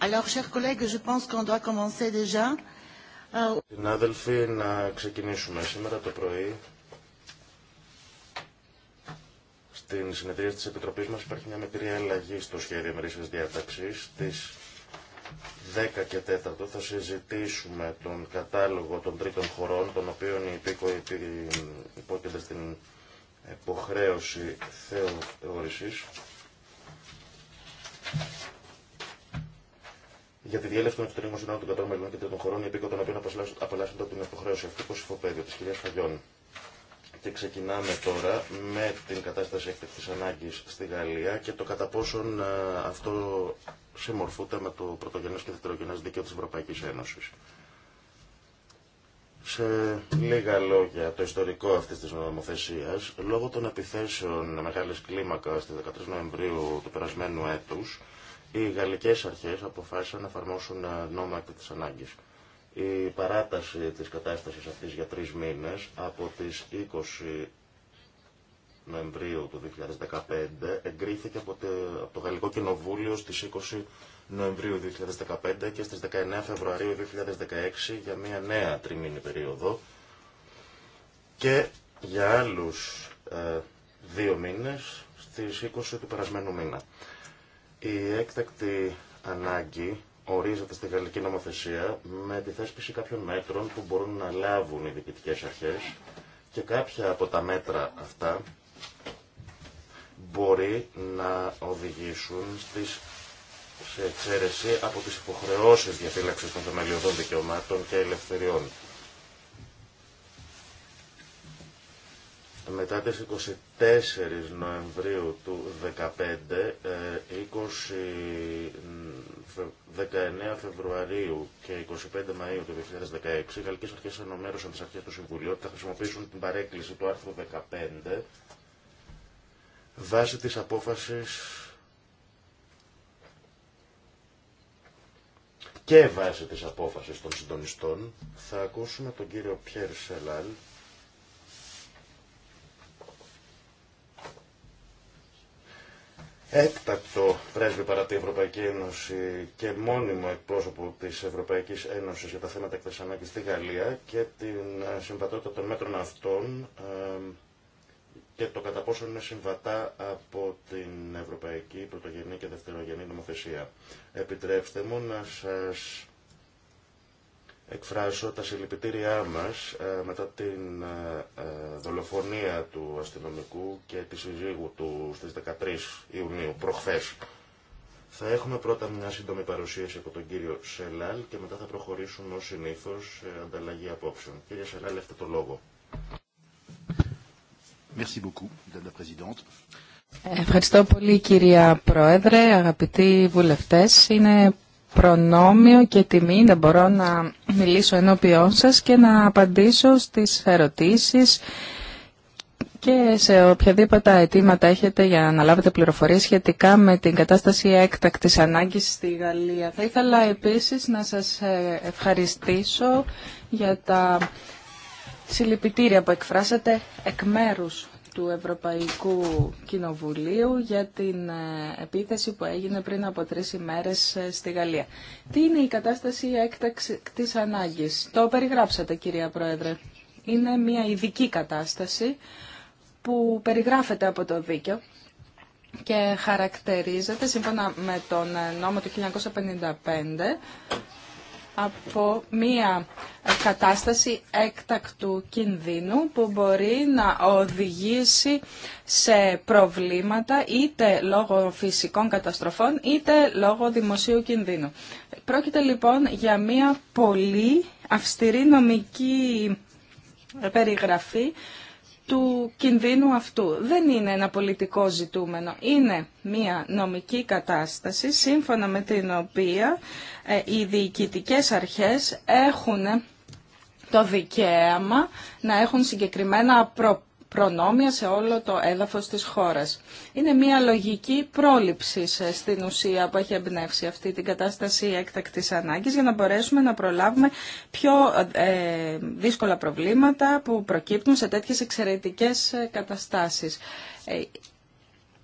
Alors, chers collègues, je pense qu'on doit commencer déjà. Euh, να ξεκινήσουμε σήμερα το πρωί. Στην συνεδρία της Επιτροπής μας υπάρχει μια μικρή αλλαγή στο σχέδιο μερίσιας διάταξη. Στις 10 και 4 θα συζητήσουμε τον κατάλογο των τρίτων χωρών, των οποίων οι υπήκοοι υπόκειται στην υποχρέωση θεώρησης για τη διέλευση των εξωτερικών συνόρων των κατών μελών και τρίτων χωρών, οι επίκο των οποίων απαλλάσσονται από την υποχρέωση αυτή του ψηφοπαίδου τη κυρία Φαγιών. Και ξεκινάμε τώρα με την κατάσταση έκτακτη ανάγκη στη Γαλλία και το κατά πόσον ε, αυτό συμμορφούνται με το πρωτογενέ και δευτερογενέ δίκαιο τη Ευρωπαϊκή Ένωση. Σε λίγα λόγια, το ιστορικό αυτή τη νομοθεσία, λόγω των επιθέσεων μεγάλη κλίμακα στι 13 Νοεμβρίου του περασμένου έτου, οι γαλλικές αρχές αποφάσισαν να εφαρμόσουν νόμο επί της Η παράταση της κατάστασης αυτής για τρεις μήνες από τις 20 Νοεμβρίου του 2015 εγκρίθηκε από το Γαλλικό Κοινοβούλιο στις 20 Νοεμβρίου 2015 και στις 19 Φεβρουαρίου 2016 για μια νέα τριμήνη περίοδο και για άλλους ε, δύο μήνες στις 20 του περασμένου μήνα. Η έκτακτη ανάγκη ορίζεται στη γαλλική νομοθεσία με τη θέσπιση κάποιων μέτρων που μπορούν να λάβουν οι διοικητικές αρχές και κάποια από τα μέτρα αυτά μπορεί να οδηγήσουν στις, σε εξαίρεση από τις υποχρεώσεις διαφύλαξης των θεμελιωδών δικαιωμάτων και ελευθεριών. Μετά τις 24 Νοεμβρίου του 2015, 19 ε, Φεβρουαρίου και 25 Μαΐου του 2016, οι Γαλλικές Αρχές ενωμέρωσαν τις αρχές του Συμβουλίου ότι θα χρησιμοποιήσουν την παρέκκληση του άρθρου 15 βάσει της απόφασης και βάσει της απόφασης των συντονιστών θα ακούσουμε τον κύριο Πιέρ Σελάλ έκτακτο πρέσβη παρά την Ευρωπαϊκή Ένωση και μόνιμο εκπρόσωπο τη Ευρωπαϊκή Ένωση για τα θέματα εκτεσανάκη ανάγκη στη Γαλλία και την ε, συμβατότητα των μέτρων αυτών και το κατά πόσο είναι συμβατά από την Ευρωπαϊκή Πρωτογενή και Δευτερογενή Νομοθεσία. Επιτρέψτε μου να σας εκφράσω τα συλληπιτήριά μας ε, μετά την ε, ε, δολοφονία του αστυνομικού και τη συζύγου του στις 13 Ιουνίου, προχθές. Θα έχουμε πρώτα μια σύντομη παρουσίαση από τον κύριο Σελάλ και μετά θα προχωρήσουμε ως συνήθως σε ανταλλαγή απόψεων. Κύριε Σελάλ, έχετε το λόγο. Ευχαριστώ πολύ κυρία Πρόεδρε, αγαπητοί βουλευτές. Είναι προνόμιο και τιμή να μπορώ να μιλήσω ενώπιόν σας και να απαντήσω στις ερωτήσεις και σε οποιαδήποτε αιτήματα έχετε για να λάβετε πληροφορίες σχετικά με την κατάσταση έκτακτης ανάγκης στη Γαλλία. Θα ήθελα επίσης να σας ε, ευχαριστήσω για τα συλληπιτήρια που εκφράσατε εκ μέρους του Ευρωπαϊκού Κοινοβουλίου για την ε, επίθεση που έγινε πριν από τρεις ημέρες ε, στη Γαλλία. Τι είναι η κατάσταση έκτακτης ανάγκης. Το περιγράψατε κυρία Πρόεδρε. Είναι μια ειδική κατάσταση που περιγράφεται από το δίκαιο και χαρακτηρίζεται σύμφωνα με τον ε, νόμο του 1955 από μία κατάσταση έκτακτου κινδύνου που μπορεί να οδηγήσει σε προβλήματα είτε λόγω φυσικών καταστροφών είτε λόγω δημοσίου κινδύνου. Πρόκειται λοιπόν για μία πολύ αυστηρή νομική περιγραφή του κινδύνου αυτού. Δεν είναι ένα πολιτικό ζητούμενο. Είναι μια νομική κατάσταση σύμφωνα με την οποία ε, οι διοικητικές αρχές έχουν το δικαίωμα να έχουν συγκεκριμένα προπ προνόμια σε όλο το έδαφος της χώρας. Είναι μια λογική πρόληψη ε, στην ουσία που έχει εμπνεύσει αυτή την κατάσταση έκτακτης ανάγκης για να μπορέσουμε να προλάβουμε πιο ε, δύσκολα προβλήματα που προκύπτουν σε τέτοιες εξαιρετικές ε, καταστάσεις.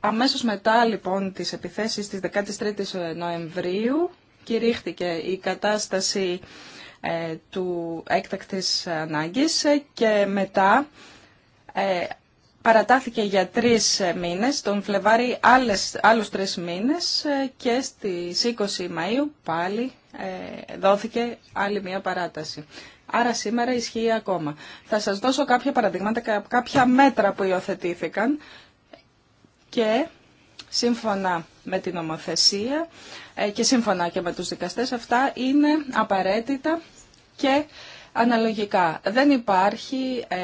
Αμέσως μετά λοιπόν τις επιθέσεις της 13ης Νοεμβρίου κηρύχθηκε η κατάσταση του έκτακτης ανάγκης και μετά ε, παρατάθηκε για τρεις μήνες, τον Φλεβάρι άλλες, άλλους τρεις μήνες ε, και στις 20 Μαΐου πάλι ε, δόθηκε άλλη μία παράταση. Άρα σήμερα ισχύει ακόμα. Θα σας δώσω κάποια παραδείγματα, κάποια μέτρα που υιοθετήθηκαν και σύμφωνα με την ομοθεσία και σύμφωνα και με τους δικαστές αυτά είναι απαραίτητα και αναλογικά. Δεν υπάρχει ε,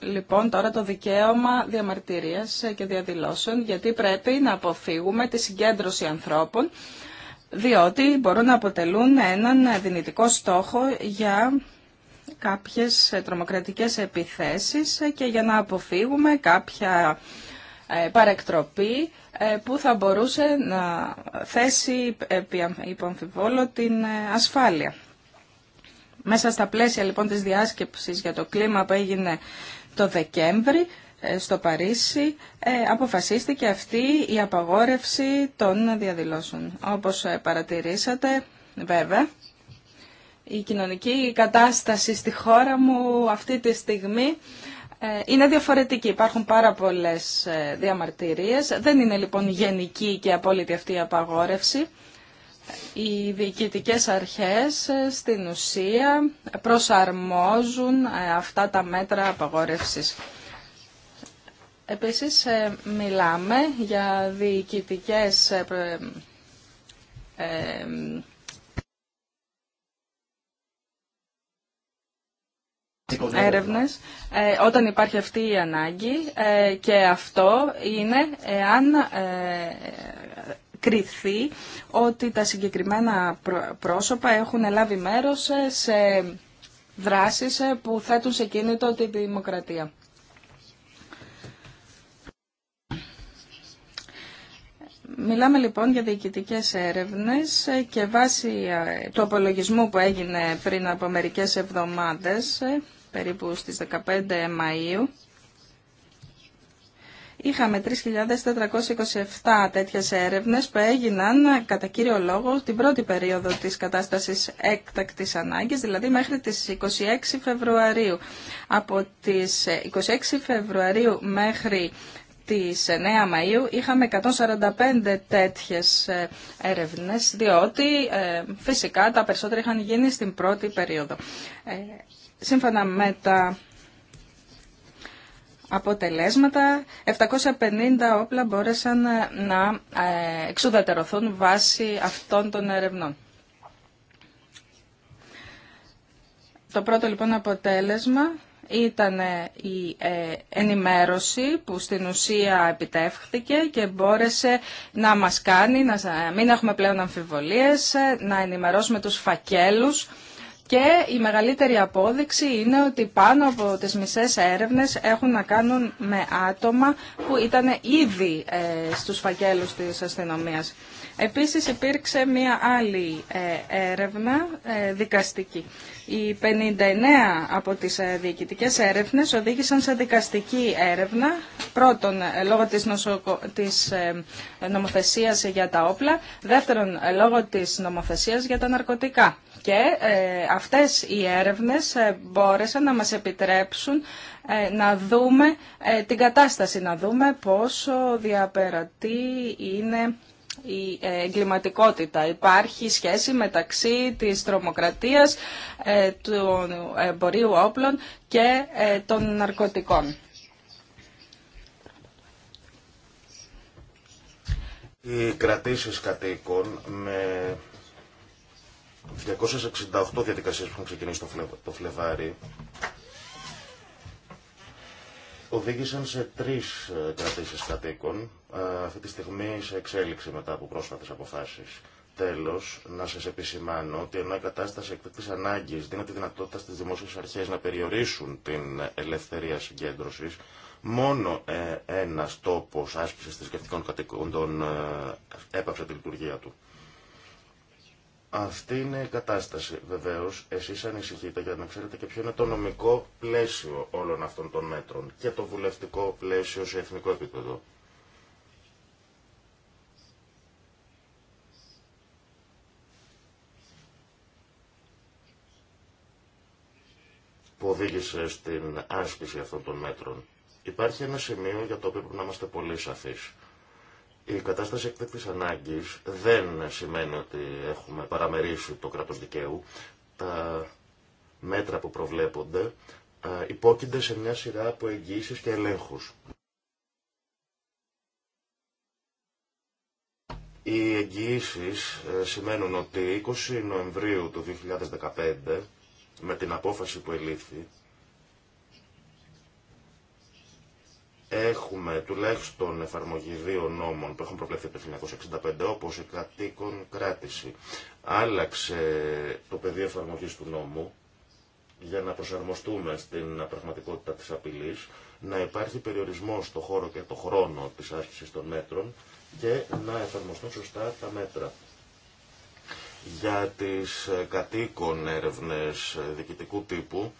λοιπόν τώρα το δικαίωμα διαμαρτυρίας ε, και διαδηλώσεων γιατί πρέπει να αποφύγουμε τη συγκέντρωση ανθρώπων διότι μπορούν να αποτελούν έναν δυνητικό στόχο για κάποιες τρομοκρατικές επιθέσεις ε, και για να αποφύγουμε κάποια παρεκτροπή που θα μπορούσε να θέσει υπό την ασφάλεια. Μέσα στα πλαίσια λοιπόν της διάσκεψης για το κλίμα που έγινε το Δεκέμβρη ε, στο Παρίσι ε, αποφασίστηκε αυτή η απαγόρευση των διαδηλώσεων. Όπως ε, παρατηρήσατε, βέβαια, η κοινωνική κατάσταση στη χώρα μου αυτή τη στιγμή είναι διαφορετική. Υπάρχουν πάρα πολλές διαμαρτυρίες. Δεν είναι λοιπόν γενική και απόλυτη αυτή η απαγόρευση οι διοικητικές αρχές ε, στην ουσία προσαρμόζουν ε, αυτά τα μέτρα απαγόρευσης. Επίσης ε, μιλάμε για διοικητικές έρευνες όταν υπάρχει αυτή η ανάγκη και αυτό είναι εάν ότι τα συγκεκριμένα πρόσωπα έχουν λάβει μέρος σε δράσεις που θέτουν σε κίνητο τη δημοκρατία. Μιλάμε λοιπόν για διοικητικέ έρευνες και βάσει ε, του απολογισμού που έγινε πριν από μερικές εβδομάδες, ε, περίπου στις 15 Μαΐου, Είχαμε 3.427 τέτοιες έρευνες που έγιναν ε, κατά κύριο λόγο την πρώτη περίοδο της κατάστασης έκτακτης ανάγκης, δηλαδή μέχρι τις 26 Φεβρουαρίου. Από τις 26 ε, Φεβρουαρίου μέχρι τις 9 ε, Μαΐου είχαμε 145 τέτοιες έρευνες, διότι φυσικά τα περισσότερα είχαν γίνει στην πρώτη περίοδο. σύμφωνα με τα αποτελέσματα 750 όπλα μπόρεσαν να ε, εξουδετερωθούν βάσει αυτών των ερευνών. Το πρώτο λοιπόν αποτέλεσμα ήταν ε, η ε, ενημέρωση που στην ουσία επιτεύχθηκε και μπόρεσε να μας κάνει να μην έχουμε πλέον αμφιβολίες, να ενημερώσουμε τους φακέλους και η μεγαλύτερη απόδειξη είναι ότι πάνω από τις μισές έρευνες έχουν να κάνουν με άτομα που ήταν ήδη ε, στους φακέλους της αστυνομίας. Επίσης υπήρξε μία άλλη ε, έρευνα ε, δικαστική. Οι 59 από τις ε, διοικητικές έρευνες οδήγησαν σε δικαστική έρευνα, πρώτον λόγω της, νοσοκο... της νομοθεσίας για τα όπλα, δεύτερον λόγω της νομοθεσίας για τα ναρκωτικά. Και αυτές οι έρευνες μπόρεσαν να μας επιτρέψουν να δούμε την κατάσταση, να δούμε πόσο διαπερατή είναι η ε, εγκληματικότητα. Υπάρχει σχέση μεταξύ της τρομοκρατίας, ε, του εμπορίου όπλων και ε, των ναρκωτικών. Οι κρατήσεις κατοίκων με 268 διαδικασίες που έχουν ξεκινήσει το Φλεβάρι οδήγησαν σε τρεις κρατήσεις κατοίκων ε, αυτή τη στιγμή σε εξέλιξη μετά από πρόσφατες αποφάσεις. Τέλος, να σας επισημάνω ότι ενώ η κατάσταση εκτακτής ανάγκης δίνει τη δυνατότητα στις δημόσιες αρχές να περιορίσουν την ελευθερία συγκέντρωσης, μόνο ε, ένας τόπος άσκησης θρησκευτικών κατοικούντων ε, έπαψε τη λειτουργία του. Αυτή είναι η κατάσταση. Βεβαίω, εσεί ανησυχείτε για να ξέρετε και ποιο είναι το νομικό πλαίσιο όλων αυτών των μέτρων και το βουλευτικό πλαίσιο σε εθνικό επίπεδο. που οδήγησε στην άσκηση αυτών των μέτρων. Υπάρχει ένα σημείο για το οποίο πρέπει να είμαστε πολύ σαφείς. Η κατάσταση εκτεκτή ανάγκης δεν σημαίνει ότι έχουμε παραμερίσει το κράτος δικαίου. Τα μέτρα που προβλέπονται ε, υπόκεινται σε μια σειρά από εγγύησεις και ελέγχους. Οι εγγυήσει ε, σημαίνουν ότι 20 Νοεμβρίου του 2015 με την απόφαση που ελήφθη έχουμε τουλάχιστον εφαρμογή δύο νόμων που έχουν προβλεφθεί το 1965 όπως η κατοίκον κράτηση. Άλλαξε το πεδίο εφαρμογής του νόμου για να προσαρμοστούμε στην πραγματικότητα της απειλής, να υπάρχει περιορισμός στο χώρο και το χρόνο της άσκησης των μέτρων και να εφαρμοστούν σωστά τα μέτρα για τις ε, κατοίκων έρευνες ε, διοικητικού τύπου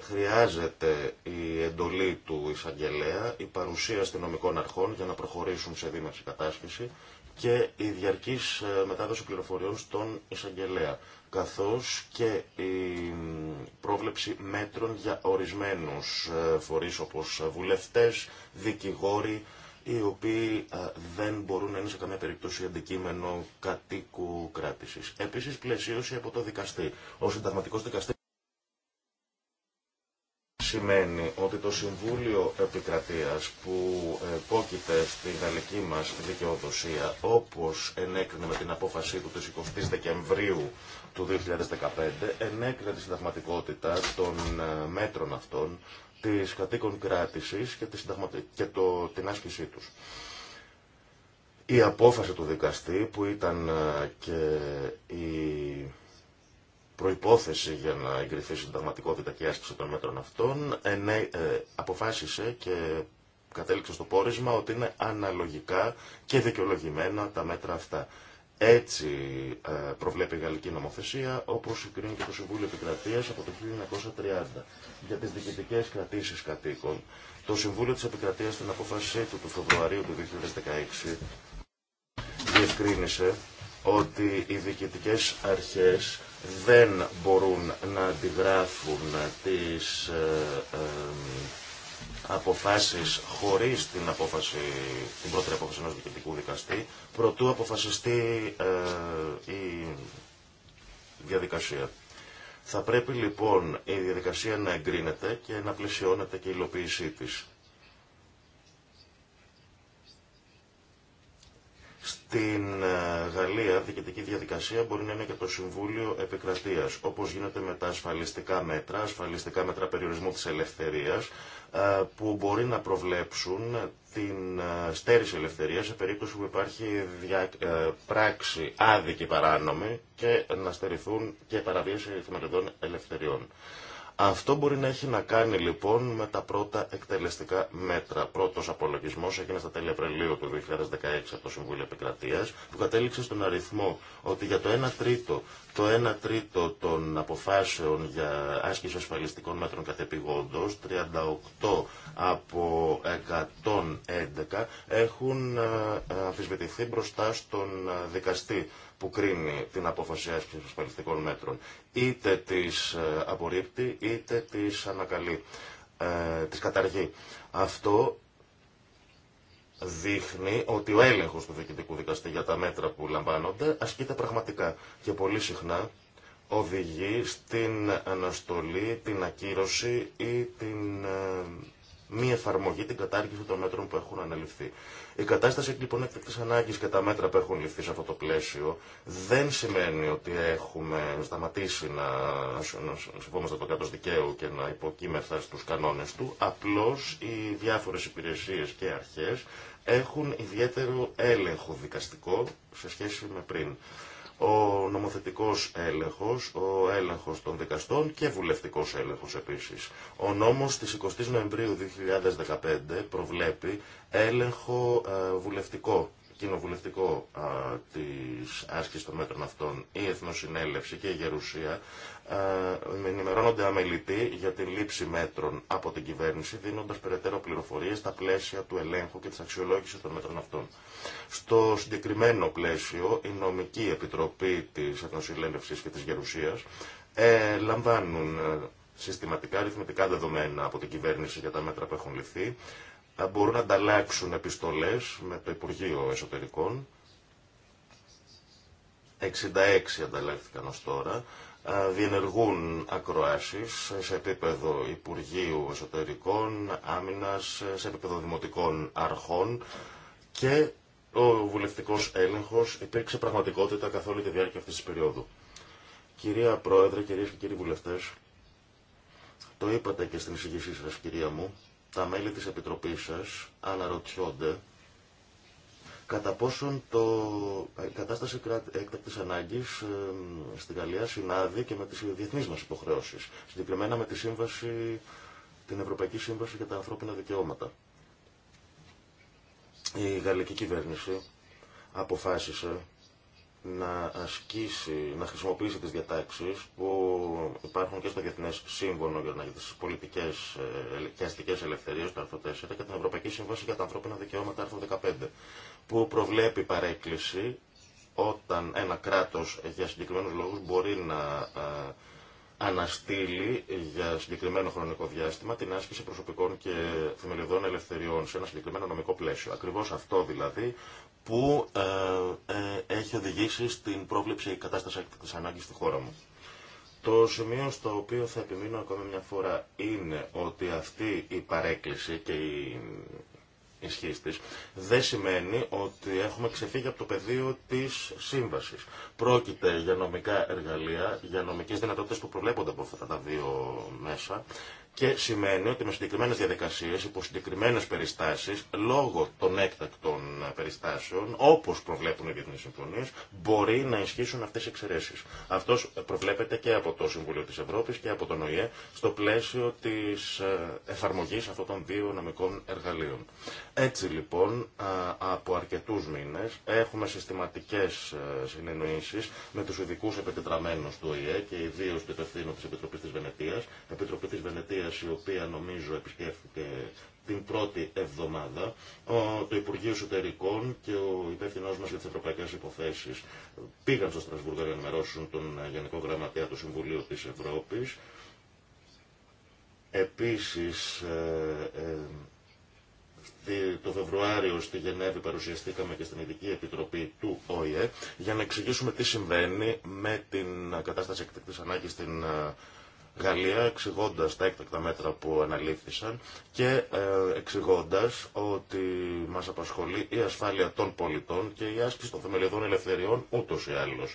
χρειάζεται η εντολή του εισαγγελέα, η παρουσία αστυνομικών αρχών για να προχωρήσουν σε δίμευση κατάσχεση και η διαρκής ε, μετάδοση πληροφοριών στον εισαγγελέα, καθώς και η πρόβλεψη μέτρων για ορισμένους φορείς όπως βουλευτές, δικηγόροι, οι οποίοι ε, δεν μπορούν να είναι σε καμία περίπτωση αντικείμενο κατοίκου κράτηση. Επίσης πλαισίωση από το δικαστή. Ο συνταγματικό δικαστή σημαίνει ότι το Συμβούλιο επικρατεία που πόκειται στη γαλλική μας δικαιοδοσία όπως ενέκρινε με την απόφασή του τη 20 Δεκεμβρίου του 2015 ενέκρινε τη συνταγματικότητα των ε, μέτρων αυτών της κατοίκων κράτησης και, και το, την άσκησή τους. Η απόφαση του δικαστή που ήταν ε, και η προϋπόθεση για να εγκριθεί συνταγματικότητα και άσκηση των μέτρων αυτών ε, αποφάσισε και κατέληξε στο πόρισμα ότι είναι αναλογικά και δικαιολογημένα τα μέτρα αυτά. Έτσι ε, προβλέπει η γαλλική νομοθεσία, όπως συγκρίνει και το Συμβούλιο Επικρατείας από το 1930. Για τις διοικητικές κρατήσεις κατοίκων, το Συμβούλιο της Επικρατείας στην απόφασή του του Φεβρουαρίου του 2016 διευκρίνησε ότι οι διοικητικές αρχές δεν μπορούν να αντιγράφουν τις ε, ε, αποφάσεις χωρίς την, απόφαση, την πρώτη απόφαση ενός διοικητικού δικαστή, προτού αποφασιστεί ε, η διαδικασία. Θα πρέπει λοιπόν η διαδικασία να εγκρίνεται και να πλησιώνεται και η υλοποίησή της. Στην ε, Γαλλία διοικητική διαδικασία μπορεί να είναι και το Συμβούλιο Επικρατεία, όπω γίνεται με τα ασφαλιστικά μέτρα, ασφαλιστικά μέτρα περιορισμού τη ελευθερία, ε, που μπορεί να προβλέψουν την ε, στέρηση ελευθερία σε περίπτωση που υπάρχει δια... πράξη άδικη παράνομη και να στερηθούν και παραβίαση θεμελιωδών ελευθεριών. Αυτό μπορεί να έχει να κάνει λοιπόν με τα πρώτα εκτελεστικά μέτρα. Πρώτος απολογισμός έγινε στα τέλη Απριλίου του 2016 από το Συμβούλιο Επικρατείας που κατέληξε στον αριθμό ότι για το 1 τρίτο, το 1 τρίτο των αποφάσεων για άσκηση ασφαλιστικών μέτρων κατεπηγόντως, 38 από 111 έχουν ε, ε, αμφισβητηθεί μπροστά στον ε, δικαστή που κρίνει την απόφαση άσκηση ασφαλιστικών μέτρων. Είτε τι ε, απορρίπτει, είτε τι ανακαλεί, ε, τι καταργεί. Αυτό δείχνει ότι ο έλεγχο του διοικητικού δικαστή για τα μέτρα που λαμβάνονται ασκείται πραγματικά και πολύ συχνά οδηγεί στην αναστολή, την ακύρωση ή την ε, μη εφαρμογή, την κατάργηση των μέτρων που έχουν αναλυφθεί. Η κατάσταση λοιπόν έκτακτη ανάγκη και τα μέτρα που έχουν ληφθεί σε αυτό το πλαίσιο δεν σημαίνει ότι έχουμε σταματήσει να, να σεβόμαστε το κράτο δικαίου και να υποκείμεθα στου κανόνε του. Απλώ οι διάφορε υπηρεσίε και αρχέ έχουν ιδιαίτερο έλεγχο δικαστικό σε σχέση με πριν ο νομοθετικός έλεγχος, ο έλεγχος των δικαστών και βουλευτικός έλεγχος επίσης. Ο νόμος της 20 Νοεμβρίου 2015 προβλέπει έλεγχο ε, βουλευτικό κοινοβουλευτικό α, ε, της άσκησης των μέτρων αυτών, η Εθνοσυνέλευση και η Γερουσία ε, ενημερώνονται αμελητή για την λήψη μέτρων από την κυβέρνηση, δίνοντας περαιτέρω πληροφορίες στα πλαίσια του ελέγχου και της αξιολόγησης των μέτρων αυτών. Στο συγκεκριμένο πλαίσιο, η νομική επιτροπή της Εθνοσυλλέλευσης και της Γερουσίας ε, λαμβάνουν ε, συστηματικά αριθμητικά δεδομένα από την κυβέρνηση για τα μέτρα που έχουν ληφθεί. Ε, μπορούν να ανταλλάξουν επιστολές με το Υπουργείο Εσωτερικών. 66 ανταλλάχθηκαν ως τώρα. Ε, διενεργούν ακροάσεις σε επίπεδο Υπουργείου Εσωτερικών, Άμυνας, σε επίπεδο Δημοτικών Αρχών και ο βουλευτικό έλεγχο υπήρξε πραγματικότητα καθ' όλη τη διάρκεια αυτή τη περίοδου. Κυρία Πρόεδρε, κυρίε και κύριοι βουλευτέ, το είπατε και στην εισηγήσή σα, κυρία μου, τα μέλη τη Επιτροπή σα αναρωτιόνται κατά πόσον το, η κατάσταση έκτακτης ανάγκης στην Γαλλία συνάδει και με τις διεθνεί μα υποχρεώσει, συγκεκριμένα με τη σύμβαση, την Ευρωπαϊκή Σύμβαση για τα Ανθρώπινα Δικαιώματα. Η γαλλική κυβέρνηση αποφάσισε να ασκήσει, να χρησιμοποιήσει τις διατάξεις που υπάρχουν και στο Διεθνές Σύμβολο για τις πολιτικές ε, και αστικές ελευθερίες, του άρθρο 4, και την Ευρωπαϊκή Σύμβαση για τα ανθρώπινα δικαιώματα, άρθρο 15, που προβλέπει παρέκκληση όταν ένα κράτος για συγκεκριμένους λόγους μπορεί να ε, αναστείλει για συγκεκριμένο χρονικό διάστημα την άσκηση προσωπικών και θεμελιωδών ελευθεριών σε ένα συγκεκριμένο νομικό πλαίσιο. Ακριβώς αυτό δηλαδή που ε, ε έχει οδηγήσει στην πρόβλεψη η κατάσταση της ανάγκης στη χώρα μου. Το σημείο στο οποίο θα επιμείνω ακόμη μια φορά είναι ότι αυτή η παρέκκληση και η δεν σημαίνει ότι έχουμε ξεφύγει από το πεδίο της σύμβασης. Πρόκειται για νομικά εργαλεία, για νομικέ δυνατότητε που προβλέπονται από αυτά τα δύο μέσα και σημαίνει ότι με συγκεκριμένε διαδικασίε, υπό συγκεκριμένες περιστάσεις, λόγω των έκτακτων περιστάσεων, όπως προβλέπουν οι διεθνείς συμφωνίες, μπορεί να ισχύσουν αυτές οι εξαιρέσει. Αυτό προβλέπεται και από το Συμβούλιο της Ευρώπης και από τον ΟΗΕ στο πλαίσιο της ε, εφαρμογή αυτών των δύο νομικών εργαλείων. Έτσι λοιπόν, από αρκετού μήνε έχουμε συστηματικέ ε, συνεννοήσει με του ειδικού επετετραμένου του ΟΗΕ και ιδίω το υπευθύνου τη Επιτροπή τη Βενετία. Επιτροπή τη Βενετία, η οποία νομίζω επισκέφθηκε την πρώτη εβδομάδα το Υπουργείο Εσωτερικών και ο υπεύθυνό μα για τι ευρωπαϊκέ υποθέσει πήγαν στο Στρασβούργο για να ενημερώσουν τον ε, Γενικό Γραμματέα του Συμβουλίου τη Ευρώπη. Επίσης, ε, το Φεβρουάριο στη Γενέβη παρουσιαστήκαμε και στην Ειδική Επιτροπή του ΟΗΕ για να εξηγήσουμε τι συμβαίνει με την κατάσταση εκτεκτής ανάγκης στην ε, Γαλλία, εξηγώντα τα έκτακτα μέτρα που αναλήφθησαν και ε, εξηγώντα ότι μα απασχολεί η ασφάλεια των πολιτών και η άσκηση των θεμελιωδών ελευθεριών ούτω ή άλλω.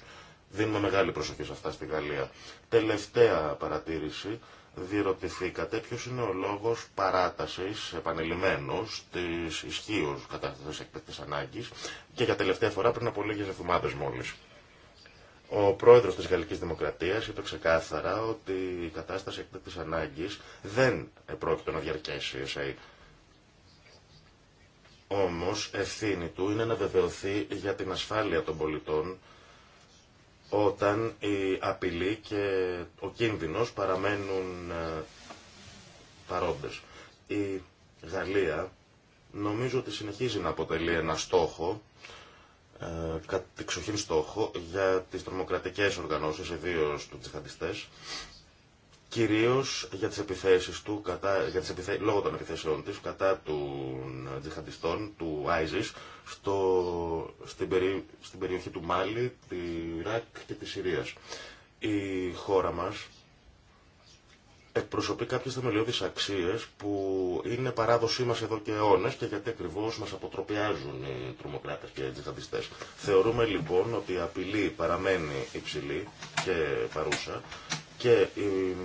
Δίνουμε μεγάλη προσοχή σε αυτά στη Γαλλία. Τελευταία παρατήρηση διερωτηθήκατε ποιος είναι ο λόγος παράτασης επανειλημμένος της ισχύω κατάστασης εκπαιδευτικής ανάγκης και για τελευταία φορά πριν από λίγες εβδομάδες μόλις. Ο πρόεδρος της Γαλλικής Δημοκρατίας είπε ξεκάθαρα ότι η κατάσταση εκπαιδευτικής ανάγκης δεν πρόκειται να διαρκέσει Όμως ευθύνη του είναι να βεβαιωθεί για την ασφάλεια των πολιτών όταν η απειλή και ο κίνδυνος παραμένουν ε, παρόντες. Η Γαλλία νομίζω ότι συνεχίζει να αποτελεί ένα στόχο, ε, κατεξοχήν στόχο, για τις τρομοκρατικές οργανώσεις, ιδίω του τσιχαντιστές, κυρίως για τις επιθέσεις του, κατά, για τις επιθέ... λόγω των επιθέσεων της, κατά των τζιχαντιστών, του ISIS, στο... στην, στην περιοχή του Μάλι, τη Ιράκ και τη Συρίας. Η χώρα μας εκπροσωπεί κάποιες θεμελιώδεις αξίες που είναι παράδοσή μας εδώ και αιώνες και γιατί ακριβώ μας αποτροπιάζουν οι τρομοκράτες και οι τζιχαντιστές. Θεωρούμε λοιπόν ότι η απειλή παραμένει υψηλή και παρούσα και η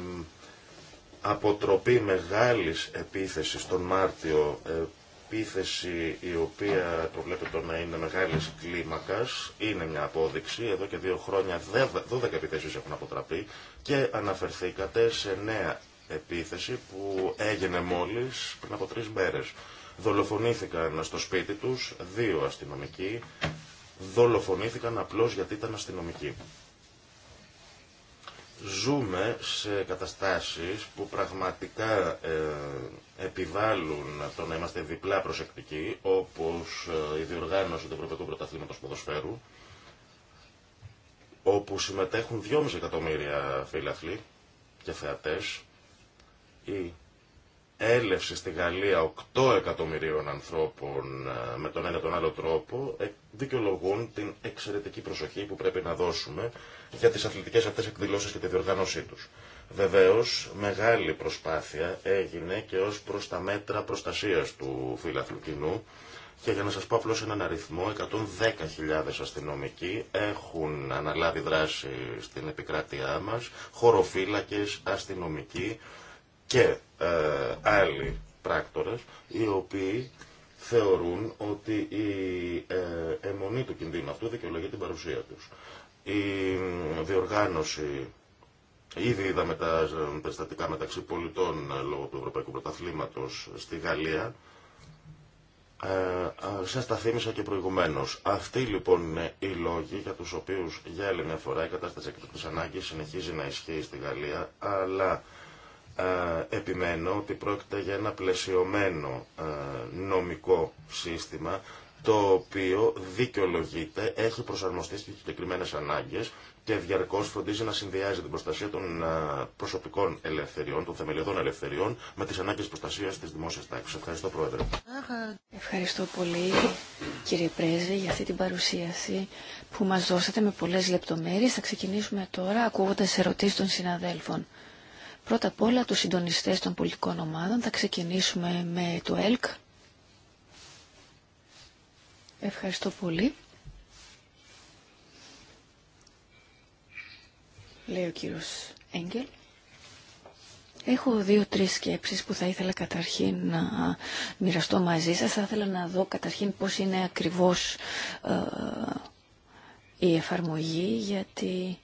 αποτροπή μεγάλης επίθεσης τον Μάρτιο, επίθεση η οποία προβλέπεται να είναι μεγάλης κλίμακας, είναι μια απόδειξη. Εδώ και δύο χρόνια 12 επιθέσεις έχουν αποτραπεί και αναφερθήκατε σε νέα επίθεση που έγινε μόλις πριν από τρεις μέρες. Δολοφονήθηκαν στο σπίτι τους δύο αστυνομικοί, δολοφονήθηκαν απλώς γιατί ήταν αστυνομικοί. Ζούμε σε καταστάσεις που πραγματικά ε, επιβάλλουν το να είμαστε διπλά προσεκτικοί, όπως ε, η διοργάνωση του Ευρωπαϊκού Πρωταθλήματος Ποδοσφαίρου, όπου συμμετέχουν 2,5 εκατομμύρια φίλαθλοι και θεατές, η έλευση στη Γαλλία 8 εκατομμυρίων ανθρώπων ε, με τον ένα τον άλλο τρόπο ε, δικαιολογούν την εξαιρετική προσοχή που πρέπει να δώσουμε για τις αθλητικές αυτές εκδηλώσεις και τη διοργάνωσή τους. Βεβαίως, μεγάλη προσπάθεια έγινε και ως προς τα μέτρα προστασίας του φύλαθλου κοινού και για να σας πω απλώς έναν αριθμό, 110.000 αστυνομικοί έχουν αναλάβει δράση στην επικράτειά μας, χωροφύλακες, αστυνομικοί και ε, άλλοι πράκτορες, οι οποίοι θεωρούν ότι η ε, αιμονή του κινδύνου αυτού δικαιολογεί την παρουσία τους. Η διοργάνωση Ήδη είδαμε τα περιστατικά μεταξύ πολιτών ε, λόγω του Ευρωπαϊκού Πρωταθλήματος στη Γαλλία. Ε, σας τα θύμισα και προηγουμένως. Αυτοί λοιπόν είναι οι λόγοι για τους οποίους για άλλη μια φορά η κατάσταση εκτός ανάγκης συνεχίζει να ισχύει στη Γαλλία, αλλά ε, επιμένω ότι πρόκειται για ένα πλαισιωμένο ε, νομικό σύστημα το οποίο δικαιολογείται, έχει προσαρμοστεί στις συγκεκριμένε ανάγκες και διαρκώ φροντίζει να συνδυάζει την προστασία των ε, προσωπικών ελευθεριών, των θεμελιωδών ελευθεριών, με τις ανάγκες προστασίας της δημόσιας τάξης. Ευχαριστώ, Πρόεδρε. Ευχαριστώ πολύ, κύριε Πρέσβη, για αυτή την παρουσίαση που μας δώσατε με πολλές λεπτομέρειες. Θα ξεκινήσουμε τώρα ακούγοντα ερωτήσει των συναδέλφων. Πρώτα απ' όλα τους συντονιστές των πολιτικών ομάδων. Θα ξεκινήσουμε με το ΕΛΚ. Ευχαριστώ πολύ. Λέει ο κύριος Έγγελ. Έχω δύο-τρεις σκέψεις που θα ήθελα καταρχήν να μοιραστώ μαζί σας. Θα ήθελα να δω καταρχήν πώς είναι ακριβώς ε, η εφαρμογή, γιατί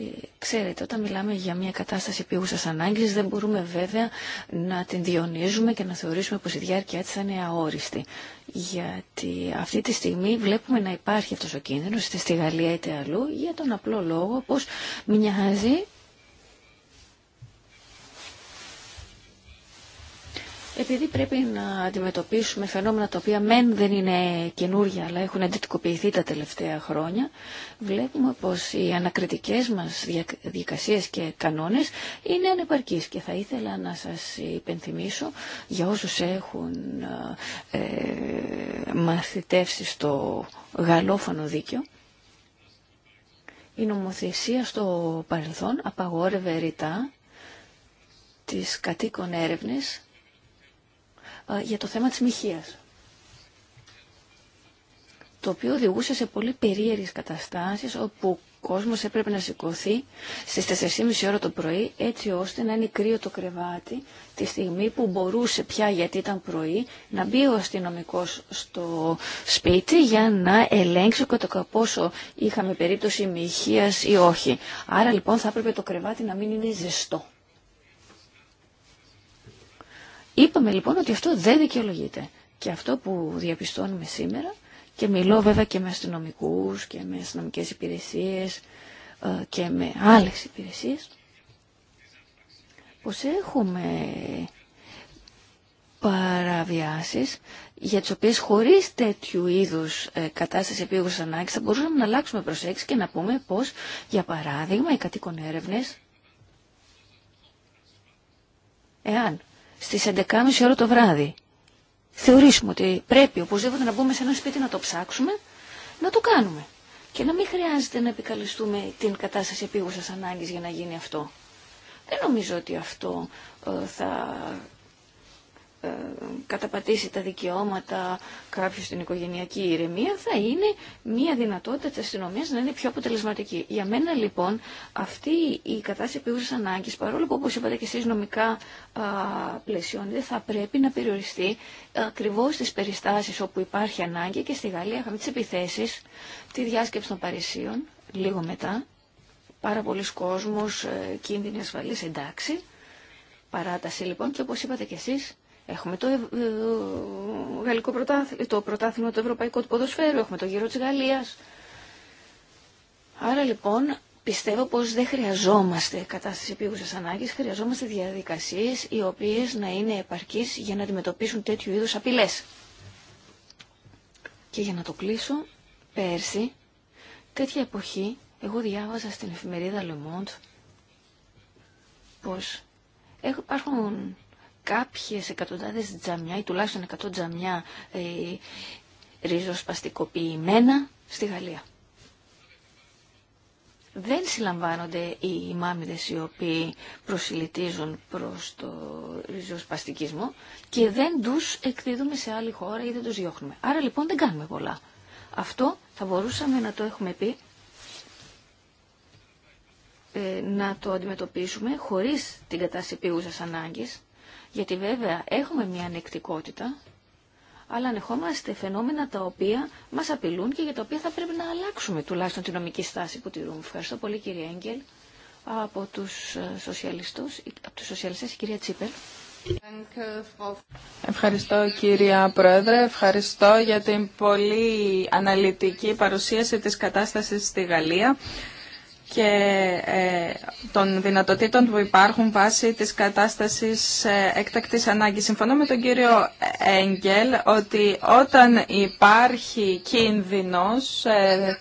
ε, ξέρετε, όταν μιλάμε για μια κατάσταση επίγουσα ανάγκη, δεν μπορούμε βέβαια να την διονύζουμε και να θεωρήσουμε πως η διάρκεια τη θα είναι αόριστη. Γιατί αυτή τη στιγμή βλέπουμε να υπάρχει αυτό ο κίνδυνο είτε στη Γαλλία είτε αλλού για τον απλό λόγο πως μοιάζει επειδή πρέπει να αντιμετωπίσουμε φαινόμενα τα οποία μεν δεν είναι καινούργια αλλά έχουν εντυπωσιακοποιηθεί τα τελευταία χρόνια, βλέπουμε πως οι ανακριτικές μας διαδικασίες και κανόνες είναι ανεπαρκείς και θα ήθελα να σας υπενθυμίσω για όσους έχουν ε, μαθητεύσει στο γαλλόφωνο δίκαιο η νομοθεσία στο παρελθόν απαγόρευε ρητά τις κατοίκων έρευνες για το θέμα της μοιχείας το οποίο οδηγούσε σε πολύ περίεργες καταστάσεις όπου ο κόσμος έπρεπε να σηκωθεί στις 4.30 ώρα το πρωί έτσι ώστε να είναι κρύο το κρεβάτι τη στιγμή που μπορούσε πια γιατί ήταν πρωί να μπει ο αστυνομικό στο σπίτι για να ελέγξει κατά πόσο είχαμε περίπτωση μοιχείας ή όχι. Άρα λοιπόν θα έπρεπε το κρεβάτι να μην είναι ζεστό. Είπαμε λοιπόν ότι αυτό δεν δικαιολογείται. Και αυτό που διαπιστώνουμε σήμερα, και μιλώ βέβαια και με αστυνομικού και με αστυνομικέ υπηρεσίε ε, και με άλλε υπηρεσίε, πω έχουμε παραβιάσεις για τις οποίες χωρίς τέτοιου είδους ε, κατάσταση επίγουσας ανάγκη θα μπορούσαμε να αλλάξουμε προσέξη και να πούμε πως, για παράδειγμα, οι κατοίκον έρευνες, εάν στις 11.30 ώρα το βράδυ θεωρήσουμε ότι πρέπει οπωσδήποτε να μπούμε σε ένα σπίτι να το ψάξουμε, να το κάνουμε. Και να μην χρειάζεται να επικαλεστούμε την κατάσταση επίγουσας ανάγκης για να γίνει αυτό. Δεν νομίζω ότι αυτό ε, θα ε, καταπατήσει τα δικαιώματα κάποιου στην οικογενειακή ηρεμία θα είναι μια δυνατότητα της αστυνομία να είναι πιο αποτελεσματική. Για μένα λοιπόν αυτή η κατάσταση επίγουσα ανάγκη, παρόλο που όπως είπατε και εσείς νομικά α, πλαισιώνεται θα πρέπει να περιοριστεί ακριβώ στις περιστάσεις όπου υπάρχει ανάγκη και στη Γαλλία είχαμε τις επιθέσεις, τη διάσκεψη των Παρισίων λίγο μετά πάρα πολλοί κόσμος, ε, κίνδυνοι ασφαλής εντάξει Παράταση λοιπόν και όπως είπατε και εσείς Έχουμε το, ε, ε, γαλλικό πρωτάθλημα, το πρωτάθλημα του Ευρωπαϊκού του Ποδοσφαίρου, έχουμε το γύρο της Γαλλίας. Άρα λοιπόν πιστεύω πως δεν χρειαζόμαστε κατάσταση επίγουσας ανάγκης, χρειαζόμαστε διαδικασίες οι οποίες να είναι επαρκείς για να αντιμετωπίσουν τέτοιου είδους απειλές. Και για να το κλείσω, πέρσι, τέτοια εποχή, εγώ διάβαζα στην εφημερίδα Le Monde πως υπάρχουν κάποιες εκατοντάδες τζαμιά ή τουλάχιστον 100 τζαμιά ε, ριζοσπαστικοποιημένα στη Γαλλία. Δεν συλλαμβάνονται οι μάμιδες οι οποίοι προσιλητίζουν προς το ριζοσπαστικισμό και δεν τους εκδίδουμε σε άλλη χώρα ή δεν τους διώχνουμε. Άρα λοιπόν δεν κάνουμε πολλά. Αυτό θα μπορούσαμε να το έχουμε πει ε, να το αντιμετωπίσουμε χωρίς την κατάσταση πήγουσας ανάγκης γιατί βέβαια έχουμε μια ανεκτικότητα, αλλά ανεχόμαστε φαινόμενα τα οποία μας απειλούν και για τα οποία θα πρέπει να αλλάξουμε τουλάχιστον τη νομική στάση που τηρούμε. Ευχαριστώ πολύ κύριε Έγκελ Από τους ε, σοσιαλιστέ, σοσιαλιστές η κυρία Τσίπερ. Ευχαριστώ κυρία Πρόεδρε, ευχαριστώ για την πολύ αναλυτική παρουσίαση της κατάστασης στη Γαλλία και ε, των δυνατοτήτων που υπάρχουν βάσει της κατάστασης ε, έκτακτης ανάγκης. Συμφωνώ με τον κύριο Έγγελ ότι όταν υπάρχει κίνδυνος ε,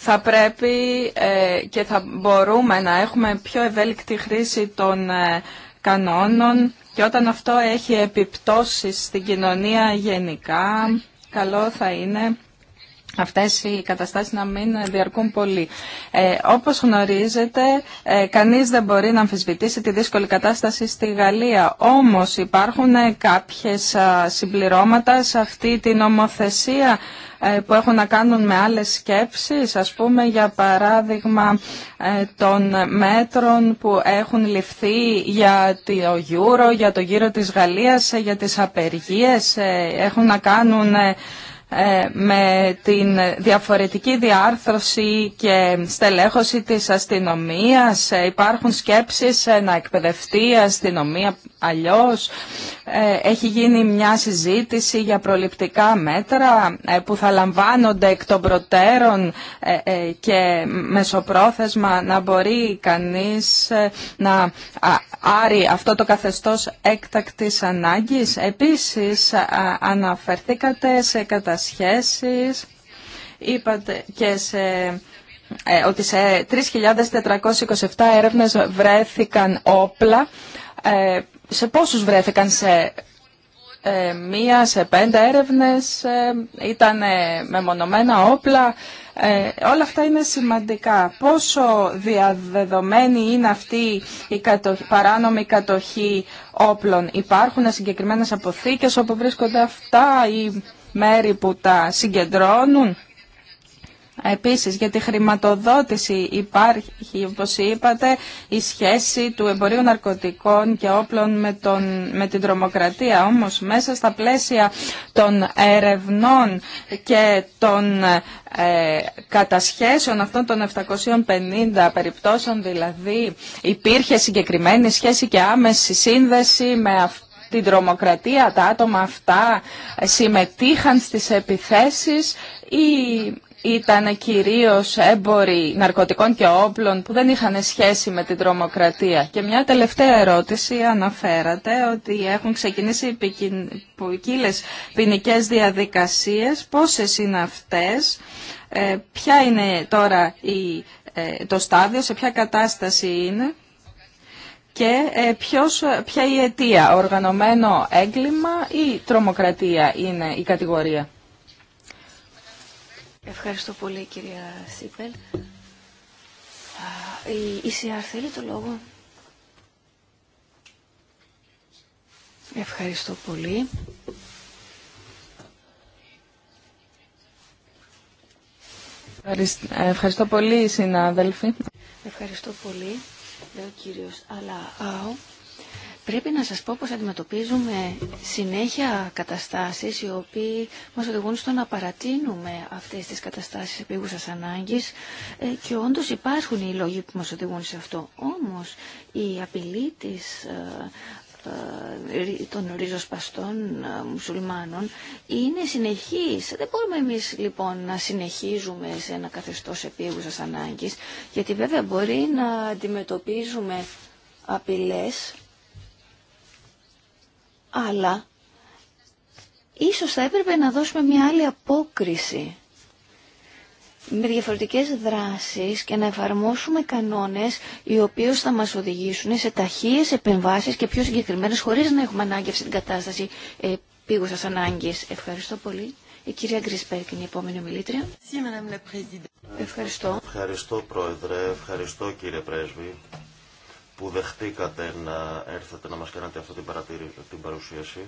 θα πρέπει και θα μπορούμε να έχουμε πιο ευέλικτη χρήση των κανόνων και όταν αυτό έχει επιπτώσεις στην κοινωνία γενικά, καλό θα είναι αυτές οι καταστάσεις να μην διαρκούν πολύ. Ε, όπως γνωρίζετε, ε, κανείς δεν μπορεί να αμφισβητήσει τη δύσκολη κατάσταση στη Γαλλία. Όμως υπάρχουν ε, κάποιες συμπληρώματα σε αυτή την νομοθεσία ε, που έχουν να κάνουν με άλλες σκέψεις, ας πούμε για παράδειγμα ε, των μέτρων που έχουν ληφθεί για το Euro, για το γύρο της Γαλλίας, για τις απεργίες, έχουν να κάνουν ε, με την διαφορετική διάρθρωση και στελέχωση της αστυνομίας. Ε, υπάρχουν σκέψεις ε, να εκπαιδευτεί η αστυνομία αλλιώς. Ε, έχει γίνει μια συζήτηση για προληπτικά μέτρα ε, που θα λαμβάνονται εκ των προτέρων ε, και μεσοπρόθεσμα να μπορεί κανείς να άρει αυτό το καθεστώς έκτακτης ανάγκης. Επίσης αναφερθήκατε σε κατασχέσεις, είπατε και σε ότι σε 3.427 έρευνες βρέθηκαν όπλα σε πόσους βρέθηκαν σε ε, μία, σε πέντε έρευνες, ε, ήταν μεμονωμένα όπλα. Ε, όλα αυτά είναι σημαντικά. Πόσο διαδεδομένη είναι αυτή η παράνομη κατοχή όπλων. Υπάρχουν συγκεκριμένες αποθήκες όπου βρίσκονται αυτά ή μέρη που τα συγκεντρώνουν. Επίσης για τη χρηματοδότηση υπάρχει, όπως είπατε, η σχέση του εμπορίου ναρκωτικών και όπλων με, τον, με την τρομοκρατία. Όμως μέσα στα πλαίσια των ερευνών και των ε, κατασχέσεων αυτών των 750 περιπτώσεων, δηλαδή υπήρχε συγκεκριμένη σχέση και άμεση σύνδεση με αυτό την τρομοκρατία, τα άτομα αυτά συμμετείχαν στις επιθέσεις ή ήταν κυρίως έμποροι ναρκωτικών και όπλων που δεν είχαν σχέση με την τρομοκρατία. Και μια τελευταία ερώτηση αναφέρατε ότι έχουν ξεκινήσει ποικίλε ποινικέ διαδικασίες. Πόσες είναι αυτές, ε, ποια είναι τώρα η, ε, το στάδιο, σε ποια κατάσταση είναι και ε, ποιος, ποια η αιτία, οργανωμένο έγκλημα ή τρομοκρατία είναι η κατηγορία. Ευχαριστώ πολύ κυρία Σίπελ. Η ΙΣΙΑΡ θέλει το λόγο. Ευχαριστώ πολύ. Ε, ευχαριστώ πολύ συνάδελφοι. Ευχαριστώ πολύ, λέει ο κύριος Αλαάου. Πρέπει να σας πω πως αντιμετωπίζουμε συνέχεια καταστάσεις οι οποίοι μας οδηγούν στο να παρατείνουμε αυτές τις καταστάσεις επίγουσας ανάγκης ε, και όντως υπάρχουν οι λόγοι που μας οδηγούν σε αυτό. Όμως η απειλή της ε, ε, των ριζοσπαστών μουσουλμάνων είναι συνεχής. Δεν μπορούμε εμείς λοιπόν να συνεχίζουμε σε ένα καθεστώς επίγουσας ανάγκης, γιατί βέβαια μπορεί να αντιμετωπίζουμε απειλές αλλά ίσως θα έπρεπε να δώσουμε μια άλλη απόκριση με διαφορετικές δράσεις και να εφαρμόσουμε κανόνες οι οποίες θα μας οδηγήσουν σε ταχείες επεμβάσεις και πιο συγκεκριμένες χωρίς να έχουμε ανάγκη αυτή την κατάσταση ε, σας ανάγκης. Ευχαριστώ πολύ. Η κυρία Γκρισπέρκ είναι η επόμενη ομιλήτρια. Ευχαριστώ. Ευχαριστώ Πρόεδρε, ευχαριστώ κύριε Πρέσβη που δεχτήκατε να έρθετε να μας κάνετε αυτή την, την παρουσίαση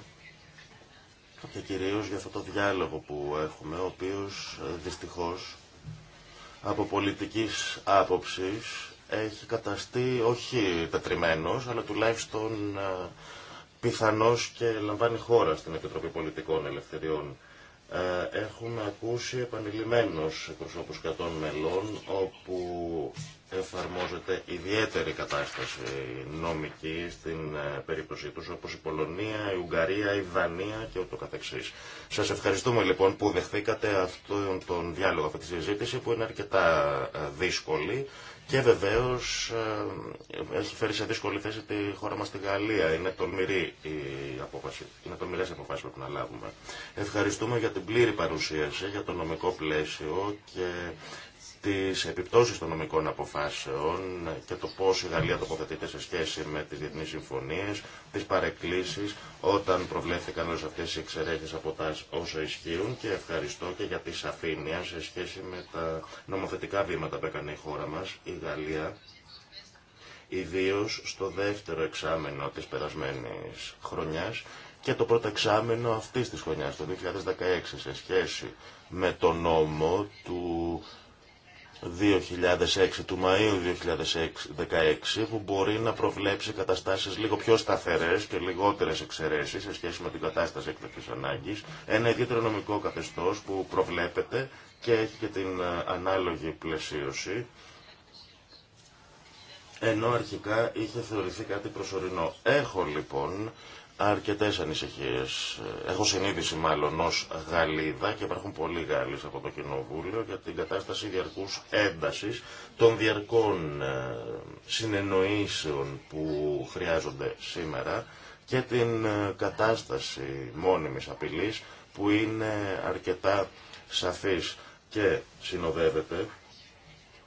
και κυρίως για αυτό το διάλογο που έχουμε, ο οποίος ε, δυστυχώς από πολιτικής άποψης έχει καταστεί όχι τετριμένος, αλλά τουλάχιστον ε, πιθανός και λαμβάνει χώρα στην Επιτροπή Πολιτικών Ελευθεριών. Ε, έχουμε ακούσει επανειλημμένως εκπροσώπους κατών μελών, όπου εφαρμόζεται ιδιαίτερη κατάσταση νομική στην ε, περίπτωσή τους όπως η Πολωνία, η Ουγγαρία, η Δανία και ούτω καθεξής. Σας ευχαριστούμε λοιπόν που δεχθήκατε αυτόν τον διάλογο, αυτή τη συζήτηση που είναι αρκετά ε, δύσκολη και βεβαίω ε, έχει φέρει σε δύσκολη θέση τη χώρα μα στη Γαλλία. Είναι τολμηρή η απόφαση. Είναι τολμηρέ οι αποφάσει που πρέπει να λάβουμε. Ευχαριστούμε για την πλήρη παρουσίαση, για το νομικό πλαίσιο και τις επιπτώσεις των νομικών αποφάσεων και το πώς η Γαλλία τοποθετείται σε σχέση με τις διεθνείς συμφωνίες, τις παρεκκλήσεις, όταν προβλέφθηκαν όλες αυτές οι εξαιρέσεις από τα όσα ισχύουν και ευχαριστώ και για τη σαφήνεια σε σχέση με τα νομοθετικά βήματα που έκανε η χώρα μας, η Γαλλία, ιδίως στο δεύτερο εξάμενο της περασμένης χρονιάς και το πρώτο εξάμενο αυτής της χρονιάς, το 2016, σε σχέση με το νόμο του 2006, του Μαΐου 2016, που μπορεί να προβλέψει καταστάσεις λίγο πιο σταθερές και λιγότερες εξαιρέσεις σε σχέση με την κατάσταση έκτακτης ανάγκης, ένα ιδιαίτερο νομικό καθεστώς που προβλέπεται και έχει και την ε, ανάλογη πλαισίωση, ενώ αρχικά είχε θεωρηθεί κάτι προσωρινό. Έχω λοιπόν αρκετές ανησυχίε Έχω συνείδηση μάλλον ως Γαλλίδα και υπάρχουν πολλοί Γάλλοι από το Κοινοβούλιο για την κατάσταση διαρκούς έντασης των διαρκών ε, συνεννοήσεων που χρειάζονται σήμερα και την ε, κατάσταση μόνιμης απειλής που είναι αρκετά σαφής και συνοδεύεται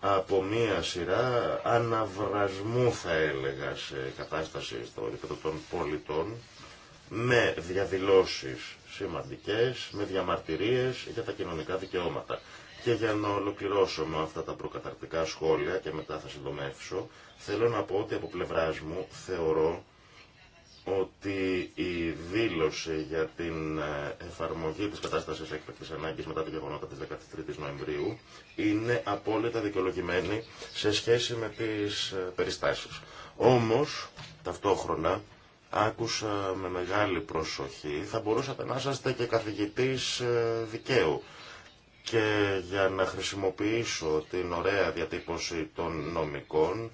από μία σειρά αναβρασμού θα έλεγα σε κατάσταση στο επίπεδο των πολιτών με διαδηλώσεις σημαντικές, με διαμαρτυρίες για τα κοινωνικά δικαιώματα. Και για να ολοκληρώσω με αυτά τα προκαταρτικά σχόλια και μετά θα συντομεύσω, θέλω να πω ότι από πλευράς μου θεωρώ ότι η δήλωση για την ε, εφαρμογή της κατάστασης έκπαικτης ανάγκης μετά την γεγονότα της 13ης Νοεμβρίου είναι απόλυτα δικαιολογημένη σε σχέση με τις ε, περιστάσεις. Όμως, ταυτόχρονα, άκουσα με μεγάλη προσοχή. Θα μπορούσατε να είσαστε και καθηγητής ε, δικαίου. Και για να χρησιμοποιήσω την ωραία διατύπωση των νομικών,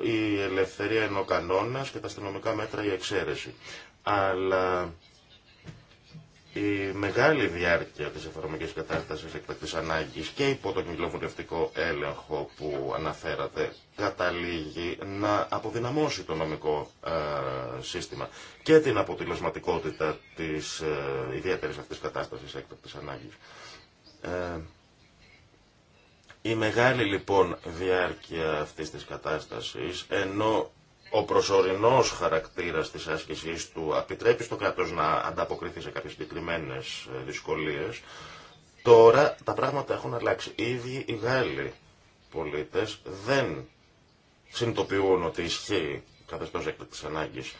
η ελευθερία είναι κανόνας και τα αστυνομικά μέτρα η εξαίρεση. Αλλά η μεγάλη διάρκεια της εφαρμογής κατάστασης εκτακτής ανάγκης και υπό τον κοινοβουλευτικό έλεγχο που αναφέρατε καταλήγει να αποδυναμώσει το νομικό ε, σύστημα και την αποτελεσματικότητα της ε, ιδιαίτερης αυτής κατάστασης έκτακτης ανάγκης. Ε, η μεγάλη λοιπόν διάρκεια αυτής της κατάστασης, ενώ ο προσωρινός χαρακτήρας της άσκησής του επιτρέπει στο κράτος να ανταποκριθεί σε κάποιες συγκεκριμένε ε, δυσκολίες. Τώρα τα πράγματα έχουν αλλάξει. Οι ίδιοι οι Γάλλοι πολίτες δεν συνειδητοποιούν ότι ισχύει καθεστώ έκτακτη ανάγκη.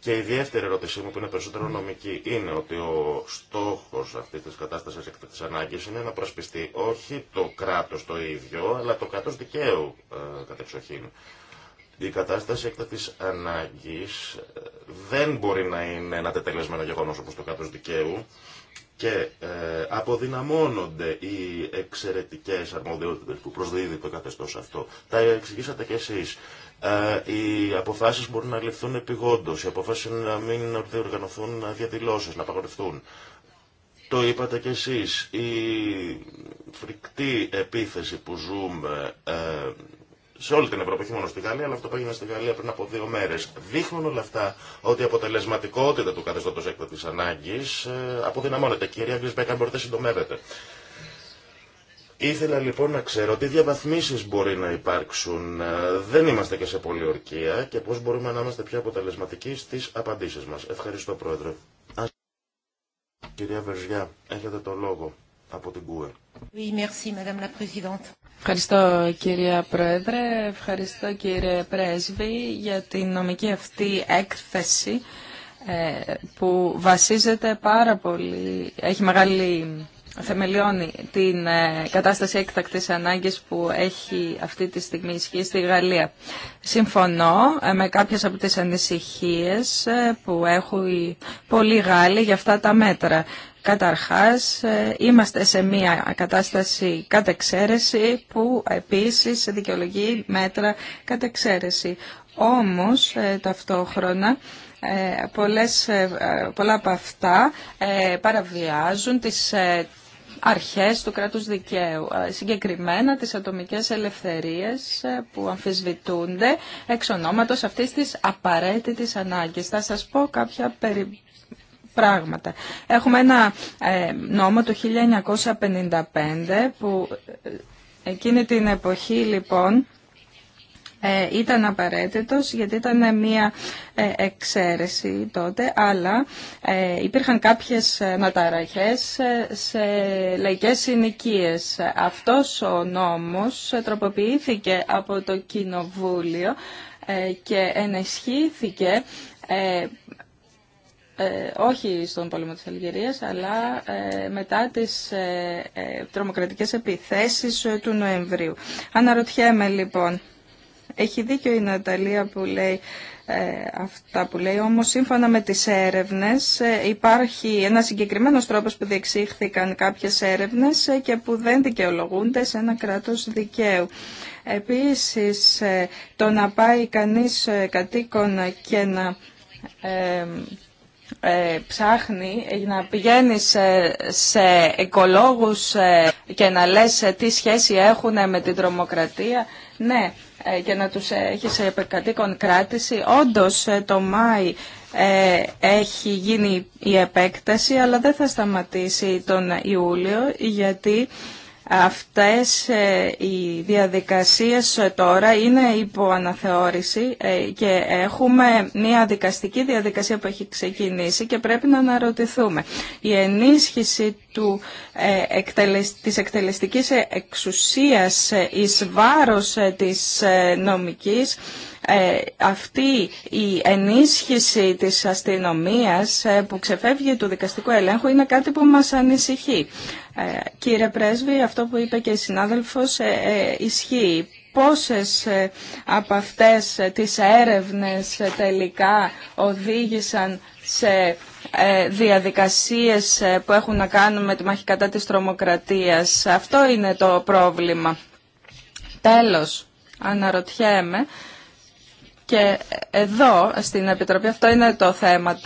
Και η δεύτερη ερώτησή μου, που είναι περισσότερο νομική, είναι ότι ο στόχο αυτή τη κατάσταση έκτακτη ανάγκη είναι να προσπιστεί όχι το κράτο το ίδιο, αλλά το κράτο δικαίου ε, κατεξοχήν η κατάσταση έκτακτη ανάγκη ε, δεν μπορεί να είναι ένα τετελεσμένο γεγονός όπως το κράτο δικαίου και ε, αποδυναμώνονται οι εξαιρετικέ αρμοδιότητες που προσδίδει το καθεστώ αυτό. Τα εξηγήσατε κι εσείς. Ε, οι αποφάσεις μπορούν να ληφθούν επιγόντω, οι αποφάσεις να μην διοργανωθούν διαδηλώσει, να απαγορευτούν. Το είπατε κι εσείς, η φρικτή επίθεση που ζούμε σε όλη την Ευρώπη, όχι μόνο στη Γαλλία, αλλά αυτό που έγινε στη Γαλλία πριν από δύο μέρε. Δείχνουν όλα αυτά ότι η αποτελεσματικότητα του καθεστώτο έκτακτη ανάγκη ε, αποδυναμώνεται. Κυρία Γκρισμπέκα, μπορείτε συντομεύετε. Ήθελα λοιπόν να ξέρω τι διαβαθμίσεις μπορεί να υπάρξουν. Ε, δεν είμαστε και σε πολιορκία και πώς μπορούμε να είμαστε πιο αποτελεσματικοί στις απαντήσεις μας. Ευχαριστώ Πρόεδρε. Κυρία Βερζιά, έχετε το λόγο από Ευχαριστώ κυρία Πρόεδρε, ευχαριστώ κύριε Πρέσβη για την νομική αυτή έκθεση ε, που βασίζεται πάρα πολύ, έχει μεγάλη θεμελιώνη την ε, κατάσταση έκτακτης ανάγκης που έχει αυτή τη στιγμή ισχύει στη Γαλλία. Συμφωνώ ε, με κάποιες από τις ανησυχίες που έχουν οι πολλοί Γάλλοι για αυτά τα μέτρα. Καταρχάς, ε, είμαστε σε μια κατάσταση κατεξαίρεση που επίσης δικαιολογεί μέτρα κατεξαίρεση. Όμως, ε, ταυτόχρονα, ε, πολλές, πολλά από αυτά παραβιάζουν τις αρχές του κράτους δικαίου, συγκεκριμένα τις ατομικές ελευθερίες που αμφισβητούνται εξ ονόματος αυτής της απαραίτητης ανάγκης. Θα σας πω κάποια περι πράγματα. Έχουμε ένα ε, νόμο το 1955 που ε, εκείνη την εποχή λοιπόν ε, ήταν απαραίτητος γιατί ήταν μια εξαίρεση τότε, αλλά υπήρχαν κάποιες αναταραχές σε λαϊκές συνοικίες. Αυτός ο νόμος τροποποιήθηκε από το Κοινοβούλιο και ενισχύθηκε ε, όχι στον πόλεμο της Αλγερίας, αλλά ε, μετά τις ε, ε τρομοκρατικές επιθέσεις του Νοεμβρίου. Αναρωτιέμαι λοιπόν, έχει δίκιο η Ναταλία που λέει αυτά που λέει, όμως σύμφωνα με τις έρευνες υπάρχει ένα συγκεκριμένος τρόπος που διεξήχθηκαν κάποιες έρευνες και που δεν δικαιολογούνται σε ένα κράτος δικαίου. Επίσης, το να πάει κανείς κατοίκον και να... Ε, ψάχνει να πηγαίνει σε οικολόγους ε, και να λες ε, τι σχέση έχουν με την τρομοκρατία. Ναι, και να τους έχει σε επεκατοίκον κράτηση. Όντως το Μάη έχει γίνει η επέκταση, αλλά δεν θα σταματήσει τον Ιούλιο, γιατί Αυτές ε, οι διαδικασίες τώρα είναι υπό αναθεώρηση ε, και έχουμε μια δικαστική διαδικασία που έχει ξεκινήσει και πρέπει να αναρωτηθούμε. Η ενίσχυση του, ε, της εκτελεστικής εξουσίας εις βάρος της νομικής ε, αυτή η ενίσχυση της αστυνομίας ε, που ξεφεύγει του δικαστικού ελέγχου είναι κάτι που μας ανησυχεί. Ε, κύριε Πρέσβη, αυτό που είπε και η συνάδελφος ισχύει. Πόσες από αυτές τις έρευνες τελικά οδήγησαν σε διαδικασίες που έχουν να κάνουν με τη μάχη κατά της τρομοκρατίας. Αυτό είναι το πρόβλημα. Τέλος, αναρωτιέμαι και εδώ στην Επιτροπή αυτό είναι το θέμα,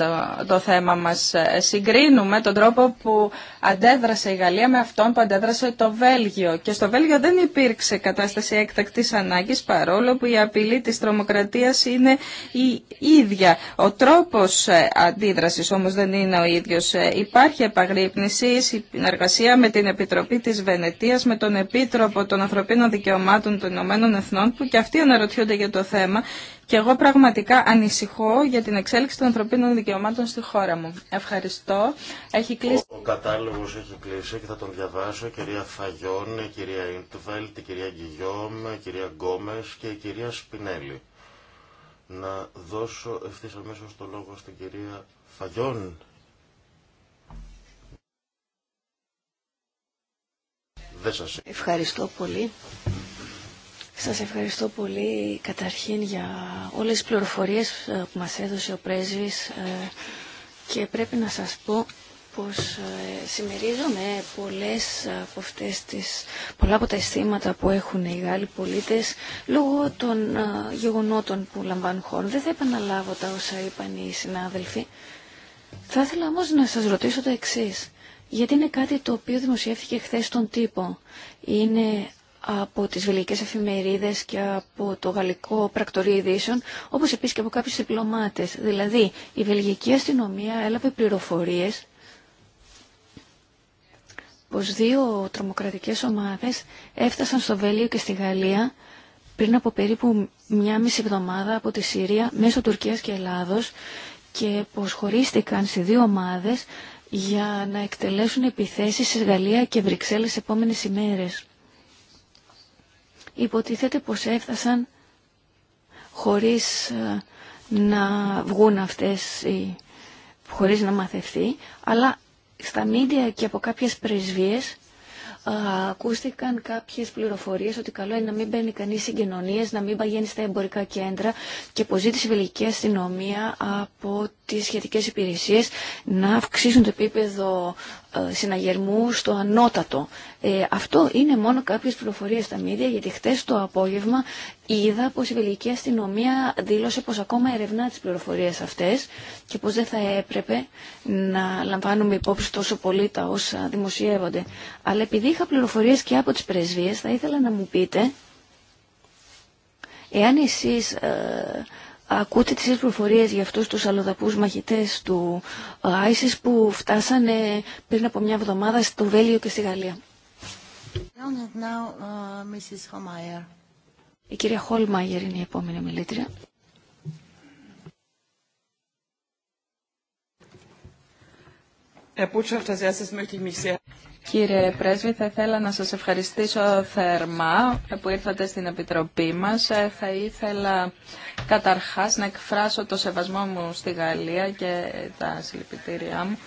το, θέμα μας. Συγκρίνουμε τον τρόπο που αντέδρασε η Γαλλία με αυτόν που αντέδρασε το Βέλγιο. Και στο Βέλγιο δεν υπήρξε κατάσταση έκτακτης ανάγκης παρόλο που η απειλή της τρομοκρατίας είναι η ίδια. Ο τρόπος ε, αντίδρασης όμως δεν είναι ο ίδιος. Ε, υπάρχει επαγρύπνηση, συνεργασία με την Επιτροπή της Βενετίας, με τον Επίτροπο των Ανθρωπίνων Δικαιωμάτων των Ηνωμένων Εθνών που και αυτοί αναρωτιούνται για το θέμα και εγώ πραγματικά ανησυχώ για την εξέλιξη των ανθρωπίνων δικαιωμάτων στη χώρα μου. Ευχαριστώ. Έχει κλείσει... Ο, κατάλογο έχει κλείσει και θα τον διαβάσω. Η κυρία Φαγιόν, η κυρία Ιντβέλτ, η κυρία Γκυγιόμ, η κυρία Γκόμε και η κυρία Σπινέλη. Να δώσω ευθύ αμέσω το λόγο στην κυρία Φαγιόν. Ευχαριστώ πολύ. Σας ευχαριστώ πολύ καταρχήν για όλες τις πληροφορίες ε, που μας έδωσε ο πρέσβης ε, και πρέπει να σας πω πως ε, συμμερίζομαι πολλές από αυτές τις, πολλά από τα αισθήματα που έχουν οι Γάλλοι πολίτες λόγω των γεγονότων που λαμβάνουν χώρο. Δεν θα επαναλάβω τα όσα είπαν οι συνάδελφοι. Θα ήθελα όμως να σας ρωτήσω το εξής. Γιατί είναι κάτι το οποίο δημοσιεύθηκε χθε στον τύπο. Είναι από τις βελγικές εφημερίδες και από το γαλλικό πρακτορείο ειδήσεων, όπως επίσης και από κάποιους διπλωμάτες. Δηλαδή, η βελγική αστυνομία έλαβε πληροφορίες πως δύο τρομοκρατικές ομάδες έφτασαν στο Βέλιο και στη Γαλλία πριν από περίπου μια μισή εβδομάδα από τη Συρία μέσω Τουρκίας και Ελλάδος και πως χωρίστηκαν σε δύο ομάδες για να εκτελέσουν επιθέσεις σε Γαλλία και Βρυξέλλες επόμενες ημέρες υποτίθεται πως έφτασαν χωρίς ε, να βγουν αυτές οι χωρίς να μαθευτεί, αλλά στα μίντια και από κάποιες πρεσβείες α, ε, ακούστηκαν κάποιες πληροφορίες ότι καλό είναι να μην μπαίνει κανείς συγκοινωνίες, να μην παγαίνει στα εμπορικά κέντρα και ζήτησε η βελγική αστυνομία από τις σχετικές υπηρεσίες να αυξήσουν το επίπεδο ε, συναγερμού στο ανώτατο. Ε, αυτό είναι μόνο κάποιες πληροφορίες στα μίδια, γιατί χτες το απόγευμα είδα πως η Βελγική Αστυνομία δήλωσε πως ακόμα ερευνά τις πληροφορίες αυτές και πως δεν θα έπρεπε να λαμβάνουμε υπόψη τόσο πολύ τα όσα δημοσιεύονται. Αλλά επειδή είχα πληροφορίες και από τις πρεσβείες, θα ήθελα να μου πείτε εάν εσείς ε, ακούτε τις πληροφορίες για αυτούς τους αλλοδαπούς μαχητές του ε, ISIS που φτάσανε πριν από μια εβδομάδα στο Βέλιο και στη Γαλλία. Uh, η κυρία Χόλμαγερ είναι η επόμενη μιλήτρια. Κύριε Πρέσβη, θα ήθελα να σας ευχαριστήσω θερμά που ήρθατε στην Επιτροπή μας. Ε, θα ήθελα καταρχάς να εκφράσω το σεβασμό μου στη Γαλλία και τα συλληπιτήριά μου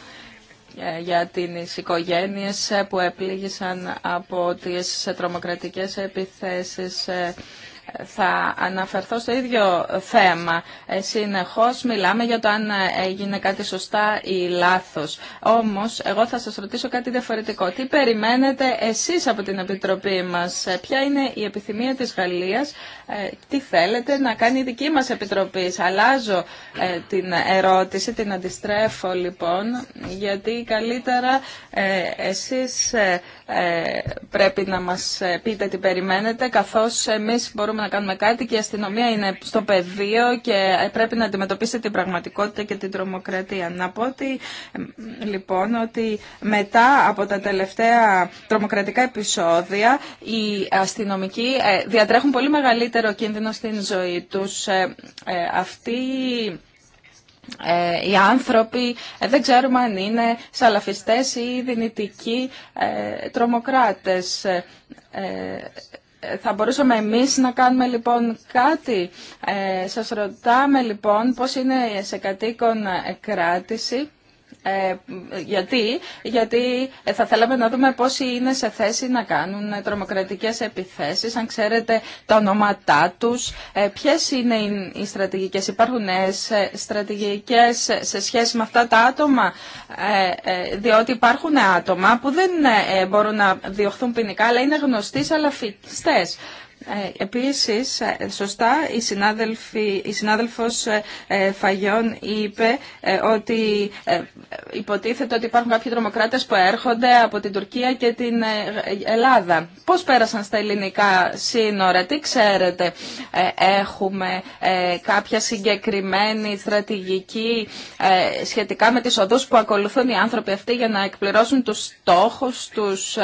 ε, για τις οικογένειες ε, που επλήγησαν από τις τρομοκρατικές επιθέσεις θα αναφερθώ στο ίδιο θέμα. Ε, συνεχώς μιλάμε για το αν ε, έγινε κάτι σωστά ή λάθος. Όμως, εγώ θα σας ρωτήσω κάτι διαφορετικό. Τι περιμένετε εσείς από την Επιτροπή μας, ε, ποια είναι η επιθυμία της Γαλλίας ε, τι θέλετε να κάνει η δική μας επιτροπή. Αλλάζω ε, την ερώτηση, την αντιστρέφω λοιπόν, γιατί καλύτερα ε, εσείς πρέπει να μας πείτε τι περιμένετε, καθώς εμείς μπορούμε να κάνουμε κάτι και η αστυνομία είναι στο πεδίο και πρέπει να αντιμετωπίσετε την πραγματικότητα και την τρομοκρατία. Να πω ότι, λοιπόν ότι μετά από τα τελευταία τρομοκρατικά επεισόδια οι αστυνομικοί διατρέχουν πολύ μεγαλύτερη μεγαλύτερο κίνδυνο στην ζωή τους. Ε, ε, αυτοί ε, οι άνθρωποι δεν ξέρουμε αν είναι σαλαφιστές ή δυνητικοί τρομοκράτες. Θα μπορούσαμε εμείς να κάνουμε λοιπόν κάτι. Σας ρωτάμε λοιπόν πώς είναι σε κατοίκον κράτηση ε, γιατί, γιατί ε, θα θέλαμε να δούμε πόσοι είναι σε θέση να κάνουν τρομοκρατικές επιθέσεις, αν ξέρετε τα ονόματά τους, ε, ποιες είναι οι στρατηγικές, υπάρχουν νέες στρατηγικές σε σχέση με αυτά τα άτομα, ε, ε, διότι υπάρχουν άτομα που δεν μπορούν να διωχθούν ποινικά, αλλά είναι γνωστοί αλαφιστές. Ε, επίσης, ε, σωστά, η, η συνάδελφος ε, Φαγιών είπε ότι υποτίθεται ότι υπάρχουν κάποιοι τρομοκράτες που έρχονται από την Τουρκία και την Ελλάδα. Πώς πέρασαν στα ελληνικά σύνορα, τι ξέρετε, έχουμε κάποια συγκεκριμένη στρατηγική σχετικά με τις οδούς που ακολουθούν οι άνθρωποι αυτοί για να εκπληρώσουν τους στόχους τους,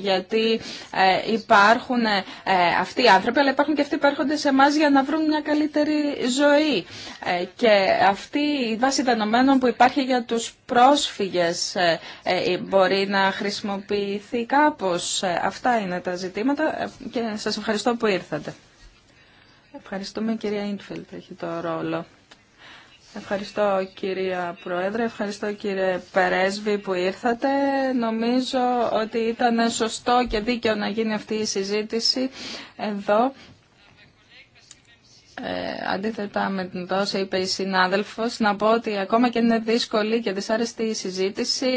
γιατί υπάρχουν αυτοί αυτοί οι άνθρωποι, αλλά υπάρχουν και αυτοί που έρχονται σε εμά για να βρουν μια καλύτερη ζωή. Ε, και αυτή η βάση δεδομένων που υπάρχει για τους πρόσφυγες ε, ε, μπορεί να χρησιμοποιηθεί κάπως. Αυτά είναι τα ζητήματα και σας ευχαριστώ που ήρθατε. Ευχαριστούμε κυρία Ίντφελτ, έχει το ρόλο. Ευχαριστώ κυρία Πρόεδρε, ευχαριστώ κύριε Περέσβη που ήρθατε. Νομίζω ότι ήταν σωστό και δίκαιο να γίνει αυτή η συζήτηση εδώ. Ε, αντίθετα με την τόση είπε η συνάδελφος, να πω ότι ακόμα και είναι δύσκολη και δυσάρεστη η συζήτηση,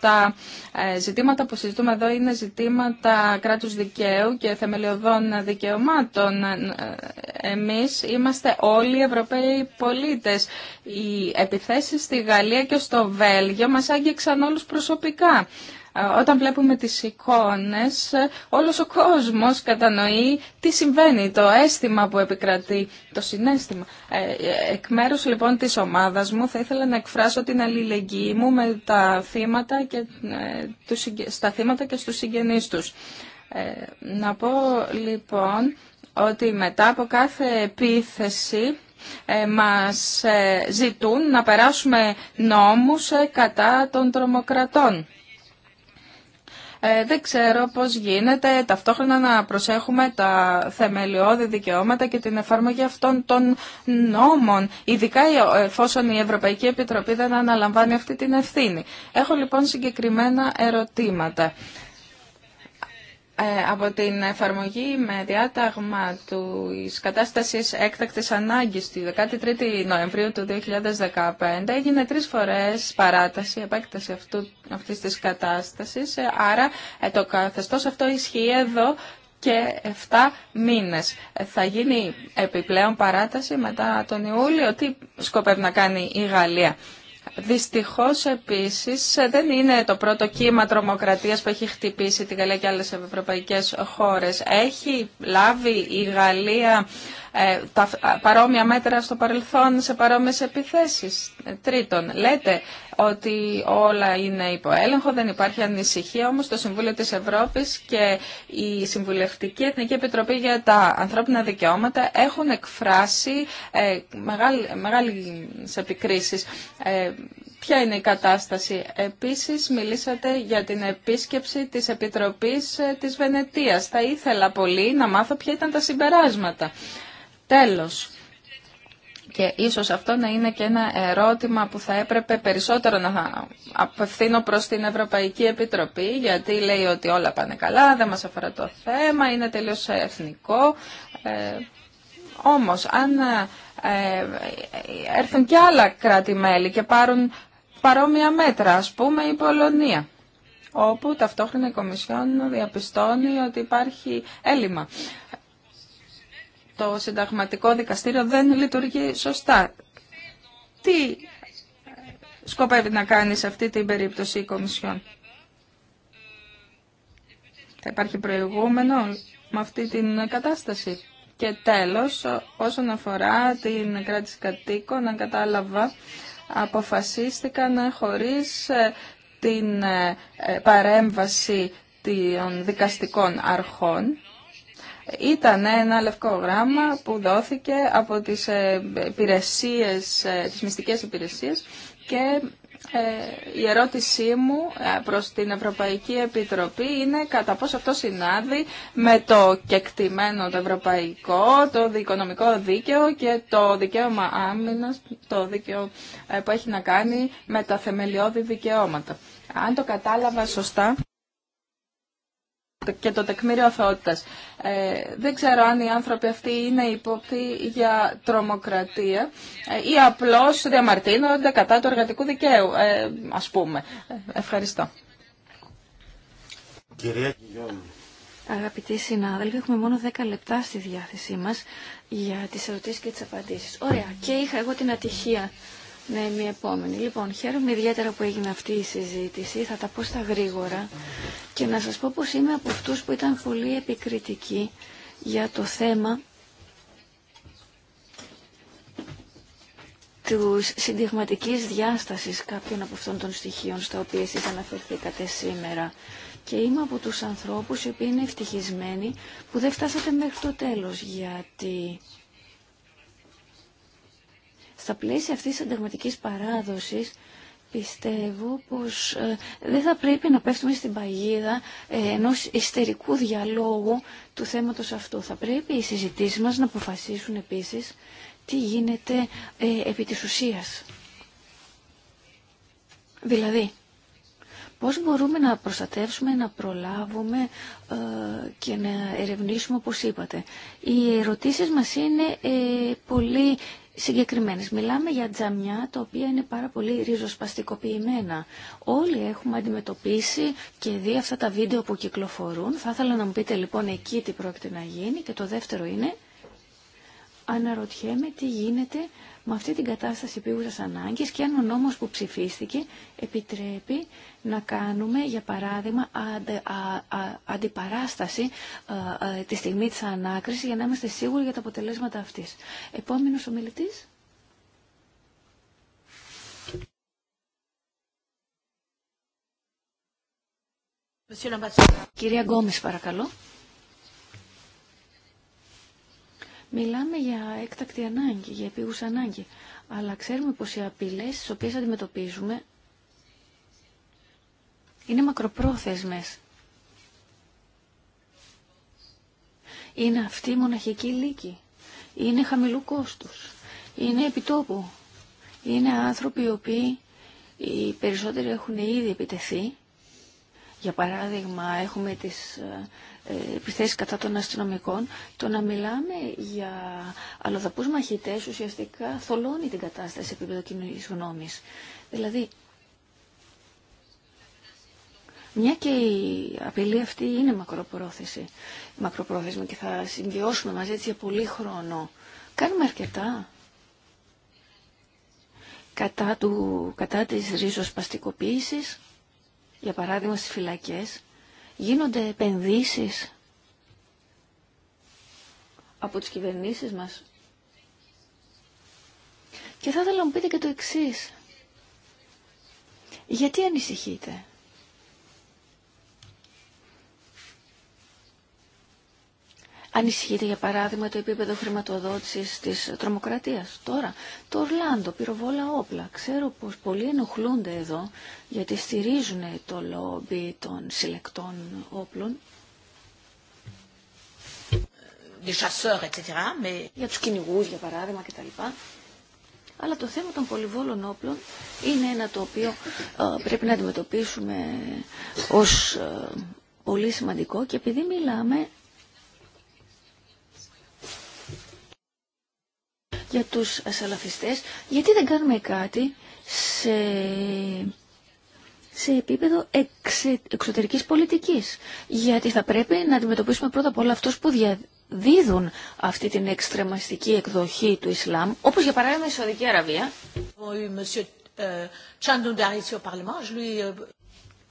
τα ε, ζητήματα που συζητούμε εδώ είναι ζητήματα κράτους δικαίου και θεμελιωδών δικαιωμάτων. Ε, εμείς είμαστε όλοι Ευρωπαίοι πολίτες. Οι επιθέσεις στη Γαλλία και στο Βέλγιο μας άγγιξαν όλους προσωπικά. Ε, όταν βλέπουμε τις εικόνες, όλος ο κόσμος κατανοεί τι συμβαίνει, το αίσθημα που επικρατεί, το συνέστημα. Ε, εκ μέρους λοιπόν της ομάδας μου θα ήθελα να εκφράσω την αλληλεγγύη μου με τα θύματα και, ε, στα θύματα και στους συγγενείς τους. Να πω λοιπόν ότι μετά από κάθε επίθεση μας ζητούν να περάσουμε νόμους κατά των τρομοκρατών. Ε, δεν ξέρω πώς γίνεται ταυτόχρονα να προσέχουμε τα θεμελιώδη δικαιώματα και την εφαρμογή αυτών των νόμων, ειδικά εφόσον η Ευρωπαϊκή Επιτροπή δεν αναλαμβάνει αυτή την ευθύνη. Έχω λοιπόν συγκεκριμένα ερωτήματα. Ε, από την εφαρμογή με διάταγμα του κατάστασης έκτακτης ανάγκης τη 13η Νοεμβρίου του 2015 έγινε τρεις φορές παράταση, επέκταση αυτή αυτής της κατάστασης, ε, άρα ε, το καθεστώς αυτό ισχύει εδώ και 7 μήνες. Θα γίνει επιπλέον παράταση μετά τον Ιούλιο. Τι σκοπεύει να κάνει η Γαλλία. Δυστυχώς επίσης δεν είναι το πρώτο κύμα τρομοκρατίας που έχει χτυπήσει τη Γαλλία και άλλες ευρωπαϊκές χώρες. Έχει λάβει η Γαλλία ε, τα παρόμοια μέτρα στο παρελθόν σε παρόμοιες επιθέσεις. Ε, τρίτον, λέτε ότι όλα είναι υπό έλεγχο, δεν υπάρχει ανησυχία, όμως το Συμβούλιο της Ευρώπης και η Συμβουλευτική Εθνική Επιτροπή για τα Ανθρώπινα Δικαιώματα έχουν εκφράσει ε, μεγάλη, μεγάλες επικρίσεις. Ε, ποια είναι η κατάσταση. Επίσης, μιλήσατε για την επίσκεψη της Επιτροπής της Βενετίας. Θα ήθελα πολύ να μάθω ποια ήταν τα συμπεράσματα. Τέλος, και ίσως αυτό να είναι και ένα ερώτημα που θα έπρεπε περισσότερο να απευθύνω προς την Ευρωπαϊκή Επιτροπή, γιατί λέει ότι όλα πάνε καλά, δεν μας αφορά το θέμα, είναι τελείως εθνικό. Ε, όμως, αν ε, έρθουν και άλλα κράτη-μέλη και πάρουν παρόμοια μέτρα, ας πούμε η Πολωνία, όπου ταυτόχρονα η Κομισιόν διαπιστώνει ότι υπάρχει έλλειμμα το συνταγματικό δικαστήριο δεν λειτουργεί σωστά. Τι σκοπεύει να κάνει σε αυτή την περίπτωση η Κομισιόν. Θα υπάρχει προηγούμενο με αυτή την κατάσταση. Και τέλος, όσον αφορά την κράτηση κατοίκων, αν κατάλαβα, αποφασίστηκαν χωρίς ε, την ε, παρέμβαση των δικαστικών αρχών ήταν ένα λευκό γράμμα που δόθηκε από τις, ε, υπηρεσίες, ε, τις μυστικές υπηρεσίες και ε, η ερώτησή μου προς την Ευρωπαϊκή Επιτροπή είναι κατά πόσο αυτό συνάδει με το κεκτημένο το ευρωπαϊκό, το οικονομικό δίκαιο και το δικαίωμα άμυνας, το δίκαιο που έχει να κάνει με τα θεμελιώδη δικαιώματα. Αν το κατάλαβα σωστά και το τεκμήριο αθωότητας. Ε, δεν ξέρω αν οι άνθρωποι αυτοί είναι υπόπτοι για τρομοκρατία ε, ή απλώς διαμαρτύνονται κατά του εργατικού δικαίου, ε, ας πούμε. ευχαριστώ. Κυρία Αγαπητοί συνάδελφοι, έχουμε μόνο 10 λεπτά στη διάθεσή μας για τις ερωτήσεις και τις απαντήσεις. Ωραία, και είχα εγώ την ατυχία ναι, μια επόμενη. Λοιπόν, χαίρομαι ιδιαίτερα που έγινε αυτή η συζήτηση. Θα τα πω στα γρήγορα και να σας πω πως είμαι από αυτούς που ήταν πολύ επικριτικοί για το θέμα του συντηγματικής διάστασης κάποιων από αυτών των στοιχείων στα οποία εσείς αναφερθήκατε σήμερα. Και είμαι από τους ανθρώπους οι οποίοι είναι ευτυχισμένοι που δεν φτάσατε μέχρι το τέλος γιατί στα πλαίσια αυτής της ανταγματικής παράδοσης, Πιστεύω πως ε, δεν θα πρέπει να πέφτουμε στην παγίδα ε, ενός ιστερικού διαλόγου του θέματος αυτού. Θα πρέπει οι συζητήσεις μας να αποφασίσουν επίσης τι γίνεται ε, επί της ουσίας. Δηλαδή, πώς μπορούμε να προστατεύσουμε, να προλάβουμε και να ερευνήσουμε όπως είπατε. Οι ερωτήσεις μας είναι πολύ Συγκεκριμένε, Μιλάμε για τζαμιά τα οποία είναι πάρα πολύ ριζοσπαστικοποιημένα. Όλοι έχουμε αντιμετωπίσει και δει αυτά τα βίντεο που κυκλοφορούν. Θα ήθελα να μου πείτε λοιπόν εκεί τι πρόκειται να γίνει. Και το δεύτερο είναι, αναρωτιέμαι τι γίνεται με αυτή την κατάσταση πηγούσα ανάγκη και αν ο νόμος που ψηφίστηκε επιτρέπει να κάνουμε, για παράδειγμα, α, α, αντιπαράσταση α, τη στιγμή της ανάκρισης για να είμαστε σίγουροι για τα αποτελέσματα αυτής. Επόμενος ομιλητής. Κυρία Γκόμες, παρακαλώ. Μιλάμε για έκτακτη ανάγκη, για επίγουσα ανάγκη. Αλλά ξέρουμε πως οι απειλές στις οποίες αντιμετωπίζουμε είναι μακροπρόθεσμες. Είναι αυτή η μοναχική λύκη. Είναι χαμηλού κόστους. Είναι επιτόπου. Είναι άνθρωποι οι οποίοι οι περισσότεροι έχουν ήδη επιτεθεί. Για παράδειγμα, έχουμε τις ε, επιθέσεις κατά των αστυνομικών, το να μιλάμε για αλλοδαπούς μαχητές ουσιαστικά θολώνει την κατάσταση επίπεδο κοινωνικής γνώμης. Δηλαδή, μια και η απειλή αυτή είναι μακροπρόθεση, μακροπρόθεσμη και θα συμβιώσουμε μαζί έτσι για πολύ χρόνο. Κάνουμε αρκετά κατά, του, κατά της για παράδειγμα στις φυλακές, γίνονται επενδύσεις από τις κυβερνήσεις μας. Και θα ήθελα να μου πείτε και το εξής. Γιατί ανησυχείτε. ανησυχείτε για παράδειγμα το επίπεδο χρηματοδότησης της τρομοκρατίας. Τώρα, το Ορλάντο, πυροβόλα όπλα. Ξέρω πως πολλοί ενοχλούνται εδώ γιατί στηρίζουν το λόμπι των συλλεκτών όπλων. Για τους κυνηγούς για παράδειγμα κτλ. Αλλά το θέμα των πολυβόλων όπλων είναι ένα το οποίο ε, πρέπει να αντιμετωπίσουμε ως ε, πολύ σημαντικό και επειδή μιλάμε για τους ασαλαφιστές, γιατί δεν κάνουμε κάτι σε, σε επίπεδο εξε, εξωτερικής πολιτικής. Γιατί θα πρέπει να αντιμετωπίσουμε πρώτα απ' όλα αυτούς που διαδίδουν αυτή την εξτρεμαστική εκδοχή του Ισλάμ, όπως για παράδειγμα η Σαουδική Αραβία. Euh, euh,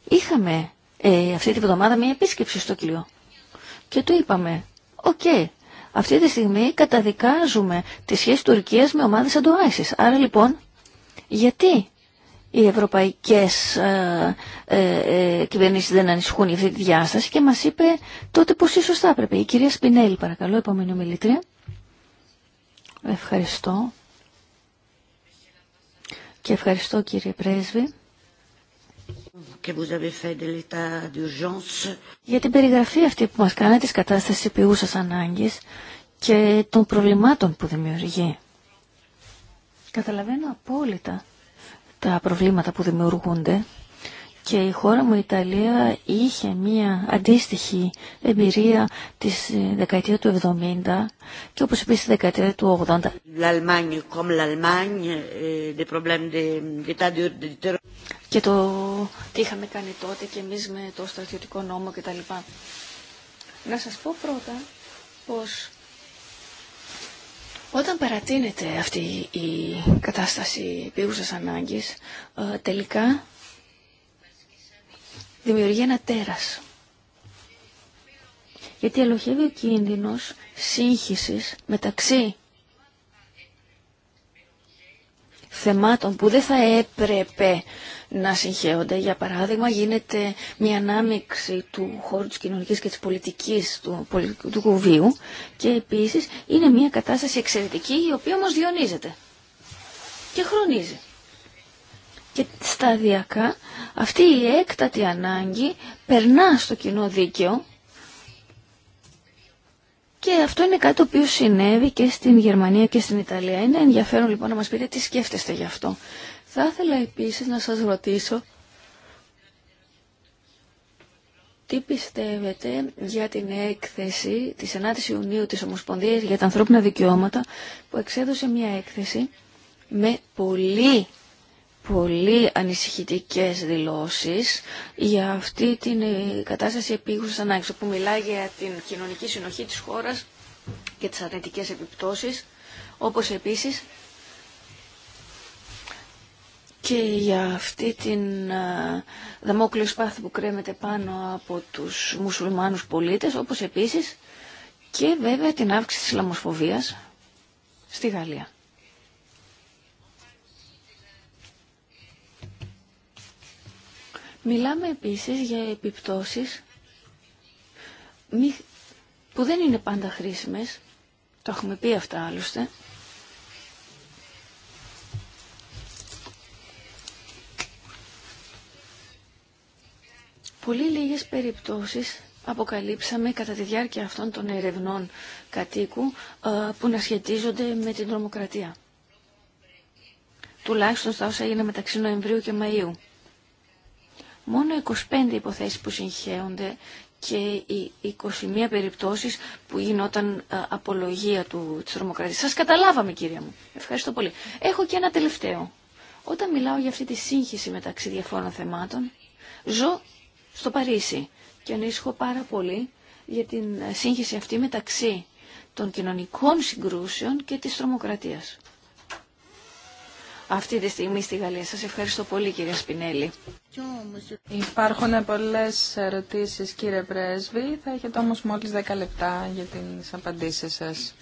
Είχαμε ε, αυτή τη βδομάδα μια επίσκεψη στο Κλειό και του είπαμε, οκ, αυτή τη στιγμή καταδικάζουμε τη σχέση Τουρκίας με ομάδες σαν Άρα λοιπόν, γιατί οι ευρωπαϊκές ε, ε, ε, κυβερνήσεις δεν ανησυχούν για αυτή τη διάσταση και μας είπε τότε πως ίσως θα έπρεπε. Η κυρία Σπινέλη παρακαλώ, επόμενη ομιλήτρια. Ευχαριστώ. Και ευχαριστώ κύριε Πρέσβη. Για την περιγραφή αυτή που μας κάνει της κατάστασης υπηούσας ανάγκης και των προβλημάτων που δημιουργεί. Καταλαβαίνω απόλυτα τα προβλήματα που δημιουργούνται και η χώρα μου η Ιταλία είχε μία αντίστοιχη εμπειρία της ε, δεκαετία του 70 και όπως επίσης τη δεκαετία του 80. Ε, και το τι είχαμε κάνει τότε και εμείς με το στρατιωτικό νόμο κτλ. Να σας πω πρώτα πως όταν παρατείνεται αυτή η κατάσταση επίγουσας ανάγκης, ε, τελικά δημιουργεί ένα τέρας. Γιατί ελοχεύει ο κίνδυνος σύγχυσης μεταξύ θεμάτων που δεν θα έπρεπε να συγχέονται. Για παράδειγμα, γίνεται μια ανάμειξη του χώρου της κοινωνικής και της πολιτικής του, του κουβίου και επίσης είναι μια κατάσταση εξαιρετική η οποία όμως διονύζεται και χρονίζει και σταδιακά αυτή η έκτατη ανάγκη περνά στο κοινό δίκαιο και αυτό είναι κάτι το οποίο συνέβη και στην Γερμανία και στην Ιταλία. Είναι ενδιαφέρον λοιπόν να μας πείτε τι σκέφτεστε γι' αυτό. Θα ήθελα επίσης να σας ρωτήσω τι πιστεύετε για την έκθεση της 9 η Ιουνίου της Ομοσπονδίας για τα ανθρώπινα δικαιώματα που εξέδωσε μια έκθεση με πολύ πολύ ανησυχητικές δηλώσεις για αυτή την ε, κατάσταση επίγουσας ανάγκης, όπου μιλάει για την κοινωνική συνοχή της χώρας και τις αρνητικές επιπτώσεις, όπως επίσης και για αυτή την ε, δαμόκλειο σπάθη που κρέμεται πάνω από τους μουσουλμάνους πολίτες, όπως επίσης και βέβαια την αύξηση της λαμοσφοβίας στη Γαλλία. Μιλάμε επίσης για επιπτώσεις που δεν είναι πάντα χρήσιμες, το έχουμε πει αυτά άλλωστε, Πολύ λίγες περιπτώσεις αποκαλύψαμε κατά τη διάρκεια αυτών των ερευνών κατοίκου ε, που να σχετίζονται με την τρομοκρατία. Τουλάχιστον στα όσα έγινε μεταξύ Νοεμβρίου και Μαΐου μόνο 25 υποθέσεις που συγχέονται και οι 21 περιπτώσεις που γινόταν ε, απολογία του, της τρομοκρατίας. Σας καταλάβαμε κύριε μου. Ευχαριστώ πολύ. Έχω και ένα τελευταίο. Όταν μιλάω για αυτή τη σύγχυση μεταξύ διαφόρων θεμάτων, ζω στο Παρίσι και ανήσυχω πάρα πολύ για την ε, σύγχυση αυτή μεταξύ των κοινωνικών συγκρούσεων και της τρομοκρατίας αυτή τη στιγμή στη Γαλλία. Σας ευχαριστώ πολύ κύριε Σπινέλη. Υπάρχουν πολλές ερωτήσεις κύριε Πρέσβη, θα έχετε όμως μόλις 10 λεπτά για τις απαντήσεις σας.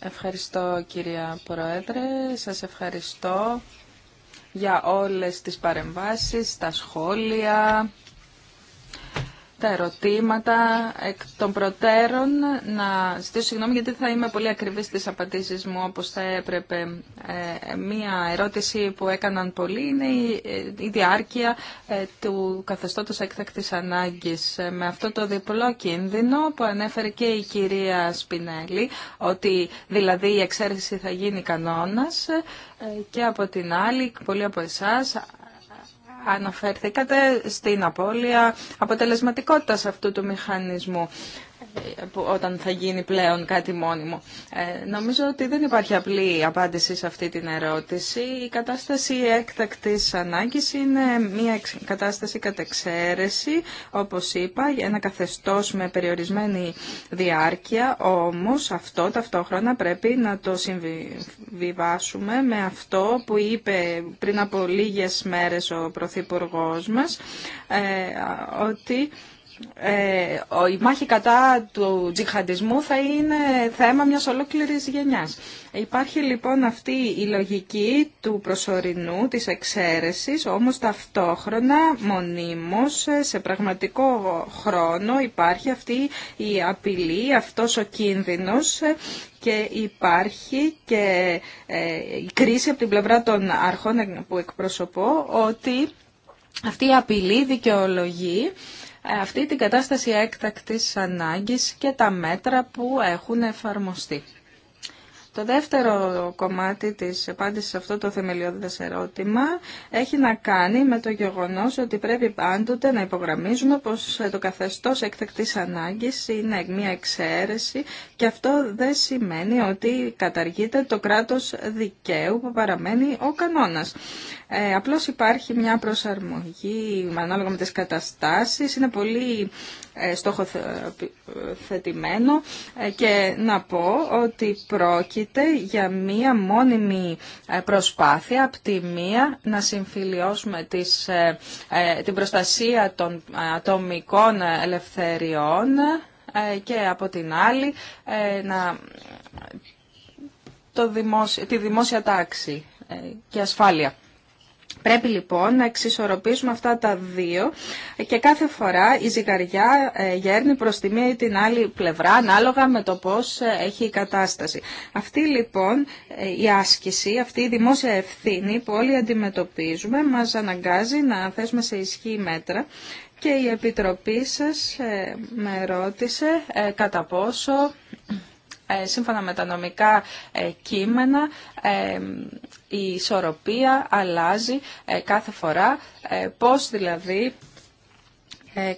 Ευχαριστώ κυρία Πρόεδρε, σας ευχαριστώ για όλες τις παρεμβάσεις, τα σχόλια, τα ερωτήματα εκ των προτέρων. Να ζητήσω συγγνώμη γιατί θα είμαι πολύ ακριβή στις απαντήσεις μου όπως θα έπρεπε. Ε, μία ερώτηση που έκαναν πολλοί είναι η, ε, η διάρκεια ε, του καθεστώτος έκτακτης ανάγκης. με αυτό το διπλό κίνδυνο που ανέφερε και η κυρία Σπινέλη, ότι δηλαδή η εξαίρεση θα γίνει κανόνας και από την άλλη, πολλοί από εσάς Αναφέρθηκατε στην απώλεια αποτελεσματικότητας αυτού του μηχανισμού όταν θα γίνει πλέον κάτι μόνιμο. Ε, νομίζω ότι δεν υπάρχει απλή απάντηση σε αυτή την ερώτηση. Η κατάσταση έκτακτης ανάγκης είναι μια κατάσταση κατεξαίρεση, όπως είπα, ένα καθεστώς με περιορισμένη διάρκεια, όμως αυτό ταυτόχρονα πρέπει να το συμβιβάσουμε με αυτό που είπε πριν από λίγες μέρες ο Πρωθυπουργός μας, ε, ότι ε, η μάχη κατά του τζιχαντισμού θα είναι θέμα μιας ολόκληρης γενιάς. Υπάρχει λοιπόν αυτή η λογική του προσωρινού, της εξαίρεσης, όμως ταυτόχρονα μονίμως ε, σε πραγματικό χρόνο υπάρχει αυτή η απειλή, αυτός ο κίνδυνος ε, και υπάρχει και η κρίση από την πλευρά των αρχών που εκπροσωπώ ότι αυτή η απειλή δικαιολογεί αυτή την κατάσταση έκτακτης ανάγκης και τα μέτρα που έχουν εφαρμοστεί. Το δεύτερο κομμάτι της απάντησης σε αυτό το θεμελιώδες ερώτημα έχει να κάνει με το γεγονός ότι πρέπει πάντοτε να υπογραμμίζουμε πως το καθεστώς έκτακτης ανάγκης είναι μια εξαίρεση και αυτό δεν σημαίνει ότι καταργείται το κράτος δικαίου που παραμένει ο κανόνας. Ε, απλώς υπάρχει μια προσαρμογή ανάλογα με τις καταστάσεις. Είναι πολύ ε, στόχοθετημένο ε, και να πω ότι πρόκειται για μια μόνιμη ε, προσπάθεια από τη μία να συμφιλιώσουμε τις, ε, την προστασία των ατομικών ελευθεριών και από την άλλη να, το τη δημόσια τάξη και ασφάλεια. Πρέπει λοιπόν να εξισορροπήσουμε αυτά τα δύο και κάθε φορά η ζυγαριά ε, γέρνει προς τη μία ή την άλλη πλευρά ανάλογα με το πώς ε, έχει η κατάσταση. Αυτή λοιπόν ε, η άσκηση, αυτή η δημόσια ευθύνη που όλοι αντιμετωπίζουμε μας αναγκάζει να θέσουμε σε ισχύ μέτρα και η Επιτροπή σας με ρώτησε κατά πόσο ε, σύμφωνα με τα νομικά ε, κείμενα ε, η ισορροπία αλλάζει κάθε φορά. Πώς δηλαδή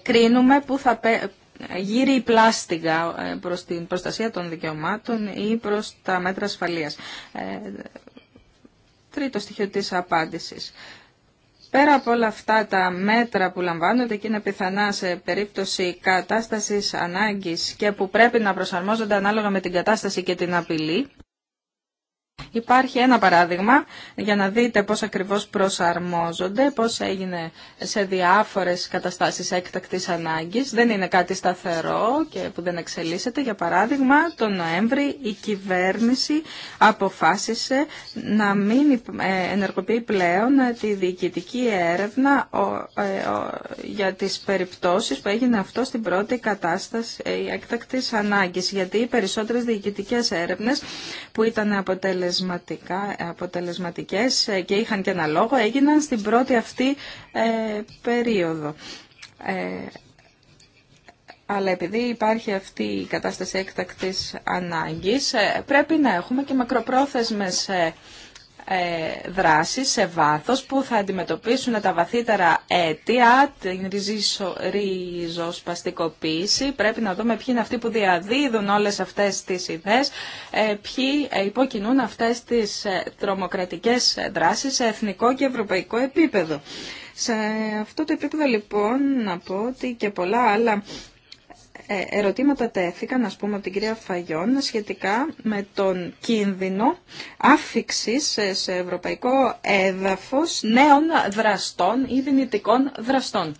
κρίνουμε πού θα γύρει η προς την προστασία των δικαιωμάτων ή προς τα μέτρα ασφαλείας. Τρίτο στοιχείο της απάντησης. Πέρα από όλα αυτά τα μέτρα που λαμβάνονται και είναι πιθανά σε περίπτωση κατάστασης ανάγκης και που πρέπει να προσαρμόζονται ανάλογα με την κατάσταση και την απειλή, Υπάρχει ένα παράδειγμα για να δείτε πώς ακριβώς προσαρμόζονται, πώς έγινε σε διάφορες καταστάσεις έκτακτης ανάγκης. Δεν είναι κάτι σταθερό και που δεν εξελίσσεται. Για παράδειγμα, τον Νοέμβρη η κυβέρνηση αποφάσισε να μην ε, ενεργοποιεί πλέον τη διοικητική έρευνα ε, για τις περιπτώσεις που έγινε αυτό στην πρώτη κατάσταση ε, έκτακτης ανάγκης. Γιατί οι περισσότερες διοικητικές έρευνες που ήταν αποτέλεσμα αποτελεσματικά, αποτελεσματικές ε, και είχαν και ένα λόγο έγιναν στην πρώτη αυτή ε, περίοδο. Ε, αλλά επειδή υπάρχει αυτή η κατάσταση έκτακτης ανάγκης ε, πρέπει να έχουμε και μακροπρόθεσμες ε, δράσεις σε βάθος που θα αντιμετωπίσουν τα βαθύτερα αίτια, την ριζοσπαστικοποίηση. Πρέπει να δούμε ποιοι είναι αυτοί που διαδίδουν όλες αυτές τις ιδέες, ε, ποιοι ε, υποκινούν αυτές τις τρομοκρατικές δράσεις σε εθνικό και ευρωπαϊκό επίπεδο. Σε αυτό το επίπεδο λοιπόν να πω ότι και πολλά άλλα ε, ερωτήματα τέθηκαν, ας πούμε, από την κυρία Φαγιόν σχετικά με τον κίνδυνο άφηξης σε ευρωπαϊκό έδαφος νέων δραστών ή δυνητικών δραστών.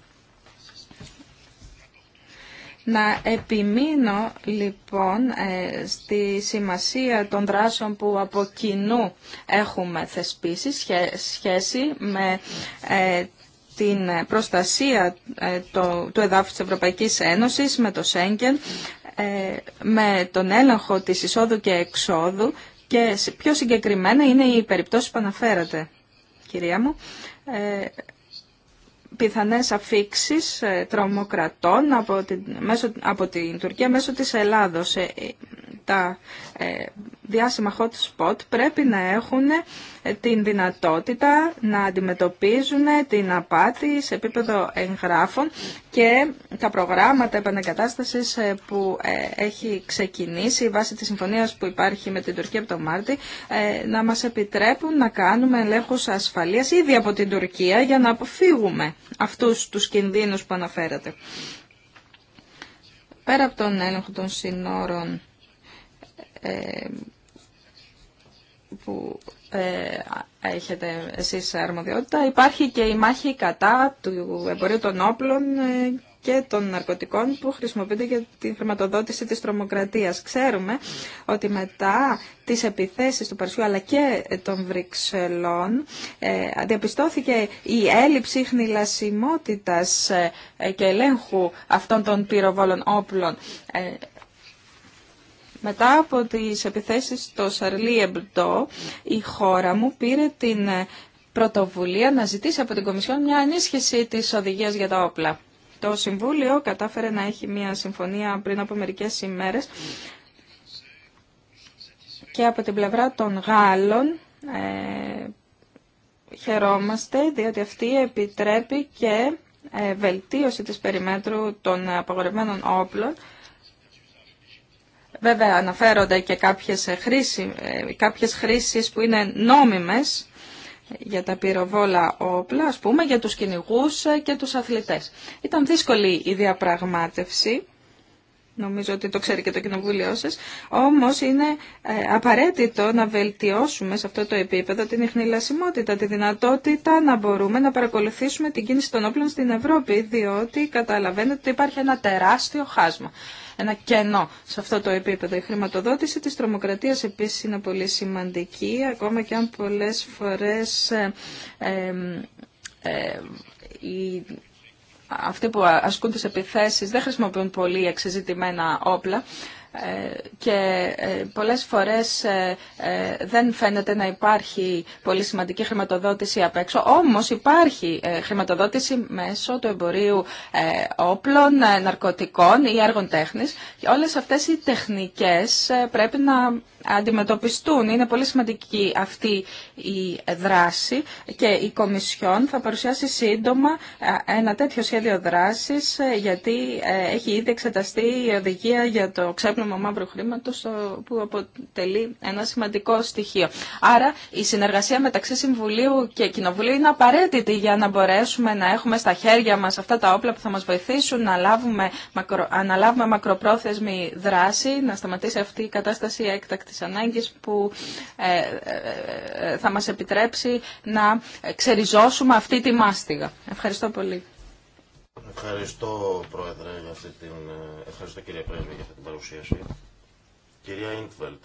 Να επιμείνω λοιπόν ε, στη σημασία των δράσεων που από κοινού έχουμε θεσπίσει σχέση με ε, την προστασία ε, του εδάφους της Ευρωπαϊκής Ένωσης με το Σέγγεν, ε, με τον έλεγχο της εισόδου και εξόδου και πιο συγκεκριμένα είναι οι περιπτώσεις που αναφέρατε, κυρία μου, ε, πιθανές αφήξεις τρομοκρατών από την, μέσω, από την Τουρκία μέσω της Ελλάδος τα ε, διάσημα hot spot πρέπει να έχουν ε, την δυνατότητα να αντιμετωπίζουν την απάτη σε επίπεδο εγγράφων και τα προγράμματα επανακατάστασης ε, που έχει ξεκινήσει βάσει της συμφωνίας που υπάρχει με την Τουρκία από τον Μάρτι να μας επιτρέπουν να κάνουμε ελέγχους ασφαλείας ήδη από την Τουρκία για να αποφύγουμε αυτούς τους κινδύνους που αναφέρατε. Πέρα από τον έλεγχο των συνόρων ε, που ε, έχετε εσείς αρμοδιότητα. Υπάρχει και η μάχη κατά του εμπορίου των όπλων ε, και των ναρκωτικών που χρησιμοποιείται για τη χρηματοδότηση της τρομοκρατίας. Ξέρουμε ότι μετά τις επιθέσεις του Παρισιού αλλά και των Βρυξελών διαπιστώθηκε η έλλειψη χνηλασιμότητας και ελέγχου αυτών των πυροβόλων όπλων. Μετά από τις επιθέσεις στο Σαρλί η χώρα μου πήρε την πρωτοβουλία να ζητήσει από την Κομισιόν μια ενίσχυση της οδηγίας για τα όπλα. Το Συμβούλιο κατάφερε να έχει μια συμφωνία πριν από μερικές ημέρες και από την πλευρά των Γάλλων ε, χαιρόμαστε διότι αυτή επιτρέπει και ε, βελτίωση της περιμέτρου των απαγορευμένων όπλων Βέβαια αναφέρονται και κάποιες, χρήση, ε, κάποιες χρήσεις που είναι νόμιμες για τα πυροβόλα όπλα, ας πούμε, για τους κυνηγού ε, και τους αθλητές. Ήταν δύσκολη η διαπραγμάτευση, νομίζω ότι το ξέρει και το κοινοβούλιο σας, όμως είναι ε, απαραίτητο να βελτιώσουμε σε αυτό το επίπεδο την ιχνηλασιμότητα, τη δυνατότητα να μπορούμε να παρακολουθήσουμε την κίνηση των όπλων στην Ευρώπη, διότι καταλαβαίνετε ότι υπάρχει ένα τεράστιο χάσμα ένα κενό σε αυτό το επίπεδο. Η χρηματοδότηση της τρομοκρατίας επίσης είναι πολύ σημαντική, ακόμα και αν πολλές φορές ε, ε, ε αυτοί που ασκούν τις επιθέσεις δεν χρησιμοποιούν πολύ εξεζητημένα όπλα και ε, πολλές φορές ε, ε, δεν φαίνεται να υπάρχει πολύ σημαντική χρηματοδότηση απ' έξω, όμως υπάρχει χρηματοδότηση μέσω του εμπορίου όπλων, ναρκωτικών ή έργων τέχνης. Όλες αυτές οι τεχνικές πρέπει να αντιμετωπιστούν. Είναι πολύ σημαντική αυτή η δράση και η Κομισιόν θα παρουσιάσει σύντομα ε, ένα τέτοιο σχέδιο δράσης ε, γιατί ε, έχει ήδη εξεταστεί η οδηγία για το ξέπνομα μαύρου χρήματος που αποτελεί ένα σημαντικό στοιχείο. Άρα η συνεργασία μεταξύ Συμβουλίου και Κοινοβουλίου είναι απαραίτητη για να μπορέσουμε να έχουμε στα χέρια μας αυτά τα όπλα που θα μας βοηθήσουν να λάβουμε, αναλάβουμε μακροπρόθεσμη δράση, να σταματήσει αυτή η κατάσταση έκτακτης ανάγκης που θα μας επιτρέψει να ξεριζώσουμε αυτή τη μάστιγα. Ευχαριστώ πολύ. Ευχαριστώ, Πρόεδρε, για αυτή την... Ε, ευχαριστώ, κυρία Πρέσβη, για αυτή την παρουσίαση. Κυρία Ιντβελτ,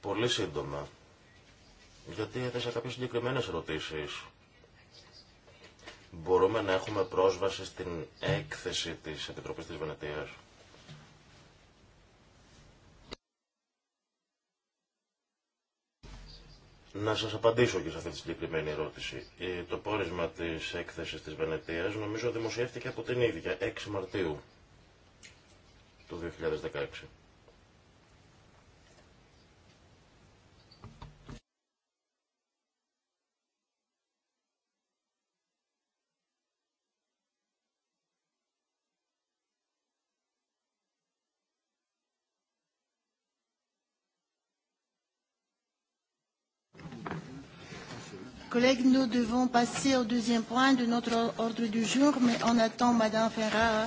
πολύ σύντομα, γιατί έθεσα κάποιες συγκεκριμένες ερωτήσεις. Μπορούμε να έχουμε πρόσβαση στην έκθεση της Επιτροπής της Βενετίας. Να σας απαντήσω και σε αυτή τη συγκεκριμένη ερώτηση. Ε, το πόρισμα της έκθεσης της Βενετίας νομίζω δημοσιεύτηκε από την ίδια 6 Μαρτίου του 2016. collègues, nous devons passer au deuxième point de notre ordre du jour, mais on attend Madame Ferrara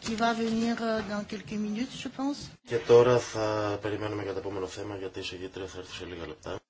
qui va venir dans quelques minutes, je pense. Και τώρα θα περιμένουμε για το επόμενο θέμα, γιατί η συγκήτρια θα έρθει σε λίγα λεπτά.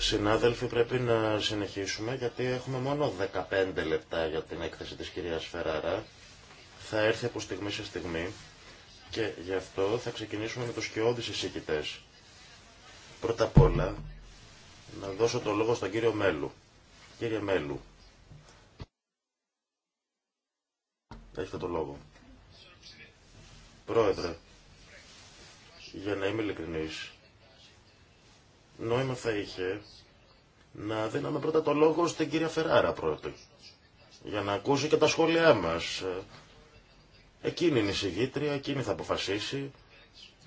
Συνάδελφοι, πρέπει να συνεχίσουμε γιατί έχουμε μόνο 15 λεπτά για την έκθεση της κυρίας Φεράρα. Θα έρθει από στιγμή σε στιγμή. Και γι' αυτό θα ξεκινήσουμε με τους σκιώδεις εισηγητές. Πρώτα απ' όλα, να δώσω το λόγο στον κύριο Μέλου. Κύριε Μέλου, έχετε το λόγο. Πρόεδρε, για να είμαι ειλικρινής, νόημα θα είχε να δίναμε πρώτα το λόγο στην κυρία Φεράρα πρώτη, για να ακούσει και τα σχόλιά μας. Εκείνη είναι η συγγήτρια, εκείνη θα αποφασίσει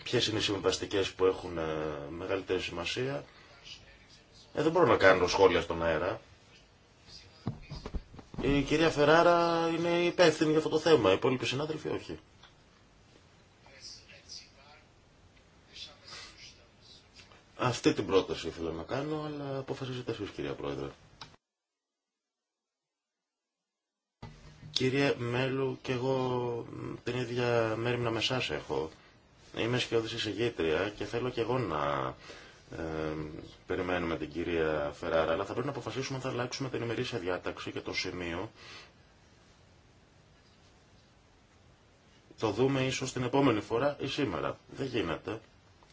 ποιε είναι οι συμβαστικέ που έχουν ε, μεγαλύτερη σημασία. Ε, δεν μπορώ να κάνω σχόλια στον αέρα. Η κυρία Φεράρα είναι υπεύθυνη για αυτό το θέμα, οι υπόλοιποι συνάδελφοι όχι. Αυτή την πρόταση ήθελα να κάνω, αλλά αποφασίζετε εσείς κυρία Πρόεδρε. Κύριε Μέλου, και εγώ την ίδια μέρη με εσάς έχω. Είμαι σκιώδης εισηγήτρια και θέλω και εγώ να ε, περιμένουμε την κυρία Φεράρα, αλλά θα πρέπει να αποφασίσουμε αν θα αλλάξουμε την ημερήσια διάταξη και το σημείο. Το δούμε ίσως την επόμενη φορά ή σήμερα. Δεν γίνεται,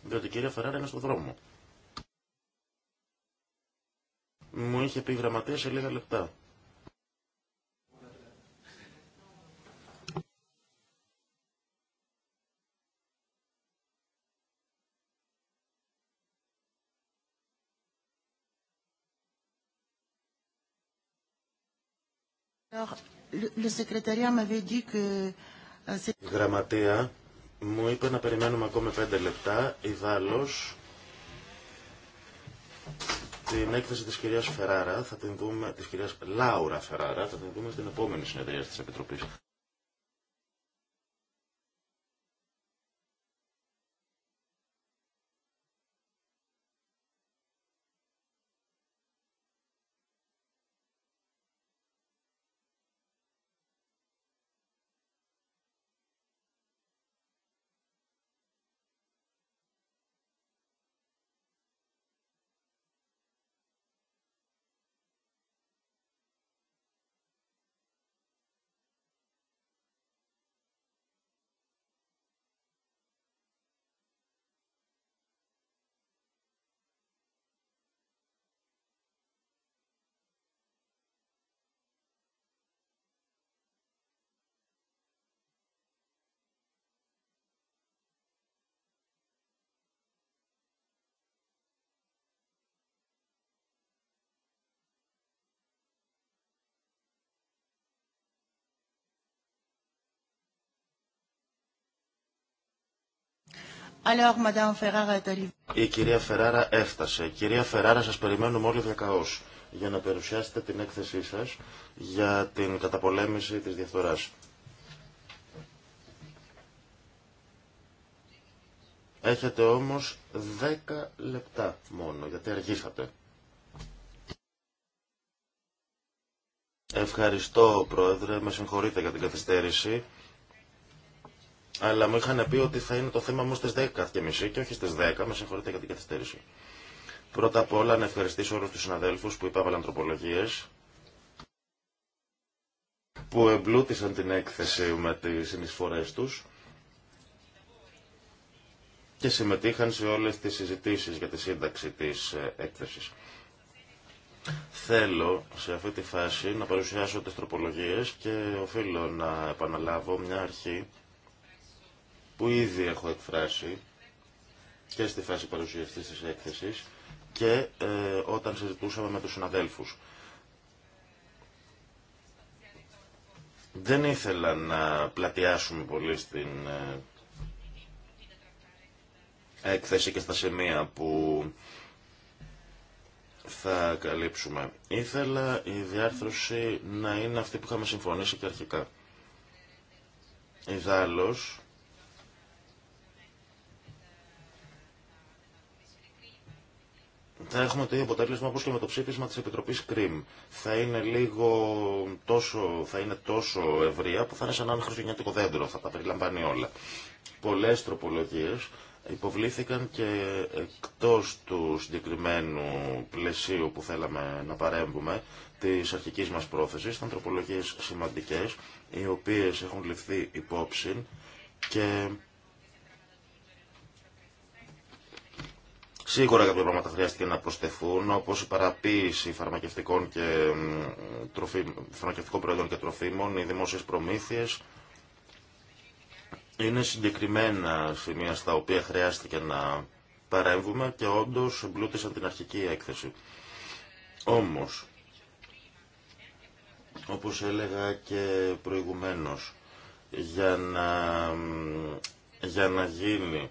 διότι η κυρία Φεράρα είναι στο δρόμο. Μου είχε πει γραμματεία σε λίγα λεπτά. Euh, Η γραμματεία μου είπε να περιμένουμε ακόμη πέντε λεπτά, ιδάλλως την έκθεση της κυρίας Φεράρα, θα την δούμε, της κυρίας Λάουρα Φεράρα, θα την δούμε στην επόμενη συνεδρία της Επιτροπής. Η κυρία Φεράρα έφτασε. Κυρία Φεράρα, σας περιμένουμε όλοι διακαώς για να παρουσιάσετε την έκθεσή σας για την καταπολέμηση της διαφθοράς. Έχετε όμως 10 λεπτά μόνο, γιατί αργήσατε. Ευχαριστώ, Πρόεδρε. Με συγχωρείτε για την καθυστέρηση αλλά μου είχαν πει ότι θα είναι το θέμα μου στις 10 και και όχι στις 10, με συγχωρείτε για την καθυστέρηση. Πρώτα απ' όλα να ευχαριστήσω όλους τους συναδέλφους που υπάβαλαν τροπολογίε. που εμπλούτησαν την έκθεση με τις συνεισφορές τους και συμμετείχαν σε όλες τις συζητήσεις για τη σύνταξη της ε, έκθεσης. Θέλω σε αυτή τη φάση να παρουσιάσω τις τροπολογίες και οφείλω να επαναλάβω μια αρχή που ήδη έχω εκφράσει και στη φάση παρουσίαση της έκθεσης και ε, όταν συζητούσαμε με τους συναδέλφους. Δεν ήθελα να πλατιάσουμε πολύ στην ε, έκθεση και στα σημεία που θα καλύψουμε. Ήθελα η διάρθρωση να είναι αυτή που είχαμε συμφωνήσει και αρχικά. Ιδάλλως, θα έχουμε το ίδιο αποτέλεσμα όπως και με το ψήφισμα της Επιτροπής ΚΡΙΜ. Θα είναι λίγο τόσο, θα είναι τόσο ευρεία που θα είναι σαν ένα χριστουγεννιάτικο δέντρο, θα τα περιλαμβάνει όλα. Πολλές τροπολογίες υποβλήθηκαν και εκτός του συγκεκριμένου πλαισίου που θέλαμε να παρέμβουμε της αρχικής μας πρόθεσης, ήταν τροπολογίες σημαντικές, οι οποίες έχουν ληφθεί υπόψη και Σίγουρα κάποια πράγματα χρειάστηκε να προστεθούν όπως η παραποίηση φαρμακευτικών, και, τροφή, φαρμακευτικών προϊόντων και τροφίμων, οι δημόσιες προμήθειες. Είναι συγκεκριμένα σημεία στα οποία χρειάστηκε να παρέμβουμε και όντως εμπλούτησαν την αρχική έκθεση. Όμως, όπως έλεγα και προηγουμένως, για να, για να γίνει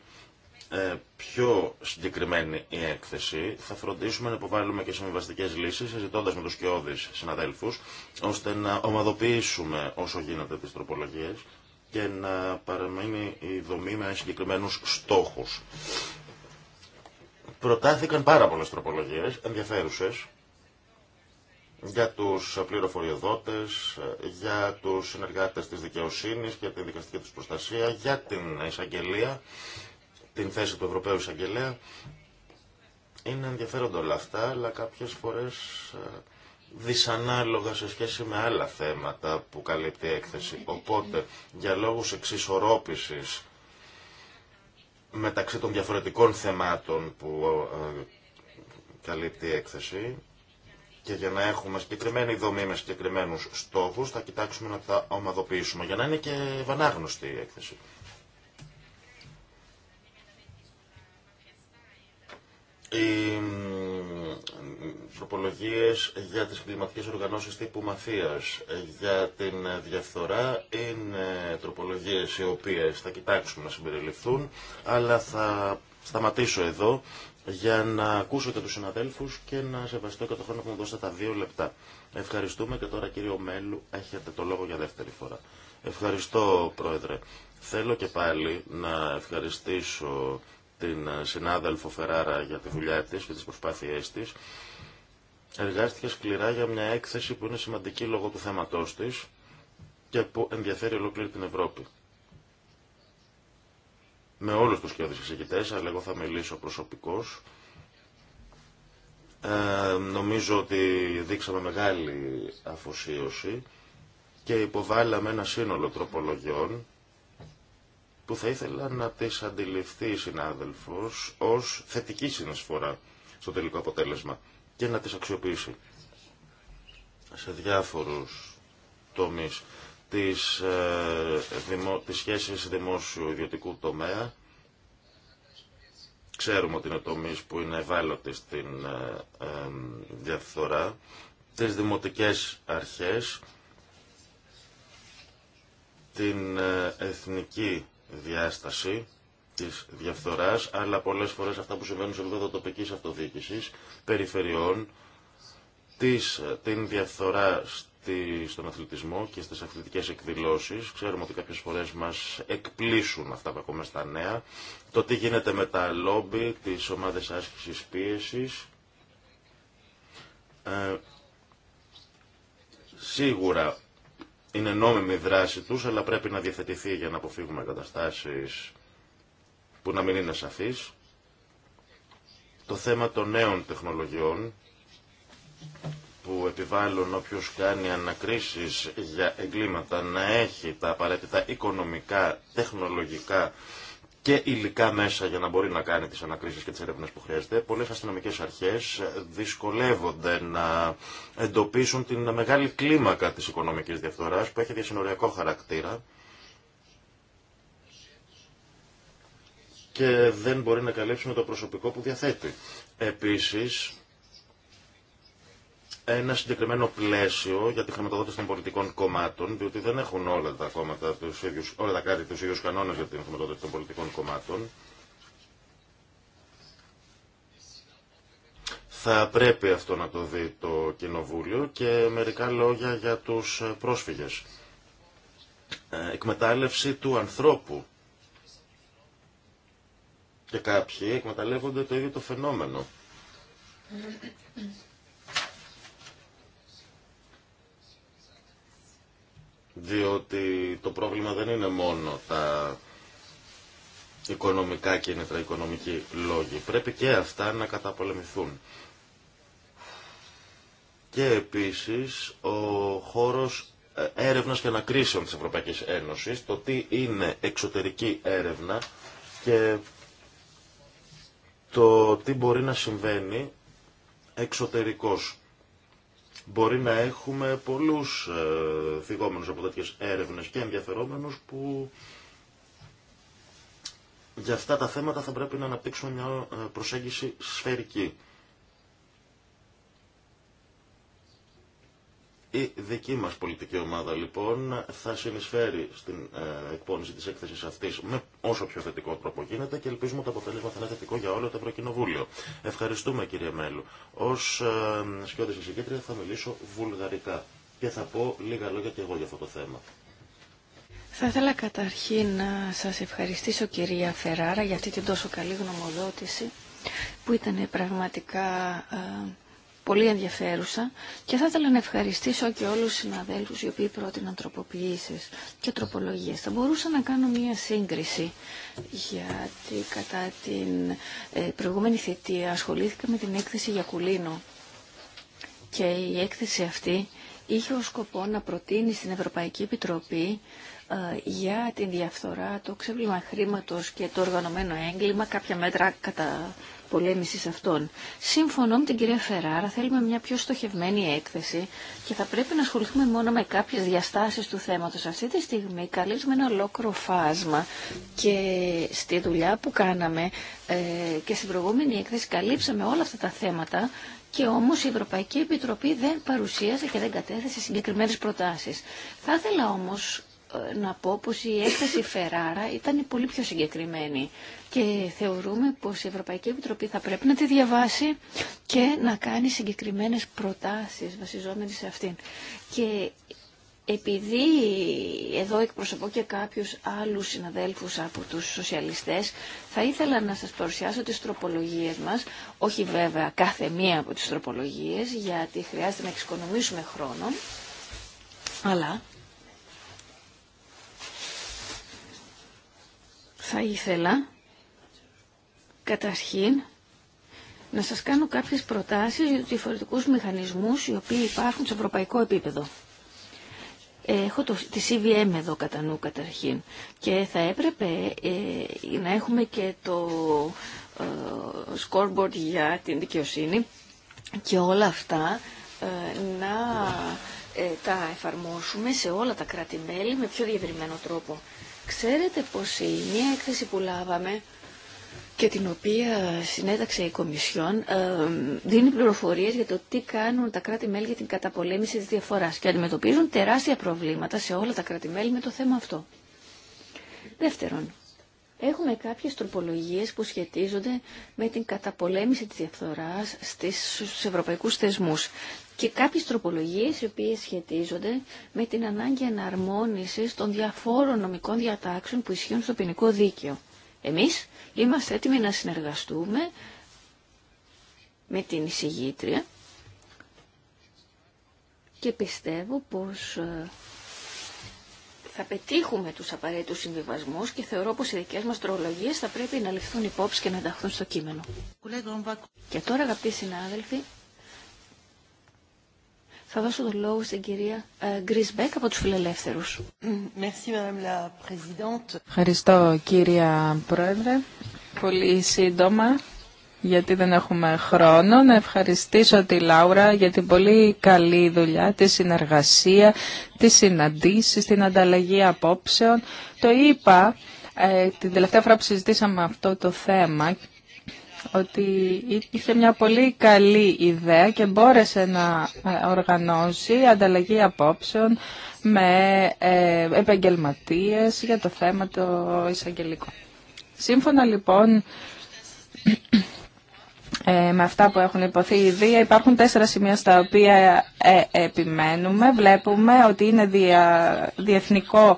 ε, πιο συγκεκριμένη η έκθεση. Θα φροντίσουμε να υποβάλουμε και συμβιβαστικέ λύσει, συζητώντα με του κοιόδη συναδέλφου, ώστε να ομαδοποιήσουμε όσο γίνεται τι τροπολογίε και να παραμείνει η δομή με συγκεκριμένου στόχου. Προτάθηκαν πάρα πολλέ τροπολογίε, ενδιαφέρουσε, για του πληροφοριοδότε, για του συνεργάτε της δικαιοσύνη, και τη δικαστική του προστασία, για την εισαγγελία την θέση του Ευρωπαίου Εισαγγελέα. Είναι ενδιαφέροντα όλα αυτά, αλλά κάποιες φορές ε, δυσανάλογα σε σχέση με άλλα θέματα που καλύπτει η έκθεση. Οπότε, για λόγους εξισορρόπησης μεταξύ των διαφορετικών θεμάτων που ε, καλύπτει η έκθεση και για να έχουμε συγκεκριμένη δομή με συγκεκριμένους στόχους, θα κοιτάξουμε να τα ομαδοποιήσουμε για να είναι και βανάγνωστη η έκθεση. οι τροπολογίες για τις κλιματικές οργανώσεις τύπου μαφίας, για την διαφθορά, είναι τροπολογίες οι οποίες θα κοιτάξουμε να συμπεριληφθούν, αλλά θα σταματήσω εδώ για να ακούσω και τους συναδέλφους και να σεβαστώ και το χρόνο που μου δώσατε τα δύο λεπτά. Ευχαριστούμε και τώρα κύριο Μέλου, έχετε το λόγο για δεύτερη φορά. Ευχαριστώ πρόεδρε. Θέλω και πάλι να ευχαριστήσω την ε, συνάδελφο Φεράρα για τη δουλειά της και τις προσπάθειές της. Εργάστηκε σκληρά για μια έκθεση που είναι σημαντική λόγω του θέματός της και που ενδιαφέρει ολόκληρη την Ευρώπη. Με όλους τους κοιόδης εξηγητές, αλλά εγώ θα μιλήσω προσωπικώς. Ε, νομίζω ότι δείξαμε μεγάλη αφοσίωση και υποβάλαμε ένα σύνολο τροπολογιών που θα ήθελα να τις αντιληφθεί η συνάδελφος ως θετική συνεισφορά στο τελικό αποτέλεσμα και να τις αξιοποιήσει σε διάφορους τομείς της, ε, δημο, της σχέσης δημόσιου-ιδιωτικού τομέα. Ξέρουμε ότι είναι τομείς που είναι ευάλωτοι στην ε, ε, διαφθορά, τις δημοτικές αρχές, την ε, εθνική διάσταση της διαφθοράς, αλλά πολλές φορές αυτά που συμβαίνουν σε επίπεδο τοπικής αυτοδιοίκησης, περιφερειών, της, την διαφθορά στη, στον αθλητισμό και στις αθλητικές εκδηλώσεις. Ξέρουμε ότι κάποιες φορές μας εκπλήσουν αυτά που ακούμε στα νέα. Το τι γίνεται με τα λόμπι, τις ομάδες άσκησης πίεσης. Ε, σίγουρα είναι νόμιμη η δράση του, αλλά πρέπει να διαθετηθεί για να αποφύγουμε καταστάσει που να μην είναι σαφείς. Το θέμα των νέων τεχνολογιών που επιβάλλουν όποιο κάνει ανακρίσει για εγκλήματα να έχει τα απαραίτητα οικονομικά, τεχνολογικά και υλικά μέσα για να μπορεί να κάνει τις ανακρίσεις και τις έρευνες που χρειάζεται. Πολλές αστυνομικές αρχές δυσκολεύονται να εντοπίσουν την μεγάλη κλίμακα της οικονομικής διαφθοράς που έχει διασυνοριακό χαρακτήρα και δεν μπορεί να καλύψει με το προσωπικό που διαθέτει. Επίσης, ένα συγκεκριμένο πλαίσιο για τη χρηματοδότηση των πολιτικών κομμάτων, διότι δεν έχουν όλα τα, κόμματα, τους ίδιους, όλα τα κράτη του ίδιου κανόνε για τη χρηματοδότηση των πολιτικών κομμάτων. Θα πρέπει αυτό να το δει το Κοινοβούλιο και μερικά λόγια για τους πρόσφυγες. Ε, εκμετάλλευση του ανθρώπου. Και κάποιοι εκμεταλλεύονται το ίδιο το φαινόμενο. διότι το πρόβλημα δεν είναι μόνο τα οικονομικά και είναι τα οικονομικοί λόγοι. Πρέπει και αυτά να καταπολεμηθούν. Και επίσης ο χώρος ε, έρευνας και ανακρίσεων της Ευρωπαϊκής Ένωσης, το τι είναι εξωτερική έρευνα και το τι μπορεί να συμβαίνει εξωτερικός. Μπορεί να έχουμε πολλούς ε, θυγόμενους από τέτοιες έρευνες και ενδιαφερόμενους που για αυτά τα θέματα θα πρέπει να αναπτύξουμε μια ε, προσέγγιση σφαιρική. Η δική μας πολιτική ομάδα λοιπόν θα συνεισφέρει στην ε, εκπόνηση της έκθεσης αυτής με όσο πιο θετικό τρόπο γίνεται και ελπίζουμε ότι το αποτέλεσμα θα είναι θετικό για όλο το Ευρωκοινοβούλιο. Ευχαριστούμε κύριε Μέλου. Ως ε, σκιώδης εισηγήτρια θα μιλήσω βουλγαρικά και θα πω λίγα λόγια και εγώ για αυτό το θέμα. Θα ήθελα καταρχήν να σας ευχαριστήσω κυρία Φεράρα για αυτή την τόσο καλή γνωμοδότηση που ήταν πραγματικά... Ε, πολύ ενδιαφέρουσα και θα ήθελα να ευχαριστήσω και όλους τους συναδέλφους οι οποίοι πρότειναν τροποποιήσεις και τροπολογίες. Θα μπορούσα να κάνω μία σύγκριση γιατί κατά την ε, προηγούμενη θητεία ασχολήθηκα με την έκθεση για κουλίνο και η έκθεση αυτή είχε ως σκοπό να προτείνει στην Ευρωπαϊκή Επιτροπή ε, για την διαφθορά, το ξέβλημα χρήματος και το οργανωμένο έγκλημα, κάποια μέτρα κατά πολέμησης αυτών. Σύμφωνο με την κυρία Φεράρα, θέλουμε μια πιο στοχευμένη έκθεση και θα πρέπει να ασχοληθούμε μόνο με κάποιες διαστάσεις του θέματος. Αυτή τη στιγμή καλύψουμε ένα ολόκληρο φάσμα και στη δουλειά που κάναμε ε, και στην προηγούμενη έκθεση καλύψαμε όλα αυτά τα θέματα και όμως η Ευρωπαϊκή Επιτροπή δεν παρουσίασε και δεν κατέθεσε συγκεκριμένες προτάσεις. Θα ήθελα όμως να πω πως η έκθεση Φεράρα ήταν πολύ πιο συγκεκριμένη και θεωρούμε πως η Ευρωπαϊκή Επιτροπή θα πρέπει να τη διαβάσει και να κάνει συγκεκριμένες προτάσεις βασιζόμενες σε αυτήν. Και επειδή εδώ εκπροσωπώ και κάποιους άλλους συναδέλφους από τους σοσιαλιστές, θα ήθελα να σας παρουσιάσω τις τροπολογίες μας, όχι βέβαια κάθε μία από τις τροπολογίες, γιατί χρειάζεται να εξοικονομήσουμε χρόνο, αλλά Θα ήθελα καταρχήν να σας κάνω κάποιες προτάσεις για τους διαφορετικούς μηχανισμούς οι οποίοι υπάρχουν σε ευρωπαϊκό επίπεδο. Έχω το, τη CVM εδώ κατά νου καταρχήν και θα έπρεπε ε, να έχουμε και το ε, scoreboard για την δικαιοσύνη και όλα αυτά ε, να τα εφαρμόσουμε σε όλα τα κράτη-μέλη με πιο διευρυμένο τρόπο. Ξέρετε πως η μία έκθεση που λάβαμε και την οποία συνέταξε η Κομισιόν ε, δίνει πληροφορίες για το τι κάνουν τα κράτη-μέλη για την καταπολέμηση της διαφοράς και αντιμετωπίζουν τεράστια προβλήματα σε όλα τα κράτη-μέλη με το θέμα αυτό. Δεύτερον, έχουμε κάποιες τροπολογίες που σχετίζονται με την καταπολέμηση της διαφθοράς στις, στους ευρωπαϊκούς θεσμούς και κάποιες τροπολογίες οι οποίες σχετίζονται με την ανάγκη εναρμόνισης των διαφόρων νομικών διατάξεων που ισχύουν στο ποινικό δίκαιο. Εμείς είμαστε έτοιμοι να συνεργαστούμε με την εισηγήτρια και πιστεύω πως ε, θα πετύχουμε τους απαραίτητους συμβιβασμούς και θεωρώ πως οι δικές μας τρολογίες θα πρέπει να ληφθούν υπόψη και να ενταχθούν στο κείμενο. Και τώρα αγαπητοί συνάδελφοι, θα δώσω το λόγο στην κυρία ε, Γκρισμπέκ από τους Φιλελεύθερους. Ευχαριστώ κυρία Πρόεδρε. Πολύ σύντομα γιατί δεν έχουμε χρόνο, να ευχαριστήσω τη Λάουρα για την πολύ καλή δουλειά, τη συνεργασία, τη συναντήσεις, την ανταλλαγή απόψεων. Το είπα ε, την τελευταία φορά που συζητήσαμε αυτό το θέμα ότι είχε μια πολύ καλή ιδέα και μπόρεσε να ε, οργανώσει ανταλλαγή απόψεων με ε, επαγγελματίες για το θέμα το εισαγγελικό. Σύμφωνα λοιπόν ε, με αυτά που έχουν υποθεί δύο υπάρχουν τέσσερα σημεία στα οποία επιμένουμε. Βλέπουμε ότι είναι διεθνικό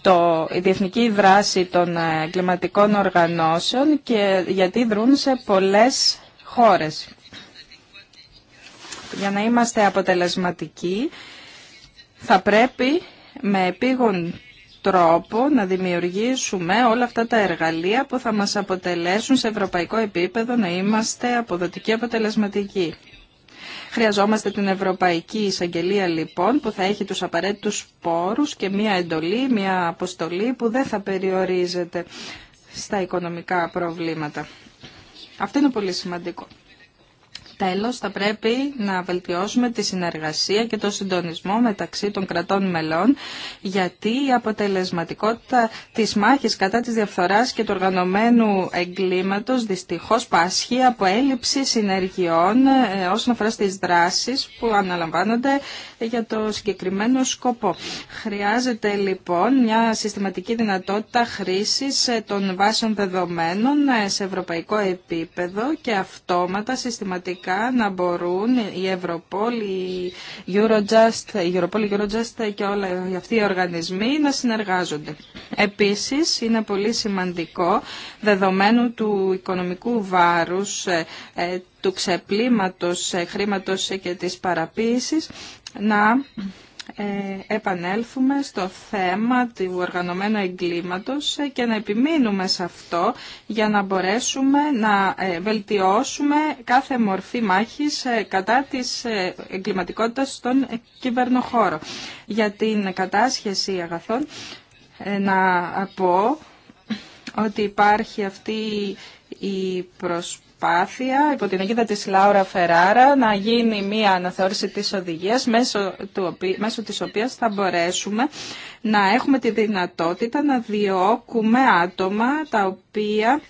το, η διεθνική δράση των ε, εγκληματικών οργανώσεων και γιατί δρούν σε πολλές χώρες. Για να είμαστε αποτελεσματικοί θα πρέπει με επίγον τρόπο να δημιουργήσουμε όλα αυτά τα εργαλεία που θα μας αποτελέσουν σε ευρωπαϊκό επίπεδο να είμαστε αποδοτικοί αποτελεσματικοί. Χρειαζόμαστε την Ευρωπαϊκή Εισαγγελία λοιπόν που θα έχει τους απαραίτητους πόρους και μία εντολή, μία αποστολή που δεν θα περιορίζεται στα οικονομικά προβλήματα. Αυτό είναι πολύ σημαντικό. Τέλος, θα πρέπει να βελτιώσουμε τη συνεργασία και το συντονισμό μεταξύ των κρατών μελών, γιατί η αποτελεσματικότητα της μάχης κατά της διαφθοράς και του οργανωμένου εγκλήματος δυστυχώς πάσχει από έλλειψη συνεργειών ε, όσον αφορά στις δράσεις που αναλαμβάνονται για το συγκεκριμένο σκοπό. Χρειάζεται λοιπόν μια συστηματική δυνατότητα χρήσης ε, των βάσεων δεδομένων ε, σε ευρωπαϊκό επίπεδο και αυτόματα συστηματικά να μπορούν η Ευρωπολή, η Eurojust, η Eurojust και όλοι αυτοί οι οργανισμοί να συνεργάζονται. Επίσης είναι πολύ σημαντικό δεδομένου του οικονομικού βάρους ε, του ξεπλήματος χρήματος και της παραποίησης να ε, επανέλθουμε στο θέμα του οργανωμένου εγκλήματος ε, και να επιμείνουμε σε αυτό για να μπορέσουμε να ε, βελτιώσουμε κάθε μορφή μάχης κατά της εγκληματικότητας στον κυβερνοχώρο. Για την κατάσχεση αγαθών να πω ότι υπάρχει αυτή η προσπάθεια προσπάθεια υπό την αιγίδα της Λάουρα Φεράρα να γίνει μία αναθεώρηση της οδηγίας μέσω, του, μέσω της οποίας θα μπορέσουμε να έχουμε τη δυνατότητα να διώκουμε άτομα τα οποία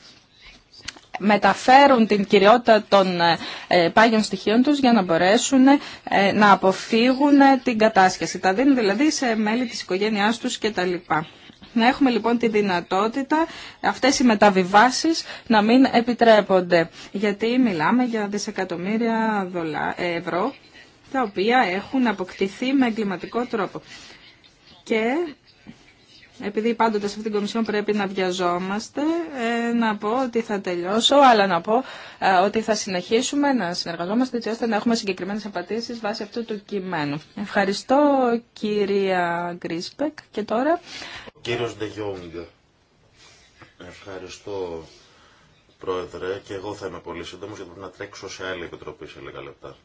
μεταφέρουν την κυριότητα των ε, πάγιων στοιχείων τους για να μπορέσουν ε, να αποφύγουν την κατάσχεση. Τα δίνουν δηλαδή σε μέλη της οικογένειάς τους κτλ. Να έχουμε λοιπόν τη δυνατότητα αυτές οι μεταβιβάσεις να μην επιτρέπονται. Γιατί μιλάμε για δισεκατομμύρια ευρώ τα οποία έχουν αποκτηθεί με εγκληματικό τρόπο. Και επειδή πάντοτε σε αυτήν την Κομισιόν πρέπει να βιαζόμαστε, ε, να πω ότι θα τελειώσω, αλλά να πω ε, ότι θα συνεχίσουμε να συνεργαζόμαστε έτσι ώστε να έχουμε συγκεκριμένες απαντήσεις βάσει αυτού του κειμένου. Ευχαριστώ κυρία Γκρίσπεκ και τώρα Κύριος Ντεγιόγκ, ευχαριστώ πρόεδρε και εγώ θα είμαι πολύ σύντομο γιατί πρέπει να τρέξω σε άλλη επιτροπή σε λίγα λεπτά.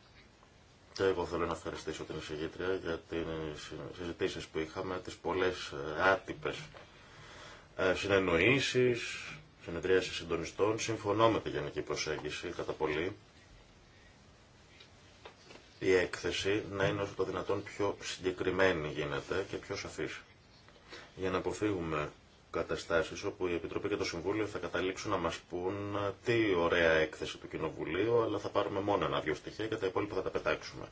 Και εγώ θέλω να ευχαριστήσω την εισηγήτρια για τις συζητήσεις που είχαμε, τις πολλές ε, άτυπες ε, συνεννοήσεις, συνεδρίασεις συντονιστών. Συμφωνώ με τη γενική προσέγγιση κατά πολύ η έκθεση να είναι όσο το δυνατόν πιο συγκεκριμένη γίνεται και πιο σαφή για να αποφύγουμε καταστάσεις όπου η Επιτροπή και το Συμβούλιο θα καταλήξουν να μας πούν τι ωραία έκθεση του Κοινοβουλίου, αλλά θα πάρουμε μόνο ένα-δυο στοιχεία και τα υπόλοιπα θα τα πετάξουμε.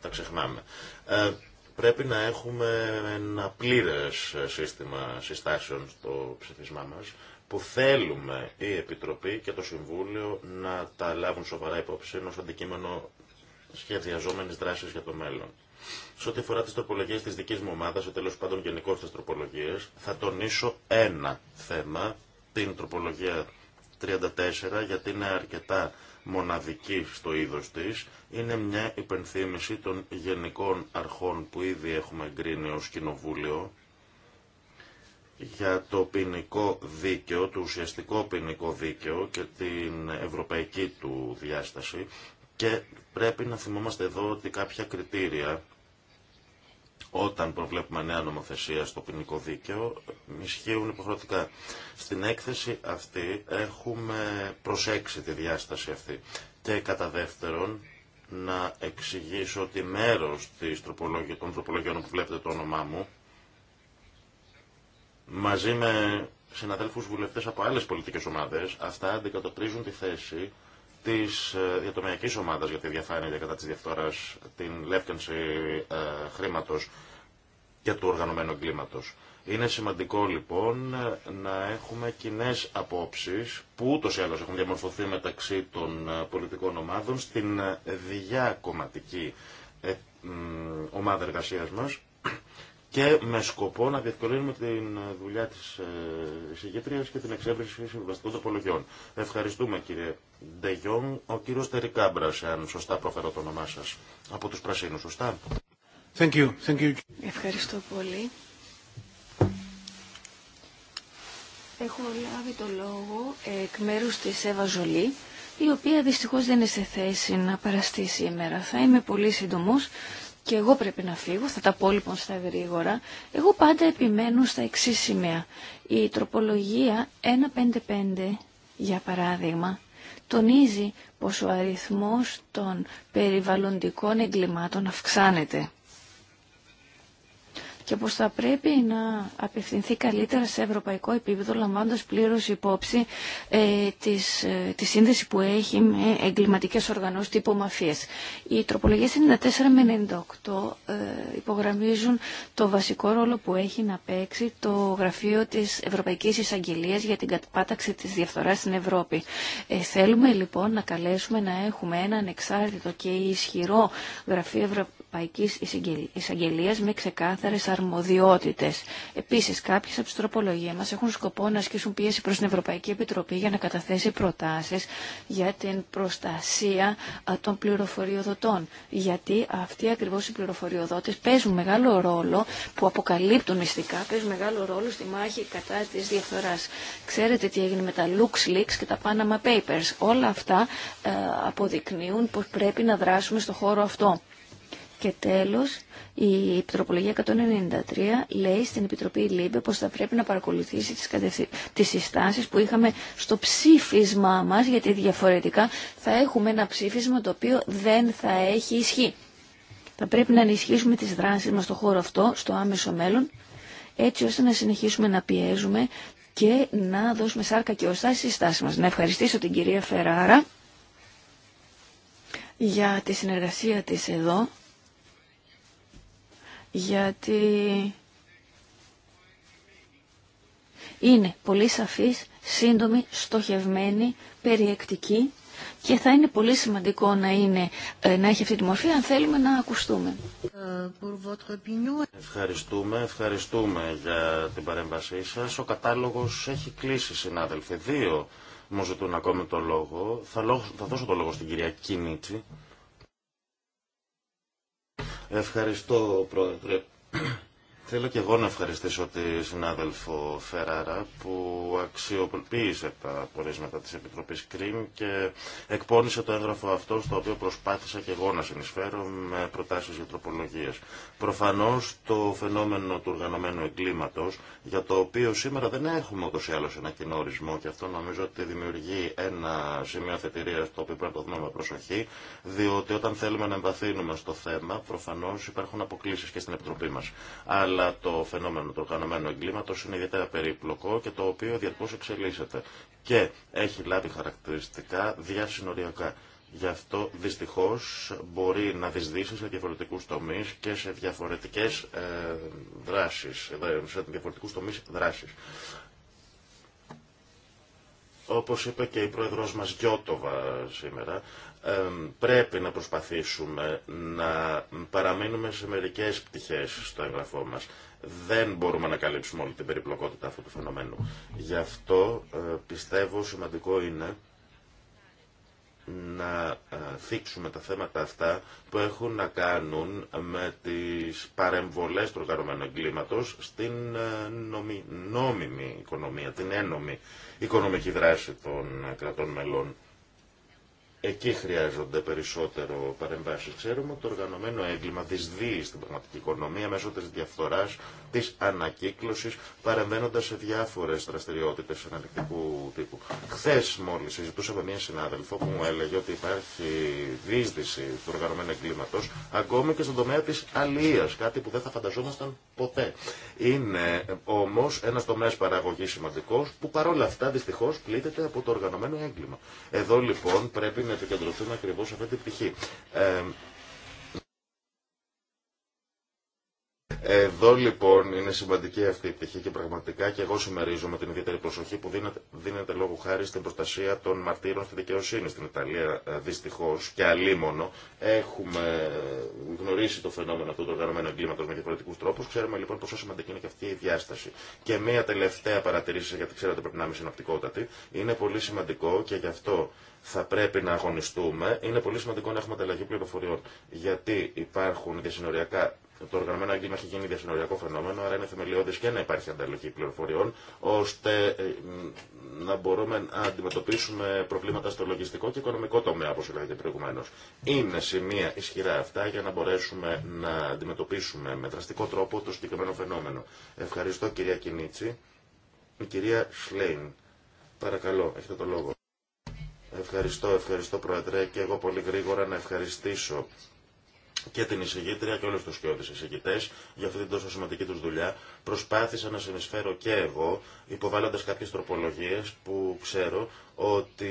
Τα ξεχνάμε. Ε, πρέπει να έχουμε ένα πλήρες σύστημα συστάσεων στο ψηφισμά μας, που θέλουμε η Επιτροπή και το Συμβούλιο να τα λάβουν σοβαρά υπόψη ενός αντικείμενο σχεδιαζόμενης δράσης για το μέλλον. Σε ό,τι αφορά τι τροπολογίε τη δική μου ομάδα, ο τέλο πάντων γενικώ τι τροπολογίε, θα τονίσω ένα θέμα, την τροπολογία 34, γιατί είναι αρκετά μοναδική στο είδος της, είναι μια υπενθύμηση των γενικών αρχών που ήδη έχουμε εγκρίνει ω Κοινοβούλιο για το ποινικό δίκαιο, το ουσιαστικό ποινικό δίκαιο και την ευρωπαϊκή του διάσταση και πρέπει να θυμόμαστε εδώ ότι κάποια κριτήρια όταν προβλέπουμε νέα νομοθεσία στο ποινικό δίκαιο, ισχύουν υποχρεωτικά. Στην έκθεση αυτή έχουμε προσέξει τη διάσταση αυτή. Και κατά δεύτερον, να εξηγήσω ότι μέρος της των τροπολογιών που βλέπετε το όνομά μου, μαζί με συναδέλφους βουλευτές από άλλες πολιτικές ομάδες, αυτά αντικατοπτρίζουν τη θέση της ε, διατομιακής ομάδας για τη διαφάνεια κατά της διαφθοράς, την λεύκανση ε, χρήματος και του οργανωμένου εγκλήματος. Είναι σημαντικό λοιπόν να έχουμε κοινέ απόψεις που ούτως ή άλλως έχουν διαμορφωθεί μεταξύ των ε, πολιτικών ομάδων στην διακομματική ομάδα εργασίας μας και με σκοπό να διευκολύνουμε την δουλειά της ε, εισηγήτριας και την εξέβριση συμβαστικών τοπολογιών. Ευχαριστούμε κύριε Ντεγιόν, ο κύριος Τερικάμπρας, αν σωστά προφέρω το όνομά σα από τους πράσινου σωστά. Thank you. Thank you. Ευχαριστώ πολύ. Έχω λάβει το λόγο εκ μέρου τη Εύα Ζολή, η οποία δυστυχώς δεν είναι σε θέση να παραστεί σήμερα. Θα είμαι πολύ σύντομο και εγώ πρέπει να φύγω, θα τα πω λοιπόν στα γρήγορα. Εγώ πάντα επιμένω στα εξή σημεία. Η τροπολογία 155, για παράδειγμα, τονίζει πως ο αριθμός των περιβαλλοντικών εγκλημάτων αυξάνεται και πως θα πρέπει να απευθυνθεί καλύτερα σε ευρωπαϊκό επίπεδο λαμβάνοντας πλήρως υπόψη ε, της, ε, τη σύνδεση που έχει με εγκληματικές οργανώσεις τύπου μαφίες. Οι τροπολογίες 94 με 98 ε, υπογραμμίζουν το βασικό ρόλο που έχει να παίξει το γραφείο της Ευρωπαϊκής Εισαγγελίας για την κατάταξη της διαφθοράς στην Ευρώπη. Ε, θέλουμε λοιπόν να καλέσουμε να έχουμε έναν εξάρτητο και ισχυρό γραφείο Ευρωπαϊκή εισαγγελία με ξεκάθαρες αρμοδιότητες. Επίσης, κάποιες από τι τροπολογίε μας έχουν σκοπό να ασκήσουν πίεση προς την Ευρωπαϊκή Επιτροπή για να καταθέσει προτάσει για την προστασία των πληροφοριοδοτών. Γιατί αυτοί ακριβώ οι πληροφοριοδότες παίζουν μεγάλο ρόλο, που αποκαλύπτουν μυστικά, παίζουν μεγάλο ρόλο στη μάχη κατά της διαφθοράς. Ξέρετε τι έγινε με τα LuxLeaks και τα Panama Papers. Όλα αυτά ε, αποδεικνύουν πως πρέπει να δράσουμε στο χώρο αυτό. Και τέλος, η Επιτροπολογία 193 λέει στην Επιτροπή ΛΥΜΠΕ πως θα πρέπει να παρακολουθήσει τις, κατευθυ... συστάσεις που είχαμε στο ψήφισμά μας, γιατί διαφορετικά θα έχουμε ένα ψήφισμα το οποίο δεν θα έχει ισχύ. Θα πρέπει να ενισχύσουμε τις δράσεις μας στον χώρο αυτό, στο άμεσο μέλλον, έτσι ώστε να συνεχίσουμε να πιέζουμε και να δώσουμε σάρκα και ωστά στις συστάσεις μας. Να ευχαριστήσω την κυρία Φεράρα για τη συνεργασία της εδώ γιατί είναι πολύ σαφής, σύντομη, στοχευμένη, περιεκτική και θα είναι πολύ σημαντικό να, είναι, ε, να έχει αυτή τη μορφή αν θέλουμε να ακουστούμε. Ευχαριστούμε, ευχαριστούμε για την παρέμβασή σας. Ο κατάλογος έχει κλείσει, συνάδελφε. Δύο μου ζητούν ακόμη το λόγο. Θα, θα δώσω το λόγο στην κυρία Κινίτσι. Ευχαριστώ, Πρόεδρε. Θέλω και εγώ να ευχαριστήσω τη συνάδελφο Φεράρα που αξιοποίησε τα πορίσματα της Επιτροπής ΚΡΙΜ και εκπώνησε το έγγραφο αυτό στο οποίο προσπάθησα και εγώ να συνεισφέρω με προτάσεις για τροπολογίες. Προφανώς το φαινόμενο του οργανωμένου εγκλήματος για το οποίο σήμερα δεν έχουμε ούτως ή άλλως ένα κοινό ορισμό και αυτό νομίζω ότι δημιουργεί ένα σημείο θετηρία το οποίο πρέπει να το δούμε με προσοχή διότι όταν θέλουμε να εμβαθύνουμε στο θέμα προφανώς υπάρχουν αποκλήσεις και στην Επιτροπή μας αλλά το φαινόμενο του οργανωμένου εγκλήματο είναι ιδιαίτερα περίπλοκο και το οποίο διαρκώς εξελίσσεται και έχει λάβει χαρακτηριστικά διασυνοριακά. Γι' αυτό δυστυχώ μπορεί να δυσδύσει σε διαφορετικού τομείς και σε διαφορετικές ε, δράσει. Ε, σε διαφορετικούς τομείς δράσεις. Όπως είπε και η πρόεδρο μας Γιώτοβα σήμερα, πρέπει να προσπαθήσουμε να παραμείνουμε σε μερικές πτυχές στο εγγραφό μας. Δεν μπορούμε να καλύψουμε όλη την περιπλοκότητα αυτού του φαινομένου. Γι' αυτό ε, πιστεύω σημαντικό είναι να ε, θίξουμε τα θέματα αυτά που έχουν να κάνουν με τις παρεμβολές του οργανωμένου εγκλήματος στην ε, νόμιμη οικονομία, την ένομη οικονομική δράση των κρατών μελών. Εκεί χρειάζονται περισσότερο παρεμβάσει. Ξέρουμε ότι το οργανωμένο έγκλημα δυσδύει στην πραγματική οικονομία μέσω τη διαφθορά, τη ανακύκλωση, παρεμβαίνοντα σε διάφορε δραστηριότητε αναλυτικού τύπου. Χθε μόλι συζητούσα με μία συνάδελφο που μου έλεγε ότι υπάρχει δίσδυση του οργανωμένου εγκλήματο ακόμη και στον τομέα τη αλληλεία. Κάτι που δεν θα φανταζόμασταν ποτέ. Είναι όμω ένα τομέα παραγωγή σημαντικό που παρόλα αυτά δυστυχώ πλήττεται από το οργανωμένο έγκλημα. Εδώ λοιπόν πρέπει να επικεντρωθούμε ακριβώ σε αυτή την πτυχή. Ε, Εδώ λοιπόν είναι σημαντική αυτή η πτυχή και πραγματικά και εγώ συμμερίζομαι την ιδιαίτερη προσοχή που δίνεται, δίνεται λόγω χάρη στην προστασία των μαρτύρων στη δικαιοσύνη. Στην Ιταλία ε, δυστυχώ και αλίμονο έχουμε γνωρίσει το φαινόμενο αυτού του οργανωμένου εγκλήματο με διαφορετικού τρόπου. Ξέρουμε λοιπόν πόσο σημαντική είναι και αυτή η διάσταση. Και μία τελευταία παρατηρήση, γιατί ξέρετε πρέπει να είμαι συνοπτικότατη, είναι πολύ σημαντικό και γι' αυτό θα πρέπει να αγωνιστούμε. Είναι πολύ σημαντικό να έχουμε ανταλλαγή πληροφοριών. Γιατί υπάρχουν διασυνοριακά το οργανωμένο έγκλημα έχει γίνει διασυνοριακό φαινόμενο, άρα είναι θεμελιώδη και να υπάρχει ανταλλαγή πληροφοριών, ώστε ε, να μπορούμε να αντιμετωπίσουμε προβλήματα στο λογιστικό και οικονομικό τομέα, όπω και προηγουμένω. Είναι σημεία ισχυρά αυτά για να μπορέσουμε να αντιμετωπίσουμε με δραστικό τρόπο το συγκεκριμένο φαινόμενο. Ευχαριστώ κυρία Κινίτσι. Η κυρία Σλέιν. Παρακαλώ, έχετε το λόγο. Ευχαριστώ, ευχαριστώ Πρόεδρε και εγώ πολύ γρήγορα να ευχαριστήσω και την εισηγήτρια και όλου του κοιότητε εισηγητέ για αυτή την τόσο σημαντική του δουλειά Προσπάθησα να συνεισφέρω και εγώ, υποβάλλοντας κάποιες τροπολογίες που ξέρω ότι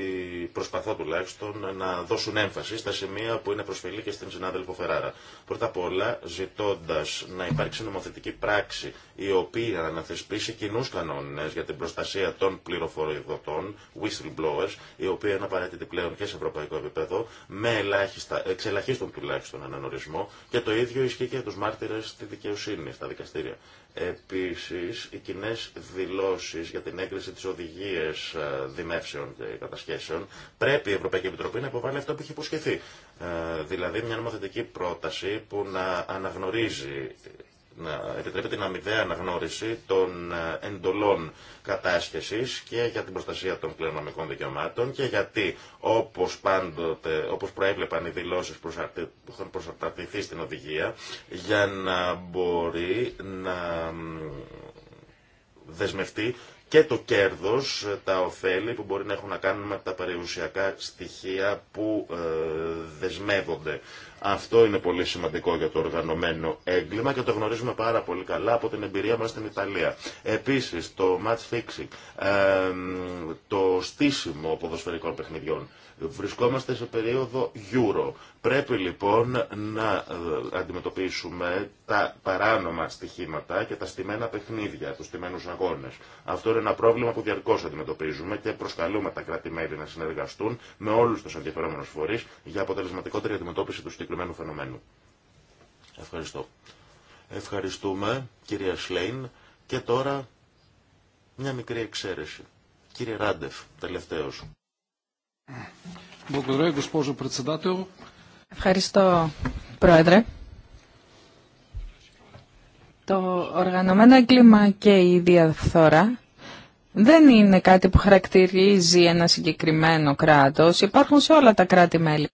προσπαθώ τουλάχιστον να δώσουν έμφαση στα σημεία που είναι προσφυλή και στην συνάδελφο Φεράρα. Πρώτα απ' όλα, ζητώντα να υπάρξει νομοθετική πράξη η οποία να θεσπίσει κοινού κανόνες για την προστασία των πληροφοριοδοτών, whistleblowers, η οποία είναι απαραίτητη πλέον και σε ευρωπαϊκό επίπεδο, με ελάχιστα, εξελαχίστον τουλάχιστον αναγνωρισμό και το ίδιο ισχύει και για του μάρτυρε στη δικαιοσύνη, στα δικαστήρια. Επίσης, οι κοινέ δηλώσεις για την έγκριση της οδηγίας ε, δημεύσεων και κατασχέσεων πρέπει η Ευρωπαϊκή Επιτροπή να υποβάλει αυτό που έχει υποσχεθεί. Ε, δηλαδή μια νομοθετική πρόταση που να αναγνωρίζει να επιτρέπεται την αμοιβαία αναγνώριση των ε, εντολών κατάσχεση και για την προστασία των κληρονομικών δικαιωμάτων και γιατί όπως πάντοτε, όπως προέβλεπαν οι δηλώσεις που έχουν προσαρτηθεί στην οδηγία για να μπορεί να δεσμευτεί και το κέρδος, ε, τα ωφέλη που μπορεί να έχουν να κάνουν με τα περιουσιακά στοιχεία που ε, δεσμεύονται. Αυτό είναι πολύ σημαντικό για το οργανωμένο έγκλημα και το γνωρίζουμε πάρα πολύ καλά από την εμπειρία μας στην Ιταλία. Επίσης, το match fixing, ε, το στήσιμο ποδοσφαιρικών παιχνιδιών. Βρισκόμαστε σε περίοδο γιούρο. Πρέπει λοιπόν να ε, αντιμετωπίσουμε τα παράνομα στοιχήματα και τα στημένα παιχνίδια, τους στημένους αγώνες. Αυτό είναι ένα πρόβλημα που διαρκώς αντιμετωπίζουμε και προσκαλούμε τα κράτη-μέλη να συνεργαστούν με όλους τους ενδιαφερόμενους φορείς για αποτελεσματικότερη αντιμετώπιση του συγκεκριμένου φαινομένου. Ευχαριστώ. Ευχαριστούμε κυρία Σλέιν και τώρα μια μικρή εξαίρεση. Κύριε Ράντεφ, τελευταίος. Ευχαριστώ, Πρόεδρε. Το οργανωμένο έγκλημα και η διαφθορά δεν είναι κάτι που χαρακτηρίζει ένα συγκεκριμένο κράτος. Υπάρχουν σε όλα τα κράτη-μέλη.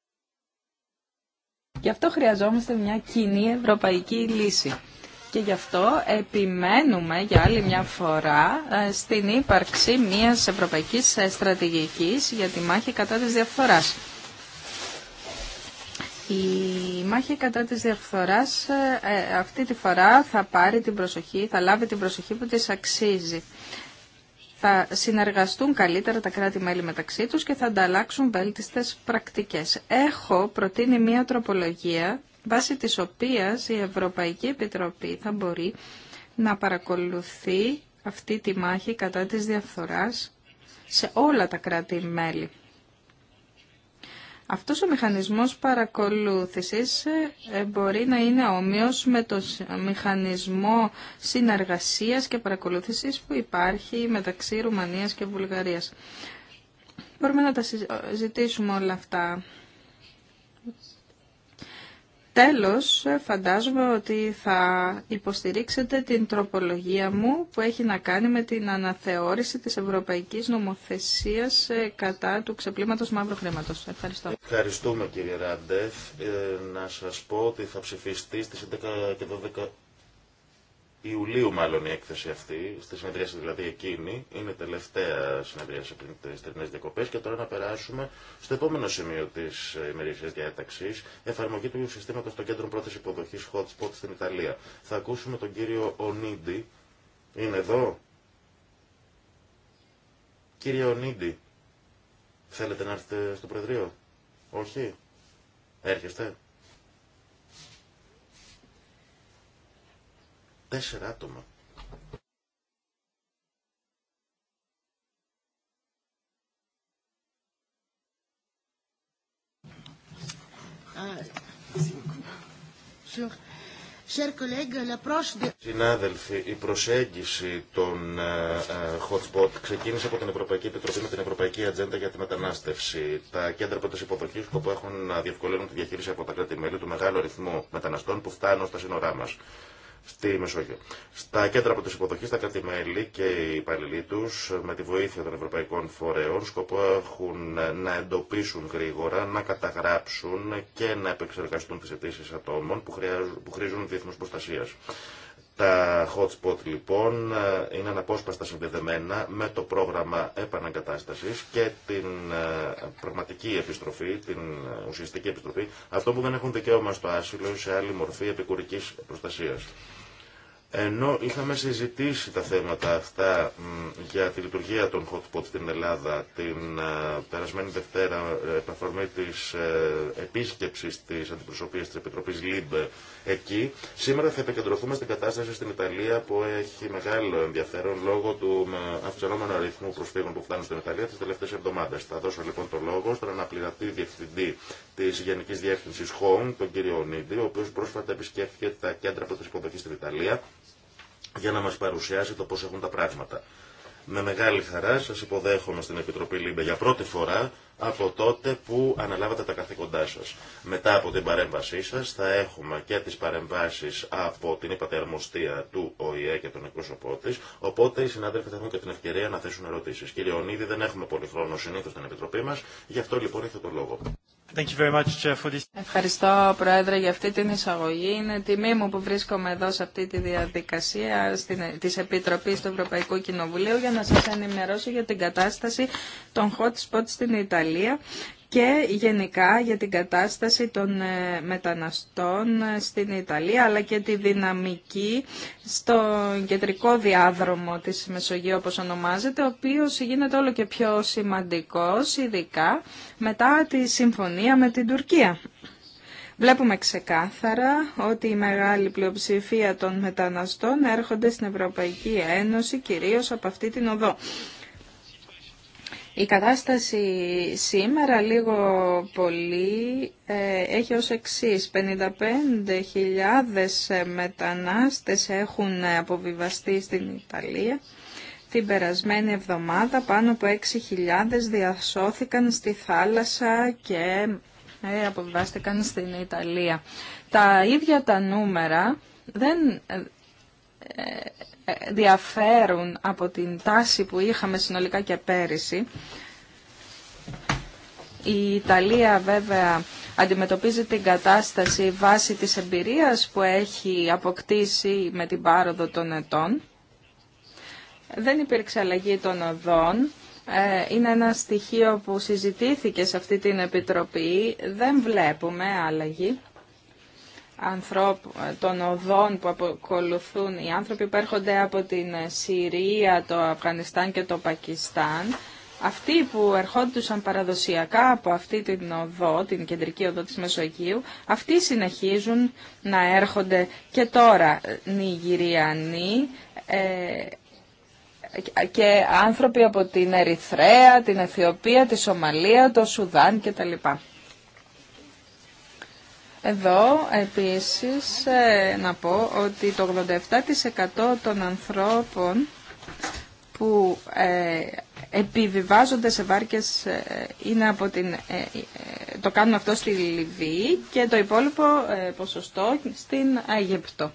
Γι' αυτό χρειαζόμαστε μια κοινή ευρωπαϊκή λύση. Και γι' αυτό επιμένουμε για άλλη μια φορά ε, στην ύπαρξη μιας ευρωπαϊκής ε, στρατηγικής για τη μάχη κατά της διαφθοράς. Η μάχη κατά της διαφθοράς ε, αυτή τη φορά θα πάρει την προσοχή, θα λάβει την προσοχή που της αξίζει. Θα συνεργαστούν καλύτερα τα κράτη-μέλη μεταξύ τους και θα ανταλλάξουν βέλτιστες πρακτικές. Έχω προτείνει μία τροπολογία βάσει της οποίας η Ευρωπαϊκή Επιτροπή θα μπορεί να παρακολουθεί αυτή τη μάχη κατά της διαφθοράς σε όλα τα κράτη-μέλη. Αυτός ο μηχανισμός παρακολούθησης ε, μπορεί να είναι όμοιος με το μηχανισμό συνεργασίας και παρακολούθησης που υπάρχει μεταξύ Ρουμανίας και Βουλγαρίας. Μπορούμε να τα συζητήσουμε όλα αυτά Τέλος, φαντάζομαι ότι θα υποστηρίξετε την τροπολογία μου που έχει να κάνει με την αναθεώρηση της ευρωπαϊκής νομοθεσίας ε, κατά του ξεπλήματος μαύρου χρήματος. Ευχαριστώ. Ευχαριστούμε κύριε Ράντεφ. Ε, να σας πω ότι θα ψηφιστεί στις 11 και 12 Ιουλίου μάλλον η έκθεση αυτή, στη συνεδρίαση δηλαδή εκείνη, είναι τελευταία συνεδρίαση πριν τι τερινέ διακοπέ και τώρα να περάσουμε στο επόμενο σημείο τη ημερήσια διάταξη, εφαρμογή του συστήματο των κέντρων πρώτη υποδοχή hotspot στην Ιταλία. Θα ακούσουμε τον κύριο Ονίντι. Είναι εδώ. Κύριε Ονίντι, θέλετε να έρθετε στο Προεδρείο. Όχι. Έρχεστε. Τέσσερα άτομα. Συνάδελφοι, η προσέγγιση των ε, ε, hot spot ξεκίνησε από την Ευρωπαϊκή Επιτροπή με την Ευρωπαϊκή Ατζέντα για τη Μετανάστευση. Τα κέντρα πρώτη υποδοχή που έχουν να διευκολύνουν τη διαχείριση από τα κράτη-μέλη του μεγάλου αριθμού μεταναστών που φτάνουν στα σύνορά μα στη Μεσόγειο. Στα κέντρα από τι υποδοχή, τα κράτη-μέλη και οι υπαλληλοί του, με τη βοήθεια των ευρωπαϊκών φορέων, σκοπό έχουν να εντοπίσουν γρήγορα, να καταγράψουν και να επεξεργαστούν τι αιτήσει ατόμων που, που χρήζουν διεθνού προστασία. Τα hotspot λοιπόν ε, είναι αναπόσπαστα συνδεδεμένα με το πρόγραμμα επαναγκατάστασης και την ε, πραγματική επιστροφή, την ε, ουσιαστική επιστροφή, αυτό που δεν έχουν δικαίωμα στο άσυλο σε άλλη μορφή επικουρικής προστασίας. Ενώ είχαμε συζητήσει τα θέματα αυτά για τη λειτουργία των hotspot στην Ελλάδα την ε, περασμένη Δευτέρα ε, επαφορμή της ε, επίσκεψης της αντιπροσωπείας της Επιτροπής ΛΥΜΠΕ εκεί, σήμερα θα επικεντρωθούμε στην κατάσταση στην Ιταλία που έχει μεγάλο ενδιαφέρον λόγω του αυξανόμενου αριθμού προσφύγων που φτάνουν στην Ιταλία τις τελευταίες εβδομάδες. Θα δώσω λοιπόν το λόγο στον αναπληρωτή διευθυντή της Γενικής Διεύθυνσης HOME, τον κύριο Νίδη, ο οποίος πρόσφατα επισκέφθηκε τα κέντρα πρώτης υποδοχής στην Ιταλία για να μας παρουσιάσει το πώς έχουν τα πράγματα. Με μεγάλη χαρά σας υποδέχομαι στην Επιτροπή Λίμπε για πρώτη φορά από τότε που αναλάβατε τα καθήκοντά σας. Μετά από την παρέμβασή σας θα έχουμε και τις παρεμβάσεις από την υπατερμοστία του ΟΗΕ και τον εκπρόσωπό της, οπότε οι συνάδελφοι θα έχουν και την ευκαιρία να θέσουν ερωτήσεις. Κύριε Ονίδη, δεν έχουμε πολύ χρόνο συνήθως στην Επιτροπή μας, γι' αυτό λοιπόν έχετε το λόγο. Ευχαριστώ Πρόεδρε για αυτή την εισαγωγή. Είναι τιμή μου που βρίσκομαι εδώ σε αυτή τη διαδικασία της Επιτροπής του Ευρωπαϊκού Κοινοβουλίου για να σας ενημερώσω για την κατάσταση των hot spots στην Ιταλία και γενικά για την κατάσταση των ε, μεταναστών ε, στην Ιταλία αλλά και τη δυναμική στο κεντρικό διάδρομο της Μεσογείου όπως ονομάζεται ο οποίος γίνεται όλο και πιο σημαντικός ειδικά μετά τη συμφωνία με την Τουρκία. Βλέπουμε ξεκάθαρα ότι η μεγάλη πλειοψηφία των μεταναστών έρχονται στην Ευρωπαϊκή Ένωση κυρίως από αυτή την οδό. Η κατάσταση σήμερα λίγο πολύ ε, έχει ως εξής. 55.000 ε, μετανάστες έχουν ε, αποβιβαστεί στην Ιταλία. Την περασμένη εβδομάδα πάνω από 6.000 διασώθηκαν στη θάλασσα και αποβιβάστηκαν στην Ιταλία. Τα ίδια τα νούμερα δεν διαφέρουν από την τάση που είχαμε συνολικά και πέρυσι. Η Ιταλία βέβαια αντιμετωπίζει την κατάσταση βάσει της εμπειρίας που έχει αποκτήσει με την πάροδο των ετών. Δεν υπήρξε αλλαγή των οδών. Ε, είναι ένα στοιχείο που συζητήθηκε σε αυτή την Επιτροπή. Δεν βλέπουμε αλλαγή των οδών που ακολουθούν οι άνθρωποι που έρχονται από την Συρία, το Αφγανιστάν και το Πακιστάν, αυτοί που ερχόντουσαν παραδοσιακά από αυτή την οδό, την κεντρική οδό της Μεσογείου, αυτοί συνεχίζουν να έρχονται και τώρα Νιγηριανοί ε, και άνθρωποι από την Ερυθρέα, την Αιθιοπία, τη Σομαλία, το Σουδάν κτλ. Εδώ επίσης ε, να πω ότι το 87% των ανθρώπων που ε, επιβιβάζονται σε βάρκες ε, είναι από την, το κάνουν αυτό στη Λιβύη και το υπόλοιπο ποσοστό στην Αιγυπτό.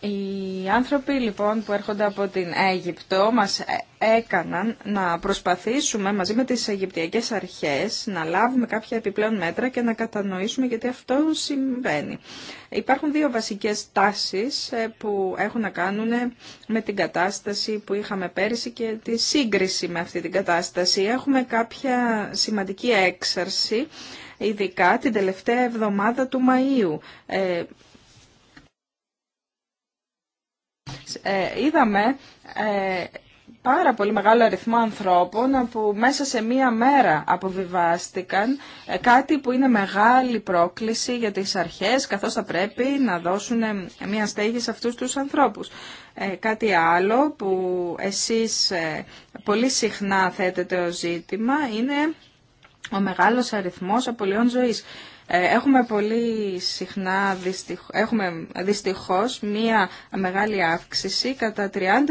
Οι άνθρωποι λοιπόν που έρχονται από την Αίγυπτο μας ε, έκαναν να προσπαθήσουμε μαζί με τις Αιγυπτιακές αρχές να λάβουμε κάποια επιπλέον μέτρα και να κατανοήσουμε γιατί αυτό συμβαίνει. Υπάρχουν δύο βασικές τάσεις ε, που έχουν να κάνουν με την κατάσταση που είχαμε πέρυσι και τη σύγκριση με αυτή την κατάσταση. Έχουμε κάποια σημαντική έξαρση, ειδικά την τελευταία εβδομάδα του Μαΐου ε, Ε, είδαμε ε, πάρα πολύ μεγάλο αριθμό ανθρώπων που μέσα σε μία μέρα αποβιβάστηκαν ε, κάτι που είναι μεγάλη πρόκληση για τις αρχές καθώς θα πρέπει να δώσουν μία στέγη σε αυτούς τους ανθρώπους. Κάτι άλλο που εσείς πολύ συχνά θέτετε ως ζήτημα είναι ο μεγάλος αριθμός απολειών ζωής. Ε, έχουμε πολύ συχνά, δυστυχ... έχουμε δυστυχώς μία μεγάλη αύξηση κατά 30%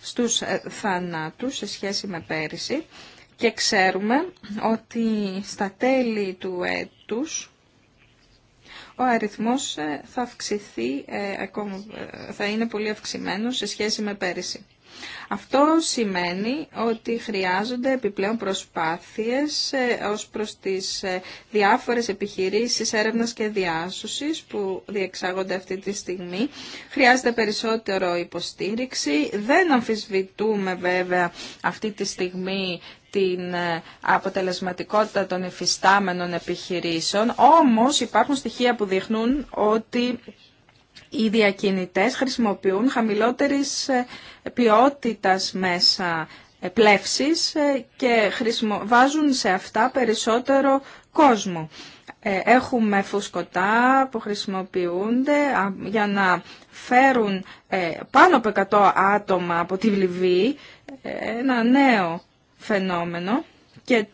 στους ε, θανάτους σε σχέση με πέρυσι και ξέρουμε ότι στα τέλη του έτους ο αριθμός ε, θα αυξηθεί, θα είναι πολύ αυξημένος σε σχέση με πέρυσι. Αυτό σημαίνει ότι χρειάζονται επιπλέον προσπάθειες ε, ως προς τις ε, διάφορες επιχειρήσεις έρευνας και διάσωσης που διεξάγονται αυτή τη στιγμή. Χρειάζεται περισσότερο υποστήριξη. Δεν αμφισβητούμε βέβαια αυτή τη στιγμή την ε, αποτελεσματικότητα των εφιστάμενων επιχειρήσεων, όμως υπάρχουν στοιχεία που δείχνουν ότι οι διακινητές χρησιμοποιούν χαμηλότερης ε, ποιότητας μέσα ε, πλεύσης ε, και βάζουν σε αυτά περισσότερο κόσμο. Έχουμε φουσκωτά που χρησιμοποιούνται για να φέρουν πάνω από 100 άτομα από τη Λιβύη ένα νέο φαινόμενο και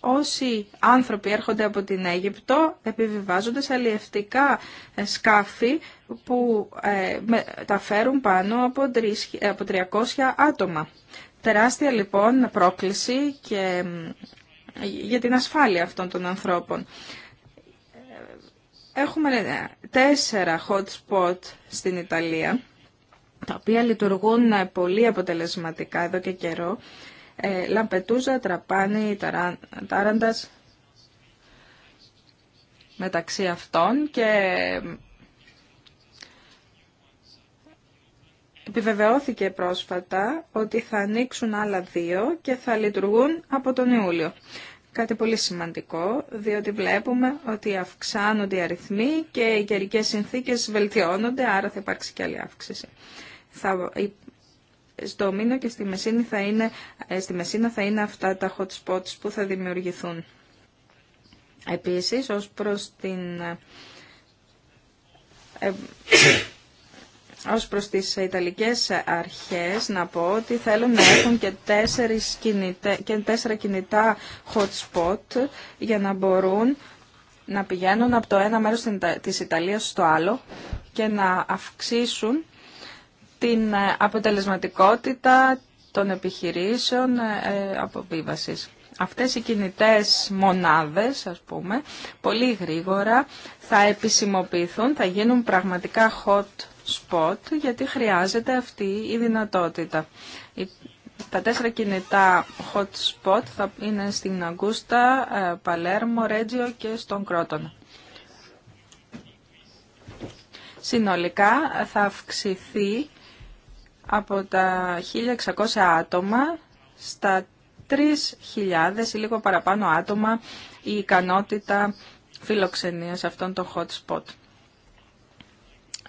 όσοι άνθρωποι έρχονται από την Αίγυπτο επιβιβάζονται σε αλλιευτικά ε, σκάφη που ε, τα φέρουν πάνω από 300 άτομα. Τεράστια λοιπόν πρόκληση και για την ασφάλεια αυτών των ανθρώπων. Ε, έχουμε τέσσερα hot spot στην Ιταλία, τα οποία λειτουργούν πολύ αποτελεσματικά εδώ και καιρό ε, Λαμπετούζα, Τραπάνη, Τάραντας μεταξύ αυτών και επιβεβαιώθηκε πρόσφατα ότι θα ανοίξουν άλλα δύο και θα λειτουργούν από τον Ιούλιο. Κάτι πολύ σημαντικό, διότι βλέπουμε ότι αυξάνονται οι αριθμοί και οι καιρικέ συνθήκες βελτιώνονται, άρα θα υπάρξει και άλλη αύξηση. Θα στο Μήνο και στη Μεσίνα, θα είναι, ε, στη Μεσίνα θα είναι αυτά τα hot spots που θα δημιουργηθούν. Επίσης, ως προς την... Ε, ε τις Ιταλικές αρχές να πω ότι θέλουν να έχουν και, τέσσερις και τέσσερα κινητά hot spot για να μπορούν να πηγαίνουν από το ένα μέρος της Ιταλίας στο άλλο και να αυξήσουν την ε, αποτελεσματικότητα των επιχειρήσεων ε, ε, αποβίβασης. Αυτές οι κινητές μονάδες, ας πούμε, πολύ γρήγορα θα επισημοποιηθούν, θα γίνουν πραγματικά hot spot, γιατί χρειάζεται αυτή η δυνατότητα. Τα τέσσερα κινητά hot spot θα είναι στην Αγκούστα, Παλέρμο, Ρέτζιο και στον Κρότονα. Συνολικά θα αυξηθεί από τα 1.600 άτομα στα 3.000 ή λίγο παραπάνω άτομα η ικανότητα φιλοξενίας αυτών των hot spot.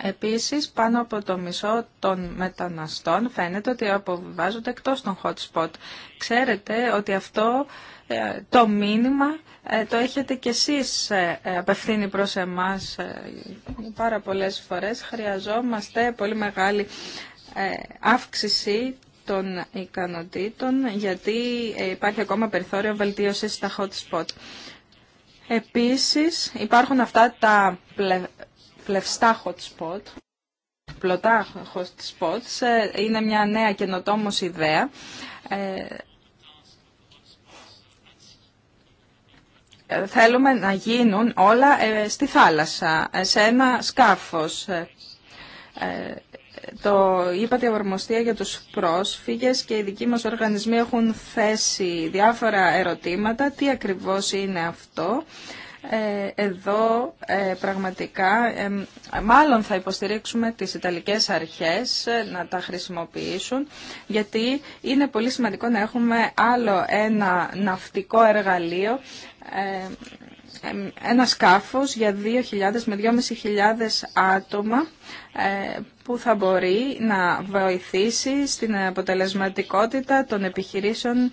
Επίσης, πάνω από το μισό των μεταναστών φαίνεται ότι αποβιβάζονται εκτός των hot spot. Ξέρετε ότι αυτό ε, το μήνυμα ε, το έχετε κι εσείς ε, απευθύνει προς εμάς πάρα πολλές φορές. Χρειαζόμαστε πολύ μεγάλη ε, αύξηση των ικανοτήτων γιατί ε, υπάρχει ακόμα περιθώριο βελτίωσης στα hot spot. Επίσης υπάρχουν αυτά τα πλευστά hot spot, πλωτά hot spots, ε, είναι μια νέα καινοτόμως ιδέα. Θέλουμε να γίνουν όλα στη θάλασσα, σε ένα σκάφος το είπατε ορμοστία για τους πρόσφυγες και οι δικοί μας οργανισμοί έχουν θέσει διάφορα ερωτήματα. Τι ακριβώς είναι αυτό. Ε, εδώ ε, πραγματικά ε, μάλλον θα υποστηρίξουμε τις Ιταλικές αρχές να τα χρησιμοποιήσουν γιατί είναι πολύ σημαντικό να έχουμε άλλο ένα ναυτικό εργαλείο ε, ένα σκάφος για 2.000 με 2.500 άτομα ε, που θα μπορεί να βοηθήσει στην αποτελεσματικότητα των επιχειρήσεων ε,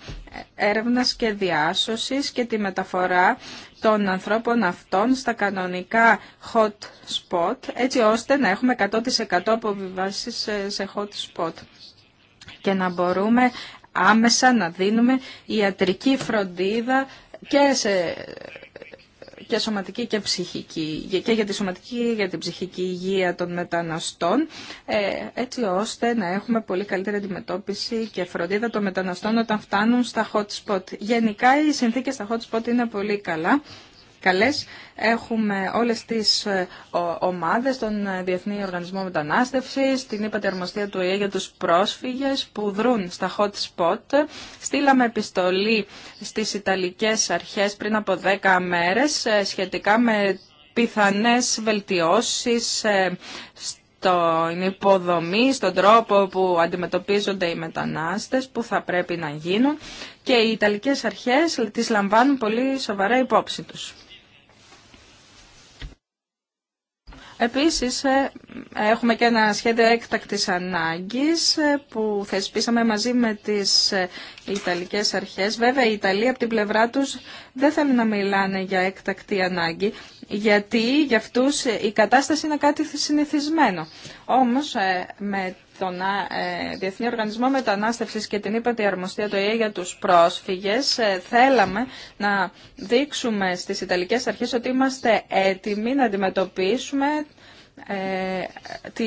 έρευνας και διάσωσης και τη μεταφορά των ανθρώπων αυτών στα κανονικά hot spot, έτσι ώστε να έχουμε 100% αποβιβάσεις σε hot spot και να μπορούμε άμεσα να δίνουμε ιατρική φροντίδα και σε και σωματική και ψυχική, και για τη σωματική και για την ψυχική υγεία των μεταναστών, ε, έτσι ώστε να έχουμε πολύ καλύτερη αντιμετώπιση και φροντίδα των μεταναστών όταν φτάνουν στα hot spot. Γενικά οι συνθήκες στα hot spot είναι πολύ καλά καλές. Έχουμε όλες τις ε, ομάδες, των ε, Διεθνή Οργανισμών Μετανάστευσης, την Υπατερμοστία του ΙΕ για τους πρόσφυγες που δρούν στα hot spot. Στείλαμε επιστολή στις Ιταλικές αρχές πριν από 10 μέρες ε, σχετικά με πιθανές βελτιώσεις στον υποδομή, στον τρόπο που αντιμετωπίζονται οι μετανάστες, που θα πρέπει να γίνουν και οι Ιταλικές αρχές τις λαμβάνουν πολύ σοβαρά υπόψη τους. Επίσης, ε, έχουμε και ένα σχέδιο έκτακτης ανάγκης ε, που θεσπίσαμε μαζί με τις ε, Ιταλικές αρχές. Βέβαια, οι Ιταλοί από την πλευρά τους δεν θέλουν να μιλάνε για έκτακτη ανάγκη, γιατί για αυτούς η κατάσταση είναι κάτι συνηθισμένο. Όμως, με τον ε, Διεθνή Οργανισμό Μετανάστευσης και την ΥΠΑΤΗ αρμοστία το ΕΕ για τους πρόσφυγες, ε, θέλαμε να δείξουμε στις Ιταλικές Αρχές ότι είμαστε έτοιμοι να αντιμετωπίσουμε ε, τη,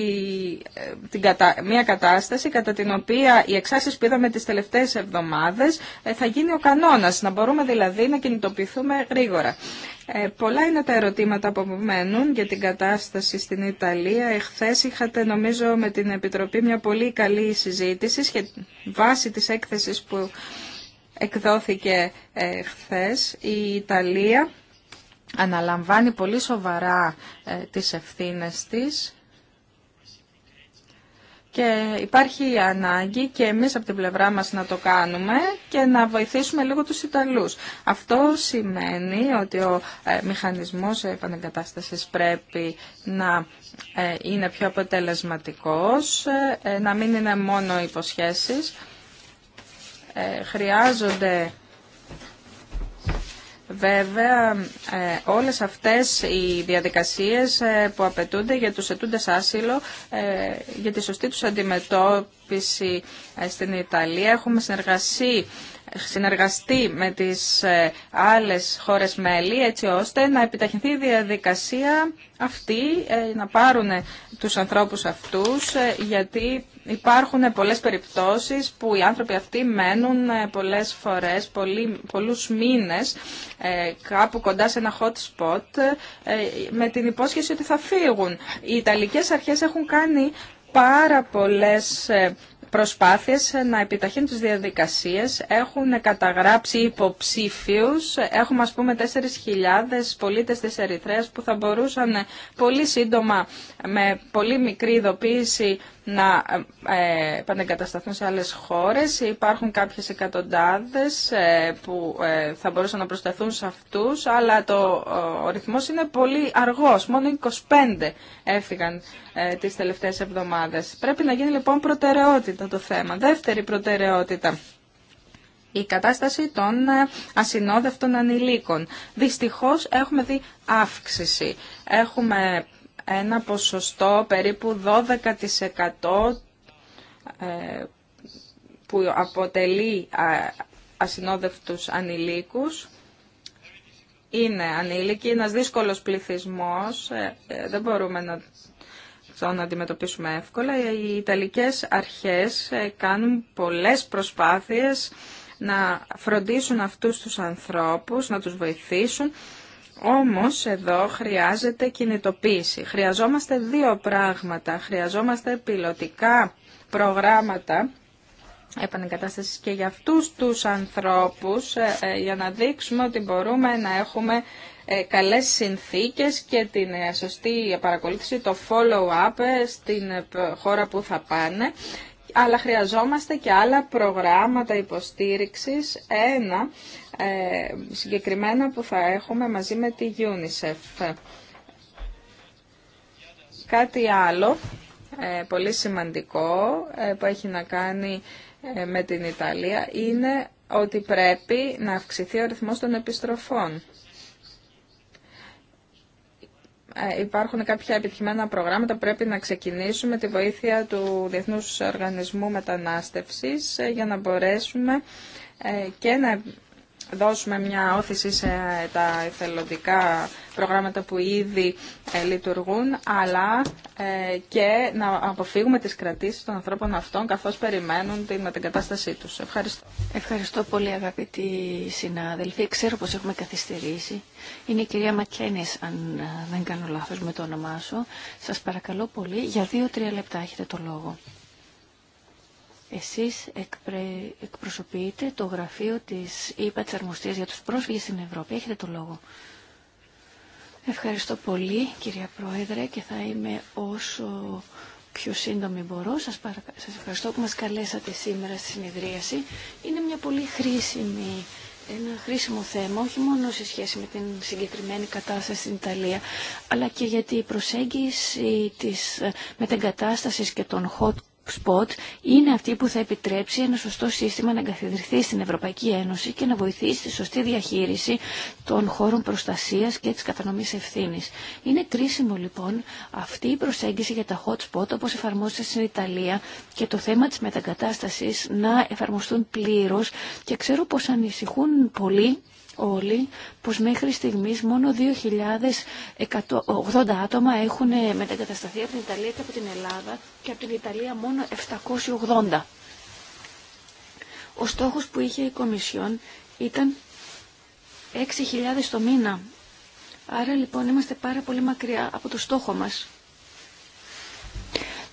ε, την μια κατάσταση κατά την οποία οι εξάσεις που είδαμε τις τελευταίες εβδομάδες ε, θα γίνει ο κανόνας, να μπορούμε δηλαδή να κινητοποιηθούμε γρήγορα. Ε, πολλά είναι τα ερωτήματα που απομένουν για την κατάσταση στην Ιταλία. Εχθές είχατε νομίζω με την Επιτροπή μια πολύ καλή συζήτηση σχε... βάσει της έκθεσης που εκδόθηκε χθες η Ιταλία αναλαμβάνει πολύ σοβαρά ε, τις ευθύνες της και υπάρχει ανάγκη και εμείς από την πλευρά μας να το κάνουμε και να βοηθήσουμε λίγο τους Ιταλούς. Αυτό σημαίνει ότι ο ε, μηχανισμός επανεγκατάστασης πρέπει να ε, είναι πιο αποτελεσματικός, να μην είναι μόνο υποσχέσεις. Χρειάζονται Βέβαια, ε, όλες αυτές οι διαδικασίες ε, που απαιτούνται για τους ετούντες άσυλο, ε, για τη σωστή τους αντιμετώπιση στην Ιταλία, έχουμε συνεργασία συνεργαστεί με τις ε, άλλες χώρες μέλη έτσι ώστε να επιταχυνθεί η διαδικασία αυτή, ε, να πάρουν τους ανθρώπους αυτούς ε, γιατί υπάρχουν πολλές περιπτώσεις που οι άνθρωποι αυτοί μένουν πολλές φορές, πολλούς μήνες κάπου κοντά σε ένα hot spot με την υπόσχεση ότι θα φύγουν. Οι Ιταλικές αρχές έχουν κάνει πάρα πολλές προσπάθειες να επιταχύνουν τις διαδικασίες. Έχουν καταγράψει υποψήφιους. Έχουμε ας πούμε 4.000 πολίτες της Ερυθρέας που θα μπορούσαν πολύ σύντομα με πολύ μικρή ειδοποίηση να ε, πανεγκατασταθούν σε άλλες χώρες. Υπάρχουν κάποιες εκατοντάδες ε, που ε, θα μπορούσαν να προσταθούν σε αυτούς, αλλά το, ο ρυθμός είναι πολύ αργός. Μόνο 25 έφυγαν τις τελευταίες εβδομάδες. Πρέπει να γίνει λοιπόν προτεραιότητα το θέμα. Δεύτερη προτεραιότητα. Η κατάσταση των ασυνόδευτων ανηλίκων. Δυστυχώς έχουμε δει αύξηση. Έχουμε ένα ποσοστό περίπου 12% ε, που αποτελεί ασυνόδευτους ανηλίκους. Είναι ανήλικοι, ένας δύσκολος πληθυσμός, ε, ε, δεν μπορούμε να τον αντιμετωπίσουμε εύκολα. Οι Ιταλικές αρχές κάνουν πολλές προσπάθειες να φροντίσουν αυτούς τους ανθρώπους, να τους βοηθήσουν όμως εδώ χρειάζεται κινητοποίηση. Χρειαζόμαστε δύο πράγματα. Χρειαζόμαστε πιλωτικά προγράμματα επανεγκατάστασης και για αυτούς τους ανθρώπους ε, ε, για να δείξουμε ότι μπορούμε να έχουμε ε, καλές συνθήκες και την σωστή παρακολούθηση, το follow-up στην χώρα που θα πάνε. Αλλά χρειαζόμαστε και άλλα προγράμματα υποστήριξης. Ένα ε, συγκεκριμένα που θα έχουμε μαζί με τη UNICEF. Κάτι άλλο ε, πολύ σημαντικό ε, που έχει να κάνει με την Ιταλία είναι ότι πρέπει να αυξηθεί ο ρυθμός των επιστροφών. Υπάρχουν κάποια επιτυχημένα προγράμματα που πρέπει να ξεκινήσουμε τη βοήθεια του Διεθνούς Οργανισμού Μετανάστευσης για να μπορέσουμε και να δώσουμε μια όθηση σε τα εθελοντικά προγράμματα που ήδη ε, λειτουργούν, αλλά ε, και να αποφύγουμε τις κρατήσεις των ανθρώπων αυτών καθώς περιμένουν την μετεγκατάστασή τους. Ευχαριστώ. Ευχαριστώ πολύ αγαπητοί συνάδελφοι. Ξέρω πως έχουμε καθυστερήσει. Είναι η κυρία Μακένης, αν ε, δεν κάνω λάθος με το όνομά σου. Σας παρακαλώ πολύ, για δύο-τρία λεπτά έχετε το λόγο. Εσείς εκπρε... εκπροσωπείτε το γραφείο της ΥΠΑ Αρμοστίας για τους πρόσφυγες στην Ευρώπη. Έχετε το λόγο. Ευχαριστώ πολύ κυρία Πρόεδρε και θα είμαι όσο πιο σύντομη μπορώ. Σας, Σας ευχαριστώ που μας καλέσατε σήμερα στη συνεδρίαση. Είναι μια πολύ χρήσιμη ένα χρήσιμο θέμα, όχι μόνο σε σχέση με την συγκεκριμένη κατάσταση στην Ιταλία, αλλά και γιατί η προσέγγιση της μετεγκατάστασης και των hot spot είναι αυτή που θα επιτρέψει ένα σωστό σύστημα να εγκαθιδρυθεί στην Ευρωπαϊκή Ένωση και να βοηθήσει τη σωστή διαχείριση των χώρων προστασίας και της κατανομής ευθύνης. Είναι κρίσιμο λοιπόν αυτή η προσέγγιση για τα hot spot όπως εφαρμόζεται στην Ιταλία και το θέμα της μετακατάστασης να εφαρμοστούν πλήρως και ξέρω πως ανησυχούν πολύ όλοι πως μέχρι στιγμής μόνο 2.180 άτομα έχουν ε, μετακατασταθεί από την Ιταλία και από την Ελλάδα και από την Ιταλία μόνο 780. Ο στόχος που είχε η Κομισιόν ήταν 6.000 το μήνα. Άρα λοιπόν είμαστε πάρα πολύ μακριά από το στόχο μας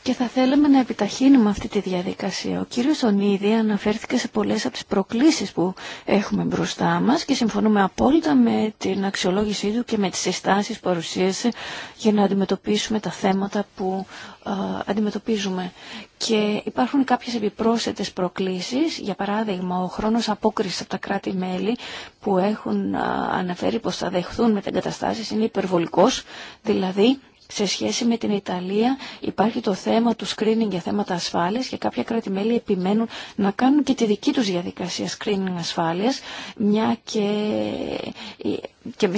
και θα θέλαμε να επιταχύνουμε αυτή τη διαδικασία. Ο κύριος Ονίδη αναφέρθηκε σε πολλές από τις προκλήσεις που έχουμε μπροστά μας και συμφωνούμε απόλυτα με την αξιολόγησή του και με τις συστάσεις που παρουσίασε για να αντιμετωπίσουμε τα θέματα που αντιμετωπίζουμε. Και υπάρχουν κάποιες επιπρόσθετες προκλήσεις, για παράδειγμα ο χρόνος απόκρισης από τα κράτη-μέλη που έχουν αναφέρει πως θα δεχθούν μεταγκαταστάσεις είναι υπερβολικός, δηλαδή σε σχέση με την Ιταλία υπάρχει το θέμα του screening για θέματα ασφάλειας και κάποια κράτη-μέλη επιμένουν να κάνουν και τη δική τους διαδικασία screening ασφάλειας, μια και, ε, και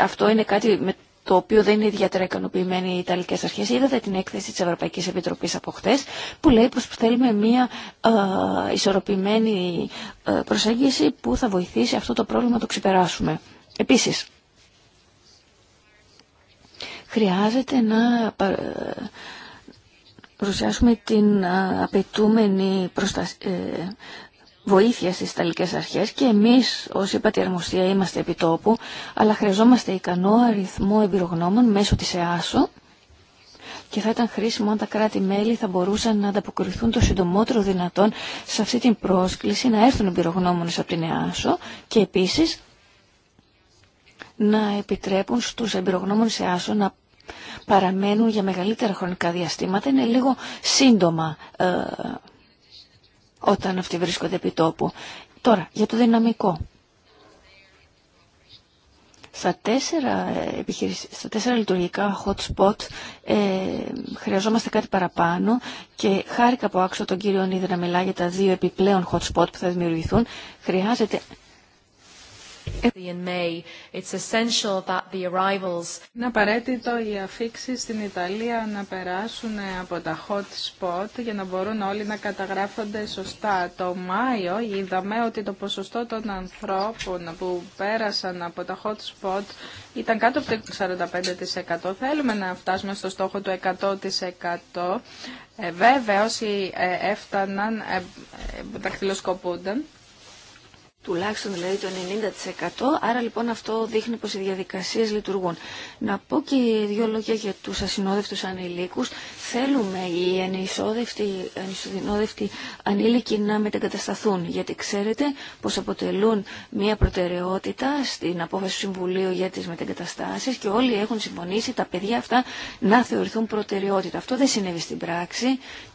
αυτό είναι κάτι με το οποίο δεν είναι ιδιαίτερα ικανοποιημένοι οι Ιταλικέ Αρχέ. Είδατε την έκθεση τη Ευρωπαϊκή Επιτροπή από χτε, που λέει πω θέλουμε μια ε, ισορροπημένη ε, προσέγγιση που θα βοηθήσει αυτό το πρόβλημα να το ξεπεράσουμε. Επίση, χρειάζεται να παρουσιάσουμε την απαιτούμενη ε, βοήθεια στις Ιταλικές Αρχές και εμείς ως είπατε αρμοστία είμαστε επιτόπου αλλά χρειαζόμαστε ικανό αριθμό εμπειρογνώμων μέσω της ΕΑΣΟ και θα ήταν χρήσιμο αν τα κράτη-μέλη θα μπορούσαν να ανταποκριθούν το συντομότερο δυνατόν σε αυτή την πρόσκληση να έρθουν εμπειρογνώμονες από την ΕΑΣΟ και επίσης να επιτρέπουν στους εμπειρογνώμονες ΕΑΣΟ να παραμένουν για μεγαλύτερα χρονικά διαστήματα είναι λίγο σύντομα ε, όταν αυτοί βρίσκονται επί τόπου. Τώρα, για το δυναμικό. Στα τέσσερα, ε, στα τέσσερα λειτουργικά hot spot ε, χρειαζόμαστε κάτι παραπάνω και χάρηκα που άξω τον κύριο Νίδρα μιλά για τα δύο επιπλέον hot spot που θα δημιουργηθούν. Χρειάζεται είναι απαραίτητο οι αφήξει στην Ιταλία να περάσουν από τα hot spot για να μπορούν όλοι να καταγράφονται σωστά. Το Μάιο είδαμε ότι το ποσοστό των ανθρώπων που πέρασαν από τα hot spot ήταν κάτω από το 45%. Θέλουμε να φτάσουμε στο στόχο του 100%. Ε, βέβαια όσοι ε, έφταναν τα ε, δακτυλοσκοπούνταν τουλάχιστον δηλαδή το 90%. Άρα λοιπόν αυτό δείχνει πως οι διαδικασίες λειτουργούν. Να πω και δύο λόγια για τους ασυνόδευτους ανηλίκους. Θέλουμε οι ανισοδυνόδευτοι ανήλικοι να μετεγκατασταθούν, γιατί ξέρετε πως αποτελούν μια προτεραιότητα στην απόφαση του Συμβουλίου για τις μετεγκαταστάσεις και όλοι έχουν συμφωνήσει τα παιδιά αυτά να θεωρηθούν προτεραιότητα. Αυτό δεν συνέβη στην πράξη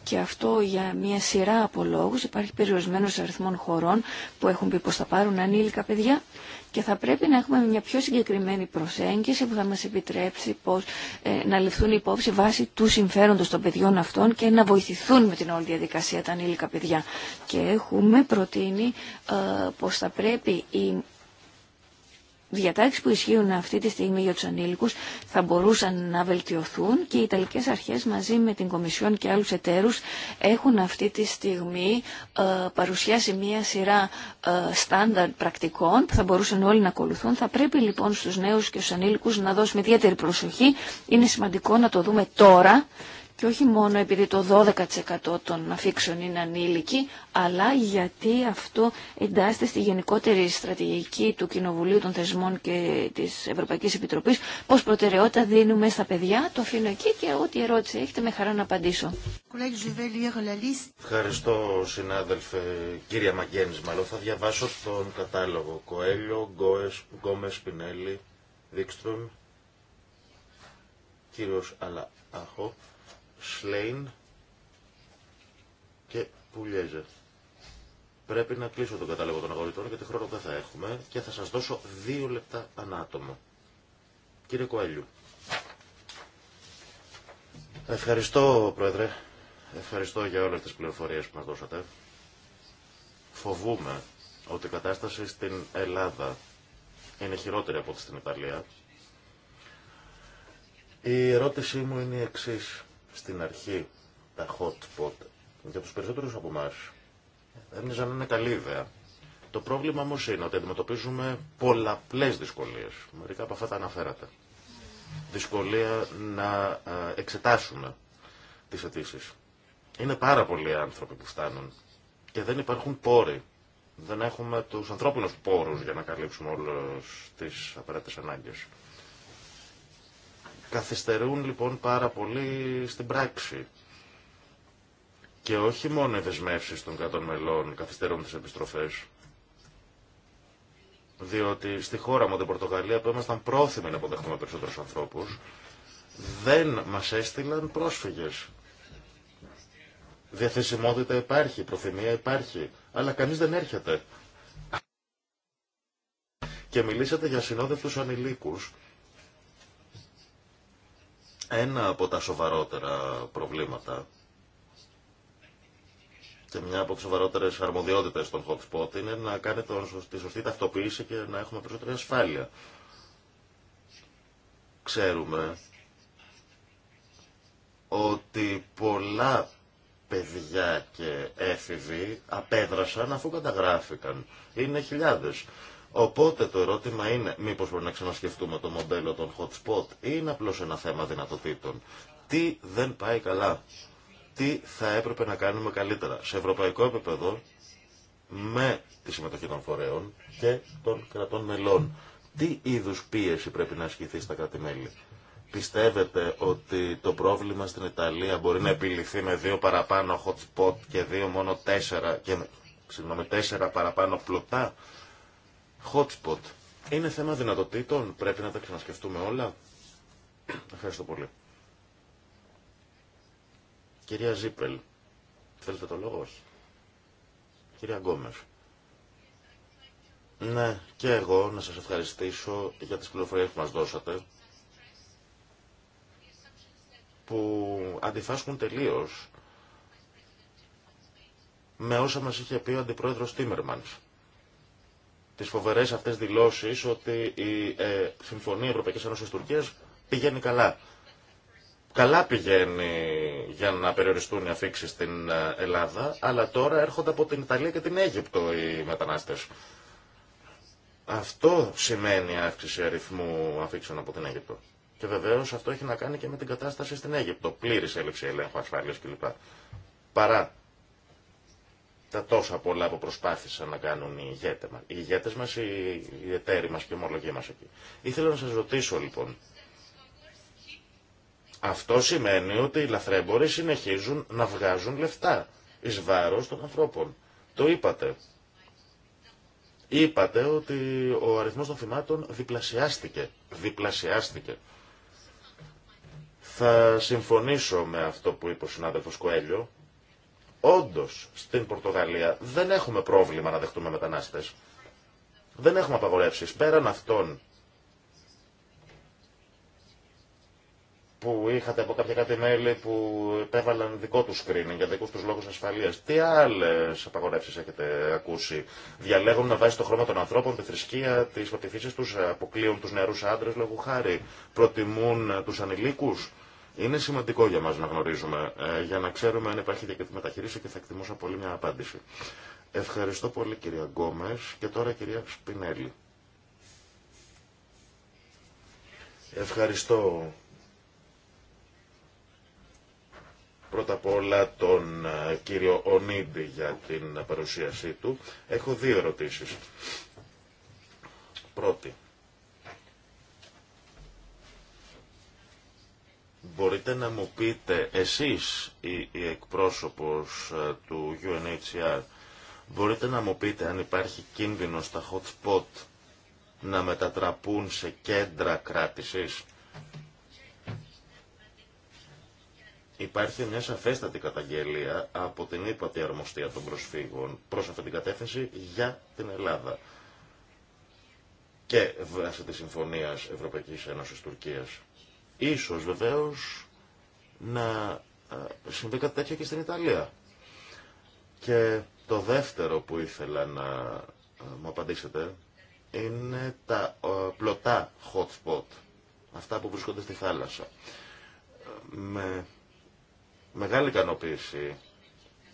και αυτό για μια σειρά από λόγους. Υπάρχει περιορισμένος αριθμών χωρών που έχουν πει πως θα πάρουν ανήλικα παιδιά και θα πρέπει να έχουμε μια πιο συγκεκριμένη προσέγγιση που θα μας επιτρέψει πως, ε, να ληφθούν υπόψη βάσει του συμφέροντος των παιδιών αυτών και να βοηθηθούν με την όλη διαδικασία τα ανήλικα παιδιά. Και έχουμε προτείνει ε, πως θα πρέπει η διατάξεις που ισχύουν αυτή τη στιγμή για τους ανήλικους θα μπορούσαν να βελτιωθούν και οι Ιταλικές αρχές μαζί με την Κομισιόν και άλλους εταίρους έχουν αυτή τη στιγμή ε, παρουσιάσει μία σειρά ε, στάνταρ πρακτικών που θα μπορούσαν όλοι να ακολουθούν. Θα πρέπει λοιπόν στους νέους και στους ανήλικους να δώσουμε ιδιαίτερη προσοχή. Είναι σημαντικό να το δούμε τώρα και όχι μόνο επειδή το 12% των αφήξεων είναι ανήλικοι, αλλά γιατί αυτό εντάσσεται στη γενικότερη στρατηγική του Κοινοβουλίου των Θεσμών και της Ευρωπαϊκής Επιτροπής, πως προτεραιότητα δίνουμε στα παιδιά, το αφήνω εκεί και ό,τι ερώτηση έχετε με χαρά να απαντήσω. Ευχαριστώ συνάδελφε κύρια Μαγκένης Μαλό. Θα διαβάσω τον κατάλογο. Κοέλιο, Γκόμες, Πινέλη, Δίκστρομ, κύριος Αλαάχο, Σλέιν και Πουλιέζε. Πρέπει να κλείσω τον κατάλογο των αγορητών γιατί χρόνο δεν θα έχουμε και θα σας δώσω δύο λεπτά ανά άτομο. Κύριε Κοέλιου. Ευχαριστώ, Πρόεδρε. Ευχαριστώ για όλες τις πληροφορίες που μας δώσατε. Φοβούμε ότι η κατάσταση στην Ελλάδα είναι χειρότερη από ό,τι στην Ιταλία. Η ερώτησή μου είναι η εξής στην αρχή τα hot pot για τους περισσότερους από εμά έμοιαζαν να είναι καλή ιδέα. Το πρόβλημα όμω είναι ότι αντιμετωπίζουμε πολλαπλές δυσκολίες. Μερικά από αυτά τα αναφέρατε. Δυσκολία να ε, εξετάσουμε τις αιτήσει. Είναι πάρα πολλοί άνθρωποι που φτάνουν και δεν υπάρχουν πόροι. Δεν έχουμε τους ανθρώπινους πόρους για να καλύψουμε όλες τις απαραίτητες ανάγκες. Καθυστερούν λοιπόν πάρα πολύ στην πράξη. Και όχι μόνο οι δεσμεύσει των κρατών μελών καθυστερούν τι επιστροφέ. Διότι στη χώρα μου, την Πορτογαλία, που ήμασταν πρόθυμοι να αποδεχτούμε περισσότερου ανθρώπου, δεν μα έστειλαν πρόσφυγε. Διαθεσιμότητα υπάρχει, προθυμία υπάρχει, αλλά κανεί δεν έρχεται. Και μιλήσατε για συνόδευτου ανηλίκους ένα από τα σοβαρότερα προβλήματα και μια από τι σοβαρότερε αρμοδιότητε των hot είναι να κάνει τον, τη σωστή ταυτοποίηση και να έχουμε περισσότερη ασφάλεια. Ξέρουμε ότι πολλά παιδιά και έφηβοι απέδρασαν αφού καταγράφηκαν. Είναι χιλιάδες. Οπότε το ερώτημα είναι μήπως πρέπει να ξανασκεφτούμε το μοντέλο των hot spot ή είναι απλώς ένα θέμα δυνατοτήτων. Τι δεν πάει καλά. Τι θα έπρεπε να κάνουμε καλύτερα σε ευρωπαϊκό επίπεδο με τη συμμετοχή των φορέων και των κρατών μελών. Τι είδους πίεση πρέπει να ασκηθεί στα κράτη-μέλη. Πιστεύετε ότι το πρόβλημα στην Ιταλία μπορεί να επιληθεί με δύο παραπάνω hot spot και δύο μόνο τέσσερα, και, με τέσσερα παραπάνω πλωτά Hotspot. Είναι θέμα δυνατοτήτων. Πρέπει να τα ξανασκεφτούμε όλα. Ευχαριστώ πολύ. Κυρία Ζίπελ, θέλετε το λόγο, όχι. Κυρία Γκόμερ. Ναι, και εγώ να σας ευχαριστήσω για τις πληροφορίες που μας δώσατε που αντιφάσκουν τελείως με όσα μας είχε πει ο Αντιπρόεδρος Τίμερμανς. Τι φοβερέ αυτές δηλώσεις ότι η ε, Συμφωνία Ευρωπαϊκή Ένωση Τουρκίας πηγαίνει καλά. Καλά πηγαίνει για να περιοριστούν οι αφήξει στην ε, Ελλάδα, αλλά τώρα έρχονται από την Ιταλία και την Αίγυπτο οι μετανάστες. Αυτό σημαίνει αύξηση αριθμού αφήξεων από την Αίγυπτο. Και βεβαίω αυτό έχει να κάνει και με την κατάσταση στην Αίγυπτο. Πλήρη έλλειψη ελέγχου ασφάλεια κλπ. Παρά τα τόσα πολλά που προσπάθησαν να κάνουν οι, ηγέτε, οι ηγέτες μας, οι, οι εταίροι μας και οι ομολογοί μας εκεί. Ήθελα να σας ρωτήσω λοιπόν, αυτό σημαίνει ότι οι λαθρέμποροι συνεχίζουν να βγάζουν λεφτά εις βάρος των ανθρώπων. Το είπατε. Είπατε ότι ο αριθμός των θυμάτων διπλασιάστηκε. Διπλασιάστηκε. Θα συμφωνήσω με αυτό που είπε ο συνάδελφος Κοέλιο, Όντως, στην Πορτογαλία δεν έχουμε πρόβλημα να δεχτούμε μετανάστε. Δεν έχουμε απαγορεύσεις. Πέραν αυτών που είχατε από κάποια κάτι μέλη που επέβαλαν δικό του screening για δικού του λόγου ασφαλεία. Τι άλλε απαγορεύσει έχετε ακούσει. Διαλέγουν να βάζει το χρώμα των ανθρώπων, τη θρησκεία, τι πεπιθήσει του, αποκλείουν του νεαρού άντρε λόγου χάρη. Προτιμούν του ανηλίκου. Είναι σημαντικό για μας να γνωρίζουμε, ε, για να ξέρουμε αν υπάρχει διακριτική μεταχείριση και θα εκτιμούσα πολύ μια απάντηση. Ευχαριστώ πολύ κυρία Γκόμες και τώρα κυρία Σπινέλη. Ευχαριστώ πρώτα απ' όλα τον ε, κύριο Ονίδη για την παρουσίασή του. Έχω δύο ερωτήσεις. Πρώτη. Μπορείτε να μου πείτε εσείς οι η ε, του UNHCR μπορείτε να μου πείτε αν υπάρχει κίνδυνο στα hot spot να μετατραπούν σε κέντρα κράτησης. Υπάρχει μια σαφέστατη καταγγελία από την ύπατη αρμοστία των προσφύγων προς αυτή την κατεύθυνση για την Ελλάδα και βάσει της Συμφωνίας Ευρωπαϊκής Ένωσης Τουρκίας. Ίσως βεβαίως να ε, συμβεί κάτι τέτοιο και στην Ιταλία. Και το δεύτερο που ήθελα να ε, μου απαντήσετε είναι τα ε, πλωτά hot spot, αυτά που βρίσκονται στη θάλασσα. Με μεγάλη ικανοποίηση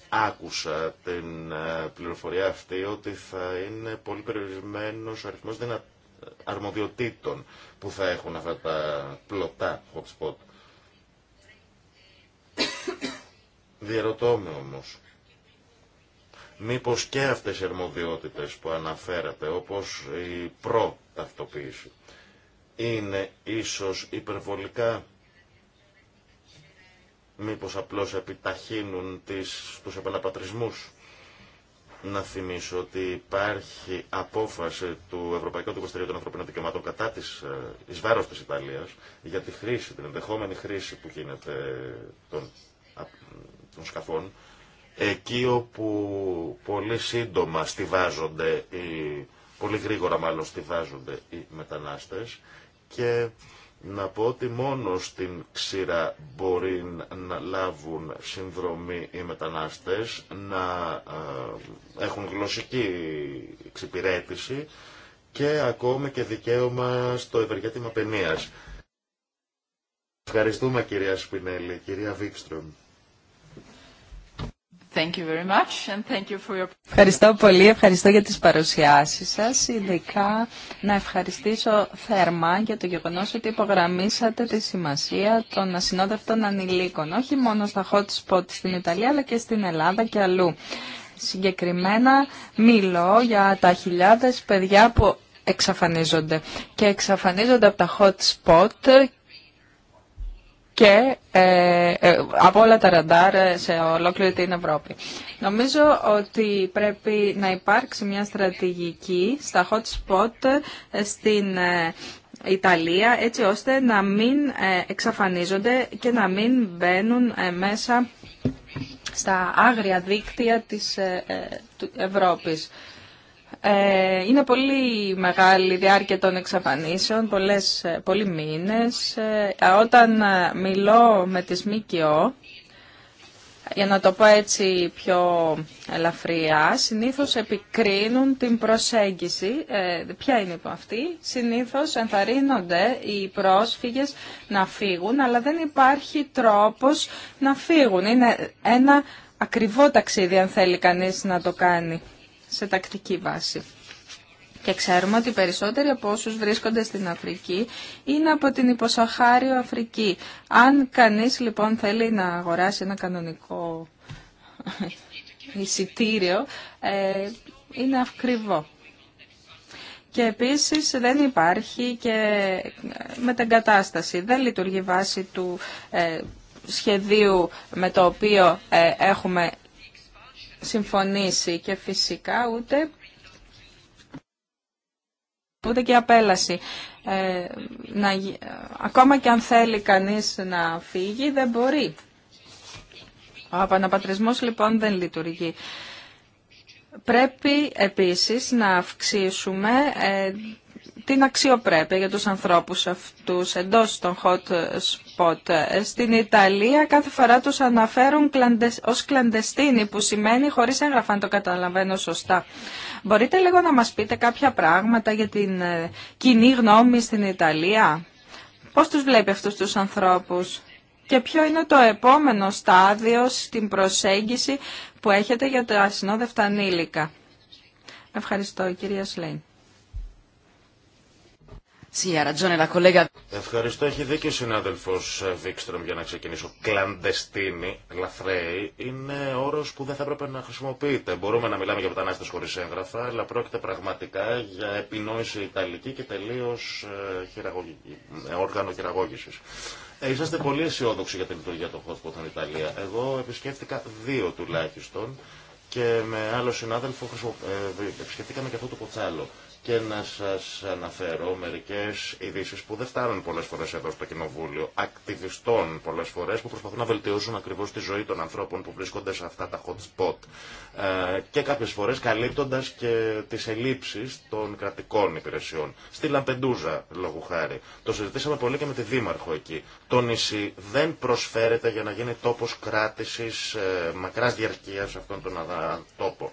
άκουσα την πληροφορία αυτή ότι θα είναι πολύ περιορισμένος ο αριθμός δυνατών αρμοδιοτήτων που θα έχουν αυτά τα πλωτά hotspot. Διερωτώ με όμως, μήπως και αυτές οι αρμοδιότητες που αναφέρατε, όπως η προ-ταυτοποίηση, είναι ίσως υπερβολικά μήπως απλώς επιταχύνουν τις, τους επαναπατρισμούς να θυμίσω ότι υπάρχει απόφαση του Ευρωπαϊκού Δικαστηρίου των Ανθρωπίνων Δικαιωμάτων κατά της βάρο ε, βάρος της Ιταλίας για τη χρήση, την ενδεχόμενη χρήση που γίνεται των, σκαφών εκεί όπου πολύ σύντομα στηβάζονται, οι, πολύ γρήγορα μάλλον στηβάζονται οι μετανάστες και να πω ότι μόνο στην ξηρά μπορεί να λάβουν συνδρομή οι μετανάστες, να ε, έχουν γλωσσική εξυπηρέτηση και ακόμη και δικαίωμα στο ευεργέτημα παινίας. Ευχαριστούμε κυρία Σπινέλη, κυρία Βίκστρομ. Ευχαριστώ πολύ, ευχαριστώ για τις παρουσιάσεις σας, ειδικά να ευχαριστήσω θερμά για το γεγονός ότι υπογραμμίσατε τη σημασία των ασυνόδευτων ανηλίκων, όχι μόνο στα hot spot στην Ιταλία αλλά και στην Ελλάδα και αλλού. Συγκεκριμένα μιλώ για τα χιλιάδες παιδιά που εξαφανίζονται και εξαφανίζονται από τα hot spot και ε, ε, από όλα τα ραντάρ ε, σε ολόκληρη την Ευρώπη. Νομίζω ότι πρέπει να υπάρξει μια στρατηγική στα hot spot στην Ιταλία έτσι ώστε να μην εξαφανίζονται και να μην μπαίνουν μέσα στα άγρια δίκτυα της Ευρώπης. Ε, είναι πολύ μεγάλη διάρκεια των εξαφανίσεων, πολλές, ε, πολλοί μήνες. Ε, όταν μιλώ με τις ΜΚΟ, για να το πω έτσι πιο ελαφριά, συνήθως επικρίνουν την προσέγγιση. Ε, ποια είναι αυτή. Συνήθως ενθαρρύνονται οι πρόσφυγες να φύγουν, αλλά δεν υπάρχει τρόπος να φύγουν. Είναι ένα ακριβό ταξίδι αν θέλει κανείς να το κάνει σε τακτική βάση. Και ξέρουμε ότι περισσότεροι από όσου βρίσκονται στην Αφρική είναι από την υποσαχάριο Αφρική. Αν κανείς λοιπόν θέλει να αγοράσει ένα κανονικό εισιτήριο, ε, είναι ακριβό. Και επίσης δεν υπάρχει και μεταγκατάσταση. Δεν λειτουργεί βάση του ε, σχεδίου με το οποίο ε, έχουμε συμφωνήσει και φυσικά ούτε, ούτε και απέλαση. Ε, να, ακόμα και αν θέλει κανείς να φύγει δεν μπορεί. Ο απαναπατρισμός λοιπόν δεν λειτουργεί. Πρέπει επίσης να αυξήσουμε ε, την αξιοπρέπεια για τους ανθρώπους αυτούς εντός των hot στην Ιταλία κάθε φορά τους αναφέρουν ως κλαντεστίνοι που σημαίνει χωρίς έγγραφα αν το καταλαβαίνω σωστά. Μπορείτε λίγο να μας πείτε κάποια πράγματα για την ε, κοινή γνώμη στην Ιταλία. Πώς τους βλέπει αυτούς τους ανθρώπους και ποιο είναι το επόμενο στάδιο στην προσέγγιση που έχετε για τα συνόδευτα ανήλικα. Ευχαριστώ κυρία Σλέιν. Ευχαριστώ. Έχει δίκιο ο συνάδελφο ε, Βίξτρομ για να ξεκινήσω. Κλαντεστίνη, λαθρέοι, είναι όρο που δεν θα έπρεπε να χρησιμοποιείται. Μπορούμε να μιλάμε για μετανάστε χωρί έγγραφα, αλλά πρόκειται πραγματικά για επινόηση ιταλική και τελείω ε, όργανο χειραγώγηση. Ε, είσαστε πολύ αισιόδοξοι για την λειτουργία των χώρων που στην Ιταλία. Εγώ επισκέφτηκα δύο τουλάχιστον και με άλλο συνάδελφο επισκεφτήκαμε και αυτό το ποτσάλο και να σας αναφέρω μερικές ειδήσει που δεν φτάνουν πολλές φορές εδώ στο Κοινοβούλιο, ακτιβιστών πολλές φορές που προσπαθούν να βελτιώσουν ακριβώς τη ζωή των ανθρώπων που βρίσκονται σε αυτά τα hot spot ε, και κάποιες φορές καλύπτοντας και τις ελλείψεις των κρατικών υπηρεσιών. Στη Λαμπεντούζα, λόγου χάρη. Το συζητήσαμε πολύ και με τη Δήμαρχο εκεί. Το νησί δεν προσφέρεται για να γίνει τόπος κράτησης ε, μακράς διαρκείας αυτών των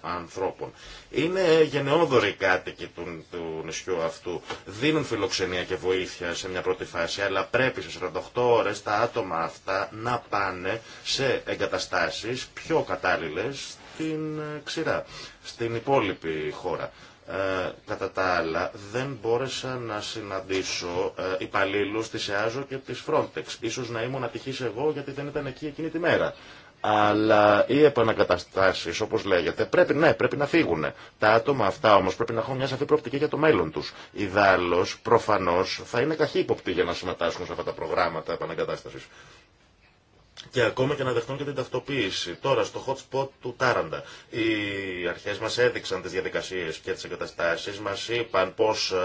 ανθρώπων. Είναι γενναιόδοροι κάτοικοι του του νησιού αυτού δίνουν φιλοξενία και βοήθεια σε μια πρώτη φάση, αλλά πρέπει σε 48 ώρες τα άτομα αυτά να πάνε σε εγκαταστάσεις πιο κατάλληλες στην ε, ξηρά, στην υπόλοιπη χώρα. Ε, κατά τα άλλα δεν μπόρεσα να συναντήσω ε, υπαλλήλους της ΕΑΖΟ και της Frontex. Ίσως να ήμουν ατυχής εγώ γιατί δεν ήταν εκεί εκείνη τη μέρα. Αλλά οι επανακαταστάσεις, όπως λέγεται, πρέπει, ναι, πρέπει να φύγουν. Τα άτομα αυτά όμως πρέπει να έχουν μια σαφή προοπτική για το μέλλον τους. Ιδάλλως, προφανώς, θα είναι καχύποπτοι για να συμμετάσχουν σε αυτά τα προγράμματα επανακατάστασης. Και ακόμα και να δεχτούν και την ταυτοποίηση. Τώρα, στο hot spot του Τάραντα, οι αρχές μας έδειξαν τις διαδικασίες και τις εγκαταστάσεις, μας είπαν πώς ε,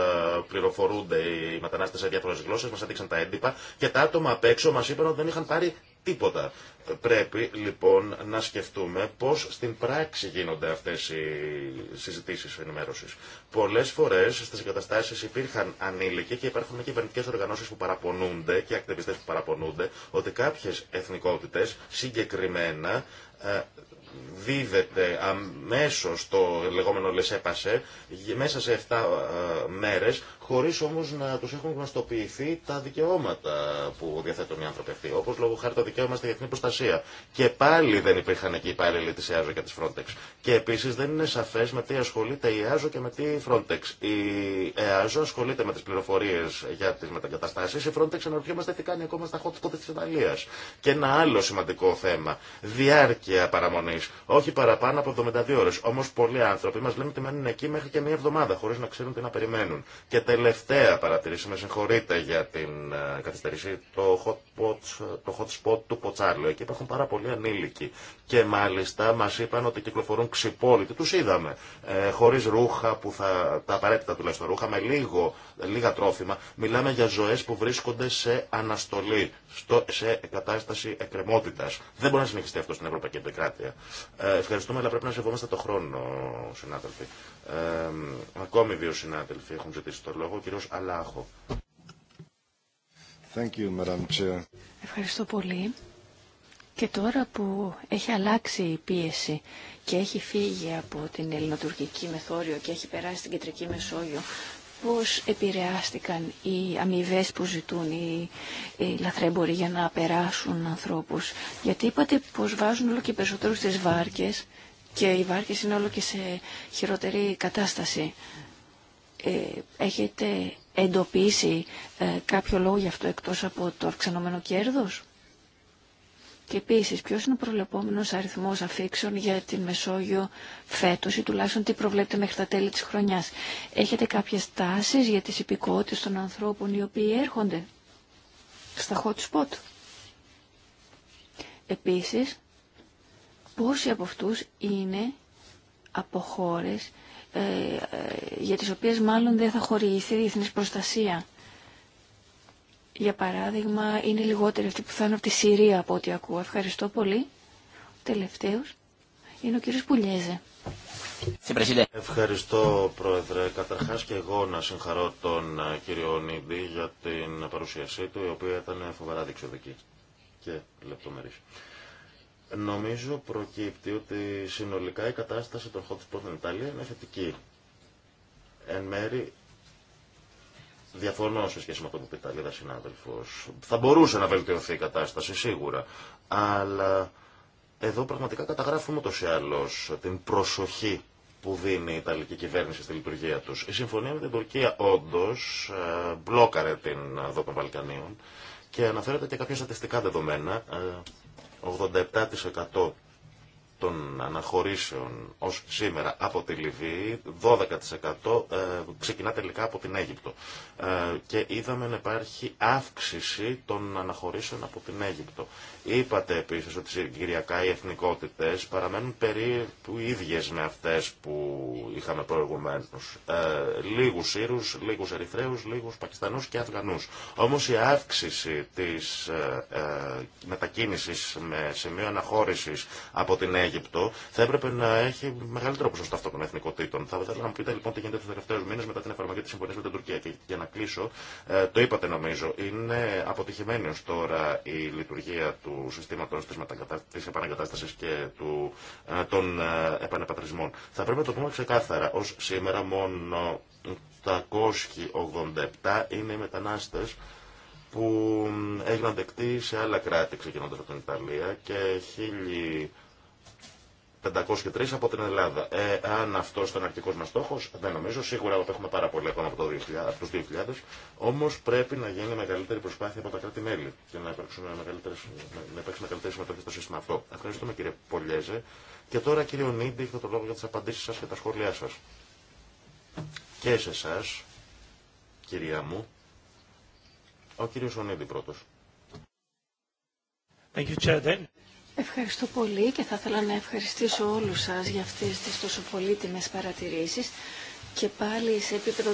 πληροφορούνται οι μετανάστες σε διάφορες γλώσσες, μας έδειξαν τα έντυπα και τα άτομα απ' έξω μας είπαν ότι δεν είχαν πάρει τίποτα. Πρέπει λοιπόν να σκεφτούμε πώς στην πράξη γίνονται αυτές οι συζητήσεις ενημέρωσης. Πολλές φορές στις εγκαταστάσεις υπήρχαν ανήλικοι και υπάρχουν κυβερνητικέ οργανώσεις που παραπονούνται και ακτιβιστές που παραπονούνται ότι κάποιες εθνικότητες συγκεκριμένα ε, δίδεται αμέσως το λεγόμενο λεσέπασε μέσα σε 7 ε, μέρες χωρίς όμως να τους έχουν γνωστοποιηθεί τα δικαιώματα που διαθέτουν οι άνθρωποι αυτοί όπως λόγω χάρη το δικαίωμα στη διεθνή προστασία και πάλι δεν υπήρχαν εκεί υπάλληλοι τη ΕΑΖΟ και τη Frontex και επίσης δεν είναι σαφέ με τι ασχολείται η ΕΑΖΟ και με τι Frontex η ΕΑΖΟ ασχολείται με τις πληροφορίες για τις μετακαταστάσεις η Frontex αναρωτιόμαστε τι κάνει ακόμα στα hot spot της Ιταλίας και ένα άλλο σημαντικό θέμα διάρκεια παραμονής όχι παραπάνω από 72 ώρε. Όμω πολλοί άνθρωποι μα λένε ότι μένουν εκεί μέχρι και μία εβδομάδα χωρί να ξέρουν τι να περιμένουν. Και τελευταία παρατηρήση, με συγχωρείτε για την ε, καθυστερήση, το hot, το hot spot του Ποτσάλιο. Εκεί υπάρχουν πάρα πολλοί ανήλικοι. Και μάλιστα μα είπαν ότι κυκλοφορούν ξυπόλοιτοι. Του είδαμε. Ε, χωρί ρούχα, που θα, τα απαραίτητα τουλάχιστον ρούχα, με λίγο, λίγα τρόφιμα. Μιλάμε για ζωέ που βρίσκονται σε αναστολή, σε κατάσταση εκκρεμότητα. Δεν μπορεί να συνεχιστεί αυτό στην Ευρωπαϊκή Επικράτεια. Ε, ευχαριστούμε, αλλά πρέπει να σεβόμαστε το χρόνο, συνάδελφοι. Ε, ακόμη δύο συνάδελφοι έχουν ζητήσει το λόγο, ο κύριος Αλάχο. Thank you, Madam Chair. Ευχαριστώ πολύ. Και τώρα που έχει αλλάξει η πίεση και έχει φύγει από την ελληνοτουρκική μεθόριο και έχει περάσει στην κεντρική Μεσόγειο, πώς επηρεάστηκαν οι αμοιβέ που ζητούν οι, οι λαθρέμποροι για να περάσουν ανθρώπους. Γιατί είπατε πως βάζουν όλο και περισσότερο στις βάρκες και οι βάρκες είναι όλο και σε χειροτερή κατάσταση. Ε, έχετε εντοπίσει ε, κάποιο λόγο γι' αυτό εκτός από το αυξανόμενο κέρδος. Και επίση, ποιο είναι ο προβλεπόμενο αριθμό αφήξεων για τη Μεσόγειο φέτο ή τουλάχιστον τι προβλέπετε μέχρι τα τέλη τη χρονιά. Έχετε κάποιε τάσει για τι υπηκότητε των ανθρώπων οι οποίοι έρχονται στα hot spot. Επίση, πόσοι από αυτού είναι από χώρε ε, ε, για τις οποίες μάλλον δεν θα χορηγηθεί διεθνή προστασία για παράδειγμα, είναι λιγότεροι αυτοί που θα είναι από τη Συρία από ό,τι ακούω. Ευχαριστώ πολύ. τελευταίο, είναι ο κύριος Πουλιέζε. Ευχαριστώ Πρόεδρε. Καταρχάς και εγώ να συγχαρώ τον κύριο Νίδη για την παρουσίασή του, η οποία ήταν φοβερά διεξοδική και λεπτομερής. Νομίζω προκύπτει ότι συνολικά η κατάσταση των χώρων στην Ιταλία είναι θετική. Εν μέρη Διαφωνώ σε σχέση με αυτό που πει Ταλίδα συνάδελφο. Θα μπορούσε να βελτιωθεί η κατάσταση σίγουρα. Αλλά εδώ πραγματικά καταγράφουμε ούτω ή άλλω την προσοχή που δίνει η Ιταλική κυβέρνηση στη λειτουργία του. Η συμφωνία με την Τουρκία όντω ε, μπλόκαρε την εδώ των Βαλκανίων και αναφέρεται και κάποια στατιστικά δεδομένα. 87% ε, των αναχωρήσεων ως σήμερα από τη Λιβύη, 12% ε, ξεκινά τελικά από την Αίγυπτο. Ε, και είδαμε να υπάρχει αύξηση των αναχωρήσεων από την Αίγυπτο. Είπατε επίσης ότι συγκυριακά οι εθνικότητες παραμένουν περίπου ίδιες με αυτές που είχαμε προηγουμένως. Ε, λίγους Σύρους, λίγους Ερυθρέους, λίγους Πακιστανούς και Αφγανούς. Όμως η αύξηση της μετακίνησης με σημείο αναχώρησης από την Αίγυπτο Αίγυπτο, θα έπρεπε να έχει μεγαλύτερο ποσοστό αυτό των εθνικοτήτων. Θα ήθελα να μου πείτε λοιπόν τι γίνεται του τελευταίου μήνε μετά την εφαρμογή τη συμφωνία με την Τουρκία. Και για να κλείσω, ε, το είπατε νομίζω, είναι αποτυχημένη ω τώρα η λειτουργία του συστήματο τη επαναγκατάσταση και του, ε, των ε, επανεπατρισμών. Θα πρέπει να το πούμε ξεκάθαρα. Ω σήμερα μόνο 787 είναι οι μετανάστες που έγιναν δεκτοί σε άλλα κράτη ξεκινώντας από την Ιταλία και 503 από την Ελλάδα. Ε, αν αυτό ήταν ο αρχικό μα στόχο, δεν νομίζω. Σίγουρα έχουμε πάρα πολύ ακόμα από, το 2000, από του 2000. Όμω πρέπει να γίνει μεγαλύτερη προσπάθεια από τα κράτη-μέλη και να, υπάρξει μεγαλύτερη συμμετοχή στο σύστημα αυτό. Ευχαριστούμε κύριε Πολιέζε. Και τώρα κύριε Ονίδη, έχετε το λόγο για τι απαντήσει σα και τα σχόλιά σα. Και σε εσά, κυρία μου, ο κύριο Ονίδη πρώτο. Thank you, Chair. Ευχαριστώ πολύ και θα ήθελα να ευχαριστήσω όλους σας για αυτές τις τόσο πολύτιμες παρατηρήσεις και πάλι σε επίπεδο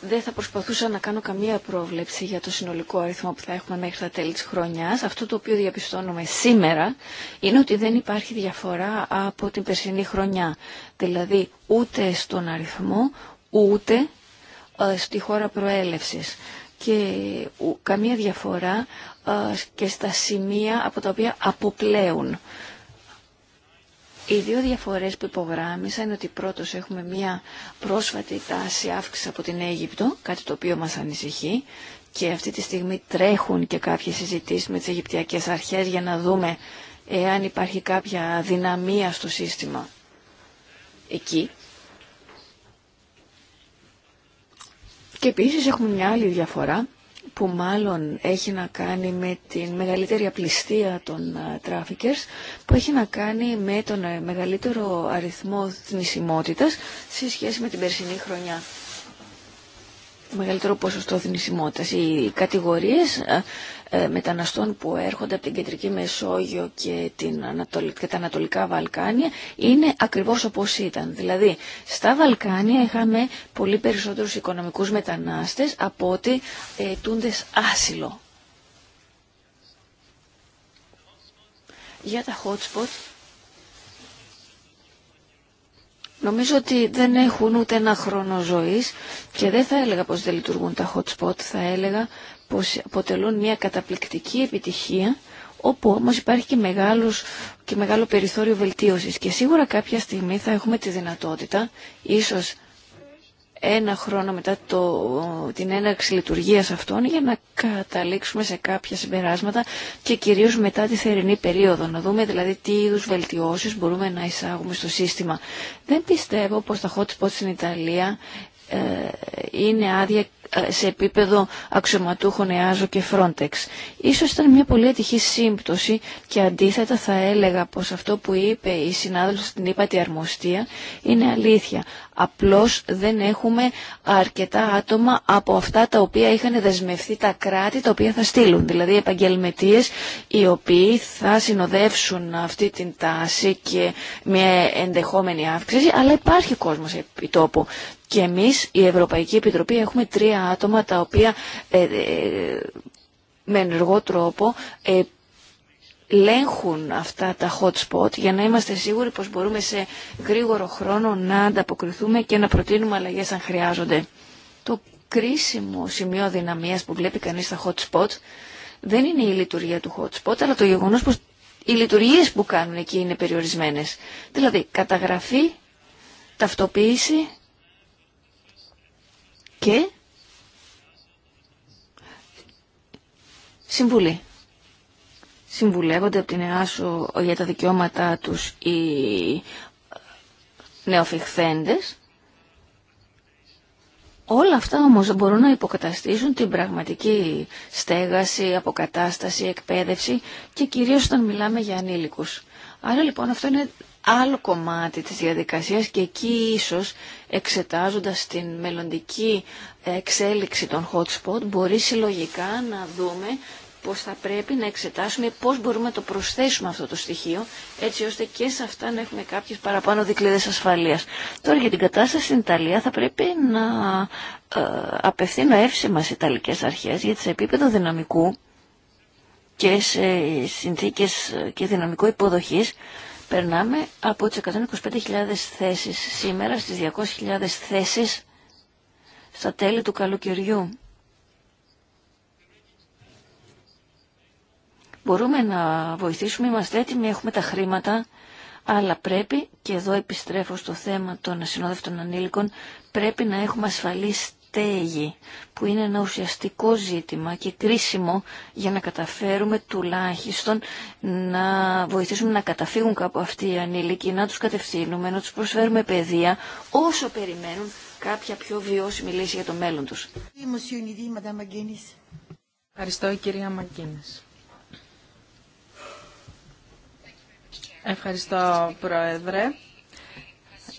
δεν θα προσπαθούσα να κάνω καμία πρόβλεψη για το συνολικό αριθμό που θα έχουμε μέχρι τα τέλη της χρονιάς. Αυτό το οποίο διαπιστώνουμε σήμερα είναι ότι δεν υπάρχει διαφορά από την περσινή χρονιά. Δηλαδή ούτε στον αριθμό, ούτε ε, στη χώρα προέλευσης και καμία διαφορά ε, και στα σημεία από τα οποία αποπλέουν. Οι δύο διαφορές που υπογράμμισα είναι ότι πρώτος έχουμε μία πρόσφατη τάση αύξηση από την Αίγυπτο, κάτι το οποίο μας ανησυχεί και αυτή τη στιγμή τρέχουν και κάποιες συζητήσεις με τις Αιγυπτιακές αρχές για να δούμε εάν υπάρχει κάποια δυναμία στο σύστημα εκεί. Και επίσης έχουμε μια άλλη διαφορά που μάλλον έχει να κάνει με την μεγαλύτερη απληστία των τράφικερς, που έχει να κάνει με τον ε, μεγαλύτερο αριθμό θνησιμότητας σε σχέση με την περσινή χρονιά μεγαλύτερο ποσοστό θνησιμότητας. Οι κατηγορίες ε, ε, μεταναστών που έρχονται από την Κεντρική Μεσόγειο και, την και τα Ανατολικά Βαλκάνια είναι ακριβώς όπως ήταν. Δηλαδή, στα Βαλκάνια είχαμε πολύ περισσότερους οικονομικούς μετανάστες από ότι ε, τούντες άσυλο. Για τα hotspot Νομίζω ότι δεν έχουν ούτε ένα χρόνο ζωής και δεν θα έλεγα πως δεν λειτουργούν τα hot spot, θα έλεγα πως αποτελούν μια καταπληκτική επιτυχία όπου όμως υπάρχει και, μεγάλος, και μεγάλο περιθώριο βελτίωσης και σίγουρα κάποια στιγμή θα έχουμε τη δυνατότητα, ίσως ένα χρόνο μετά το, την έναρξη λειτουργίας αυτών για να καταλήξουμε σε κάποια συμπεράσματα και κυρίως μετά τη θερινή περίοδο. Να δούμε δηλαδή τι είδου βελτιώσεις μπορούμε να εισάγουμε στο σύστημα. Δεν πιστεύω πως τα hot spots στην Ιταλία ε, είναι άδεια σε επίπεδο αξιωματούχων ΕΑΖΟ και Frontex. Ίσως ήταν μια πολύ ατυχή σύμπτωση και αντίθετα θα έλεγα πως αυτό που είπε η συνάδελφος στην ύπατη αρμοστία είναι αλήθεια. Απλώς δεν έχουμε αρκετά άτομα από αυτά τα οποία είχαν δεσμευτεί τα κράτη τα οποία θα στείλουν. Δηλαδή επαγγελματίες οι οποίοι θα συνοδεύσουν αυτή την τάση και μια ενδεχόμενη αύξηση αλλά υπάρχει κόσμος επί τόπου. Και εμείς, η Ευρωπαϊκή Επιτροπή, έχουμε τρία άτομα τα οποία ε, ε, με ενεργό τρόπο ε, αυτά τα hot spot για να είμαστε σίγουροι πως μπορούμε σε γρήγορο χρόνο να ανταποκριθούμε και να προτείνουμε αλλαγές αν χρειάζονται. Το κρίσιμο σημείο δυναμίας που βλέπει κανείς στα hot spot δεν είναι η λειτουργία του hot spot, αλλά το γεγονός πως οι λειτουργίες που κάνουν εκεί είναι περιορισμένες. Δηλαδή, καταγραφή, ταυτοποίηση και συμβουλή. Συμβουλεύονται από την ΕΑΣΟ για τα δικαιώματά τους οι νεοφυχθέντες. Όλα αυτά όμως μπορούν να υποκαταστήσουν την πραγματική στέγαση, αποκατάσταση, εκπαίδευση και κυρίως όταν μιλάμε για ανήλικους. Άρα λοιπόν αυτό είναι άλλο κομμάτι της διαδικασίας και εκεί ίσως εξετάζοντας την μελλοντική εξέλιξη των hot spot μπορεί συλλογικά να δούμε πως θα πρέπει να εξετάσουμε πώς μπορούμε να το προσθέσουμε αυτό το στοιχείο έτσι ώστε και σε αυτά να έχουμε κάποιες παραπάνω δικλείδες ασφαλείας. Τώρα για την κατάσταση στην Ιταλία θα πρέπει να ε, απευθύνω εύσημα στις Ιταλικές αρχές γιατί σε επίπεδο δυναμικού και σε συνθήκες και δυναμικού υποδοχής περνάμε από τις 125.000 θέσεις σήμερα στις 200.000 θέσεις στα τέλη του καλοκαιριού. Μπορούμε να βοηθήσουμε, είμαστε έτοιμοι, έχουμε τα χρήματα, αλλά πρέπει, και εδώ επιστρέφω στο θέμα των ασυνόδευτων ανήλικων, πρέπει να έχουμε ασφαλείς που είναι ένα ουσιαστικό ζήτημα και κρίσιμο για να καταφέρουμε τουλάχιστον να βοηθήσουμε να καταφύγουν κάπου αυτοί οι ανήλικοι, να τους κατευθύνουμε, να τους προσφέρουμε παιδεία, όσο περιμένουν κάποια πιο βιώσιμη λύση για το μέλλον τους. Ευχαριστώ η κυρία Μαγκίνης. Ευχαριστώ Πρόεδρε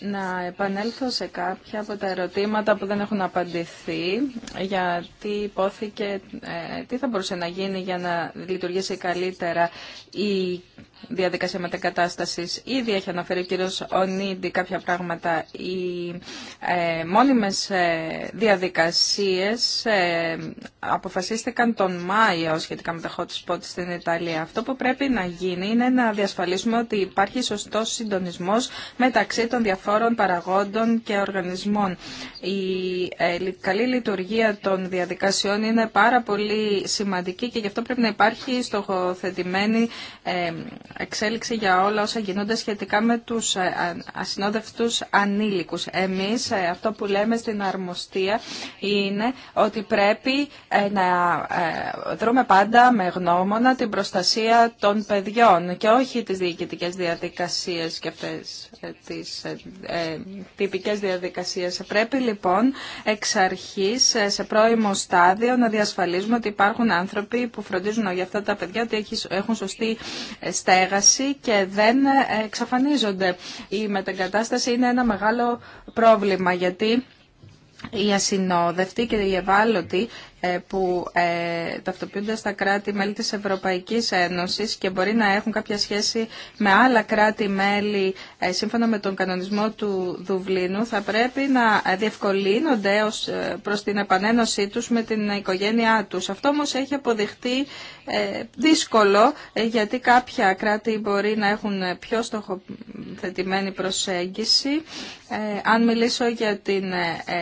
να επανέλθω σε κάποια από τα ερωτήματα που δεν έχουν απαντηθεί, γιατί υπόθηκε ε, τι θα μπορούσε να γίνει για να λειτουργήσει καλύτερα η διαδικασία μετακατάσταση. Ήδη έχει αναφέρει ο κύριο Ονίδη κάποια πράγματα. Οι ε, διαδικασίε διαδικασίες ε, αποφασίστηκαν τον Μάιο σχετικά με τα hot spot στην Ιταλία. Αυτό που πρέπει να γίνει είναι να διασφαλίσουμε ότι υπάρχει σωστό συντονισμό μεταξύ των διαφόρων παραγόντων και οργανισμών. Η ε, καλή λειτουργία των διαδικασιών είναι πάρα πολύ σημαντική και γι' αυτό πρέπει να υπάρχει στοχοθετημένη ε, εξέλιξη για όλα όσα γινόνται σχετικά με τους ε, ε, ασυνόδευτους ανήλικους. Εμείς ε, αυτό που λέμε στην αρμοστία είναι ότι πρέπει να δρούμε πάντα με γνώμονα την προστασία των παιδιών και όχι τις διοικητικές διαδικασίες και αυτές τις ε, ε, τυπικές διαδικασίες. Πρέπει λοιπόν εξ αρχής ε, σε πρώιμο στάδιο να διασφαλίζουμε ότι υπάρχουν άνθρωποι που φροντίζουν για αυτά τα παιδιά ότι έχουν σωστή ε, στέγαση και δεν εξαφανίζονται. Η μετεγκατάσταση είναι ένα μεγάλο πρόβλημα γιατί οι ασυνόδευτοι και οι ευάλωτοι ε, που ε, ταυτοποιούνται στα κράτη-μέλη της Ευρωπαϊκής Ένωσης και μπορεί να έχουν κάποια σχέση με άλλα κράτη-μέλη ε, σύμφωνα με τον κανονισμό του Δουβλίνου θα πρέπει να διευκολύνονται ως, ε, προς την επανένωσή τους με την οικογένειά τους. Αυτό όμως έχει αποδειχτεί δύσκολο γιατί κάποια κράτη μπορεί να έχουν πιο στοχοθετημένη προσέγγιση. αν μιλήσω για την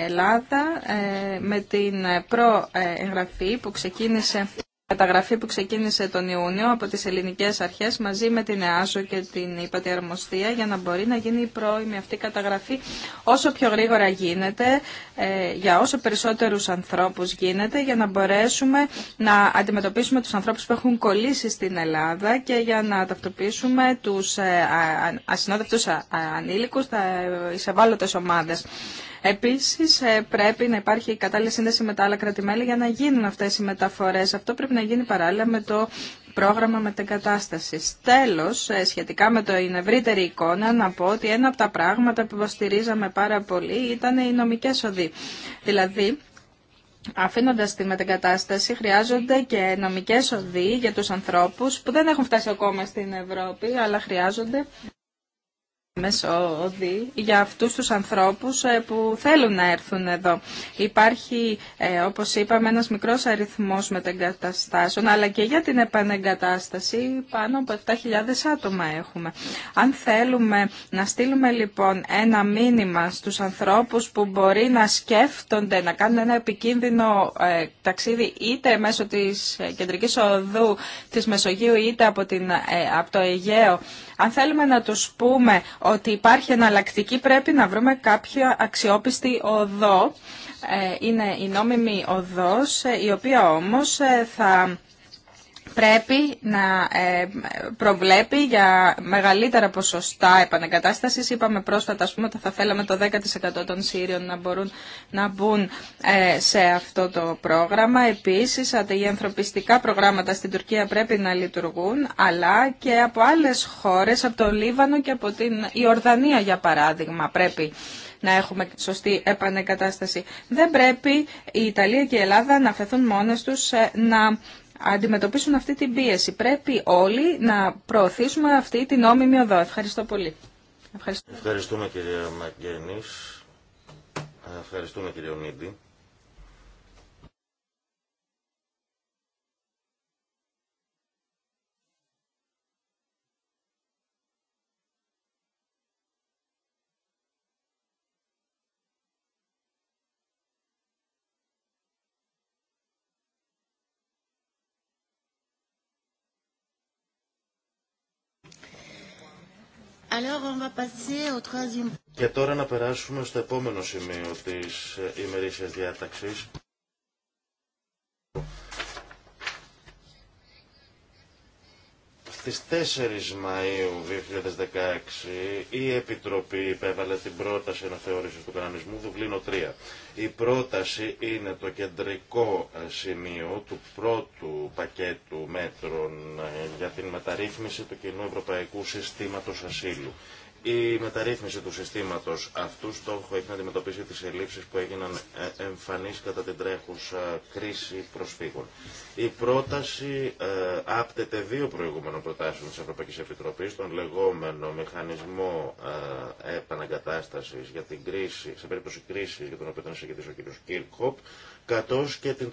Ελλάδα με την προ εγγραφή που ξεκίνησε η καταγραφή που ξεκίνησε τον Ιούνιο από τις ελληνικές αρχές μαζί με την ΕΑΣΟ και την ΥΠΑΤΗ για να μπορεί να γίνει η πρώιμη αυτή καταγραφή όσο πιο γρήγορα γίνεται ε, για όσο περισσότερους ανθρώπους γίνεται για να μπορέσουμε να αντιμετωπίσουμε τους ανθρώπους που έχουν κολλήσει στην Ελλάδα και για να ταυτοποιήσουμε τους ε, ασυνόδευτους ανήλικους, τα εισεβάλλοντες ομάδες. Επίσης ε, πρέπει να υπάρχει κατάλληλη σύνδεση με τα άλλα κρατημέλη για να γίνουν αυτές οι μεταφορές. Αυτό να γίνει παράλληλα με το πρόγραμμα μετεγκατάσταση. Τέλος, ε, σχετικά με την ευρύτερη εικόνα, να πω ότι ένα από τα πράγματα που υποστηρίζαμε πάρα πολύ ήταν οι νομικέ οδοί. Δηλαδή, Αφήνοντας τη μετεγκατάσταση χρειάζονται και νομικές οδοί για τους ανθρώπους που δεν έχουν φτάσει ακόμα στην Ευρώπη αλλά χρειάζονται μεσόδη για αυτούς τους ανθρώπους ε, που θέλουν να έρθουν εδώ. Υπάρχει, ε, όπως είπαμε, ένας μικρός αριθμός μετεγκαταστάσεων, αλλά και για την επανεγκατάσταση πάνω από 7.000 άτομα έχουμε. Αν θέλουμε να στείλουμε λοιπόν ένα μήνυμα στους ανθρώπους που μπορεί να σκέφτονται να κάνουν ένα επικίνδυνο ε, ταξίδι είτε μέσω της κεντρικής οδού της Μεσογείου είτε από, την, από το Αιγαίο, αν θέλουμε να τους πούμε ότι υπάρχει εναλλακτική πρέπει να βρούμε κάποια αξιόπιστη οδό. Ε, είναι η νόμιμη οδός ε, η οποία όμως ε, θα πρέπει να ε, προβλέπει για μεγαλύτερα ποσοστά επανεγκατάσταση. Είπαμε πρόσφατα, ας πούμε, ότι θα θέλαμε το 10% των Σύριων να μπορούν να μπουν ε, σε αυτό το πρόγραμμα. Επίσης, τα ανθρωπιστικά προγράμματα στην Τουρκία πρέπει να λειτουργούν, αλλά και από άλλες χώρες, από το Λίβανο και από την Ιορδανία, για παράδειγμα, πρέπει να έχουμε σωστή επανεγκατάσταση. Δεν πρέπει η Ιταλία και η Ελλάδα να φεθούν μόνες τους ε, να αντιμετωπίσουν αυτή την πίεση. Πρέπει όλοι να προωθήσουμε αυτή την νόμιμη οδό. Ευχαριστώ πολύ. Ευχαριστούμε κυρία Μακγένης. Ευχαριστούμε κύριε Ονίδη. Και τώρα να περάσουμε στο επόμενο σημείο της ημερήσιας διάταξης. Στις 4 Μαΐου 2016 η Επιτροπή υπέβαλε την πρόταση αναθεώρηση του κανονισμού Δουβλίνο 3. Η πρόταση είναι το κεντρικό ε, σημείο του πρώτου πακέτου μέτρων ε, για την μεταρρύθμιση του κοινού ευρωπαϊκού συστήματος ασύλου. Η μεταρρύθμιση του συστήματος αυτού στόχο έχει να αντιμετωπίσει τις ελλείψεις που έγιναν ε, εμφανείς κατά την τρέχουσα κρίση προσφύγων. Η πρόταση ε, άπτεται δύο προηγούμενων προτάσεων τη Ευρωπαϊκή Επιτροπή, τον λεγόμενο μηχανισμό ε, για την κρίση, σε περίπτωση κρίσης για τον οποίο ήταν ο κ. Κίρκοπ καθώς και την,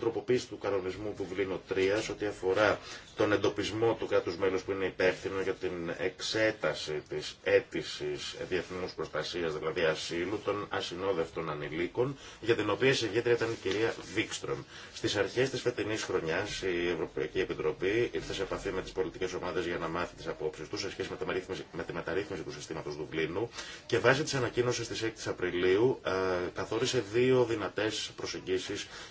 τροποποίηση του κανονισμού του Βλήνου 3 ό,τι αφορά τον εντοπισμό του κράτους μέλους που είναι υπεύθυνο για την εξέταση της αίτησης διεθνούς προστασίας, δηλαδή ασύλου των ασυνόδευτων ανηλίκων, για την οποία συγγέντρια ήταν η κυρία Βίξτρομ. Στις αρχές της φετινής χρονιάς η Ευρωπαϊκή Επιτροπή ήρθε σε επαφή με τις πολιτικές ομάδες για να μάθει τις απόψεις τους σε σχέση με, με τη μεταρρύθμιση του συστήματος Δουβλίνου και βάσει της ανακοίνωσης της 6 Απριλίου ε, καθόρισε δύο δυνατές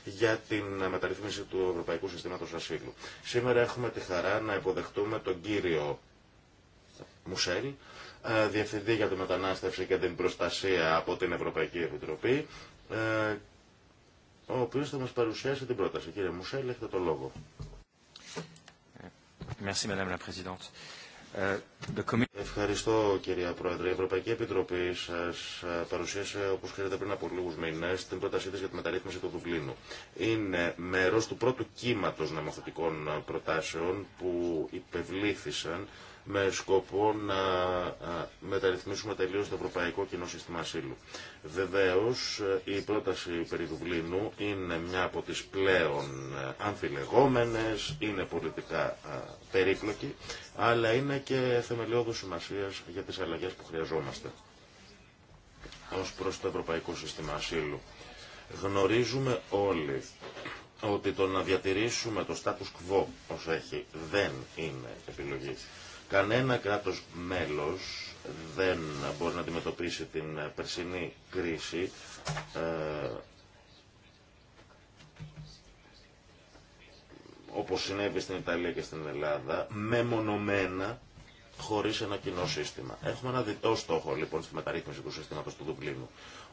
για την μεταρρύθμιση του Ευρωπαϊκού Συστήματος Ασύλου. Σήμερα έχουμε τη χαρά να υποδεχτούμε τον κύριο Μουσέλ, ε, Διευθυντή για τη Μετανάστευση και την Προστασία από την Ευρωπαϊκή Επιτροπή, ε, ο οποίο θα μα παρουσιάσει την πρόταση. Κύριε Μουσέλ, έχετε το λόγο. Merci, Madame la Présidente. Ε, Ευχαριστώ κυρία Πρόεδρε. Η Ευρωπαϊκή Επιτροπή σα ε, παρουσίασε, όπω ξέρετε, πριν από λίγου μήνε την πρότασή τη για τη μεταρρύθμιση του Δουβλίνου. Είναι μέρο του πρώτου κύματο νομοθετικών προτάσεων που υπευλήθησαν με σκοπό να μεταρρυθμίσουμε τελείω το Ευρωπαϊκό Κοινό Σύστημα Ασύλου. Βεβαίω, η πρόταση περί Δουβλίνου είναι μια από τι πλέον αμφιλεγόμενε, είναι πολιτικά περίπλοκη, αλλά είναι και θεμελιώδου σημασία για τι αλλαγέ που χρειαζόμαστε ω προ το Ευρωπαϊκό Σύστημα Ασύλου. Γνωρίζουμε όλοι ότι το να διατηρήσουμε το status quo όσο έχει δεν είναι επιλογή. Κανένα κράτος μέλος δεν μπορεί να αντιμετωπίσει την περσινή κρίση ε, όπως συνέβη στην Ιταλία και στην Ελλάδα, μεμονωμένα, χωρίς ένα κοινό σύστημα. Έχουμε ένα διτό στόχο λοιπόν στη μεταρρύθμιση του συστήματος του Δουβλίνου.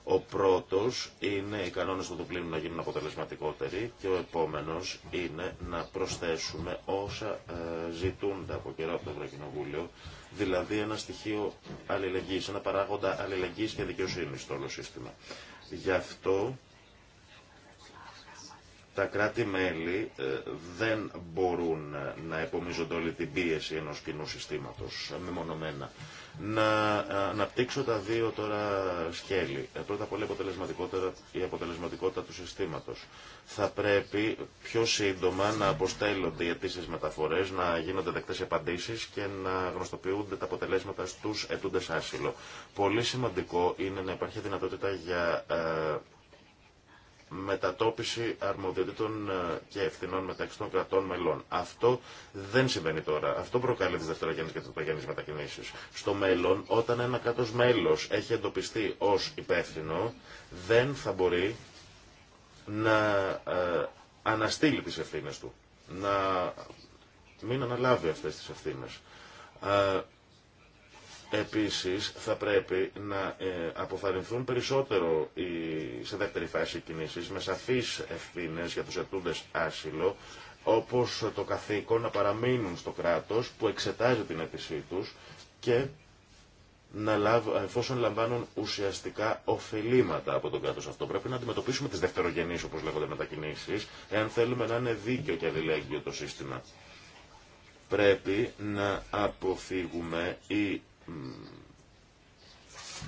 Ο πρώτος είναι οι κανόνες του Δουβλίνου να γίνουν αποτελεσματικότεροι και ο επόμενος είναι να προσθέσουμε όσα ε, ζητούνται από καιρό από το Ευρωκοινοβούλιο, δηλαδή ένα στοιχείο αλληλεγγύης, ένα παράγοντα αλληλεγγύης και δικαιοσύνης στο όλο σύστημα. Γι' αυτό τα κράτη-μέλη ε, δεν μπορούν ε, να επομίζονται όλη την πίεση ενός κοινού συστήματος ε, μεμονωμένα. Να αναπτύξω τα δύο τώρα σκέλη. Πρώτα απ' όλα η αποτελεσματικότητα του συστήματος. Θα πρέπει πιο σύντομα να αποστέλλονται οι αιτήσεις μεταφορές, να γίνονται δεκτές απαντήσεις και να γνωστοποιούνται τα αποτελέσματα στους ετούντες άσυλο. Πολύ σημαντικό είναι να υπάρχει δυνατότητα για μετατόπιση αρμοδιοτήτων ε, και ευθυνών μεταξύ των κρατών μελών. Αυτό δεν συμβαίνει τώρα. Αυτό προκαλεί τι δευτερογενεί και τριτογενεί μετακινήσει. Στο μέλλον, όταν ένα κράτο μέλο έχει εντοπιστεί ω υπεύθυνο, δεν θα μπορεί να ε, αναστείλει τι ευθύνε του. Να μην αναλάβει αυτέ τι ευθύνε. Ε, Επίσης θα πρέπει να ε, αποθαρρυνθούν περισσότερο οι, σε δεύτερη φάση κινήσεις με σαφείς ευθύνες για τους ετούντες άσυλο όπως το καθήκον να παραμείνουν στο κράτος που εξετάζει την αίτησή τους και να λάβ, εφόσον λαμβάνουν ουσιαστικά ωφελήματα από τον κράτος αυτό. Πρέπει να αντιμετωπίσουμε τις δευτερογενείς όπως λέγονται μετακινήσεις εάν θέλουμε να είναι δίκαιο και αδηλέγγυο το σύστημα πρέπει να αποφύγουμε ή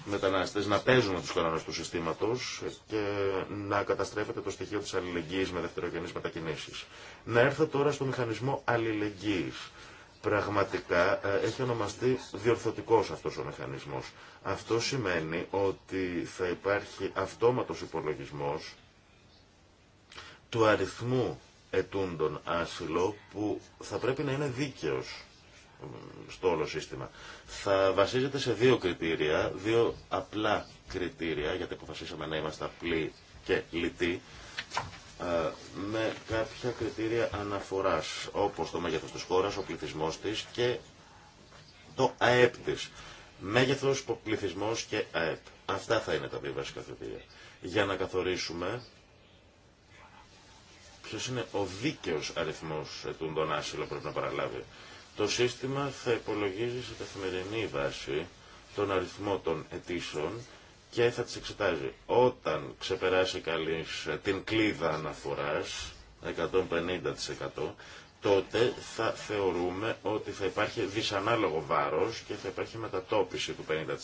μετανάστες να παίζουν τους κανόνες του συστήματος και να καταστρέφεται το στοιχείο της αλληλεγγύης με δευτερογενείς μετακινήσεις. Να έρθω τώρα στο μηχανισμό αλληλεγγύης. Πραγματικά ε, έχει ονομαστεί διορθωτικός αυτός ο μηχανισμός. Αυτό σημαίνει ότι θα υπάρχει αυτόματος υπολογισμός του αριθμού ετούντων άσυλο που θα πρέπει να είναι δίκαιος στο όλο σύστημα. Θα βασίζεται σε δύο κριτήρια, δύο απλά κριτήρια, γιατί αποφασίσαμε να είμαστε απλοί και λιτοί, ε, με κάποια κριτήρια αναφοράς, όπως το μέγεθος της χώρας, ο πληθυσμός της και το ΑΕΠ της. Μέγεθος, πληθυσμός και ΑΕΠ. Αυτά θα είναι τα δύο βασικά κριτήρια. Για να καθορίσουμε ποιος είναι ο δίκαιος αριθμός των τον άσυλο πρέπει να παραλάβει. Το σύστημα θα υπολογίζει σε καθημερινή βάση τον αριθμό των αιτήσεων και θα τις εξετάζει. Όταν ξεπεράσει καλής ε, την κλίδα αναφοράς, 150%, τότε θα θεωρούμε ότι θα υπάρχει δυσανάλογο βάρος και θα υπάρχει μετατόπιση του 50%,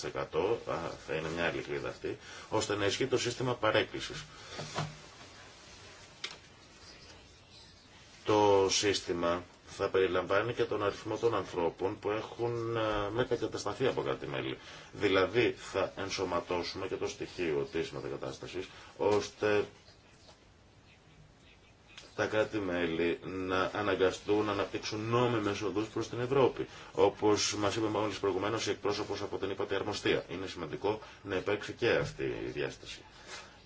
θα είναι μια άλλη κλίδα αυτή, ώστε να ισχύει το σύστημα παρέκκλησης. Το σύστημα θα περιλαμβάνει και τον αριθμό των ανθρώπων που έχουν ε, μετακατασταθεί από κάτι μέλη. Δηλαδή θα ενσωματώσουμε και το στοιχείο της μετακατάστασης ώστε τα κράτη-μέλη να αναγκαστούν να αναπτύξουν νόμιμες οδούς προς την Ευρώπη. Όπως μας είπε μόλις προηγουμένως η εκπρόσωπος από την ΥΠΑΤΗ Αρμοστία. Είναι σημαντικό να υπάρξει και αυτή η διάσταση.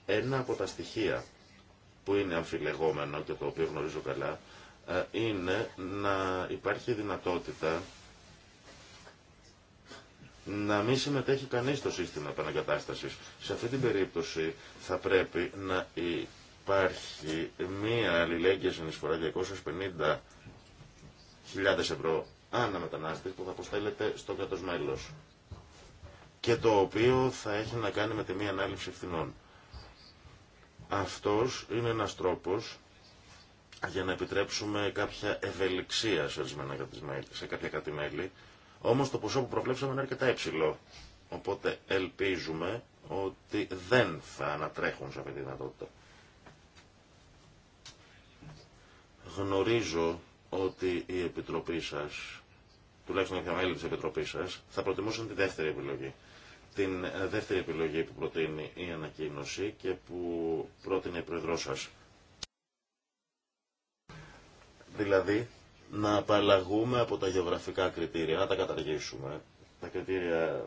Ένα από τα στοιχεία που είναι αμφιλεγόμενο και το οποίο γνωρίζω καλά ε, είναι να υπάρχει δυνατότητα να μην συμμετέχει κανείς στο σύστημα επανακατάστασης. Σε αυτή την περίπτωση θα πρέπει να υπάρχει μία αλληλέγγυα συνεισφορά 250.000 ευρώ ανά μετανάστη που θα αποστέλλεται στο κατός μέλος και το οποίο θα έχει να κάνει με τη μία ανάληψη ευθυνών. Αυτός είναι ένας τρόπος για να επιτρέψουμε κάποια ευελιξία σε, σε κάποια μέλη. Όμως το ποσό που προβλέψαμε είναι αρκετά υψηλό. Οπότε ελπίζουμε ότι δεν θα ανατρέχουν σε αυτή τη δυνατότητα. Γνωρίζω ότι η Επιτροπή σας, τουλάχιστον κάποια μέλη της Επιτροπής σας, θα προτιμούσαν τη δεύτερη επιλογή. Την δεύτερη επιλογή που προτείνει η ανακοίνωση και που πρότεινε η Πρόεδρό σας. Δηλαδή, να απαλλαγούμε από τα γεωγραφικά κριτήρια, να τα καταργήσουμε, τα κριτήρια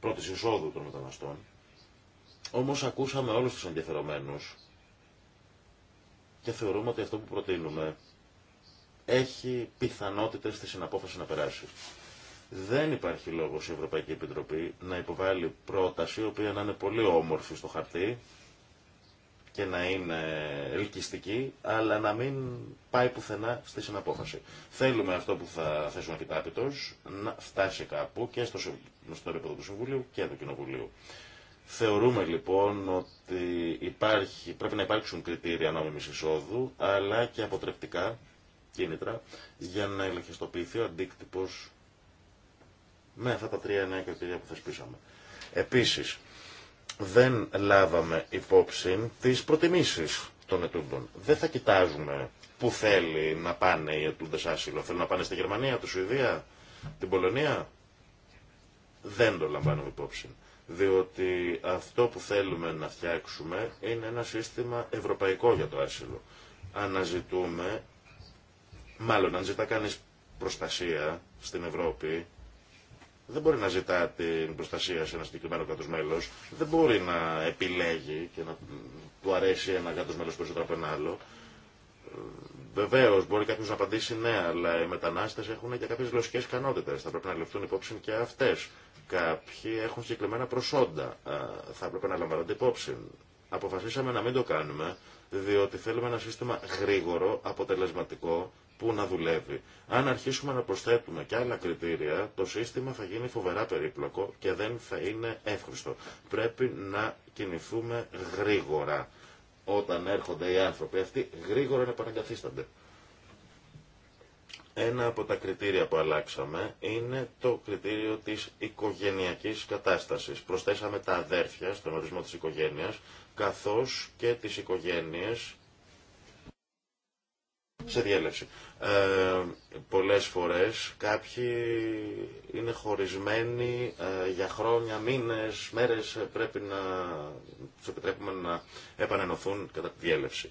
πρώτη εισόδου των μεταναστών. Όμως ακούσαμε όλους τους ενδιαφερομένους και θεωρούμε ότι αυτό που προτείνουμε έχει πιθανότητες στη συναπόφαση να περάσει. Δεν υπάρχει λόγος η Ευρωπαϊκή Επιτροπή να υποβάλει πρόταση, η οποία να είναι πολύ όμορφη στο χαρτί, και να είναι ελκυστική, αλλά να μην πάει πουθενά στη συναπόφαση. Θέλουμε αυτό που θα θέσουμε επιτάπητος να φτάσει κάπου και στο, στο επίπεδο του Συμβουλίου και του Κοινοβουλίου. Θεωρούμε λοιπόν ότι υπάρχει, πρέπει να υπάρξουν κριτήρια νόμιμης εισόδου, αλλά και αποτρεπτικά κίνητρα για να ελεγχιστοποιηθεί ο αντίκτυπος με αυτά τα τρία νέα κριτήρια που θεσπίσαμε. Επίσης, δεν λάβαμε υπόψη τις προτιμήσεις των ετούντων. Δεν θα κοιτάζουμε πού θέλει να πάνε οι ετούντες άσυλο. Θέλουν να πάνε στη Γερμανία, τη Σουηδία, την Πολωνία. Δεν το λαμβάνουμε υπόψη. Διότι αυτό που θέλουμε να φτιάξουμε είναι ένα σύστημα ευρωπαϊκό για το άσυλο. Αναζητούμε, μάλλον αν ζητά κανείς προστασία στην Ευρώπη, δεν μπορεί να ζητά την προστασία σε ένα συγκεκριμένο κράτο μέλο, δεν μπορεί να επιλέγει και να του αρέσει ένα κράτο μέλο περισσότερο από ένα άλλο. Βεβαίω, μπορεί κάποιο να απαντήσει ναι, αλλά οι μετανάστε έχουν και κάποιε γλωσσικέ ικανότητε. Θα πρέπει να ληφθούν υπόψη και αυτέ. Κάποιοι έχουν συγκεκριμένα προσόντα. Θα πρέπει να λαμβάνονται υπόψη. Αποφασίσαμε να μην το κάνουμε, διότι θέλουμε ένα σύστημα γρήγορο, αποτελεσματικό που να δουλεύει. Αν αρχίσουμε να προσθέτουμε και άλλα κριτήρια, το σύστημα θα γίνει φοβερά περίπλοκο και δεν θα είναι εύχριστο. Πρέπει να κινηθούμε γρήγορα. Όταν έρχονται οι άνθρωποι αυτοί, γρήγορα να παρακαθίστανται. Ένα από τα κριτήρια που αλλάξαμε είναι το κριτήριο της οικογενειακής κατάστασης. Προσθέσαμε τα αδέρφια στον ορισμό της οικογένειας, καθώς και τις οικογένειες σε διέλευση. Ε, πολλές φορές κάποιοι είναι χωρισμένοι ε, για χρόνια, μήνες, μέρες ε, πρέπει να τους επιτρέπουμε να επανενωθούν κατά τη διέλευση.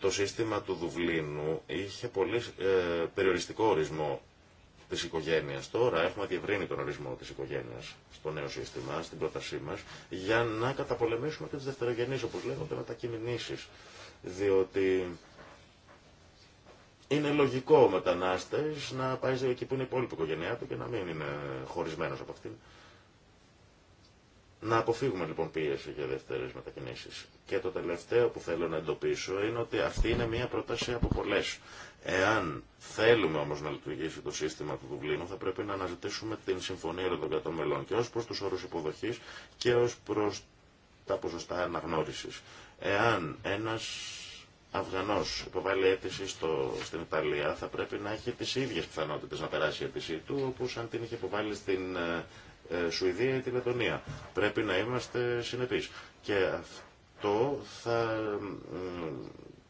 Το σύστημα του Δουβλίνου είχε πολύ ε, περιοριστικό ορισμό της οικογένειας. Τώρα έχουμε διευρύνει τον ορισμό της οικογένειας στο νέο σύστημα, στην πρότασή μας, για να καταπολεμήσουμε και τις δευτερογενείς, όπως λέγονται, μετακινήσεις. Διότι είναι λογικό ο μετανάστε να πάει εκεί που είναι η υπόλοιπη οικογένειά του και να μην είναι χωρισμένο από αυτήν. Να αποφύγουμε λοιπόν πίεση για δεύτερε μετακινήσει. Και το τελευταίο που θέλω να εντοπίσω είναι ότι αυτή είναι μια πρόταση από πολλέ. Εάν θέλουμε όμω να λειτουργήσει το σύστημα του Δουβλίνου, θα πρέπει να αναζητήσουμε την συμφωνία των 100 μελών και ω προ του όρου υποδοχή και ω προ τα ποσοστά αναγνώριση. Εάν ένας Αφγανός υποβάλλει αίτηση στο, στην Ιταλία θα πρέπει να έχει τις ίδιες πιθανότητες να περάσει η αίτησή του όπως αν την είχε υποβάλει στην ε, ε, Σουηδία ή τη Λετωνία. Πρέπει να είμαστε συνεπείς. Και αυτό θα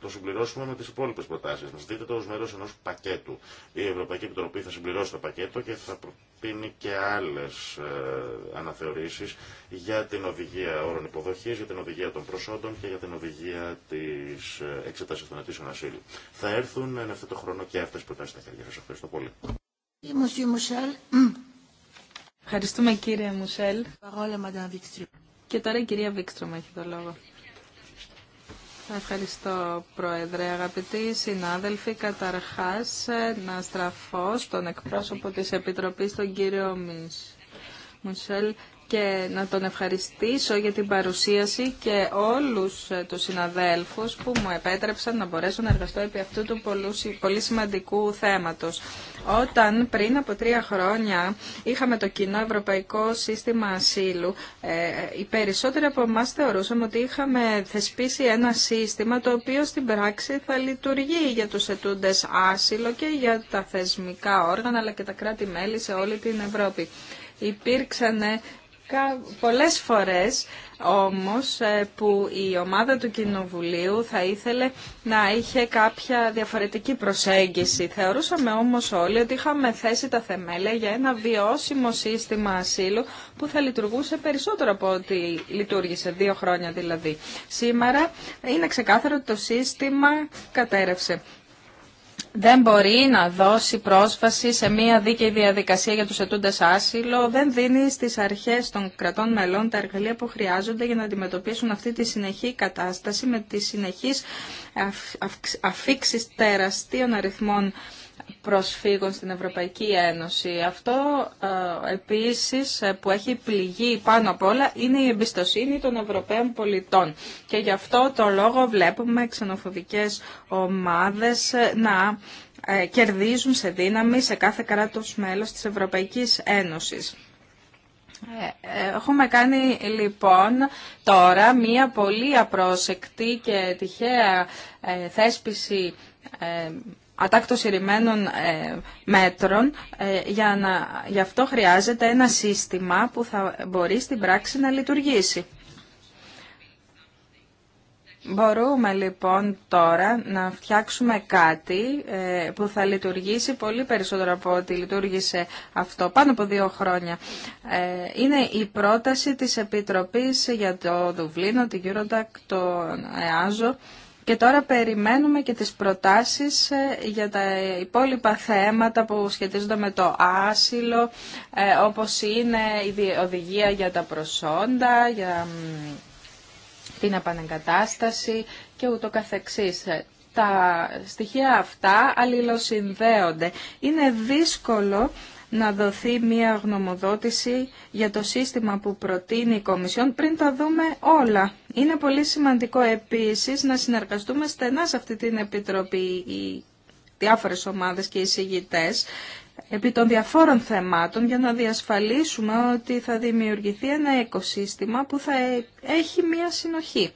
το συμπληρώσουμε με τις υπόλοιπες προτάσεις μας. Δείτε το ως μέρος ενός πακέτου. Η Ευρωπαϊκή Επιτροπή θα συμπληρώσει το πακέτο και θα πίνει και άλλες ε, αναθεωρήσεις για την οδηγία όρων υποδοχής, για την οδηγία των προσόντων και για την οδηγία της ε, εξετάσεις των αιτήσεων ασύλου. Θα έρθουν εν αυτό το χρόνο και αυτές προτάσεις στα χέρια σας. Ευχαριστώ πολύ. Ευχαριστούμε κύριε Μουσέλ. Και τώρα η κυρία Βίξτρομα έχει το λόγο. Ευχαριστώ Πρόεδρε. Αγαπητοί συνάδελφοι, καταρχάς να στραφώ στον εκπρόσωπο της Επιτροπής, τον κύριο Μισελ, και να τον ευχαριστήσω για την παρουσίαση και όλους ε, τους συναδέλφους που μου επέτρεψαν να μπορέσω να εργαστώ επί αυτού του πολύ σημαντικού θέματος. Όταν πριν από τρία χρόνια είχαμε το κοινό ευρωπαϊκό σύστημα ασύλου, ε, οι περισσότεροι από εμά θεωρούσαμε ότι είχαμε θεσπίσει ένα σύστημα το οποίο στην πράξη θα λειτουργεί για τους ετούντες άσυλο και για τα θεσμικά όργανα αλλά και τα κράτη-μέλη σε όλη την Ευρώπη υπήρξαν Πολλές φορές όμως ε, που η ομάδα του Κοινοβουλίου θα ήθελε να είχε κάποια διαφορετική προσέγγιση. Θεωρούσαμε όμως όλοι ότι είχαμε θέσει τα θεμέλια για ένα βιώσιμο σύστημα ασύλου που θα λειτουργούσε περισσότερο από ό,τι λειτουργήσε, δύο χρόνια δηλαδή. Σήμερα είναι ξεκάθαρο ότι το σύστημα κατέρευσε δεν μπορεί να δώσει πρόσβαση σε μια δίκαιη διαδικασία για τους ετούντες άσυλο, δεν δίνει στις αρχές των κρατών μελών τα εργαλεία που χρειάζονται για να αντιμετωπίσουν αυτή τη συνεχή κατάσταση με τις συνεχείς αφήξεις τεραστίων αριθμών προσφύγων στην Ευρωπαϊκή Ένωση. Αυτό ε, επίσης ε, που έχει πληγεί πάνω απ' όλα είναι η εμπιστοσύνη των Ευρωπαίων πολιτών. Και γι' αυτό το λόγο βλέπουμε ξενοφοβικές ομάδες ε, να κερδίζουν σε δύναμη σε κάθε κράτος μέλος της Ευρωπαϊκής Ένωσης. Έχουμε κάνει λοιπόν τώρα μία πολύ απρόσεκτη και τυχαία θέσπιση ατάκτως ηρημένων ε, μέτρων. Ε, για να, γι' αυτό χρειάζεται ένα σύστημα που θα μπορεί στην πράξη να λειτουργήσει. Μπορούμε λοιπόν τώρα να φτιάξουμε κάτι ε, που θα λειτουργήσει πολύ περισσότερο από ό,τι λειτουργήσε αυτό πάνω από δύο χρόνια. Είναι η πρόταση της Επιτροπής για το Δουβλίνο, την Eurodac, το ΕΑΖΟ και τώρα περιμένουμε και τις προτάσεις ε, για τα υπόλοιπα θέματα που σχετίζονται με το άσυλο, ε, όπως είναι η οδηγία για τα προσόντα, για την επανεγκατάσταση και ούτω καθεξής. Ε, τα στοιχεία αυτά αλληλοσυνδέονται. Είναι δύσκολο να δοθεί μία γνωμοδότηση για το σύστημα που προτείνει η Κομισιόν πριν τα δούμε όλα. Είναι πολύ σημαντικό επίσης να συνεργαστούμε στενά σε αυτή την Επιτροπή οι διάφορες ομάδες και οι συγητές επί των διαφόρων θεμάτων για να διασφαλίσουμε ότι θα δημιουργηθεί ένα οικοσύστημα που θα έχει μία συνοχή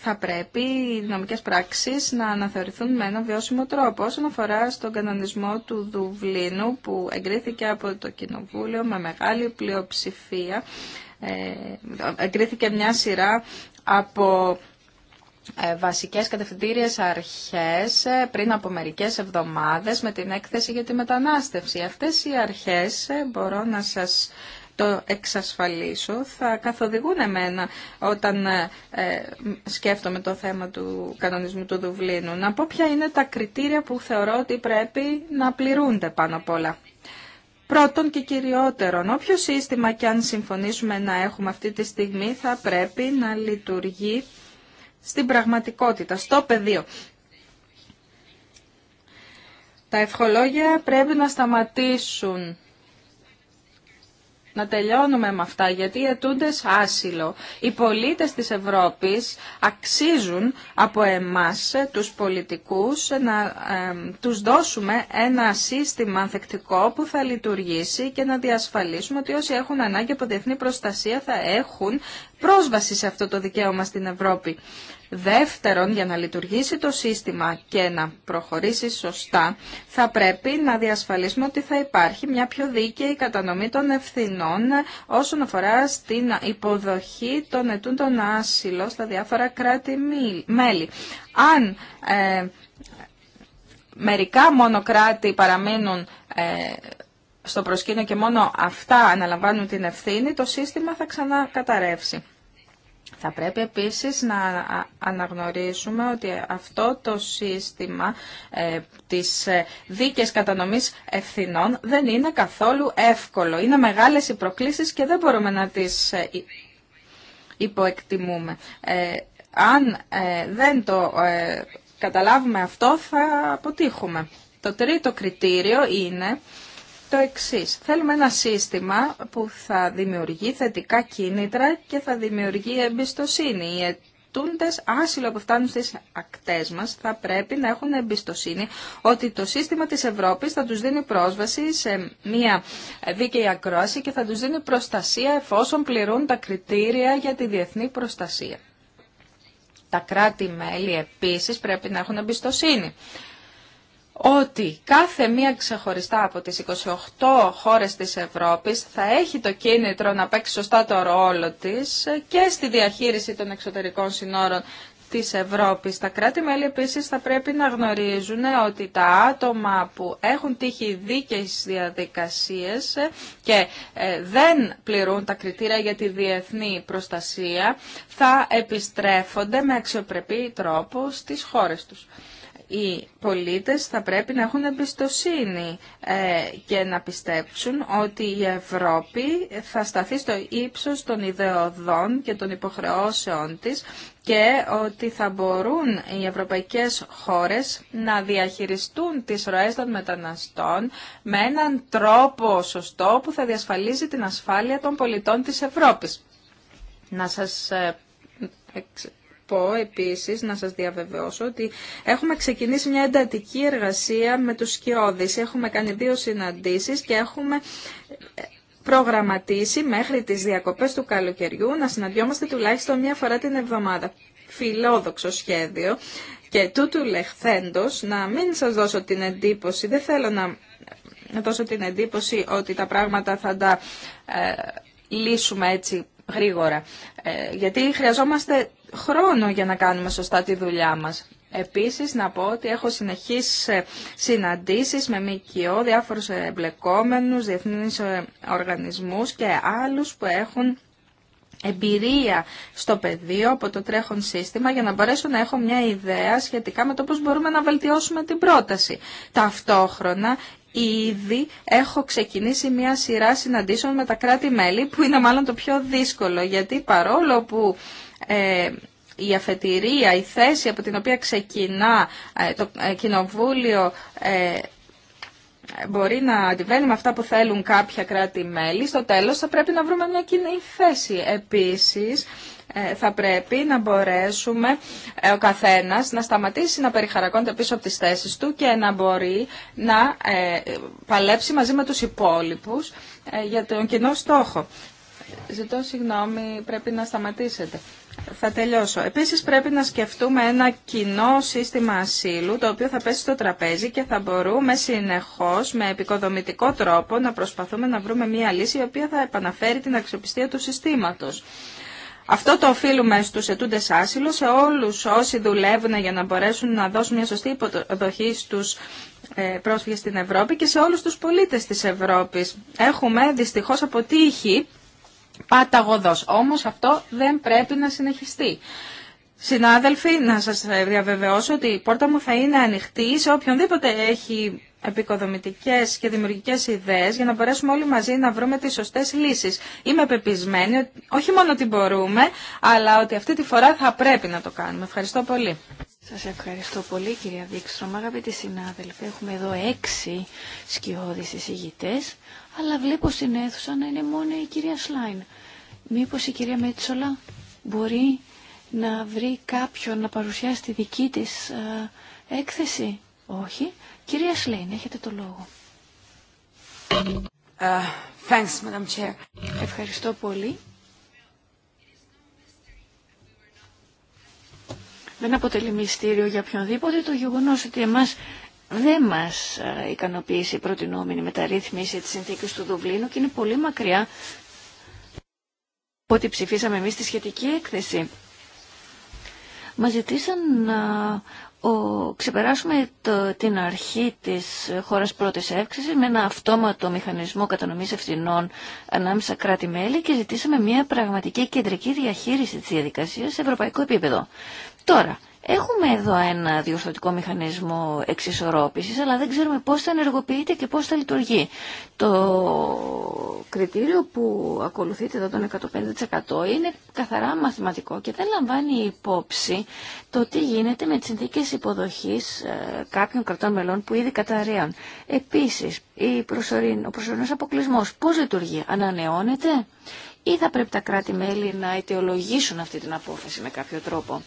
θα πρέπει οι νομικέ πράξεις να αναθεωρηθούν με ένα βιώσιμο τρόπο όσον αφορά στον κανονισμό του Δουβλίνου που εγκρίθηκε από το Κοινοβούλιο με μεγάλη πλειοψηφία. Ε, εγκρίθηκε μια σειρά από ε, βασικές κατευθυντήριες αρχές ε, πριν από μερικές εβδομάδες με την έκθεση για τη μετανάστευση. Αυτές οι αρχές μπορώ να σας το εξασφαλίσω θα καθοδηγούν εμένα όταν ε, ε, σκέφτομαι το θέμα του κανονισμού του Δουβλίνου. Να πω ποια είναι τα κριτήρια που θεωρώ ότι πρέπει να πληρούνται πάνω απ' όλα. Πρώτον και κυριότερον, όποιο σύστημα και αν συμφωνήσουμε να έχουμε αυτή τη στιγμή θα πρέπει να λειτουργεί στην πραγματικότητα, στο πεδίο. Τα ευχολόγια πρέπει να σταματήσουν να τελειώνουμε με αυτά, γιατί οι σε άσυλο, οι πολίτες της Ευρώπης αξίζουν από εμάς ε, τους πολιτικούς ε, να τους δώσουμε ένα σύστημα ανθεκτικό που θα λειτουργήσει και να διασφαλίσουμε ότι όσοι έχουν ανάγκη από διεθνή προστασία θα έχουν πρόσβαση σε αυτό το δικαίωμα στην Ευρώπη. Δεύτερον, για να λειτουργήσει το σύστημα και να προχωρήσει σωστά, θα πρέπει να διασφαλίσουμε ότι θα υπάρχει μια πιο δίκαιη κατανομή των ευθυνών όσον αφορά στην υποδοχή των ετούντων άσυλο στα διάφορα κράτη-μέλη. Αν ε, μερικά μόνο κράτη παραμείνουν ε, στο προσκήνιο και μόνο αυτά αναλαμβάνουν την ευθύνη, το σύστημα θα ξανακαταρρεύσει. Θα πρέπει επίσης να αναγνωρίσουμε ότι αυτό το σύστημα ε, της ε, δίκαιης κατανομής ευθυνών δεν είναι καθόλου εύκολο. Είναι μεγάλες οι προκλήσεις και δεν μπορούμε να τις ε, υποεκτιμούμε. Αν δεν το καταλάβουμε αυτό θα αποτύχουμε. Το τρίτο κριτήριο είναι το εξή. Θέλουμε ένα σύστημα που θα δημιουργεί θετικά κίνητρα και θα δημιουργεί εμπιστοσύνη. Οι ετούντες άσυλο που φτάνουν στις ακτές μας θα πρέπει να έχουν εμπιστοσύνη ότι το σύστημα της Ευρώπης θα τους δίνει πρόσβαση σε μια δίκαιη ακρόαση και θα τους δίνει προστασία εφόσον πληρούν τα κριτήρια για τη διεθνή προστασία. Τα κράτη-μέλη επίσης πρέπει να έχουν εμπιστοσύνη ότι κάθε μία ξεχωριστά από τις 28 χώρες της Ευρώπης θα έχει το κίνητρο να παίξει σωστά το ρόλο της και στη διαχείριση των εξωτερικών συνόρων της Ευρώπης. Τα κράτη-μέλη επίσης θα πρέπει να γνωρίζουν ότι τα άτομα που έχουν τύχει δίκαιες διαδικασίες και ε, δεν πληρούν τα κριτήρια για τη διεθνή προστασία θα επιστρέφονται με αξιοπρεπή τρόπο στις χώρες τους οι πολίτες θα πρέπει να έχουν εμπιστοσύνη ε, και να πιστέψουν ότι η Ευρώπη θα σταθεί στο ύψος των ιδεοδών και των υποχρεώσεων της και ότι θα μπορούν οι ευρωπαϊκές χώρες να διαχειριστούν τις ροές των μεταναστών με έναν τρόπο σωστό που θα διασφαλίζει την ασφάλεια των πολιτών της Ευρώπης. Να σας ε, πω επίσης, να σας διαβεβαιώσω, ότι έχουμε ξεκινήσει μια εντατική εργασία με τους σκιώδεις. Έχουμε κάνει δύο συναντήσεις και έχουμε ε, προγραμματίσει μέχρι τις διακοπές του καλοκαιριού να συναντιόμαστε τουλάχιστον μία φορά την εβδομάδα. Φιλόδοξο σχέδιο και τούτου λεχθέντος να μην σας δώσω την εντύπωση, δεν θέλω να δώσω την εντύπωση ότι τα πράγματα θα τα ε, λύσουμε έτσι γρήγορα. Ε, γιατί χρειαζόμαστε χρόνο για να κάνουμε σωστά τη δουλειά μας. Επίσης να πω ότι έχω συνεχείς ε, συναντήσεις με ΜΚΟ, διάφορους εμπλεκόμενους, διεθνείς ε, οργανισμούς και άλλους που έχουν εμπειρία στο πεδίο από το τρέχον σύστημα για να μπορέσω να έχω μια ιδέα σχετικά με το πώς μπορούμε να βελτιώσουμε την πρόταση. Ταυτόχρονα ήδη έχω ξεκινήσει μια σειρά συναντήσεων με τα κράτη-μέλη που είναι μάλλον το πιο δύσκολο γιατί παρόλο που ε, η αφετηρία, η θέση από την οποία ξεκινά ε, το ε, Κοινοβούλιο μπορεί να αντιβαίνει με αυτά που θέλουν κάποια κράτη-μέλη. Στο τέλος θα πρέπει να βρούμε μια κοινή θέση. Επίσης, θα πρέπει να μπορέσουμε ο καθένας να σταματήσει να περιχαρακώνεται πίσω από τις θέσεις του και να μπορεί να παλέψει μαζί με τους υπόλοιπους για τον κοινό στόχο. Ζητώ συγγνώμη, πρέπει να σταματήσετε. Θα τελειώσω. Επίσης πρέπει να σκεφτούμε ένα κοινό σύστημα ασύλου το οποίο θα πέσει στο τραπέζι και θα μπορούμε συνεχώς με επικοδομητικό τρόπο να προσπαθούμε να βρούμε μια λύση η οποία θα επαναφέρει την αξιοπιστία του συστήματος. Αυτό το οφείλουμε στους ετούντε άσυλο, σε όλους όσοι δουλεύουν για να μπορέσουν να δώσουν μια σωστή υποδοχή στους ε, πρόσφυγες στην Ευρώπη και σε όλους τους πολίτες της Ευρώπης. Έχουμε δυστυχώς αποτύχει παταγωδός. Όμως αυτό δεν πρέπει να συνεχιστεί. Συνάδελφοι, να σας διαβεβαιώσω ότι η πόρτα μου θα είναι ανοιχτή σε οποιονδήποτε έχει επικοδομητικές και δημιουργικές ιδέες για να μπορέσουμε όλοι μαζί να βρούμε τις σωστές λύσεις. Είμαι πεπισμένη, όχι μόνο ότι μπορούμε, αλλά ότι αυτή τη φορά θα πρέπει να το κάνουμε. Ευχαριστώ πολύ. Σας ευχαριστώ πολύ κυρία Δίκστρομ. Αγαπητοί συνάδελφοι, έχουμε εδώ έξι σκιώδεις εισηγητές αλλά βλέπω στην αίθουσα να είναι μόνο η κυρία Σλάιν. Μήπως η κυρία Μέτσολα μπορεί να βρει κάποιον να παρουσιάσει τη δική της ε, έκθεση. Όχι. Κυρία Σλέιν, έχετε το λόγο. Ε, thanks, Madam Chair. Ευχαριστώ πολύ. Δεν αποτελεί μυστήριο για οποιονδήποτε το γεγονός ότι εμάς δεν μας ε, ικανοποίησε η προτινόμενη μεταρρύθμιση της συνθήκης του Δουβλίνου και είναι πολύ μακριά ότι ψηφίσαμε εμείς στη σχετική έκθεση. Μας ζητήσαν να ε, ο, ξεπεράσουμε την αρχή της χώρας πρώτης αύξησης με ένα αυτόματο μηχανισμό κατανομής ευθυνών ανάμεσα κράτη-μέλη και ζητήσαμε μια πραγματική κεντρική διαχείριση της διαδικασίας σε ευρωπαϊκό επίπεδο. Τώρα, Έχουμε εδώ ένα διορθωτικό μηχανισμό εξισορρόπησης, αλλά δεν ξέρουμε πώς θα ενεργοποιείται και πώς θα λειτουργεί. Το κριτήριο που ακολουθείται εδώ των 150% είναι καθαρά μαθηματικό και δεν λαμβάνει υπόψη το τι γίνεται με τις συνθήκες υποδοχής ε, κάποιων κρατών μελών που ήδη καταραίων. Επίσης, ο προσωρινός αποκλεισμός πώς λειτουργεί, ανανεώνεται ή θα πρέπει τα κράτη-μέλη να αιτιολογήσουν αυτή την απόφαση με κάποιο τρόπο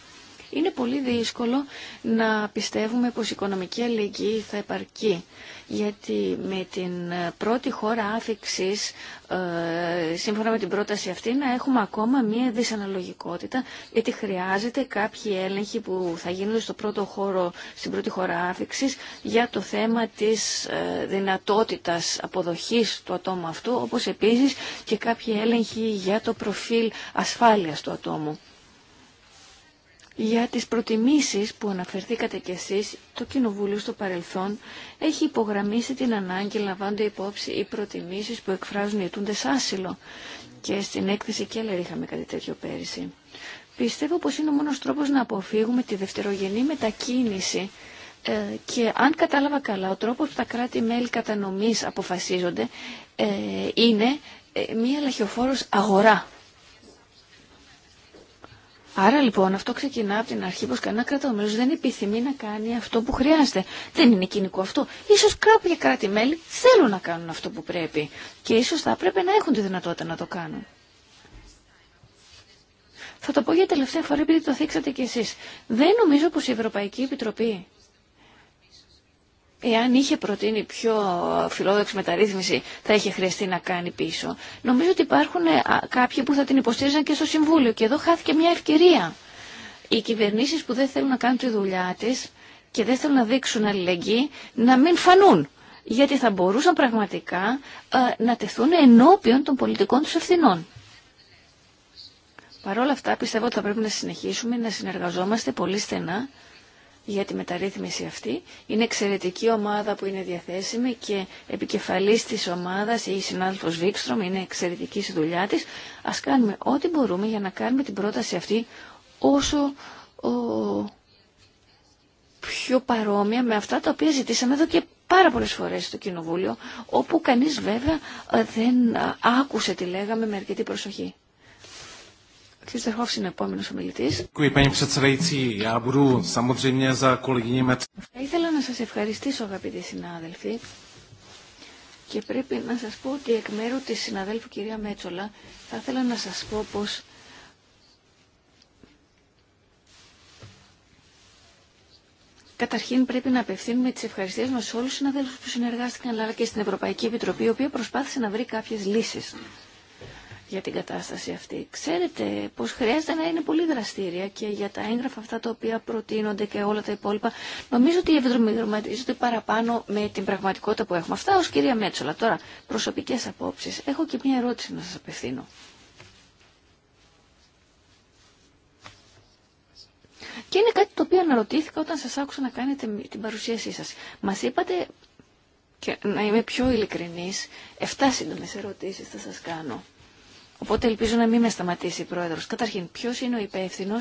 είναι πολύ δύσκολο να πιστεύουμε πως η οικονομική αλληλεγγύη θα επαρκεί. Γιατί με την ε, πρώτη χώρα άφηξης, ε, σύμφωνα με την πρόταση αυτή, να έχουμε ακόμα μία δυσαναλογικότητα, γιατί χρειάζεται κάποιοι έλεγχοι που θα γίνονται στο πρώτο χώρο, στην πρώτη χώρα άφηξης, για το θέμα της ε, δυνατότητας αποδοχής του ατόμου αυτού, όπως επίσης και κάποιοι έλεγχοι για το προφίλ ασφάλειας του ατόμου για τις προτιμήσεις που αναφερθήκατε κι εσείς, το Κοινοβούλιο στο παρελθόν έχει υπογραμμίσει την ανάγκη λαμβάνονται υπόψη οι προτιμήσεις που εκφράζουν οι αιτούντες άσυλο. Και στην έκθεση Κέλλερ είχαμε κάτι τέτοιο πέρυσι. Πιστεύω πως είναι ο μόνος τρόπος να αποφύγουμε τη δευτερογενή μετακίνηση ε, και αν κατάλαβα καλά, ο τρόπος που τα κράτη-μέλη κατανομής αποφασίζονται ε, είναι ε, μία λαχιοφόρος αγορά Άρα λοιπόν αυτό ξεκινά από την αρχή πως κανένα κρατομέλος δεν επιθυμεί να κάνει αυτό που χρειάζεται. Δεν είναι κοινικό αυτό. Ίσως κάποια κράτη-μέλη θέλουν να κάνουν αυτό που πρέπει και ίσως θα πρέπει να έχουν τη δυνατότητα να το κάνουν. Θα το πω για τελευταία φορά επειδή το θίξατε κι εσείς. Δεν νομίζω πως η Ευρωπαϊκή Επιτροπή Εάν είχε προτείνει πιο φιλόδοξη μεταρρύθμιση, θα είχε χρειαστεί να κάνει πίσω. Νομίζω ότι υπάρχουν ε, κάποιοι που θα την υποστήριζαν και στο Συμβούλιο. Και εδώ χάθηκε μια ευκαιρία. Οι κυβερνήσει που δεν θέλουν να κάνουν τη δουλειά τη και δεν θέλουν να δείξουν αλληλεγγύη, να μην φανούν. Γιατί θα μπορούσαν πραγματικά ε, να τεθούν ενώπιον των πολιτικών του ευθυνών. Παρ' όλα αυτά πιστεύω ότι θα πρέπει να συνεχίσουμε να συνεργαζόμαστε πολύ στενά για τη μεταρρύθμιση αυτή. Είναι εξαιρετική ομάδα που είναι διαθέσιμη και επικεφαλής της ομάδας η συνάδελφος Βίξτρομ είναι εξαιρετική στη δουλειά της. Ας κάνουμε ό,τι μπορούμε για να κάνουμε την πρόταση αυτή όσο πιο παρόμοια με αυτά τα οποία ζητήσαμε εδώ και πάρα πολλές φορές στο Κοινοβούλιο, όπου κανείς βέβαια δεν άκουσε τι λέγαμε με αρκετή προσοχή είναι επόμενο Θα ήθελα να σα ευχαριστήσω, αγαπητοί συνάδελφοι. Και πρέπει να σας πω ότι εκ μέρου της συναδέλφου κυρία Μέτσολα θα ήθελα να σας πω πως Καταρχήν πρέπει να απευθύνουμε τις ευχαριστίες μας σε όλους τους συναδέλφους που συνεργάστηκαν αλλά και στην Ευρωπαϊκή Επιτροπή η οποία προσπάθησε να βρει κάποιες λύσεις για την κατάσταση αυτή. Ξέρετε πως χρειάζεται να είναι πολύ δραστήρια και για τα έγγραφα αυτά τα οποία προτείνονται και όλα τα υπόλοιπα νομίζω ότι ευδρομιγραμματίζονται παραπάνω με την πραγματικότητα που έχουμε. Αυτά ως κυρία Μέτσολα. Τώρα προσωπικές απόψεις. Έχω και μια ερώτηση να σας απευθύνω. Και είναι κάτι το οποίο αναρωτήθηκα όταν σας άκουσα να κάνετε την παρουσίασή σας. Μας είπατε, και να είμαι πιο ειλικρινής, 7 σύντομες ερωτήσεις θα σας κάνω. Οπότε ελπίζω να μην με σταματήσει η Πρόεδρος. Καταρχήν, ποιος είναι ο υπεύθυνο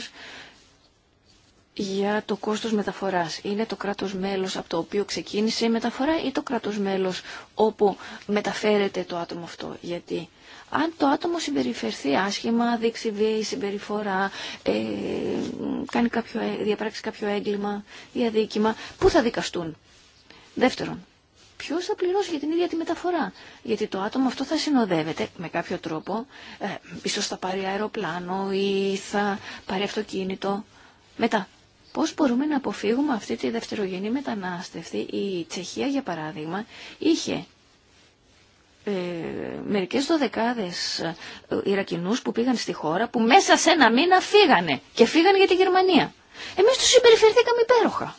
για το κόστος μεταφοράς. Είναι το κράτος μέλος από το οποίο ξεκίνησε η μεταφορά ή το κράτος μέλος όπου μεταφέρεται το άτομο αυτό. Γιατί αν το άτομο συμπεριφερθεί άσχημα, δείξει βίαιη συμπεριφορά, ε, κάνει κάποιο, ε, διαπράξει κάποιο έγκλημα ή πού θα δικαστούν. Δεύτερον, Ποιο θα πληρώσει για την ίδια τη μεταφορά. Γιατί το άτομο αυτό θα συνοδεύεται με κάποιο τρόπο, ε, ίσως θα πάρει αεροπλάνο ή θα πάρει αυτοκίνητο. Μετά, πώς μπορούμε να αποφύγουμε αυτή τη δευτερογενή μετανάστευση. Η Τσεχία, για παράδειγμα, είχε ε, μερικές δωδεκάδες ε, που πήγαν στη χώρα που μέσα σε ένα μήνα φύγανε και φύγανε για τη Γερμανία. Εμείς τους συμπεριφερθήκαμε υπέροχα.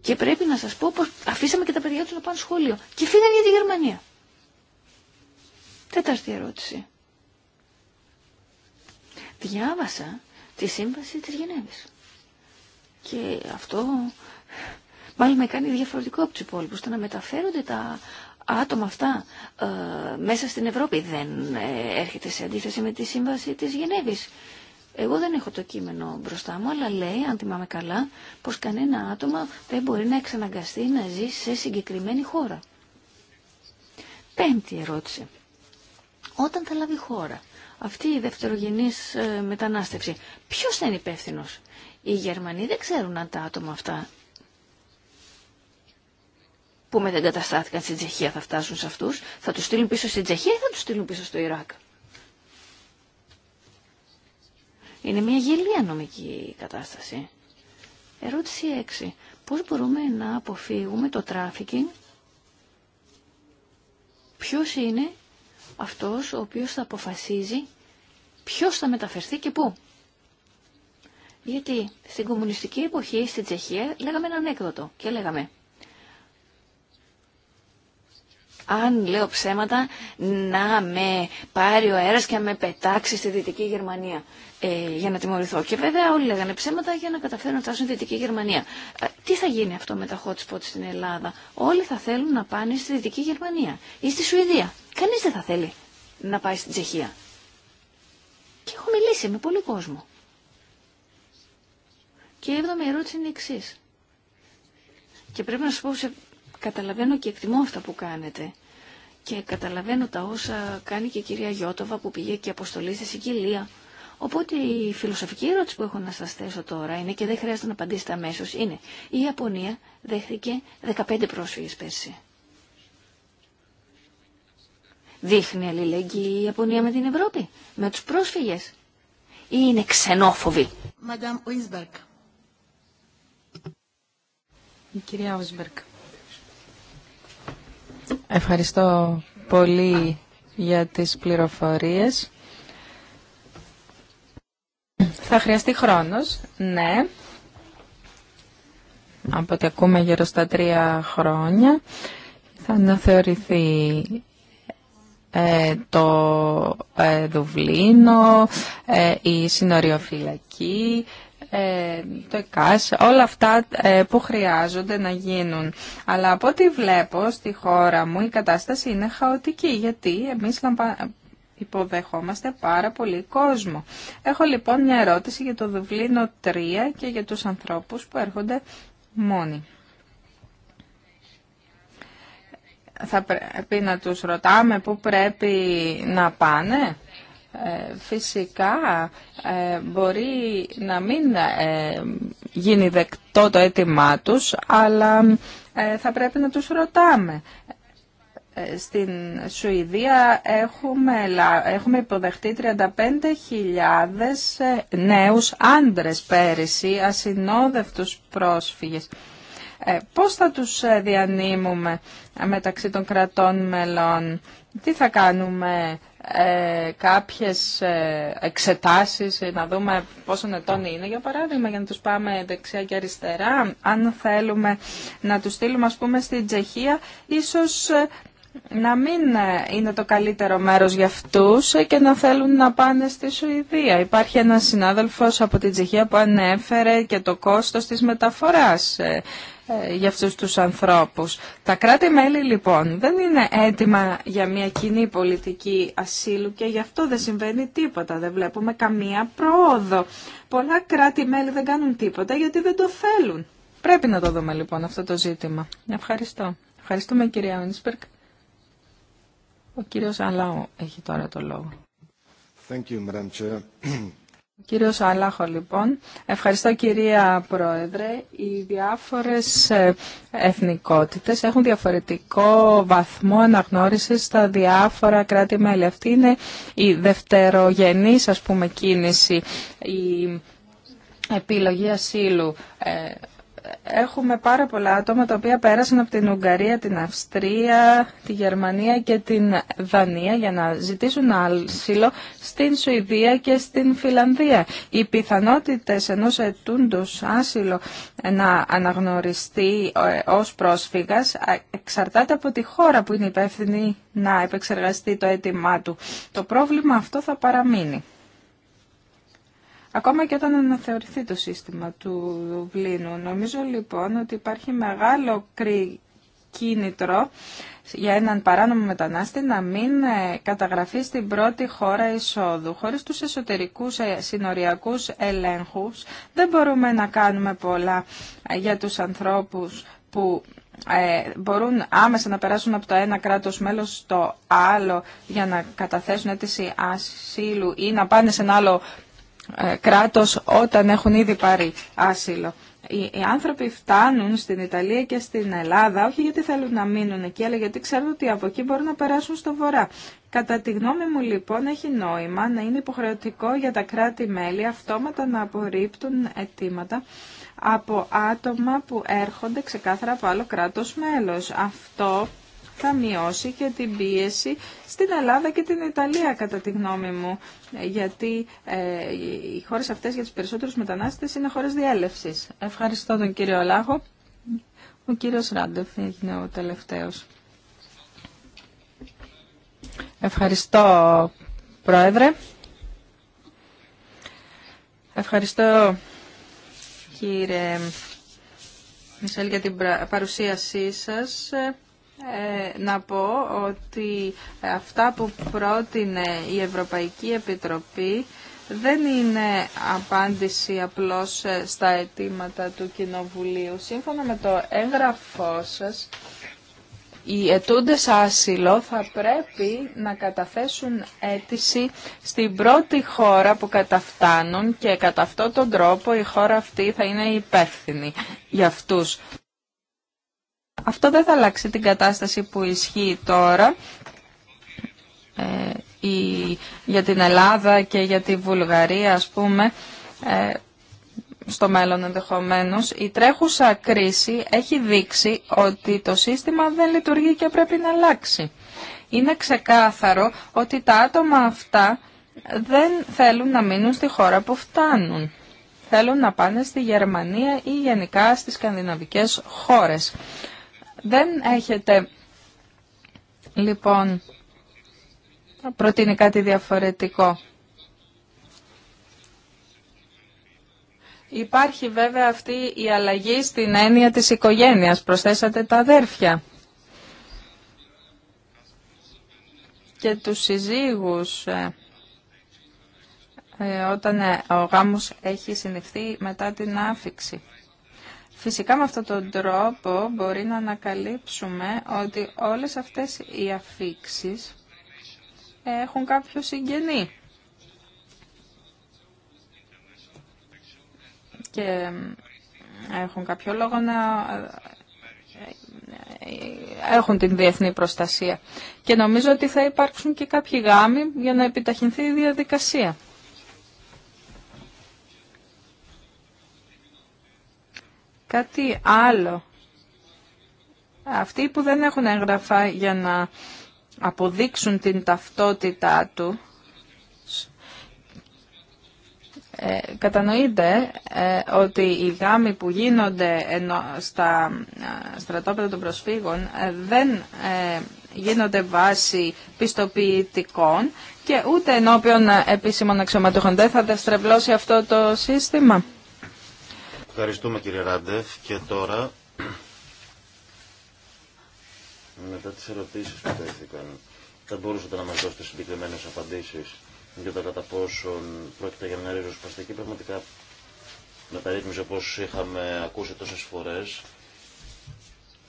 Και πρέπει να σα πω πω αφήσαμε και τα παιδιά του να πάνε σχολείο και φύγανε για τη Γερμανία. Τέταρτη ερώτηση. Διάβασα τη σύμβαση τη Γενέβη. Και αυτό μάλλον με κάνει διαφορετικό από του υπόλοιπου. Το να μεταφέρονται τα άτομα αυτά ε, μέσα στην Ευρώπη δεν ε, έρχεται σε αντίθεση με τη σύμβαση της Γενέβης. Εγώ δεν έχω το κείμενο μπροστά μου, αλλά λέει, αν θυμάμαι καλά, πως κανένα άτομο δεν μπορεί να εξαναγκαστεί να ζει σε συγκεκριμένη χώρα. Πέμπτη ερώτηση. Όταν θα λάβει χώρα αυτή η δευτερογενής ε, μετανάστευση, ποιος θα είναι υπεύθυνο. Οι Γερμανοί δεν ξέρουν αν τα άτομα αυτά που μετεγκαταστάθηκαν στην Τσεχία θα φτάσουν σε αυτούς, θα τους στείλουν πίσω στην Τσεχία ή θα τους στείλουν πίσω στο Ιράκ. Είναι μια γελία νομική κατάσταση. Ερώτηση 6. Πώς μπορούμε να αποφύγουμε το τράφικινγκ. Ποιος είναι αυτός ο οποίος θα αποφασίζει ποιος θα μεταφερθεί και πού. Γιατί στην κομμουνιστική εποχή στην Τσεχία λέγαμε έναν έκδοτο και λέγαμε αν λέω ψέματα, να με πάρει ο αέρας και να με πετάξει στη Δυτική Γερμανία ε, για να τιμωρηθώ. Και βέβαια όλοι λέγανε ψέματα για να καταφέρουν να φτάσουν στη Δυτική Γερμανία. Ε, τι θα γίνει αυτό με τα hot spots στην Ελλάδα. Όλοι θα θέλουν να πάνε στη Δυτική Γερμανία ή στη Σουηδία. Κανείς δεν θα θέλει να πάει στην Τσεχία. Και έχω μιλήσει με πολύ κόσμο. Και η έβδομη ερώτηση είναι η εξή. Και πρέπει να σα πω, σε... καταλαβαίνω και εκτιμώ αυτά που κάνετε. Και καταλαβαίνω τα όσα κάνει και η κυρία Γιώτοβα που πήγε και αποστολή στη Σικηλία. Οπότε η φιλοσοφική ερώτηση που έχω να σας θέσω τώρα είναι και δεν χρειάζεται να απαντήσετε αμέσω. είναι η Ιαπωνία δέχθηκε 15 πρόσφυγες πέρσι. Δείχνει αλληλεγγύη η Ιαπωνία με την Ευρώπη, με τους πρόσφυγες ή είναι ξενόφοβοι. Μαντάμ Ουίσμπερκ. Η ειναι ξενοφοβοι Ουίσμπερκ. Ευχαριστώ πολύ για τις πληροφορίες. Θα χρειαστεί χρόνος, ναι. Από ό,τι ακούμε γύρω στα τρία χρόνια θα αναθεωρηθεί ε, το ε, Δουβλίνο, ε, η συνοριοφυλακή, ε, το ΕΚΑΣ, όλα αυτά ε, που χρειάζονται να γίνουν. Αλλά από ό,τι βλέπω στη χώρα μου η κατάσταση είναι χαοτική, γιατί εμείς υποδεχόμαστε πάρα πολύ κόσμο. Έχω λοιπόν μια ερώτηση για το Δουβλίνο 3 και για τους ανθρώπους που έρχονται μόνοι. Θα πρέπει να τους ρωτάμε πού πρέπει να πάνε. Ε, φυσικά ε, μπορεί να μην ε, γίνει δεκτό το αίτημά τους, αλλά θα πρέπει να τους ρωτάμε. Στην Σουηδία έχουμε, έχουμε υποδεχτεί 35.000 νέους άντρες πέρυσι, ασυνόδευτους πρόσφυγες. Πώς θα τους διανύμουμε μεταξύ των κρατών μελών, τι θα κάνουμε ε, κάποιες ε, εξετάσεις, ε, να δούμε πόσο ετών είναι, για παράδειγμα, για να τους πάμε δεξιά και αριστερά. Αν θέλουμε να τους στείλουμε, ας πούμε, στην Τσεχία, ίσως ε, να μην ε, είναι το καλύτερο μέρος για αυτούς και να θέλουν να πάνε στη Σουηδία. Υπάρχει ένας συνάδελφος από την Τσεχία που ανέφερε και το κόστος της μεταφοράς ε, ε, για αυτούς τους ανθρώπους. Τα κράτη-μέλη λοιπόν δεν είναι έτοιμα για μια κοινή πολιτική ασύλου και γι' αυτό δεν συμβαίνει τίποτα, δεν βλέπουμε καμία πρόοδο. Πολλά κράτη-μέλη δεν κάνουν τίποτα γιατί δεν το θέλουν. Πρέπει να το δούμε λοιπόν αυτό το ζήτημα. Ευχαριστώ. Ευχαριστούμε κυρία Όνσπερκ. Ο κύριος Αλάχο έχει τώρα το λόγο. Thank you, Madam Chair. Αλάχο, λοιπόν. Ευχαριστώ, κυρία Πρόεδρε. Οι διάφορες ε, εθνικότητες έχουν διαφορετικό βαθμό αναγνώρισης στα διάφορα κράτη-μέλη. Αυτή είναι η δευτερογενής, ας πούμε, κίνηση, η επιλογή ασύλου ε, έχουμε πάρα πολλά άτομα τα οποία πέρασαν από την Ουγγαρία, την Αυστρία, τη Γερμανία και την Δανία για να ζητήσουν άσυλο στην Σουηδία και στην Φιλανδία. Οι πιθανότητες ενός ετούντος άσυλο να αναγνωριστεί ε, ως πρόσφυγας εξαρτάται από τη χώρα που είναι υπεύθυνη να επεξεργαστεί το αίτημά του. Το πρόβλημα αυτό θα παραμείνει. Ακόμα και όταν αναθεωρηθεί το σύστημα του Δουβλίνου. Νομίζω λοιπόν ότι υπάρχει μεγάλο κίνητρο για έναν παράνομο μετανάστη να μην ε, καταγραφεί στην πρώτη χώρα εισόδου. Χωρίς τους εσωτερικούς ε, συνοριακούς ελέγχους δεν μπορούμε να κάνουμε πολλά ε, για τους ανθρώπους που μπορούν άμεσα να περάσουν από το ένα κράτος μέλος στο άλλο για να καταθέσουν αίτηση ασύλου ή να πάνε σε ένα άλλο ε, κράτος όταν έχουν ήδη πάρει άσυλο. Οι άνθρωποι φτάνουν στην Ιταλία και στην Ελλάδα όχι γιατί θέλουν να μείνουν εκεί, αλλά γιατί ξέρουν ότι από εκεί μπορούν να περάσουν στο βορρά. Κατά τη γνώμη μου λοιπόν έχει νόημα να είναι υποχρεωτικό για τα κράτη-μέλη αυτόματα να απορρίπτουν αιτήματα από άτομα που έρχονται ξεκάθαρα από άλλο κράτος μέλος. Αυτό θα μειώσει και την πίεση στην Ελλάδα και την Ιταλία κατά τη γνώμη μου. Γιατί ε, οι χώρες αυτές για τους περισσότερους μετανάστες είναι χώρες διέλευσης. Ευχαριστώ τον κύριο Λάχο. Ο κύριος Ράντεφ είναι ο τελευταίος. Ευχαριστώ Πρόεδρε. Ευχαριστώ κύριε Μισελ για την παρουσίασή σας. Ε, να πω ότι αυτά που πρότεινε η Ευρωπαϊκή Επιτροπή δεν είναι απάντηση απλώς ε, στα αιτήματα του Κοινοβουλίου. Σύμφωνα με το έγγραφό σας, οι ετούντες άσυλο θα πρέπει να καταθέσουν αίτηση στην πρώτη χώρα που καταφτάνουν και κατά αυτόν τον τρόπο η χώρα αυτή θα είναι υπεύθυνη για αυτούς. Αυτό δεν θα αλλάξει την κατάσταση που ισχύει τώρα ε, για την Ελλάδα και για τη Βουλγαρία, ας πούμε, ε, στο μέλλον ενδεχομένως. Η τρέχουσα κρίση έχει δείξει ότι το σύστημα δεν λειτουργεί και πρέπει να αλλάξει. Είναι ξεκάθαρο ότι τα άτομα αυτά δεν θέλουν να μείνουν στη χώρα που φτάνουν. Θέλουν να πάνε στη Γερμανία ή γενικά στις σκανδιναβικές χώρες. Δεν έχετε λοιπόν προτείνει κάτι διαφορετικό. Υπάρχει βέβαια αυτή η αλλαγή στην έννοια της οικογένειας. Προσθέσατε τα αδέρφια και τους συζύγους ε, ε, όταν ε, ο γάμος έχει συνηθεί μετά την άφηξη. Φυσικά με αυτόν τον τρόπο μπορεί να ανακαλύψουμε ότι όλες αυτές οι αφήξεις έχουν κάποιο συγγενή. Και έχουν κάποιο λόγο να ε, έχουν την διεθνή προστασία. Και νομίζω ότι θα υπάρξουν και κάποιοι γάμοι για να επιταχυνθεί η διαδικασία. Κάτι άλλο. Αυτοί που δεν έχουν έγγραφα για να αποδείξουν την ταυτότητά του, ε, κατανοείται ε, ότι οι γάμοι που γίνονται στα ε, στρατόπεδα των προσφύγων ε, δεν γίνονται βάση πιστοποιητικών και ούτε ενώπιον επίσημων αξιωματούχων. Δεν θα δεστρεβλώσει αυτό το σύστημα. Ευχαριστούμε κύριε Ράντεφ και τώρα μετά τις ερωτήσεις που τέθηκαν θα μπορούσατε να μας δώσετε συγκεκριμένες απαντήσεις για το κατά πόσον πρόκειται για μια ριζοσπαστική πραγματικά μεταρρύθμιση όπως είχαμε ακούσει τόσες φορές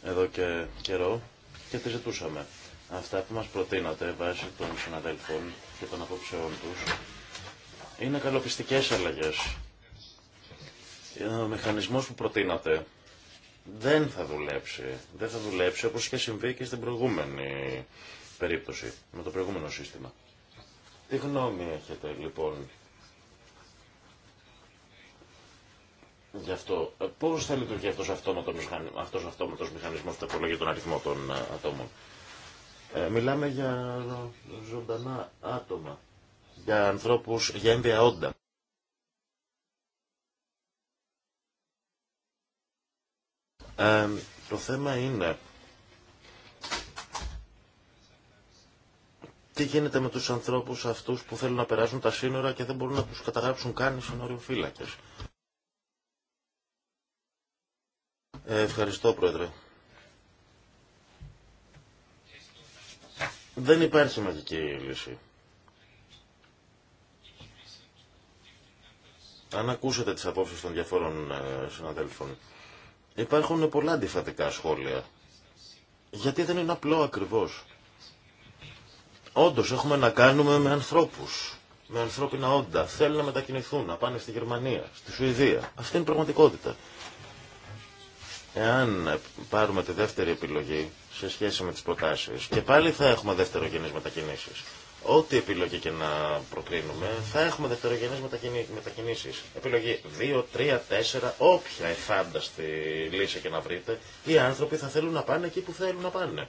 εδώ και καιρό και τη ζητούσαμε. Αυτά που μας προτείνατε βάσει των συναδέλφων και των απόψεών τους είναι καλοπιστικές αλλαγές ε, ο μηχανισμός που προτείνατε δεν θα δουλέψει. Δεν θα δουλέψει όπως είχε συμβεί και στην προηγούμενη περίπτωση, με το προηγούμενο σύστημα. Τι γνώμη έχετε λοιπόν γι' αυτό. Ε, πώς θα λειτουργεί αυτός αυτόματος, αυτός αυτόματος μηχανισμός που απολογεί τον αριθμό των ε, ατόμων. Ε, μιλάμε για ζωντανά άτομα, για ανθρώπους, για ένδια το θέμα είναι τι γίνεται με τους ανθρώπους αυτούς που θέλουν να περάσουν τα σύνορα και δεν μπορούν να τους καταγράψουν καν οι σύνοριοφύλακες. Ε, ευχαριστώ, Πρόεδρε. Δεν υπάρχει μαγική λύση. Αν ακούσετε τις απόψεις των διαφόρων ε, συναδέλφων, Υπάρχουν πολλά αντιφατικά σχόλια. Γιατί δεν είναι απλό ακριβώς. Όντως έχουμε να κάνουμε με ανθρώπους, με ανθρώπινα όντα. Θέλουν να μετακινηθούν, να πάνε στη Γερμανία, στη Σουηδία. Αυτή είναι η πραγματικότητα. Εάν πάρουμε τη δεύτερη επιλογή σε σχέση με τις προτάσεις και πάλι θα έχουμε δεύτερο γενείς μετακινήσεις. Ό,τι επιλογή και να προκρίνουμε, θα έχουμε δευτερογενεί μετακινήσει. Επιλογή 2, 3, 4, όποια εφάνταστη λύση και να βρείτε, οι άνθρωποι θα θέλουν να πάνε εκεί που θέλουν να πάνε.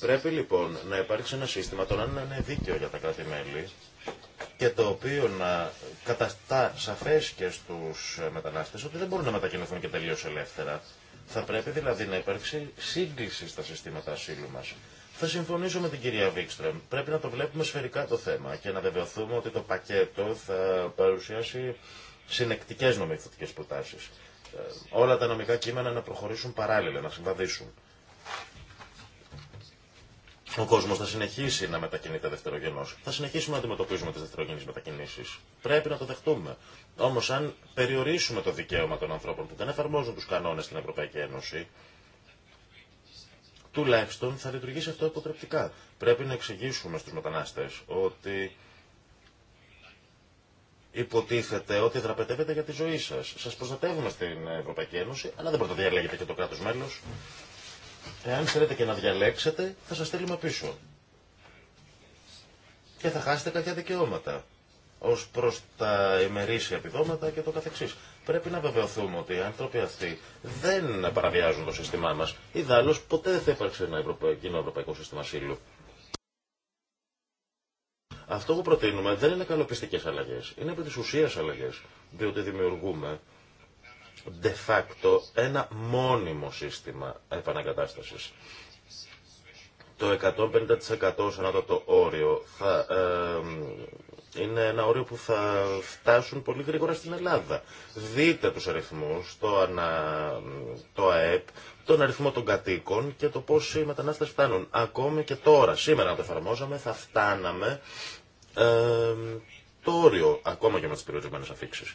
Πρέπει λοιπόν να υπάρξει ένα σύστημα το να είναι δίκαιο για τα κράτη-μέλη και το οποίο να καταστά σαφέ και στου μετανάστε ότι δεν μπορούν να μετακινηθούν και τελείω ελεύθερα. Θα πρέπει δηλαδή να υπάρξει σύγκληση στα συστήματα ασύλου μα. Θα συμφωνήσω με την κυρία Βίξτρεμ. Πρέπει να το βλέπουμε σφαιρικά το θέμα και να βεβαιωθούμε ότι το πακέτο θα παρουσιάσει συνεκτικέ νομοθετικέ προτάσει. Ε, όλα τα νομικά κείμενα να προχωρήσουν παράλληλα, να συμβαδίσουν. Ο κόσμο θα συνεχίσει να μετακινείται δευτερογενώ. Θα συνεχίσουμε να αντιμετωπίζουμε τι δευτερογενεί μετακινήσει. Πρέπει να το δεχτούμε. Όμω, αν περιορίσουμε το δικαίωμα των ανθρώπων που δεν εφαρμόζουν του κανόνε στην Ευρωπαϊκή Ένωση, τουλάχιστον θα λειτουργήσει αυτό αποτρεπτικά. Πρέπει να εξηγήσουμε στους μετανάστες ότι υποτίθεται ότι δραπετεύετε για τη ζωή σας. Σας προστατεύουμε στην Ευρωπαϊκή Ένωση, αλλά δεν μπορείτε να διαλέγετε και το κράτος μέλος. Εάν θέλετε και να διαλέξετε, θα σας στείλουμε πίσω. Και θα χάσετε κάποια δικαιώματα ως προς τα ημερήσια επιδόματα και το καθεξής. Πρέπει να βεβαιωθούμε ότι οι άνθρωποι αυτοί δεν παραβιάζουν το σύστημά μα. Ιδάλω ποτέ δεν θα υπάρξει ένα ευρωπαϊκό, κοινό ευρωπαϊκό σύστημα ασύλου. Αυτό που προτείνουμε δεν είναι καλοπιστικέ αλλαγέ. Είναι επί τη ουσία αλλαγέ. Διότι δημιουργούμε de facto ένα μόνιμο σύστημα επανακατάστασης. Το 150% σαν το όριο θα, ε, είναι ένα όριο που θα φτάσουν πολύ γρήγορα στην Ελλάδα. Δείτε τους αριθμούς, το, ανα, το ΑΕΠ, τον αριθμό των κατοίκων και το πώς οι μετανάστες φτάνουν. Ακόμη και τώρα, σήμερα να το εφαρμόζαμε, θα φτάναμε το όριο, ακόμα και με τις περιορισμένες αφήξεις.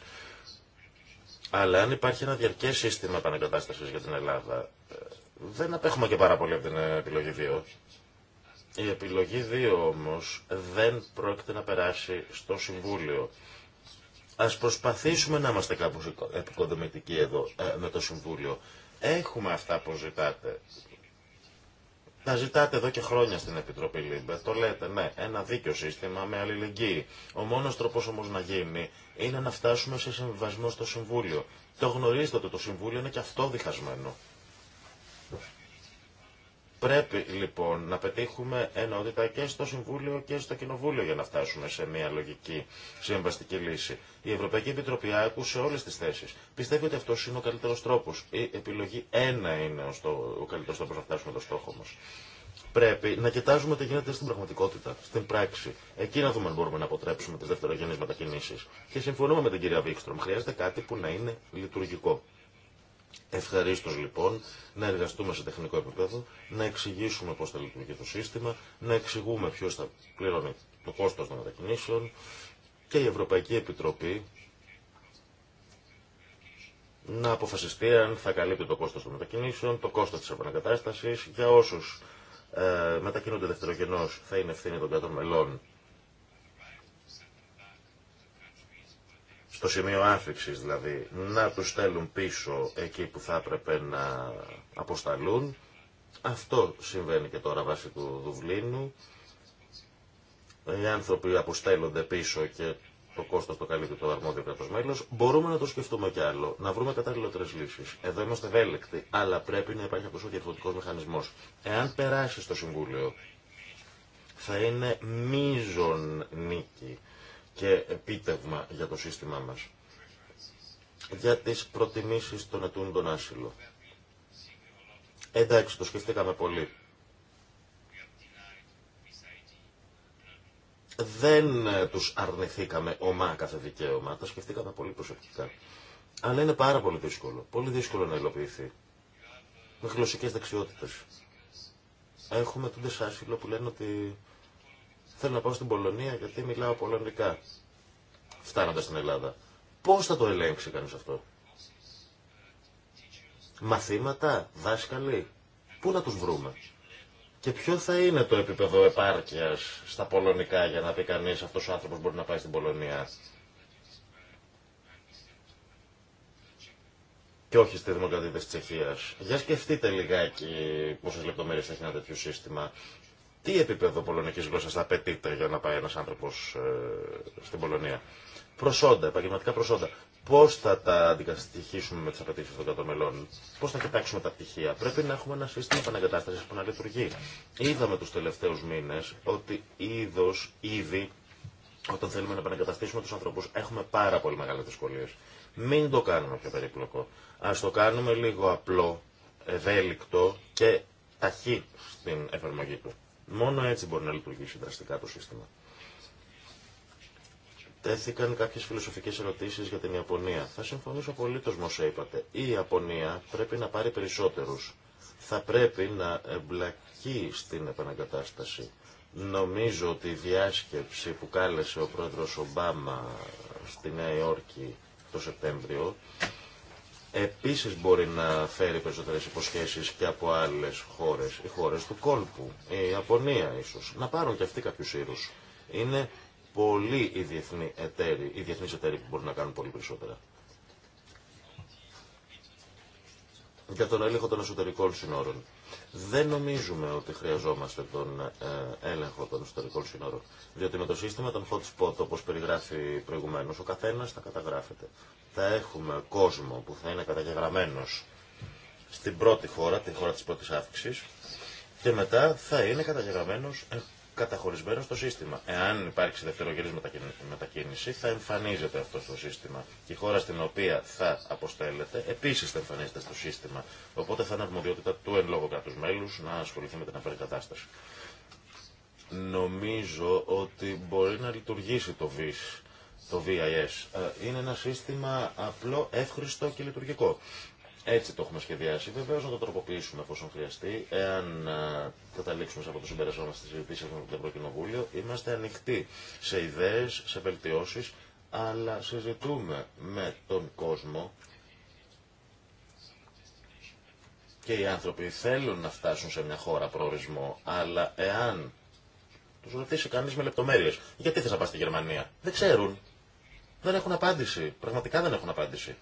Αλλά αν υπάρχει ένα διαρκές σύστημα επανεγκατάστασης για την Ελλάδα, δεν απέχουμε και πάρα πολύ από την επιλογή 2. Η επιλογή 2 όμως δεν πρόκειται να περάσει στο Συμβούλιο. Ας προσπαθήσουμε να είμαστε κάπως επικοδομητικοί εδώ ε, με το Συμβούλιο. Έχουμε αυτά που ζητάτε. Τα ζητάτε εδώ και χρόνια στην Επιτροπή ΛΥΜΠΕ. Το λέτε, ναι, ένα δίκαιο σύστημα με αλληλεγγύη. Ο μόνος τρόπος όμως να γίνει είναι να φτάσουμε σε συμβιβασμό στο Συμβούλιο. Το γνωρίζετε ότι το Συμβούλιο είναι και αυτό διχασμένο. Πρέπει λοιπόν να πετύχουμε ενότητα και στο Συμβούλιο και στο Κοινοβούλιο για να φτάσουμε σε μια λογική συμβαστική λύση. Η Ευρωπαϊκή Επιτροπή άκουσε όλε τι θέσει. Πιστεύει ότι αυτό είναι ο καλύτερο τρόπο. Η επιλογή ένα είναι ο καλύτερο τρόπο να φτάσουμε το στόχο μα. Πρέπει να κοιτάζουμε τι γίνεται στην πραγματικότητα, στην πράξη. Εκεί να δούμε αν μπορούμε να αποτρέψουμε τι δευτερογενεί μετακινήσει. Και συμφωνούμε με την κυρία Βίξτρομ. Χρειάζεται κάτι που να είναι λειτουργικό. Ευχαρίστω λοιπόν να εργαστούμε σε τεχνικό επίπεδο, να εξηγήσουμε πώ θα λειτουργεί το σύστημα, να εξηγούμε ποιο θα πληρώνει το κόστο των μετακινήσεων και η Ευρωπαϊκή Επιτροπή να αποφασιστεί αν θα καλύπτει το κόστος των μετακινήσεων, το κόστος της επανακατάσταση, Για όσου ε, μετακινούνται δευτερογενώ θα είναι ευθύνη των κρατών μελών στο σημείο άφηξης δηλαδή, να τους στέλνουν πίσω εκεί που θα έπρεπε να αποσταλούν. Αυτό συμβαίνει και τώρα βάσει του Δουβλίνου. Οι άνθρωποι αποστέλλονται πίσω και το κόστο το καλύπτει το αρμόδιο κράτο μέλο. Μπορούμε να το σκεφτούμε κι άλλο, να βρούμε κατάλληλε λύσει. Εδώ είμαστε ευέλικτοι, αλλά πρέπει να υπάρχει αυτό ο διαφορετικό μηχανισμό. Εάν περάσει στο Συμβούλιο, θα είναι μείζον νίκη και επίτευγμα για το σύστημά μας. Για τις προτιμήσεις των ετούντων άσυλο. Εντάξει, το σκεφτήκαμε πολύ. Δεν ε, τους αρνηθήκαμε ομά κάθε δικαίωμα, τα σκεφτήκαμε πολύ προσεκτικά. Αλλά είναι πάρα πολύ δύσκολο. Πολύ δύσκολο να υλοποιηθεί. Με γλωσσικές δεξιότητες. Έχουμε τούντες άσυλο που λένε ότι Θέλω να πάω στην Πολωνία γιατί μιλάω πολωνικά. Φτάνοντα στην Ελλάδα. Πώ θα το ελέγξει κανεί αυτό. Μαθήματα, δάσκαλοι. Πού να του βρούμε. Και ποιο θα είναι το επίπεδο επάρκεια στα πολωνικά για να πει κανεί αυτό ο άνθρωπο μπορεί να πάει στην Πολωνία. και όχι στη Δημοκρατία τη Τσεχία. Για σκεφτείτε λιγάκι πόσε λεπτομέρειε έχει ένα τέτοιο σύστημα τι επίπεδο πολωνική γλώσσα θα απαιτείται για να πάει ένα άνθρωπο ε, στην Πολωνία. Προσόντα, επαγγελματικά προσόντα. Πώ θα τα αντικαταστοιχίσουμε με τι απαιτήσει των κατομελών, πώ θα κοιτάξουμε τα πτυχία. Πρέπει να έχουμε ένα σύστημα επαναγκατάσταση που να λειτουργεί. Είδαμε του τελευταίου μήνε ότι είδο, ήδη, όταν θέλουμε να επαναγκαταστήσουμε του ανθρώπου, έχουμε πάρα πολύ μεγάλε δυσκολίε. Μην το κάνουμε πιο περίπλοκο. Α το κάνουμε λίγο απλό, ευέλικτο και ταχύ στην εφαρμογή του. Μόνο έτσι μπορεί να λειτουργήσει δραστικά το σύστημα. Τέθηκαν κάποιε φιλοσοφικέ ερωτήσει για την Ιαπωνία. Θα συμφωνήσω απολύτω με όσα είπατε. Η Ιαπωνία πρέπει να πάρει περισσότερου. Θα πρέπει να εμπλακεί στην επαναγκατάσταση. Νομίζω ότι η διάσκεψη που κάλεσε ο πρόεδρος Ομπάμα στη Νέα Υόρκη το Σεπτέμβριο επίσης μπορεί να φέρει περισσότερες υποσχέσεις και από άλλες χώρες, οι χώρες του κόλπου, η Ιαπωνία ίσως, να πάρουν και αυτοί κάποιους ήρους. Είναι πολλοί οι, διεθνεί εταίροι, οι διεθνείς εταίροι που μπορούν να κάνουν πολύ περισσότερα. Για τον έλεγχο των εσωτερικών συνόρων. Δεν νομίζουμε ότι χρειαζόμαστε τον ε, έλεγχο των ιστορικών σύνορων. Διότι με το σύστημα των hot spot, όπω περιγράφει προηγουμένω, ο καθένα θα καταγράφεται. Θα έχουμε κόσμο που θα είναι καταγεγραμμένο στην πρώτη χώρα, τη χώρα τη πρώτη αύξηση, και μετά θα είναι καταγεγραμμένο καταχωρισμένο στο σύστημα. Εάν υπάρξει δευτερογενή μετακίνηση, θα εμφανίζεται αυτό στο σύστημα. Και η χώρα στην οποία θα αποστέλλεται επίση θα εμφανίζεται στο σύστημα. Οπότε θα είναι αρμοδιότητα του εν λόγω κράτου μέλου να ασχοληθεί με την απερικατάσταση. Νομίζω ότι μπορεί να λειτουργήσει το VIS, το VIS. Ε, είναι ένα σύστημα απλό, εύχριστο και λειτουργικό. Έτσι το έχουμε σχεδιάσει. Βεβαίω να το τροποποιήσουμε εφόσον χρειαστεί. Εάν ε, καταλήξουμε σε αυτό το συμπέρασμα μα στι συζητήσει με το Ευρωκοινοβούλιο, είμαστε ανοιχτοί σε ιδέε, σε βελτιώσει, αλλά συζητούμε με τον κόσμο και οι άνθρωποι θέλουν να φτάσουν σε μια χώρα προορισμό, αλλά εάν του ρωτήσει κανεί με λεπτομέρειε, γιατί θε να πα στη Γερμανία, δεν ξέρουν. Δεν έχουν απάντηση. Πραγματικά δεν έχουν απάντηση.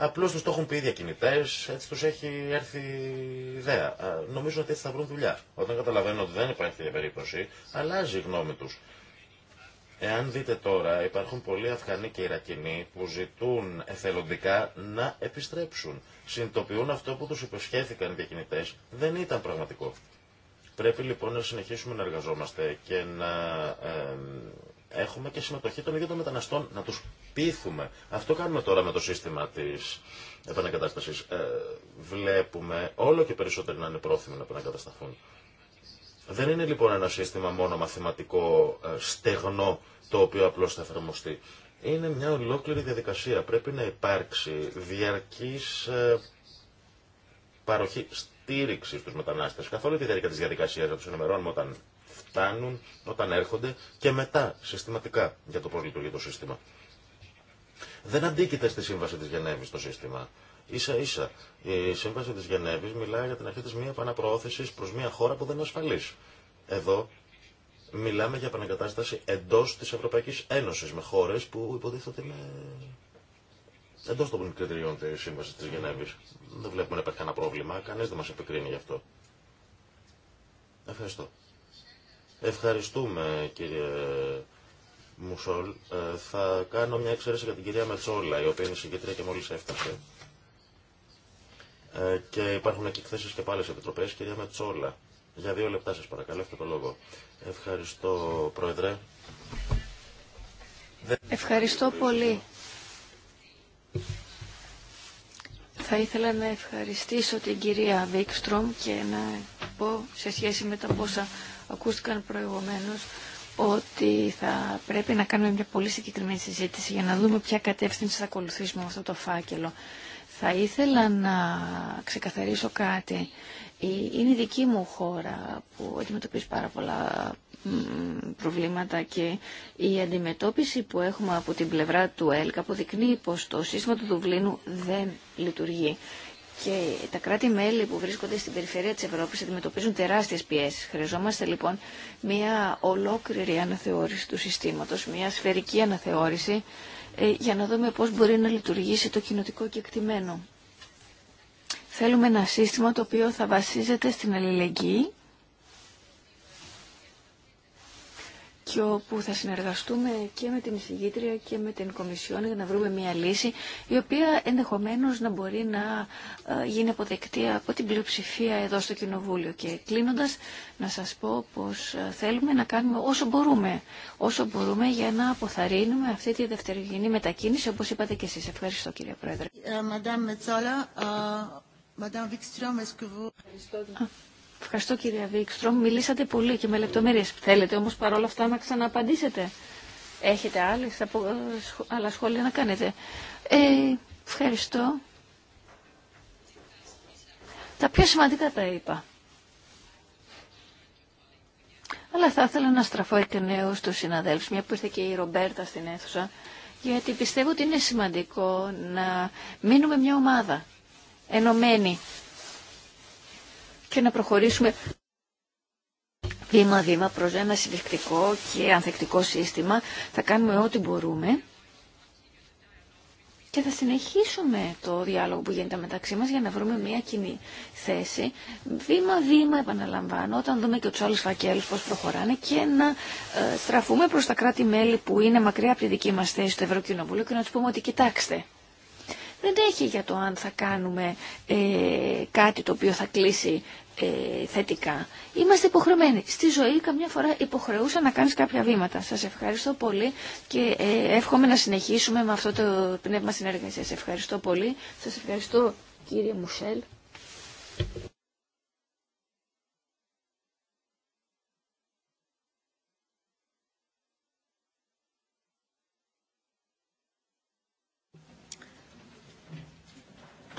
Απλώ του το έχουν πει οι διακινητέ, έτσι του έχει έρθει ιδέα. Ε, νομίζω ότι έτσι θα βρουν δουλειά. Όταν καταλαβαίνουν ότι δεν υπάρχει τέτοια περίπτωση, αλλάζει η γνώμη του. Εάν δείτε τώρα, υπάρχουν πολλοί Αφγανοί και Ιρακινοί που ζητούν εθελοντικά να επιστρέψουν. Συνειδητοποιούν αυτό που του υποσχέθηκαν οι διακινητέ δεν ήταν πραγματικό. Πρέπει λοιπόν να συνεχίσουμε να εργαζόμαστε και να ε, έχουμε και συμμετοχή των ίδιων των μεταναστών, να τους πείθουμε. Αυτό κάνουμε τώρα με το σύστημα της επανακατάστασης. Ε, βλέπουμε όλο και περισσότεροι να είναι πρόθυμοι να επανακατασταθούν. Δεν είναι λοιπόν ένα σύστημα μόνο μαθηματικό ε, στεγνό το οποίο απλώς θα εφαρμοστεί. Είναι μια ολόκληρη διαδικασία. Πρέπει να υπάρξει διαρκής ε, παροχή στήριξη στους μετανάστες Καθόλου τη διάρκεια της διαδικασίας να τους ενημερώνουμε όταν φτάνουν, όταν έρχονται και μετά συστηματικά για το πώ λειτουργεί το σύστημα. Δεν αντίκειται στη σύμβαση τη Γενέβη το σύστημα. Ίσα ίσα. Η σύμβαση τη Γενέβη μιλάει για την αρχή τη μία επαναπροώθηση προ μία χώρα που δεν είναι ασφαλή. Εδώ μιλάμε για επανακατάσταση εντό τη Ευρωπαϊκή Ένωση με χώρε που υποτίθεται είναι εντό των κριτηριών τη σύμβαση τη Γενέβη. Δεν βλέπουμε να υπάρχει κανένα πρόβλημα. Κανεί δεν μα επικρίνει γι' αυτό. Ευχαριστώ. Ευχαριστούμε κύριε Μουσόλ. Ε, θα κάνω μια εξαίρεση για την κυρία Μετσόλα, η οποία είναι συγκέντρια και μόλις έφτασε. Ε, και υπάρχουν και εκθέσεις και πάλι σε επιτροπές. Κυρία Μετσόλα, για δύο λεπτά σας παρακαλώ, έχετε το λόγο. Ευχαριστώ Πρόεδρε. Ευχαριστώ πολύ. Θα ήθελα να ευχαριστήσω την κυρία Βίκστρομ και να πω σε σχέση με τα πόσα ακούστηκαν προηγουμένως ότι θα πρέπει να κάνουμε μια πολύ συγκεκριμένη συζήτηση για να δούμε ποια κατεύθυνση θα ακολουθήσουμε με αυτό το φάκελο. Θα ήθελα να ξεκαθαρίσω κάτι. Είναι η δική μου χώρα που αντιμετωπίζει πάρα πολλά προβλήματα και η αντιμετώπιση που έχουμε από την πλευρά του ΕΛΚ αποδεικνύει πως το σύστημα του Δουβλίνου δεν λειτουργεί. Και τα κράτη-μέλη που βρίσκονται στην περιφέρεια της Ευρώπης αντιμετωπίζουν τεράστιες πιέσεις. Χρειαζόμαστε λοιπόν μια ολόκληρη αναθεώρηση του συστήματος, μια σφαιρική αναθεώρηση ε, για να δούμε πώς μπορεί να λειτουργήσει το κοινοτικό κεκτημένο. Θέλουμε ένα σύστημα το οποίο θα βασίζεται στην αλληλεγγύη και όπου θα συνεργαστούμε και με την εισηγήτρια και με την Κομισιόν για να βρούμε μια λύση η οποία ενδεχομένως να μπορεί να ε, γίνει αποδεκτή από την πλειοψηφία εδώ στο Κοινοβούλιο. Και κλείνοντας να σας πω πως ε, θέλουμε να κάνουμε όσο μπορούμε, όσο μπορούμε για να αποθαρρύνουμε αυτή τη δευτερογενή μετακίνηση όπως είπατε και εσείς. Ευχαριστώ κύριε Πρόεδρε. Ε, Madame Metzola, Madame est est-ce Ευχαριστώ κυρία Βίξτρομ. Μιλήσατε πολύ και με λεπτομέρειες. Θέλετε όμως παρόλα αυτά να ξανααπαντήσετε. Έχετε άλλες, άλλα σχόλια να κάνετε. Ε, ευχαριστώ. Τα πιο σημαντικά τα είπα. Αλλά θα ήθελα να στραφώ εκ νέου στους συναδέλφους, μια που ήρθε και η Ρομπέρτα στην αίθουσα, γιατί πιστεύω ότι είναι σημαντικό να μείνουμε μια ομάδα ενωμένη και να προχωρήσουμε βήμα-βήμα προς ένα συμπληκτικό και ανθεκτικό σύστημα. Θα κάνουμε ό,τι μπορούμε και θα συνεχίσουμε το διάλογο που γίνεται μεταξύ μας για να βρούμε μια κοινή θέση. Βήμα-βήμα, επαναλαμβάνω, όταν δούμε και τους άλλους φακέλους πώς προχωράνε και να ε, στραφούμε προς τα κράτη-μέλη που είναι μακριά από τη δική μας θέση στο Ευρωκοινοβούλιο και να τους πούμε ότι κοιτάξτε δεν έχει για το αν θα κάνουμε ε, κάτι το οποίο θα κλείσει ε, θετικά. Είμαστε υποχρεωμένοι. Στη ζωή καμιά φορά υποχρεούσα να κάνεις κάποια βήματα. Σας ευχαριστώ πολύ και ε, εύχομαι να συνεχίσουμε με αυτό το πνεύμα συνεργασίας. Ευχαριστώ πολύ. Σας ευχαριστώ κύριε Μουσέλ.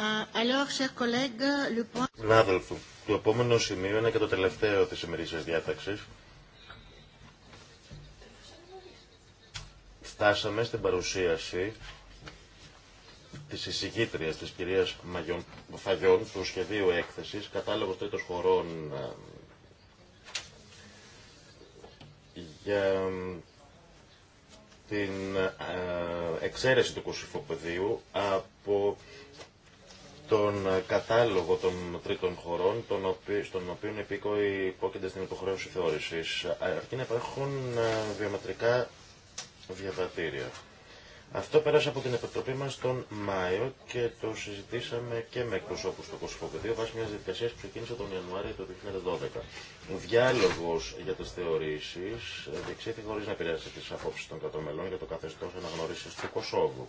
Euh, alors, το επόμενο σημείο είναι και το τελευταίο της ημερήσιας διάταξης. Φτάσαμε στην παρουσίαση της εισηγήτριας της κυρίας Μαγιον, Φαγιών του σχεδίου έκθεσης κατάλογος τέτος χωρών ε, για ε, την ε, εξαίρεση του κοσυφοπεδίου από τον κατάλογο των τρίτων χωρών, των οποίων, στον οποίο οι υπόκεινται στην υποχρέωση θεώρηση, αρκεί να υπάρχουν ε, βιομετρικά διαβατήρια. Αυτό πέρασε από την Επιτροπή μα τον Μάιο και το συζητήσαμε και με εκπροσώπου του Κωσυφοπεδίου βάσει μια διαδικασία που ξεκίνησε τον Ιανουάριο του 2012. Ο διάλογο για τι θεωρήσει ε, διεξήθη χωρί να επηρεάσει τι απόψει των κρατομελών για το καθεστώ αναγνώριση του Κωσόβου.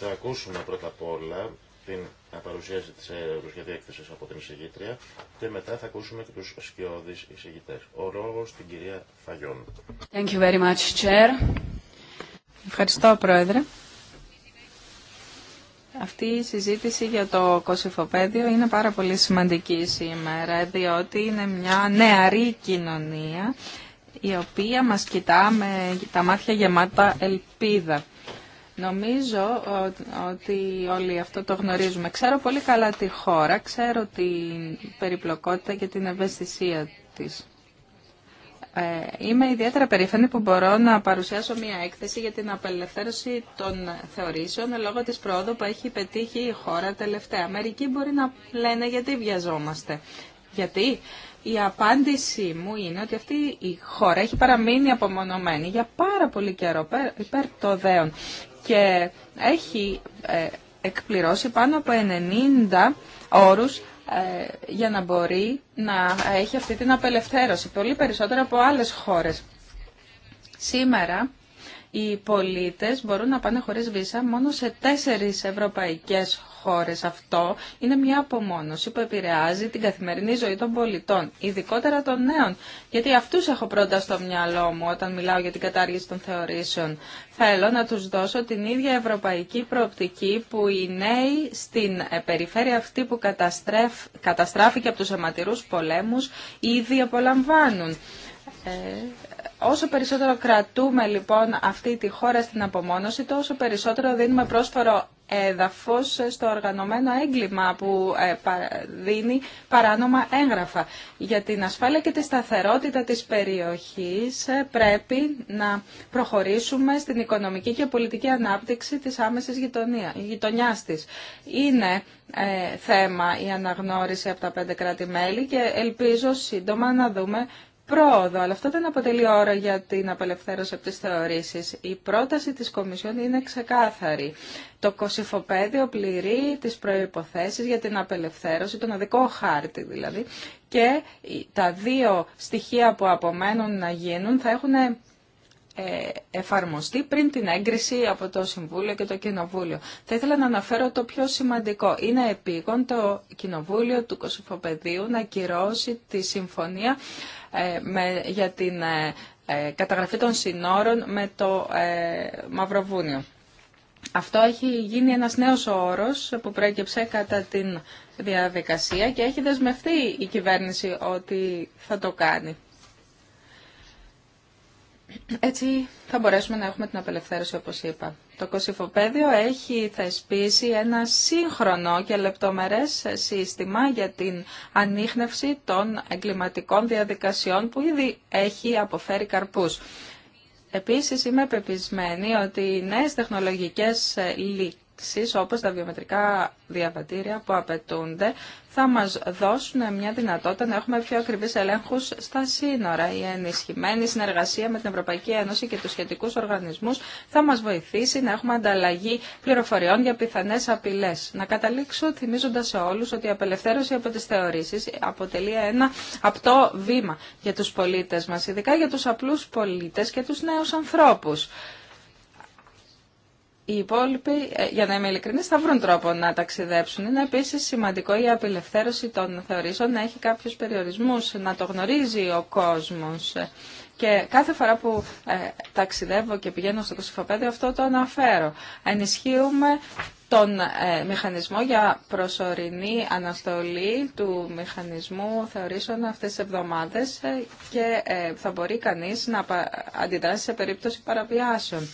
Θα ακούσουμε πρώτα απ' όλα την παρουσίαση της για ε, έκθεση από την εισηγήτρια και μετά θα ακούσουμε και τους σκιώδεις εισηγητές. Ο λόγος στην κυρία Φαγιών. Thank you very much, Chair. Ευχαριστώ, Πρόεδρε. Αυτή η συζήτηση για το κοσυφοπέδιο είναι πάρα πολύ σημαντική σήμερα, διότι είναι μια νεαρή κοινωνία η οποία μας κοιτά με τα μάτια γεμάτα ελπίδα. Νομίζω ότι όλοι αυτό το γνωρίζουμε. Ξέρω πολύ καλά τη χώρα, ξέρω την περιπλοκότητα και την ευαισθησία της. Ε, είμαι ιδιαίτερα περήφανη που μπορώ να παρουσιάσω μια έκθεση για την απελευθέρωση των θεωρήσεων λόγω της πρόοδου που έχει πετύχει η χώρα τελευταία. Μερικοί μπορεί να λένε γιατί βιαζόμαστε. Γιατί η απάντησή μου είναι ότι αυτή η χώρα έχει παραμείνει απομονωμένη για πάρα πολύ καιρό υπέρ το δέον και έχει ε, εκπληρώσει πάνω από 90 όρους ε, για να μπορεί να έχει αυτή την απελευθέρωση, πολύ περισσότερο από άλλες χώρες. Σήμερα οι πολίτες μπορούν να πάνε χωρίς βίσα μόνο σε τέσσερις ευρωπαϊκές αυτό είναι μια απομόνωση που επηρεάζει την καθημερινή ζωή των πολιτών, ειδικότερα των νέων, γιατί αυτού έχω πρώτα στο μυαλό μου όταν μιλάω για την κατάργηση των θεωρήσεων. Θέλω να του δώσω την ίδια ευρωπαϊκή προοπτική που οι νέοι στην ε, περιφέρεια αυτή που καταστράφηκε από του αιματηρούς πολέμους ήδη απολαμβάνουν. Ε, όσο περισσότερο κρατούμε λοιπόν αυτή τη χώρα στην απομόνωση, τόσο περισσότερο δίνουμε πρόσφορο έδαφος στο οργανωμένο έγκλημα που ε, δίνει παράνομα έγγραφα. Για την ασφάλεια και τη σταθερότητα της περιοχής ε, πρέπει να προχωρήσουμε στην οικονομική και πολιτική ανάπτυξη της άμεσης γειτονιάς της. Είναι ε, θέμα η αναγνώριση από τα πέντε κράτη-μέλη και ελπίζω σύντομα να δούμε πρόοδο, αλλά αυτό δεν αποτελεί ώρα για την απελευθέρωση από τις θεωρήσεις. Η πρόταση της Κομισιόν είναι ξεκάθαρη. Το κοσυφοπαίδιο πληρεί τις προϋποθέσεις για την απελευθέρωση, τον αδικό χάρτη δηλαδή, και τα δύο στοιχεία που απομένουν να γίνουν θα έχουν ε, εφαρμοστεί πριν την έγκριση από το Συμβούλιο και το Κοινοβούλιο. Θα ήθελα να αναφέρω το πιο σημαντικό. Είναι επίγον το Κοινοβούλιο του Κωσυφοπεδίου να κυρώσει τη συμφωνία ε, με, για την ε, ε, καταγραφή των συνόρων με το Μαυροβούνιο. Αυτό έχει γίνει ένας νέος όρος που προέκυψε κατά την διαδικασία και έχει δεσμευτεί η κυβέρνηση ότι θα το κάνει. Έτσι θα μπορέσουμε να έχουμε την απελευθέρωση όπως είπα. Το Κωσυφοπαίδιο έχει θεσπίσει ένα σύγχρονο και λεπτομερές σύστημα για την ανείχνευση των εγκληματικών διαδικασιών που ήδη έχει αποφέρει καρπούς. Επίσης είμαι πεπισμένη ότι οι νέες τεχνολογικές πράξεις όπως τα βιομετρικά διαβατήρια που απαιτούνται θα μας δώσουν μια δυνατότητα να έχουμε πιο ακριβείς ελέγχους στα σύνορα. Η ενισχυμένη συνεργασία με την Ευρωπαϊκή Ένωση και τους σχετικούς οργανισμούς θα μας βοηθήσει να έχουμε ανταλλαγή πληροφοριών για πιθανές απειλές. Να καταλήξω θυμίζοντας σε όλους ότι η απελευθέρωση από τις θεωρήσεις αποτελεί ένα απτό βήμα για τους πολίτες μας, ειδικά για τους απλούς πολίτες και τους νέους ανθρώπους οι υπόλοιποι, ε, για να είμαι ειλικρινή, θα βρουν τρόπο να ταξιδέψουν. Είναι επίση σημαντικό η απελευθέρωση των θεωρήσεων να έχει κάποιου περιορισμού, να το γνωρίζει ο κόσμο. Και κάθε φορά που ε, ταξιδεύω και πηγαίνω στο 25, αυτό το αναφέρω. Ενισχύουμε τον ε, μηχανισμό για προσωρινή αναστολή του μηχανισμού θεωρήσεων αυτές τις εβδομάδες και θα μπορεί κανείς να αντιδράσει σε περίπτωση παραβιάσεων.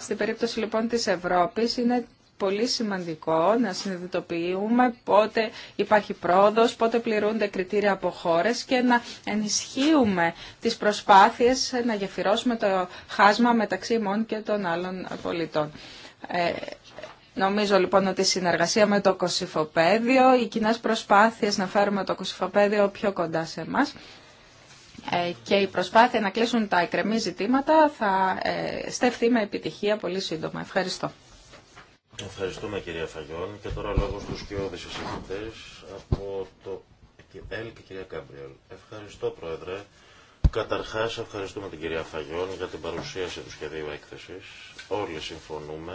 Στην περίπτωση λοιπόν της Ευρώπης είναι πολύ σημαντικό να συνειδητοποιούμε πότε υπάρχει πρόοδος, πότε πληρούνται κριτήρια από χώρε και να ενισχύουμε τις προσπάθειες να γεφυρώσουμε το χάσμα μεταξύ μόν και των άλλων πολιτών. Ε, νομίζω λοιπόν ότι η συνεργασία με το κοσυφοπαίδιο, οι κοινέ προσπάθειες να φέρουμε το κοσυφοπαίδιο πιο κοντά σε εμάς ε, και η προσπάθεια να κλείσουν τα εκκρεμή ζητήματα θα ε, στεφθεί με επιτυχία πολύ σύντομα. Ευχαριστώ. Ευχαριστούμε κυρία Φαγιών και τώρα λόγω στου κοιόδης εισηγητές από το ΕΛ και κυρία Κάμπριελ. Ευχαριστώ Πρόεδρε. Καταρχάς ευχαριστούμε την κυρία Φαγιών για την παρουσίαση του σχεδίου έκθεση. Όλοι συμφωνούμε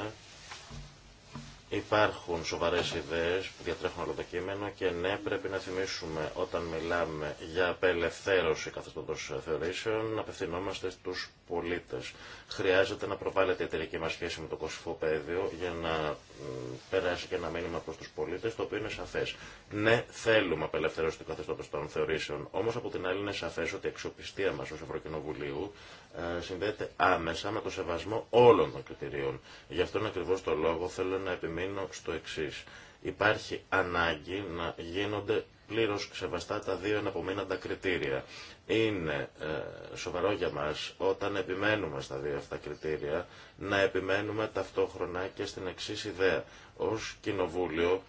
Υπάρχουν σοβαρέ ιδέε που διατρέχουν όλο το κείμενο και ναι, πρέπει να θυμίσουμε όταν μιλάμε για απελευθέρωση καθεστώτο θεωρήσεων να απευθυνόμαστε στου πολίτε. Χρειάζεται να προβάλλεται η εταιρική μα σχέση με το κοσφό πεδίο για να περάσει και ένα μήνυμα προ του πολίτε το οποίο είναι σαφέ. Ναι, θέλουμε απελευθέρωση του καθεστώτο των θεωρήσεων, όμω από την άλλη είναι σαφέ ότι η αξιοπιστία μα ω Ευρωκοινοβουλίου ε, συνδέεται άμεσα με το σεβασμό όλων των κριτηρίων. Γι' αυτόν ακριβώ το λόγο θέλω να επιμείνω στο εξής Υπάρχει ανάγκη να γίνονται πλήρως σεβαστά τα δύο εναπομείναντα κριτήρια. Είναι ε, σοβαρό για μας όταν επιμένουμε στα δύο αυτά κριτήρια να επιμένουμε ταυτόχρονα και στην εξής ιδέα. Ως κοινοβούλιο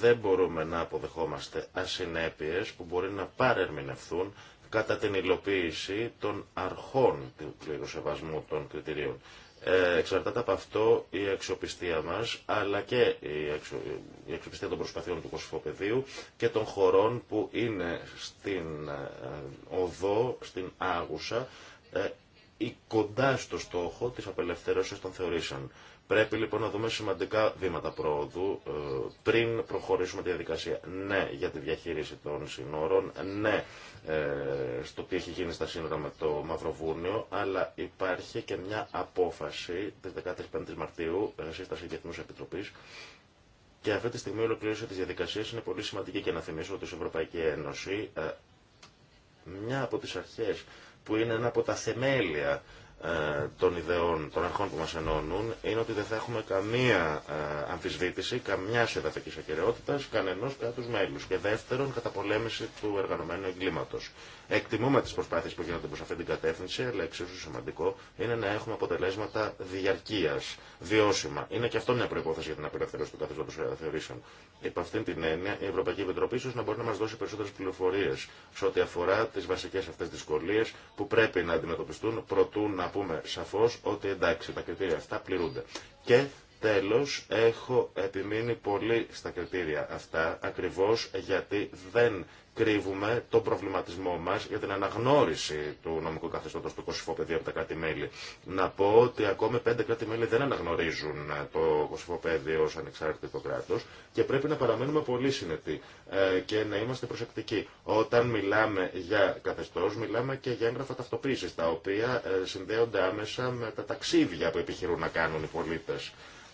δεν μπορούμε να αποδεχόμαστε ασυνέπειες που μπορεί να παρερμηνευθούν κατά την υλοποίηση των αρχών του πλήρου σεβασμού των κριτηρίων. Ε, εξαρτάται από αυτό η αξιοπιστία μας, αλλά και η, αξιοπιστία των προσπαθειών του κοσφοπεδίου και των χωρών που είναι στην ε, οδό, στην άγουσα ε, ή κοντά στο στόχο της απελευθέρωσης των θεωρήσεων. Πρέπει λοιπόν να δούμε σημαντικά βήματα πρόοδου ε, πριν προχωρήσουμε τη διαδικασία. Ναι, για τη διαχείριση των σύνορων, ναι, ε, στο τι έχει γίνει στα σύνορα με το Μαυροβούνιο, αλλά υπάρχει και μια απόφαση τη 15 η Μαρτίου, ε, σύσταση διεθνου επιτροπη και αυτή τη στιγμή η ολοκλήρωση της είναι πολύ σημαντική και να θυμίσω ότι η Ευρωπαϊκή Ένωση μια από τι αρχέ που είναι ένα από τα θεμέλια ε, των ιδεών, των αρχών που μας ενώνουν, είναι ότι δεν θα έχουμε καμία ε, αμφισβήτηση, καμιά εδαφική ακεραιότητας, κανενός τους μέλους. Και δεύτερον, καταπολέμηση του εργανομένου εγκλήματος. Εκτιμούμε τι προσπάθειε που γίνονται προ αυτή την κατεύθυνση, αλλά εξίσου σημαντικό είναι να έχουμε αποτελέσματα διαρκεία, βιώσιμα. Είναι και αυτό μια προπόθεση για την απελευθέρωση του καθεστώτο θεωρήσεων. Υπ' αυτήν την έννοια, η Ευρωπαϊκή Επιτροπή ίσω να μπορεί να μα δώσει περισσότερε πληροφορίε σε ό,τι αφορά τι βασικέ αυτέ δυσκολίε που πρέπει να αντιμετωπιστούν προτού να πούμε σαφώ ότι εντάξει, τα κριτήρια αυτά πληρούνται. Και Τέλος, έχω επιμείνει πολύ στα κριτήρια αυτά, ακριβώς γιατί δεν κρύβουμε τον προβληματισμό μα για την αναγνώριση του νομικού καθεστώτο του κοσυφοπεδίου από τα κράτη-μέλη. Να πω ότι ακόμη πέντε κράτη-μέλη δεν αναγνωρίζουν ε, το κοσυφοπέδιο ω ανεξάρτητο κράτο και πρέπει να παραμένουμε πολύ συνετοί ε, και να είμαστε προσεκτικοί. Όταν μιλάμε για καθεστώ, μιλάμε και για έγγραφα ταυτοποίηση, τα οποία ε, συνδέονται άμεσα με τα ταξίδια που επιχειρούν να κάνουν οι πολίτε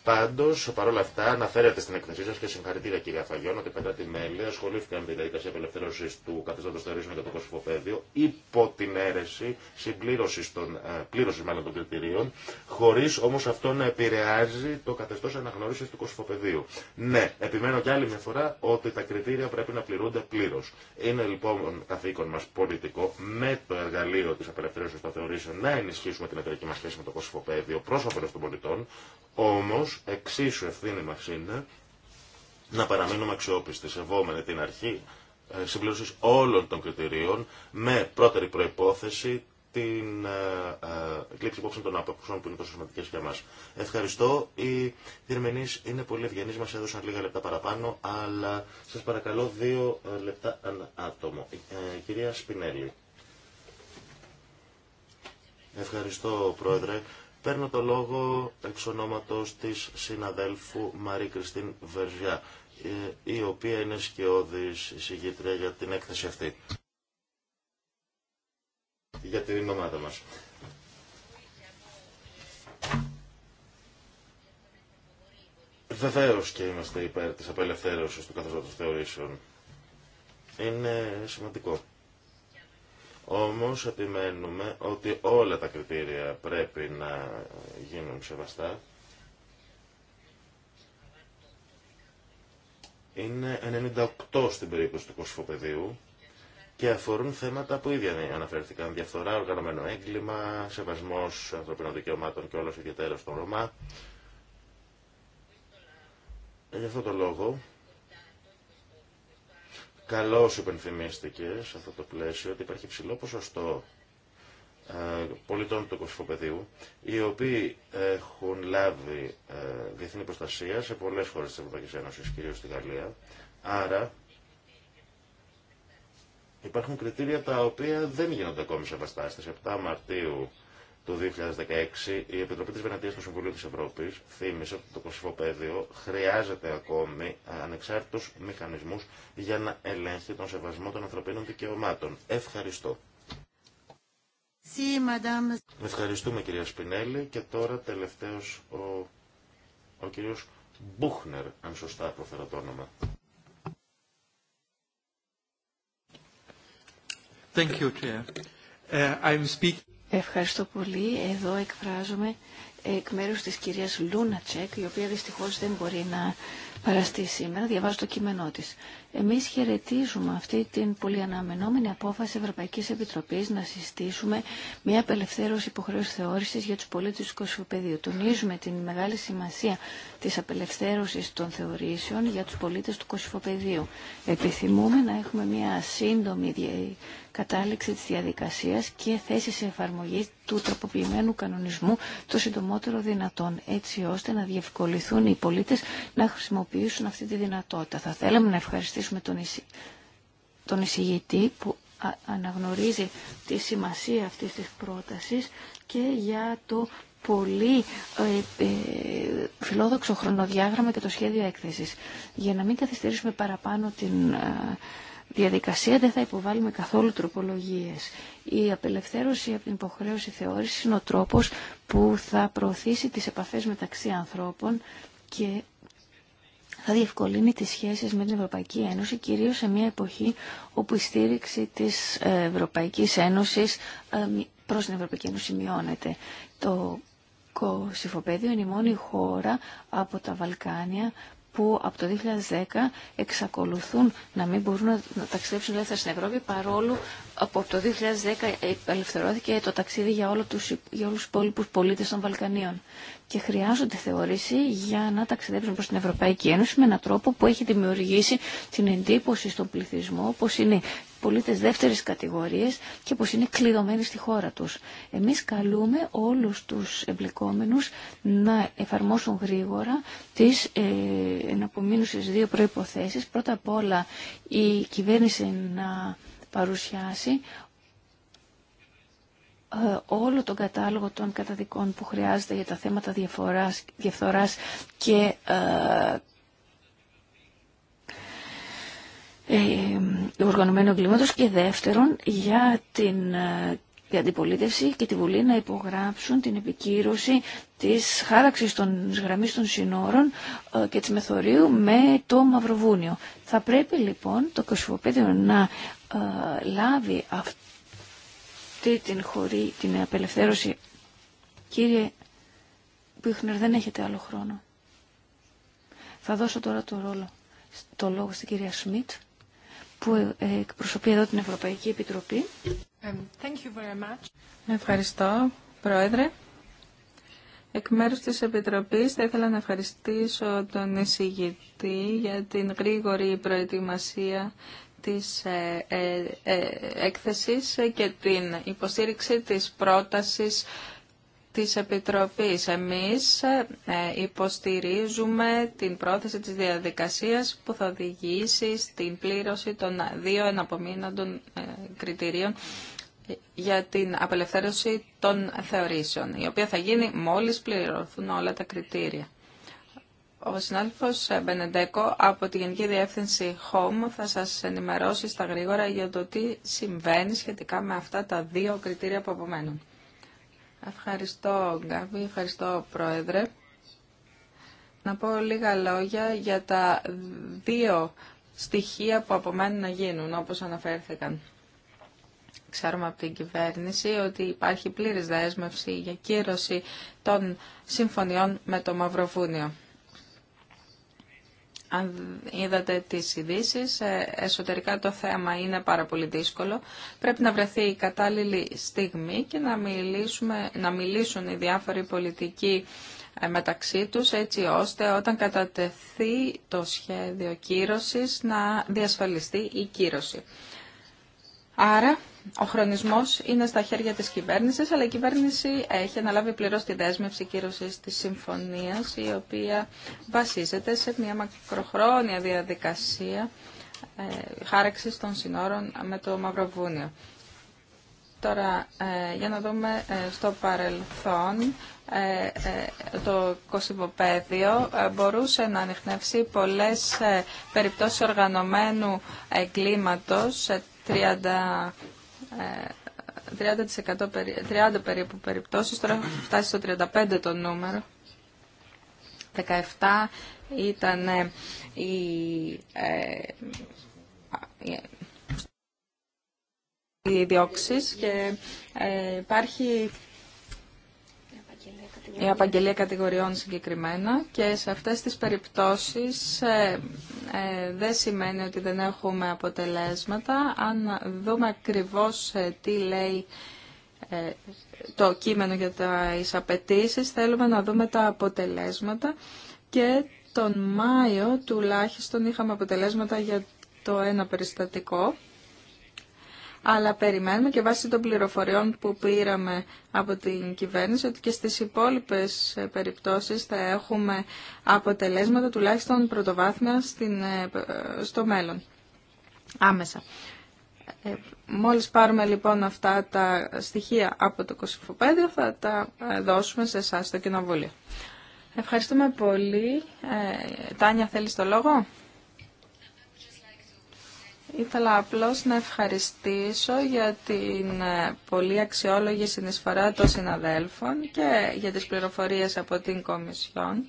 Πάντω, παρόλα αυτά, αναφέρεται στην εκθεσή σα και συγχαρητήρια κυρία Φαγιών ότι πέντε τη μέλη ασχολήθηκαν με τη διαδικασία απελευθέρωση του καθεστώτο θεωρήσεων για το κοσμοπέδιο υπό την αίρεση συμπλήρωση των, ε, πλήρωση μάλλον των κριτηρίων, χωρί όμω αυτό να επηρεάζει το καθεστώ αναγνώριση του κοσμοπαιδίου. Ναι, επιμένω κι άλλη μια φορά ότι τα κριτήρια πρέπει να πληρούνται πλήρω. Είναι λοιπόν καθήκον μα πολιτικό με το εργαλείο τη απελευθέρωση των θεωρήσεων να ενισχύσουμε την εταιρική μα σχέση με το κοσμοπέδιο προ όφελο των πολιτών, όμως, εξίσου ευθύνη μας είναι να παραμείνουμε αξιόπιστοι, σεβόμενοι την αρχή ε, συμπλήρωσης όλων των κριτηρίων με πρώτερη προϋπόθεση την κλήψη ε, ε, υπόψη των αποκρουσών που είναι τόσο σημαντικές για μας. Ευχαριστώ. Οι διερμηνείς είναι πολύ ευγενείς, μας έδωσαν λίγα λεπτά παραπάνω, αλλά σας παρακαλώ δύο λεπτά ανά άτομο. κυρία Σπινέλη. Ευχαριστώ, Πρόεδρε. Παίρνω το λόγο εξ ονόματος της συναδέλφου Μαρή Κριστίν Βερζιά, ε, η οποία είναι σκιώδης εισηγήτρια για την έκθεση αυτή. Για την ομάδα μας. Βεβαίω και είμαστε υπέρ της απελευθέρωσης του καθεστώτος θεωρήσεων. Είναι σημαντικό. Όμως επιμένουμε ότι όλα τα κριτήρια πρέπει να γίνουν σεβαστά. Είναι 98 στην περίπτωση του κοσφοπεδίου και αφορούν θέματα που ήδη αναφέρθηκαν. Διαφθορά, οργανωμένο έγκλημα, σεβασμός ανθρωπίνων δικαιωμάτων και όλος ιδιαίτερα στον Ρωμά. Ε, Για αυτόν το λόγο Καλώς υπενθυμίστηκε σε αυτό το πλαίσιο ότι υπάρχει ψηλό ποσοστό ε, πολιτών του κοσμοπεδίου, οι οποίοι έχουν λάβει ε, διεθνή προστασία σε πολλές χώρες της Ευρωπαϊκής Ένωσης, κυρίως στη Γαλλία. Άρα υπάρχουν κριτήρια τα οποία δεν γίνονται ακόμη σεβαστά. Στις 7 Μαρτίου το 2016, η Επιτροπή της Βενετίας του Συμβουλίου της Ευρώπης θύμισε ότι το πεδίο χρειάζεται ακόμη ανεξάρτητους μηχανισμούς για να ελέγχει τον σεβασμό των ανθρωπίνων δικαιωμάτων. Ευχαριστώ. Ευχαριστούμε κυρία Σπινέλη και τώρα τελευταίος ο, ο κύριος Μπούχνερ, αν σωστά προφέρω το όνομα. Thank you, uh, Ευχαριστώ πολύ. Εδώ εκφράζομαι εκ μέρους της κυρίας Λούνατσεκ, η οποία δυστυχώς δεν μπορεί να παραστεί σήμερα, διαβάζω το κείμενό της. Εμείς χαιρετίζουμε αυτή την πολύ αναμενόμενη απόφαση Ευρωπαϊκής Επιτροπής να συστήσουμε μια απελευθέρωση υποχρέωση θεώρησης για τους πολίτες του κοσμοπεδίου. Τονίζουμε την μεγάλη σημασία της απελευθέρωσης των θεωρήσεων για τους πολίτες του κοσμοπεδίου. Επιθυμούμε να έχουμε μια σύντομη κατάληξη της διαδικασίας και θέση σε εφαρμογή του τροποποιημένου κανονισμού το συντομότερο δυνατόν, έτσι ώστε να διευκολυθούν οι πολίτες να χρησιμοποιούν αυτή τη δυνατότητα. Θα θέλαμε να ευχαριστήσουμε τον, ειση... τον εισηγητή που αναγνωρίζει τη σημασία αυτής της πρότασης και για το πολύ ε, ε, φιλόδοξο χρονοδιάγραμμα και το σχέδιο έκθεσης. Για να μην καθυστερήσουμε παραπάνω την ε, διαδικασία δεν θα υποβάλουμε καθόλου τροπολογίες. Η απελευθέρωση από την υποχρέωση θεώρηση είναι ο τρόπος που θα προωθήσει τις επαφές μεταξύ ανθρώπων και θα διευκολύνει τις σχέσεις με την Ευρωπαϊκή Ένωση, κυρίως σε μια εποχή όπου η στήριξη της Ευρωπαϊκής Ένωσης προς την Ευρωπαϊκή Ένωση μειώνεται. Το Κωσυφοπέδιο είναι η μόνη χώρα από τα Βαλκάνια που από το 2010 εξακολουθούν να μην μπορούν να ταξιδέψουν ελεύθερα στην Ευρώπη παρόλο που από το 2010 ελευθερώθηκε το ταξίδι για, όλο τους, για όλους τους υπόλοιπους πολίτες των Βαλκανίων και χρειάζονται θεώρηση για να ταξιδέψουν προς την Ευρωπαϊκή Ένωση με έναν τρόπο που έχει δημιουργήσει την εντύπωση στον πληθυσμό πως είναι πολίτες δεύτερης κατηγορίας και πως είναι κλειδωμένοι στη χώρα τους. Εμείς καλούμε όλους τους εμπλεκόμενους να εφαρμόσουν γρήγορα τις ε, εναπομείνουσες δύο προϋποθέσεις. Πρώτα απ' όλα η κυβέρνηση να παρουσιάσει ε, όλο τον κατάλογο των καταδικών που χρειάζεται για τα θέματα διαφοράς, διαφθοράς και ε, Ε, οργανωμένου εγκλήματος και δεύτερον για την ε, η αντιπολίτευση και τη Βουλή να υπογράψουν την επικύρωση της χάραξης των γραμμής των συνόρων ε, και της μεθορίου με το Μαυροβούνιο. Θα πρέπει λοιπόν το Κωσυφοπέδιο να λάβει αυτή την χωρί, την απελευθέρωση. Κύριε Πίχνερ, δεν έχετε άλλο χρόνο. Θα δώσω τώρα το ρόλο, το λόγο στην κυρία Σμιτ που ε, εκπροσωπεί εδώ την Ευρωπαϊκή Επιτροπή. Um, thank you very much. Ευχαριστώ, Πρόεδρε. Εκ μέρους της Επιτροπής θα ήθελα να ευχαριστήσω τον εισηγητή για την γρήγορη προετοιμασία της ε, ε, έκθεσης και την υποστήριξη της πρότασης της Επιτροπής. Εμείς ε, ε, υποστηρίζουμε την πρόθεση της διαδικασίας που θα οδηγήσει στην πλήρωση των δύο εναπομείναντων ε, κριτηρίων για την απελευθέρωση των θεωρήσεων, η οποία θα γίνει μόλις πληρωθούν όλα τα κριτήρια. Ο συνάδελφος Μπενεντέκο από τη Γενική Διεύθυνση HOME θα σας ενημερώσει στα γρήγορα για το τι συμβαίνει σχετικά με αυτά τα δύο κριτήρια που απομένουν. Ευχαριστώ, Γκάβη. Ευχαριστώ, Πρόεδρε. Να πω λίγα λόγια για τα δύο στοιχεία που απομένουν να γίνουν, όπως αναφέρθηκαν. Ξέρουμε από την κυβέρνηση ότι υπάρχει πλήρης δέσμευση για κύρωση των συμφωνιών με το Μαυροβούνιο αν είδατε τις ειδήσει, ε, εσωτερικά το θέμα είναι πάρα πολύ δύσκολο. Πρέπει να βρεθεί η κατάλληλη στιγμή και να, μιλήσουμε, να μιλήσουν οι διάφοροι πολιτικοί ε, μεταξύ τους, έτσι ώστε όταν κατατεθεί το σχέδιο κύρωσης να διασφαλιστεί η κύρωση. Άρα ο χρονισμό είναι στα χέρια της κυβέρνησης, αλλά η κυβέρνηση έχει αναλάβει πληρώ τη δέσμευση κύρωση τη συμφωνία, η οποία βασίζεται σε μια μακροχρόνια διαδικασία ε, των συνόρων με το Μαυροβούνιο. Τώρα, ε, για να δούμε ε, στο παρελθόν, ε, το ε, μπορούσε να ανοιχνεύσει πολλές περιπτώσεις οργανωμένου εγκλήματος 30 30%, ε, 30 ε, ε, περίπου περιπτώσεις, τώρα έχουμε φτάσει στο 35 το νούμερο. 17 ήταν η, οι διώξεις και υπάρχει η απαγγελία κατηγοριών συγκεκριμένα και σε αυτές τις περιπτώσεις ε, ε, δεν σημαίνει ότι δεν έχουμε αποτελέσματα. Αν δούμε ακριβώς ε, τι λέει το κείμενο για τις απαιτήσει, θέλουμε να δούμε τα αποτελέσματα και τον Μάιο τουλάχιστον είχαμε αποτελέσματα για το ένα περιστατικό αλλά περιμένουμε και βάσει των πληροφοριών που πήραμε από την κυβέρνηση ότι και στις υπόλοιπες ε, περιπτώσεις θα έχουμε αποτελέσματα τουλάχιστον πρωτοβάθμια στην, ε, ε, στο μέλλον, άμεσα. Μόλις πάρουμε λοιπόν αυτά τα στοιχεία από το Κωσυφοπέδιο θα τα δώσουμε σε εσά στο Κοινοβούλιο. Ευχαριστούμε πολύ. Ε, Τάνια, θέλεις το λόγο? Ήθελα απλώς να ευχαριστήσω για την ε, πολύ αξιόλογη συνεισφορά των συναδέλφων και για τις πληροφορίες από την Κομισιόν.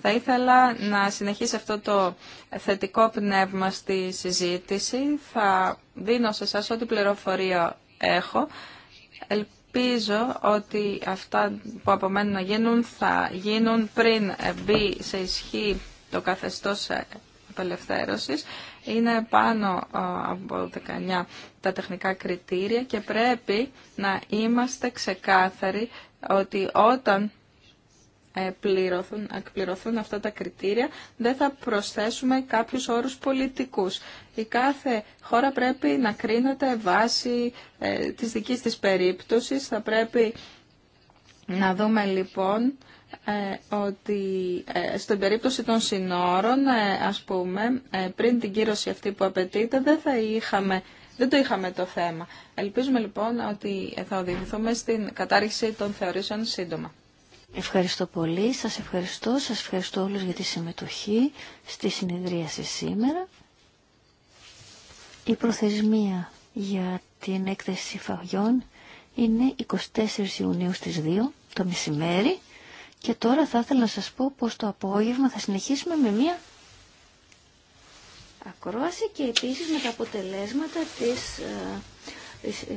Θα ήθελα να συνεχίσει αυτό το θετικό πνεύμα στη συζήτηση. Θα δίνω σε εσάς ό,τι πληροφορία έχω. Ελπίζω ότι αυτά που απομένουν να γίνουν θα γίνουν πριν μπει σε ισχύ το καθεστώς ε, απελευθέρωσης. Είναι πάνω από 19 τα τεχνικά κριτήρια και πρέπει να είμαστε ξεκάθαροι ότι όταν ε, πληρωθούν, εκπληρωθούν αυτά τα κριτήρια, δεν θα προσθέσουμε κάποιους όρους πολιτικούς. Η κάθε χώρα πρέπει να κρίνεται βάσει ε, της δικής της περίπτωσης. Θα πρέπει να δούμε λοιπόν ε, ότι ε, στην περίπτωση των συνόρων, ε, ας πούμε, πριν την κύρωση αυτή που απαιτείται, δεν, θα είχαμε, δεν το είχαμε το θέμα. Ελπίζουμε λοιπόν ότι θα οδηγηθούμε στην κατάργηση των θεωρήσεων σύντομα. Ευχαριστώ πολύ. Σας ευχαριστώ. Σας ευχαριστώ όλους για τη συμμετοχή στη συνεδρίαση σήμερα. Η προθεσμία για την έκθεση φαγιών είναι 24 Ιουνίου στις 2 το μεσημέρι. Και τώρα θα ήθελα να σας πω πως το απόγευμα θα συνεχίσουμε με μία ακρόαση και επίσης με τα αποτελέσματα της ε, ε,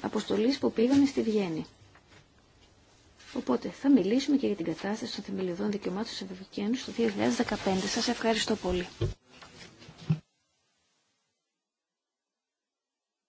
αποστολής που πήγαμε στη Βιέννη. Οπότε θα μιλήσουμε και για την κατάσταση των θεμελιωδών δικαιωμάτων της Ευρωπαϊκής Ένωσης το 2015. Σας ευχαριστώ πολύ.